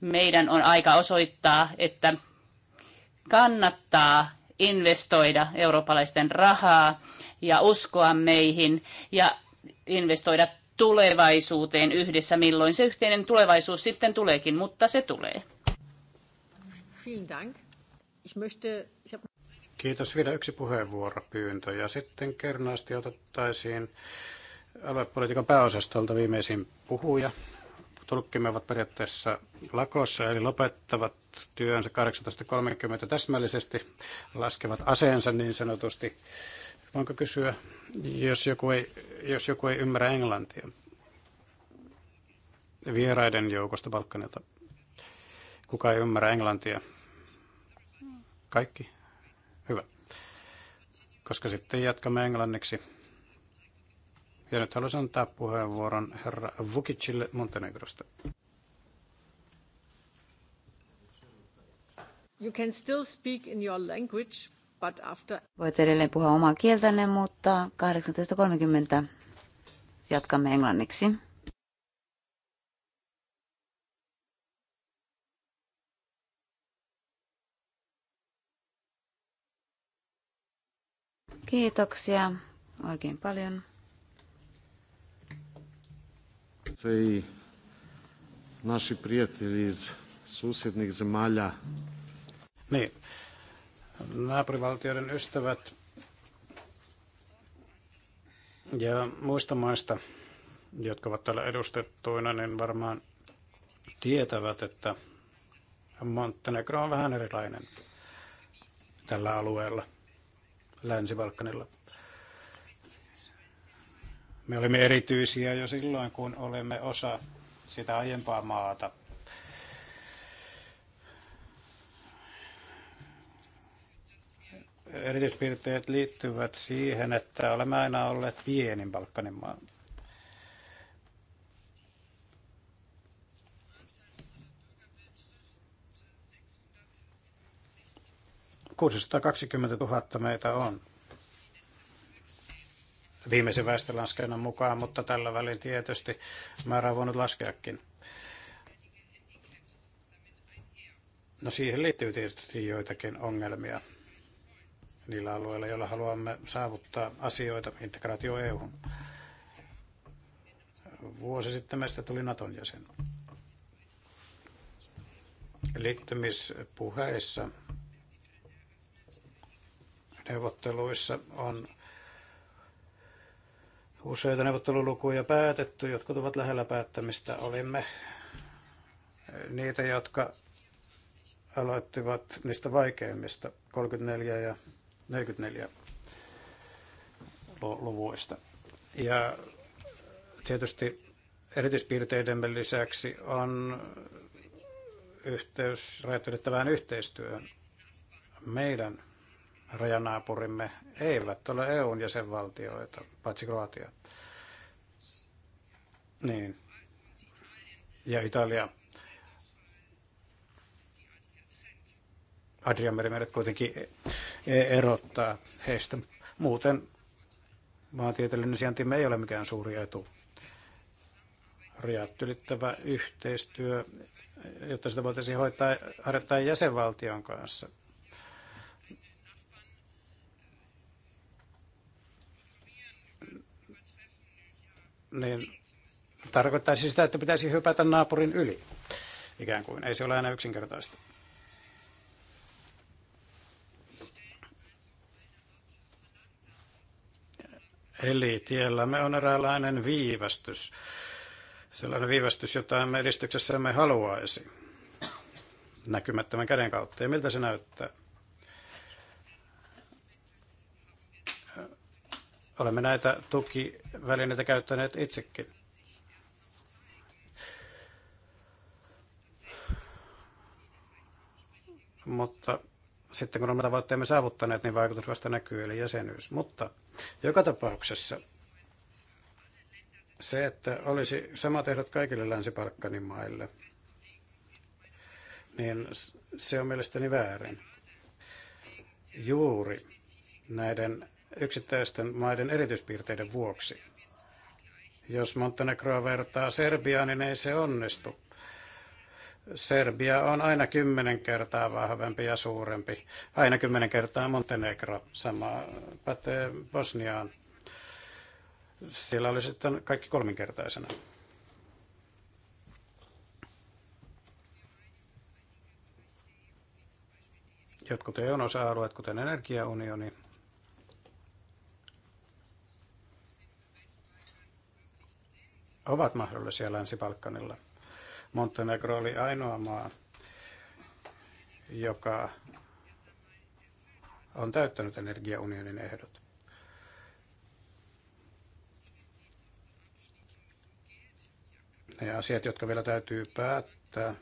Meidän on aika osoittaa, että kannattaa investoida eurooppalaisten rahaa ja uskoa meihin ja investoida tulevaisuuteen yhdessä, milloin se yhteinen tulevaisuus sitten tuleekin, mutta se tulee. Kiitos. Vielä yksi puheenvuoropyyntö ja sitten kernaasti otettaisiin aluepolitiikan pääosastolta viimeisin puhuja. Tulkkimme ovat periaatteessa lakossa, eli lopettavat työnsä 18.30 täsmällisesti, laskevat aseensa niin sanotusti. Voinko kysyä, jos joku ei, jos joku ei ymmärrä englantia vieraiden joukosta Balkanilta? Kuka ei ymmärrä englantia? Kaikki? Hyvä. Koska sitten jatkamme englanniksi. Ja nyt haluaisin antaa puheenvuoron herra Vukicille Montenegrosta. You can still speak in your language, but after... Voit edelleen puhua omaa kieltänne, mutta 18.30 jatkamme englanniksi. Kiitoksia oikein paljon i naši prijatelji iz susjednih zemalja. Niin. Naapurivaltioiden ystävät ja muista maista, jotka ovat täällä edustettuina, niin varmaan tietävät, että Montenegro on vähän erilainen tällä alueella, Länsi-Balkanilla. Me olemme erityisiä jo silloin, kun olemme osa sitä aiempaa maata. Erityispiirteet liittyvät siihen, että olemme aina olleet pienin Balkanin maa. Kuusisataakaksikymmentä 000 meitä on viimeisen väestölaskennan mukaan, mutta tällä välin tietysti määrä on voinut laskeakin. No siihen liittyy tietysti joitakin ongelmia niillä alueilla, joilla haluamme saavuttaa asioita integraatio EU-hun. Vuosi sitten meistä tuli Naton jäsen. Liittymispuheissa neuvotteluissa on useita neuvottelulukuja päätetty, jotkut ovat lähellä päättämistä. Olimme niitä, jotka aloittivat niistä vaikeimmista 34 ja 44 luvuista. Ja tietysti erityispiirteidemme lisäksi on yhteys rajatylittävään yhteistyöhön. Meidän rajanaapurimme eivät ole EUn jäsenvaltioita, paitsi Kroatia. Niin. Ja Italia. Adrianmeri meidät kuitenkin e- e- erottaa heistä. Muuten maantieteellinen sijaintimme ei ole mikään suuri etu. Rajat ylittävä yhteistyö, jotta sitä voitaisiin hoitaa, harjoittaa jäsenvaltion kanssa. niin tarkoittaisi sitä, että pitäisi hypätä naapurin yli. Ikään kuin. Ei se ole aina yksinkertaista. Eli tiellämme on eräänlainen viivästys. Sellainen viivästys, jota emme edistyksessämme haluaisi näkymättömän käden kautta. Ja miltä se näyttää? Olemme näitä tukivälineitä käyttäneet itsekin. Mutta sitten kun olemme tavoitteemme saavuttaneet, niin vaikutus vasta näkyy, eli jäsenyys. Mutta joka tapauksessa se, että olisi samat ehdot kaikille länsi maille, niin se on mielestäni väärin. Juuri näiden yksittäisten maiden erityispiirteiden vuoksi. Jos Montenegroa vertaa Serbiaan, niin ei se onnistu. Serbia on aina kymmenen kertaa vahvempi ja suurempi. Aina kymmenen kertaa Montenegro. Sama pätee Bosniaan. Siellä oli sitten kaikki kolminkertaisena. Jotkut eu osa-alueet, kuten energiaunioni, ovat mahdollisia Länsi-Balkanilla. Montenegro oli ainoa maa, joka on täyttänyt energiaunionin ehdot. Ne asiat, jotka vielä täytyy päättää,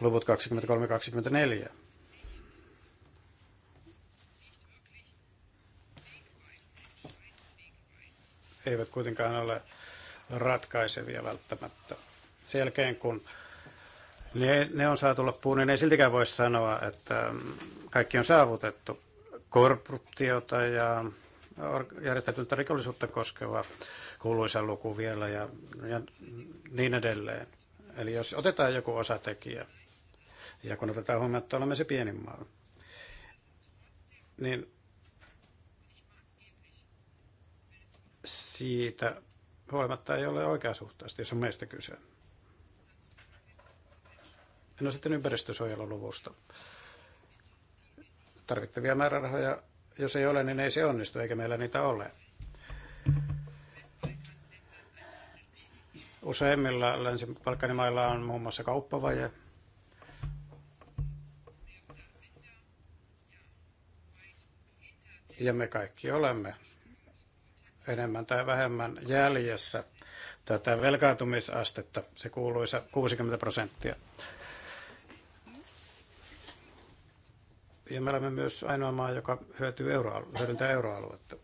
luvut 23-24 eivät kuitenkaan ole ratkaisevia välttämättä. Sen jälkeen kun ne, ne on saatu loppuun, niin ei siltikään voi sanoa, että mm, kaikki on saavutettu. Korruptiota ja järjestäytynyttä rikollisuutta koskeva kuuluisa luku vielä ja, ja niin edelleen. Eli jos otetaan joku osatekijä, ja kun otetaan huomioon, että olemme se pienin maa, niin siitä huolimatta ei ole oikeasuhtaista, jos on meistä kyse. No sitten ympäristösuojeluluvusta. Tarvittavia määrärahoja, jos ei ole, niin ei se onnistu, eikä meillä niitä ole. Useimmilla länsi on muun muassa kauppavaje. Ja me kaikki olemme enemmän tai vähemmän jäljessä tätä velkaantumisastetta, se kuuluisa 60 prosenttia. Ja me olemme myös ainoa maa, joka hyötyy euro, hyödyntää euroaluetta.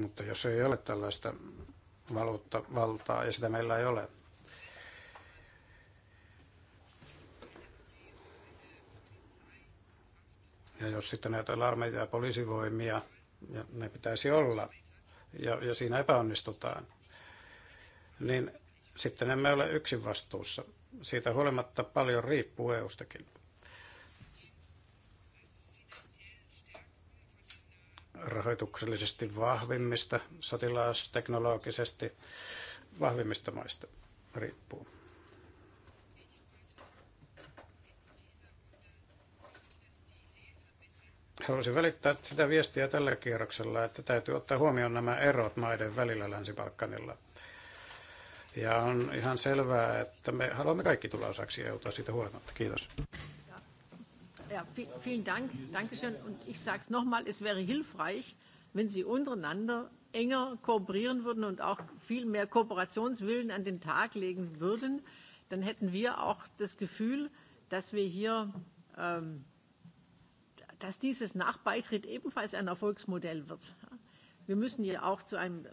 Mutta jos ei ole tällaista valuuttavaltaa, ja sitä meillä ei ole, Ja jos sitten ajatellaan armeijaa poliisivoimia, ja ne pitäisi olla, ja, ja siinä epäonnistutaan, niin sitten emme ole yksin vastuussa. Siitä huolimatta paljon riippuu EUstakin. rahoituksellisesti vahvimmista, sotilaasteknologisesti vahvimmista maista riippuu. Haluaisin välittää sitä viestiä tällä kierroksella, että täytyy ottaa huomioon nämä erot maiden välillä Länsi-Balkanilla. Ja on ihan selvää, että me haluamme kaikki tulla osaksi EUta siitä huolimatta. Kiitos. Ja, vielen Dank. Dankeschön. Und ich sag's nochmal, es wäre hilfreich, wenn Sie untereinander enger kooperieren würden und auch viel mehr Kooperationswillen an den Tag legen würden, dann hätten wir auch das Gefühl, dass wir hier ähm, dass dieses nach Beitritt ebenfalls ein Erfolgsmodell wird. Wir müssen ja auch zu einem,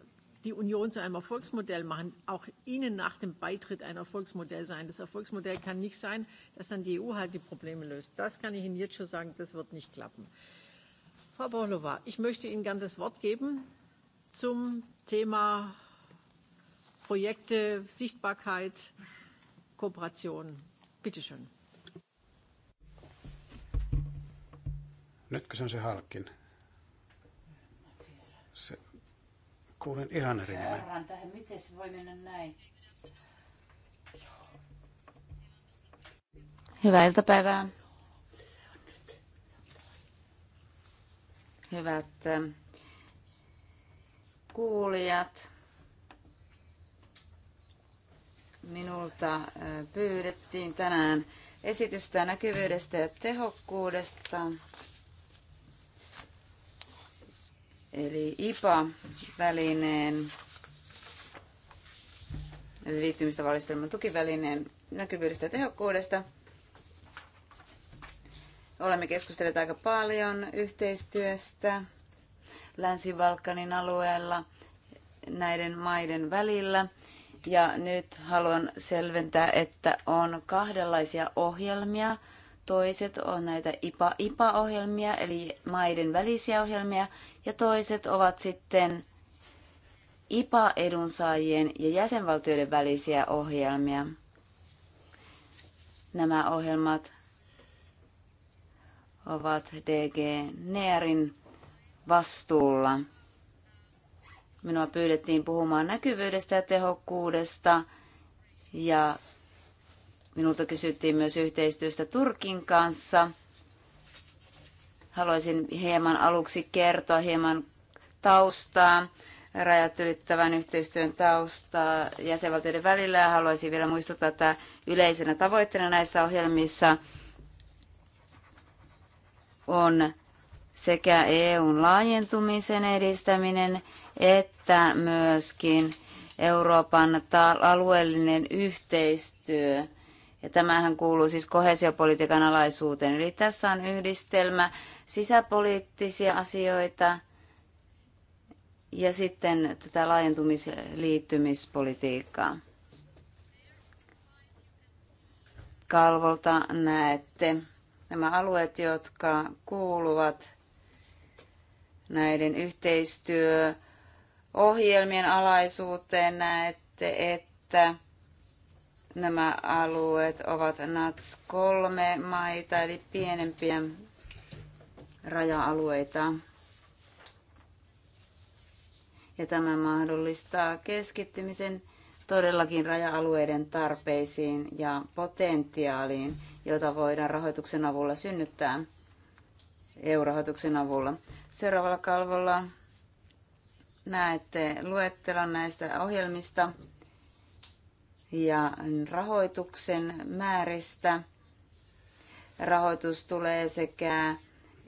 die Union zu einem Erfolgsmodell machen, auch Ihnen nach dem Beitritt ein Erfolgsmodell sein. Das Erfolgsmodell kann nicht sein, dass dann die EU halt die Probleme löst. Das kann ich Ihnen jetzt schon sagen, das wird nicht klappen. Frau Borlova, ich möchte Ihnen gern das Wort geben zum Thema Projekte, Sichtbarkeit, Kooperation. Bitte schön. Nytkö se on se halkin? Se, kuulen ihan eri nimen. miten se voi mennä näin? Hyvää iltapäivää. Hyvät ähm, kuulijat, minulta äh, pyydettiin tänään esitystä näkyvyydestä ja tehokkuudesta eli IPA-välineen, eli liittymistä valistelman tukivälineen näkyvyydestä ja tehokkuudesta. Olemme keskustelleet aika paljon yhteistyöstä Länsi-Balkanin alueella näiden maiden välillä. Ja nyt haluan selventää, että on kahdenlaisia ohjelmia. Toiset on näitä IPA-ohjelmia, eli maiden välisiä ohjelmia, ja toiset ovat sitten IPA-edunsaajien ja jäsenvaltioiden välisiä ohjelmia. Nämä ohjelmat ovat DG Neerin vastuulla. Minua pyydettiin puhumaan näkyvyydestä ja tehokkuudesta ja minulta kysyttiin myös yhteistyöstä Turkin kanssa – Haluaisin hieman aluksi kertoa hieman taustaa, rajat ylittävän yhteistyön taustaa jäsenvaltioiden välillä ja haluaisin vielä muistuttaa, että yleisenä tavoitteena näissä ohjelmissa on sekä EUn laajentumisen edistäminen että myöskin Euroopan alueellinen yhteistyö. Ja tämähän kuuluu siis kohesiopolitiikan alaisuuteen. Eli tässä on yhdistelmä sisäpoliittisia asioita ja sitten tätä laajentumisliittymispolitiikkaa. Kalvolta näette nämä alueet, jotka kuuluvat näiden yhteistyöohjelmien alaisuuteen. Näette, että nämä alueet ovat NATS 3 maita, eli pienempiä raja-alueita. Ja tämä mahdollistaa keskittymisen todellakin raja-alueiden tarpeisiin ja potentiaaliin, jota voidaan rahoituksen avulla synnyttää EU-rahoituksen avulla. Seuraavalla kalvolla näette luettelon näistä ohjelmista ja rahoituksen määristä. Rahoitus tulee sekä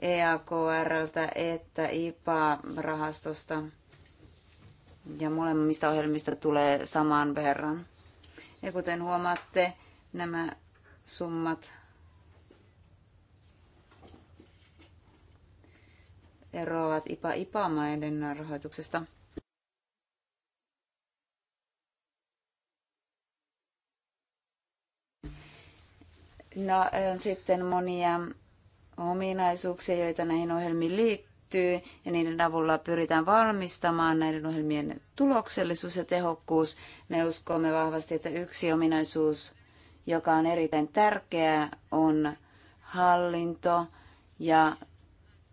EAKRltä että IPA-rahastosta. Ja molemmista ohjelmista tulee saman verran. Ja kuten huomaatte, nämä summat eroavat IPA-IPA-maiden rahoituksesta. No, sitten monia ominaisuuksia, joita näihin ohjelmiin liittyy, ja niiden avulla pyritään varmistamaan näiden ohjelmien tuloksellisuus ja tehokkuus. Me uskomme vahvasti, että yksi ominaisuus, joka on erittäin tärkeää, on hallinto ja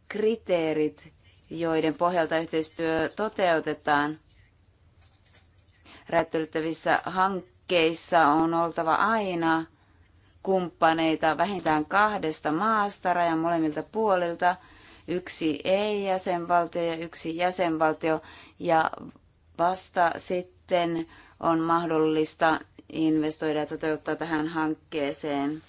kriteerit, joiden pohjalta yhteistyö toteutetaan. Räättylyttävissä hankkeissa on oltava aina kumppaneita vähintään kahdesta maasta rajan molemmilta puolilta, yksi ei-jäsenvaltio ja yksi jäsenvaltio, ja vasta sitten on mahdollista investoida ja toteuttaa tähän hankkeeseen.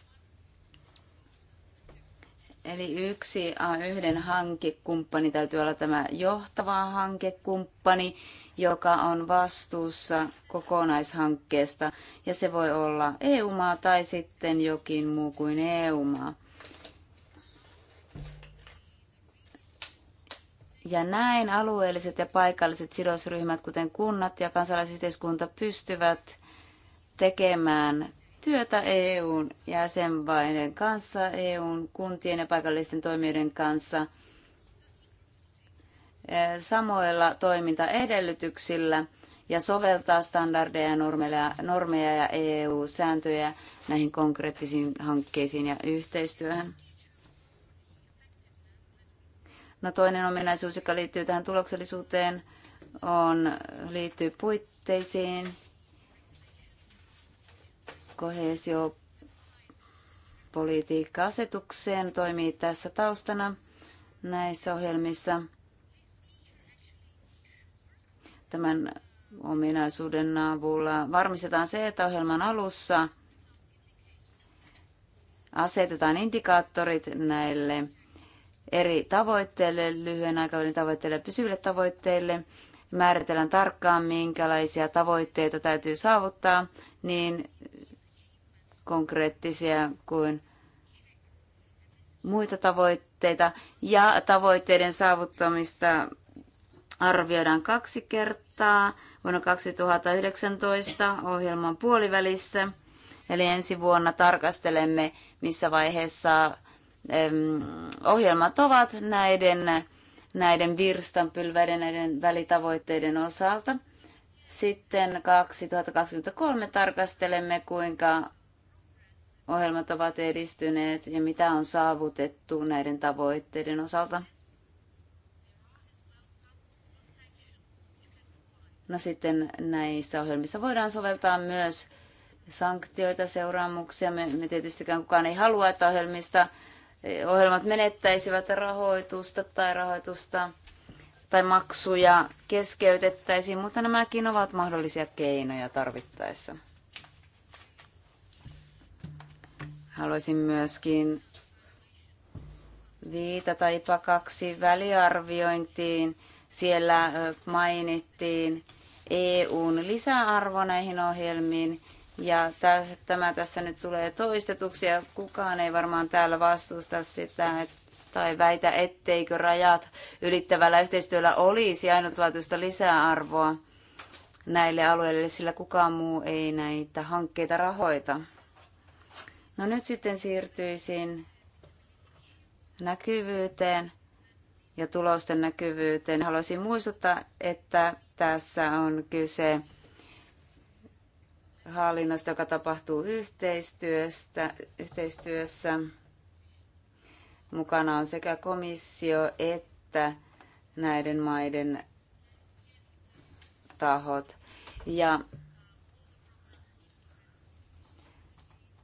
Eli yksi a yhden hankekumppani täytyy olla tämä johtava hankekumppani, joka on vastuussa kokonaishankkeesta, ja se voi olla EU-maa tai sitten jokin muu kuin EU-maa. Ja näin alueelliset ja paikalliset sidosryhmät, kuten kunnat ja kansalaisyhteiskunta, pystyvät tekemään työtä EUn jäsenmaiden kanssa, EUn kuntien ja paikallisten toimijoiden kanssa – Eh, samoilla toimintaedellytyksillä ja soveltaa standardeja ja normeja, normeja ja EU-sääntöjä näihin konkreettisiin hankkeisiin ja yhteistyöhön. No toinen ominaisuus, joka liittyy tähän tuloksellisuuteen, on, liittyy puitteisiin, politiikka asetukseen toimii tässä taustana näissä ohjelmissa – Tämän ominaisuuden avulla varmistetaan se, että ohjelman alussa asetetaan indikaattorit näille eri tavoitteille, lyhyen aikavälin tavoitteille ja pysyville tavoitteille. Määritellään tarkkaan, minkälaisia tavoitteita täytyy saavuttaa, niin konkreettisia kuin muita tavoitteita ja tavoitteiden saavuttamista arvioidaan kaksi kertaa vuonna 2019 ohjelman puolivälissä. Eli ensi vuonna tarkastelemme, missä vaiheessa ohjelmat ovat näiden, näiden virstanpylväiden, näiden välitavoitteiden osalta. Sitten 2023 tarkastelemme, kuinka ohjelmat ovat edistyneet ja mitä on saavutettu näiden tavoitteiden osalta. No sitten näissä ohjelmissa voidaan soveltaa myös sanktioita, seuraamuksia. Me, me tietystikään kukaan ei halua, että ohjelmista, eh, ohjelmat menettäisivät rahoitusta tai rahoitusta tai maksuja keskeytettäisiin, mutta nämäkin ovat mahdollisia keinoja tarvittaessa. Haluaisin myöskin viitata IPA 2 väliarviointiin. Siellä eh, mainittiin EUn lisäarvo näihin ohjelmiin. Ja tässä, tämä tässä nyt tulee toistetuksi ja kukaan ei varmaan täällä vastusta sitä että, tai väitä, etteikö rajat ylittävällä yhteistyöllä olisi ainutlaatuista lisäarvoa näille alueille, sillä kukaan muu ei näitä hankkeita rahoita. No nyt sitten siirtyisin näkyvyyteen ja tulosten näkyvyyteen. Haluaisin muistuttaa, että tässä on kyse hallinnosta, joka tapahtuu yhteistyöstä, yhteistyössä. Mukana on sekä komissio että näiden maiden tahot. Ja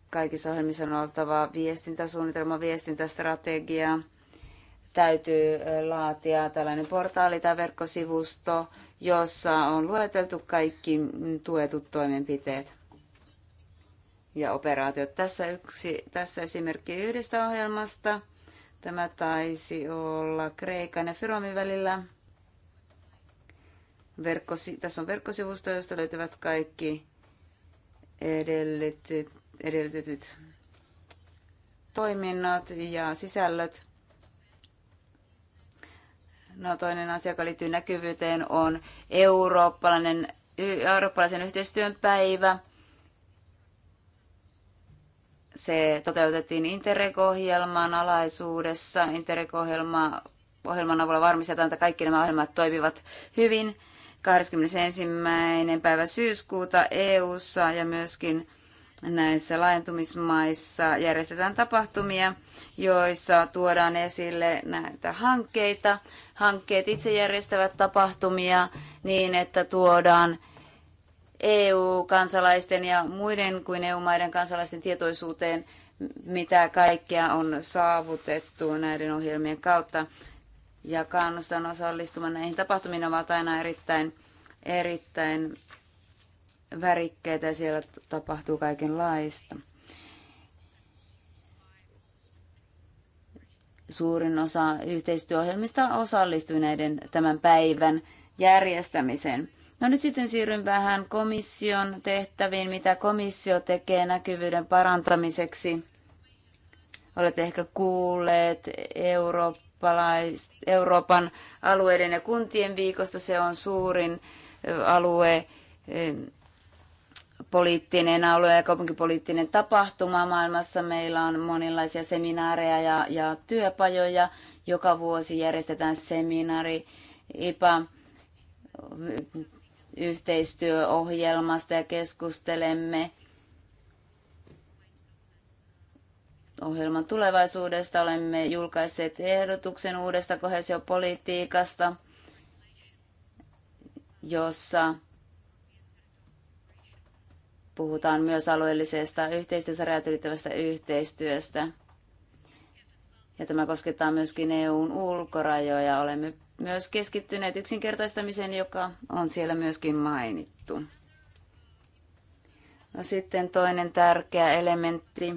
kaikissa ohjelmissa on oltava viestintäsuunnitelma, viestintästrategia. Täytyy laatia tällainen portaali tai verkkosivusto, jossa on lueteltu kaikki tuetut toimenpiteet ja operaatiot. Tässä, yksi, tässä esimerkki yhdestä ohjelmasta. Tämä taisi olla Kreikan ja Fyromin välillä. Verkkosi, tässä on verkkosivusto, josta löytyvät kaikki edellytetyt, edellytetyt toiminnot ja sisällöt. No toinen asia, joka liittyy näkyvyyteen, on eurooppalainen, eurooppalaisen yhteistyön päivä. Se toteutettiin Interreg-ohjelman alaisuudessa. interreg ohjelman avulla varmistetaan, että kaikki nämä ohjelmat toimivat hyvin. 21. päivä syyskuuta EU:ssa ja myöskin näissä laajentumismaissa järjestetään tapahtumia, joissa tuodaan esille näitä hankkeita, hankkeet itse järjestävät tapahtumia niin, että tuodaan EU-kansalaisten ja muiden kuin EU-maiden kansalaisten tietoisuuteen, mitä kaikkea on saavutettu näiden ohjelmien kautta. Ja kannustan osallistumaan näihin tapahtumiin ovat aina erittäin, erittäin värikkäitä ja siellä tapahtuu kaikenlaista. Suurin osa yhteistyöohjelmista osallistui näiden tämän päivän järjestämiseen. No nyt sitten siirryn vähän komission tehtäviin, mitä komissio tekee näkyvyyden parantamiseksi. Olette ehkä kuulleet Euroopan alueiden ja kuntien viikosta. Se on suurin alue poliittinen alue ja kaupunkipoliittinen tapahtuma maailmassa. Meillä on monenlaisia seminaareja ja, ja työpajoja. Joka vuosi järjestetään seminaari IPA yhteistyöohjelmasta ja keskustelemme ohjelman tulevaisuudesta. Olemme julkaisseet ehdotuksen uudesta kohesiopolitiikasta, jossa Puhutaan myös alueellisesta yhteistyöstä, rajat ylittävästä yhteistyöstä. Ja tämä koskettaa myöskin EUn ulkorajoja. Olemme myös keskittyneet yksinkertaistamiseen, joka on siellä myöskin mainittu. No sitten toinen tärkeä elementti,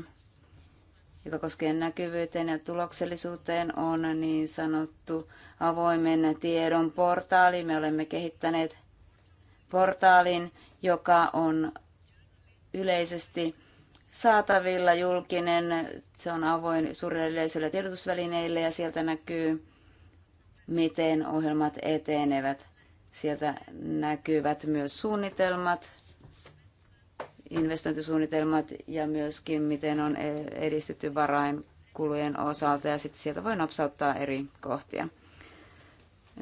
joka koskee näkyvyyteen ja tuloksellisuuteen, on niin sanottu avoimen tiedon portaali. Me olemme kehittäneet portaalin, joka on yleisesti saatavilla, julkinen, se on avoin suurille yleisölle tiedotusvälineille ja sieltä näkyy, miten ohjelmat etenevät. Sieltä näkyvät myös suunnitelmat, investointisuunnitelmat ja myöskin miten on e- edistetty varainkulujen osalta ja sitten sieltä voi napsauttaa eri kohtia.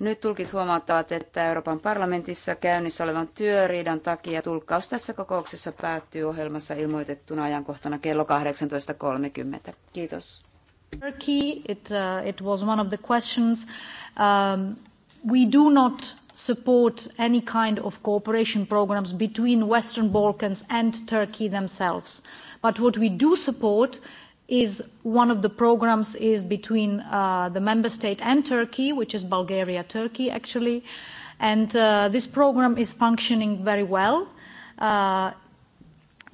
Nyt tulkit huomauttavat, että Euroopan parlamentissa käynnissä olevan työriidan takia tulkkaus tässä kokouksessa päättyy ohjelmassa ilmoitettuna ajankohtana kello 18.30. Kiitos. Turkey, it, uh, it was one of the questions. Um, we do not support any kind of cooperation programs between Western Balkans and Turkey themselves. But what we do support is one of the programs is between uh, the member state and Turkey, which is Bulgaria, Turkey actually, and uh, this program is functioning very well. Uh,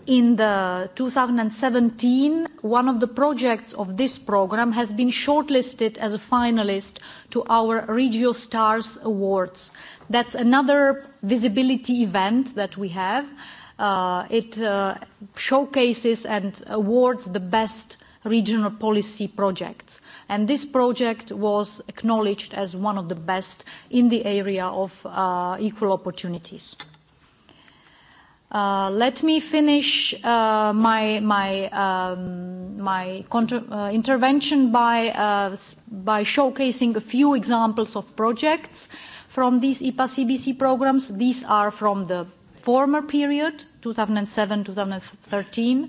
in the 2017, one of the projects of this program has been shortlisted as a finalist to our Regio Stars Awards. That's another visibility event that we have. Uh, it uh, showcases and awards the best uh, regional policy projects. And this project was acknowledged as one of the best in the area of uh, equal opportunities. Uh, let me finish uh, my my um, my uh, intervention by uh, by showcasing a few examples of projects from these IPA CBC programs. These are from the former period, 2007-2013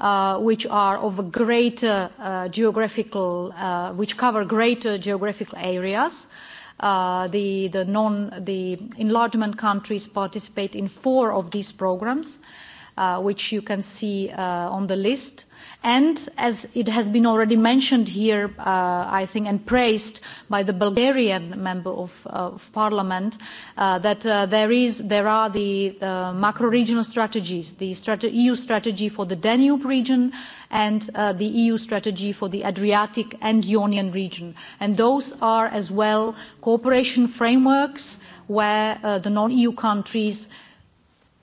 Uh, which are of greater uh, geographical, uh, which cover greater geographical areas. the, enlargement countries participate in four of these programs, which you can see on the list. And as it has been already mentioned here, uh, I think, and praised by the Bulgarian member of, of parliament, uh, that uh, there, is, there are the uh, macro-regional strategies, the strate EU strategy for the Danube region and uh, the EU strategy for the Adriatic and Ionian region. And those are as well cooperation frameworks where uh, the non-EU countries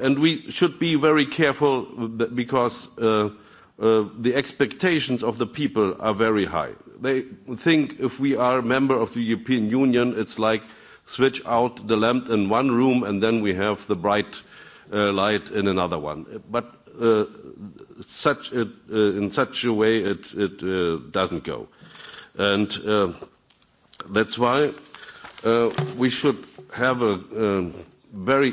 and we should be very careful because uh, uh, the expectations of the people are very high. They think if we are a member of the European Union, it's like switch out the lamp in one room and then we have the bright uh, light in another one. But such in such a way, it, doesn't go. And that's why we should have a, um, very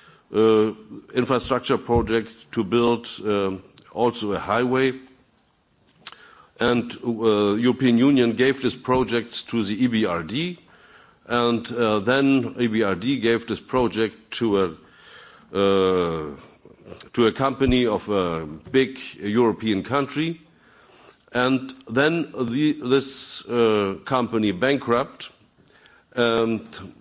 Uh, infrastructure project to build uh, also a highway. Uh, European Union gave this project to the EBRD, and then EBRD gave this project to a company of a big European country, and then this company bankrupt, and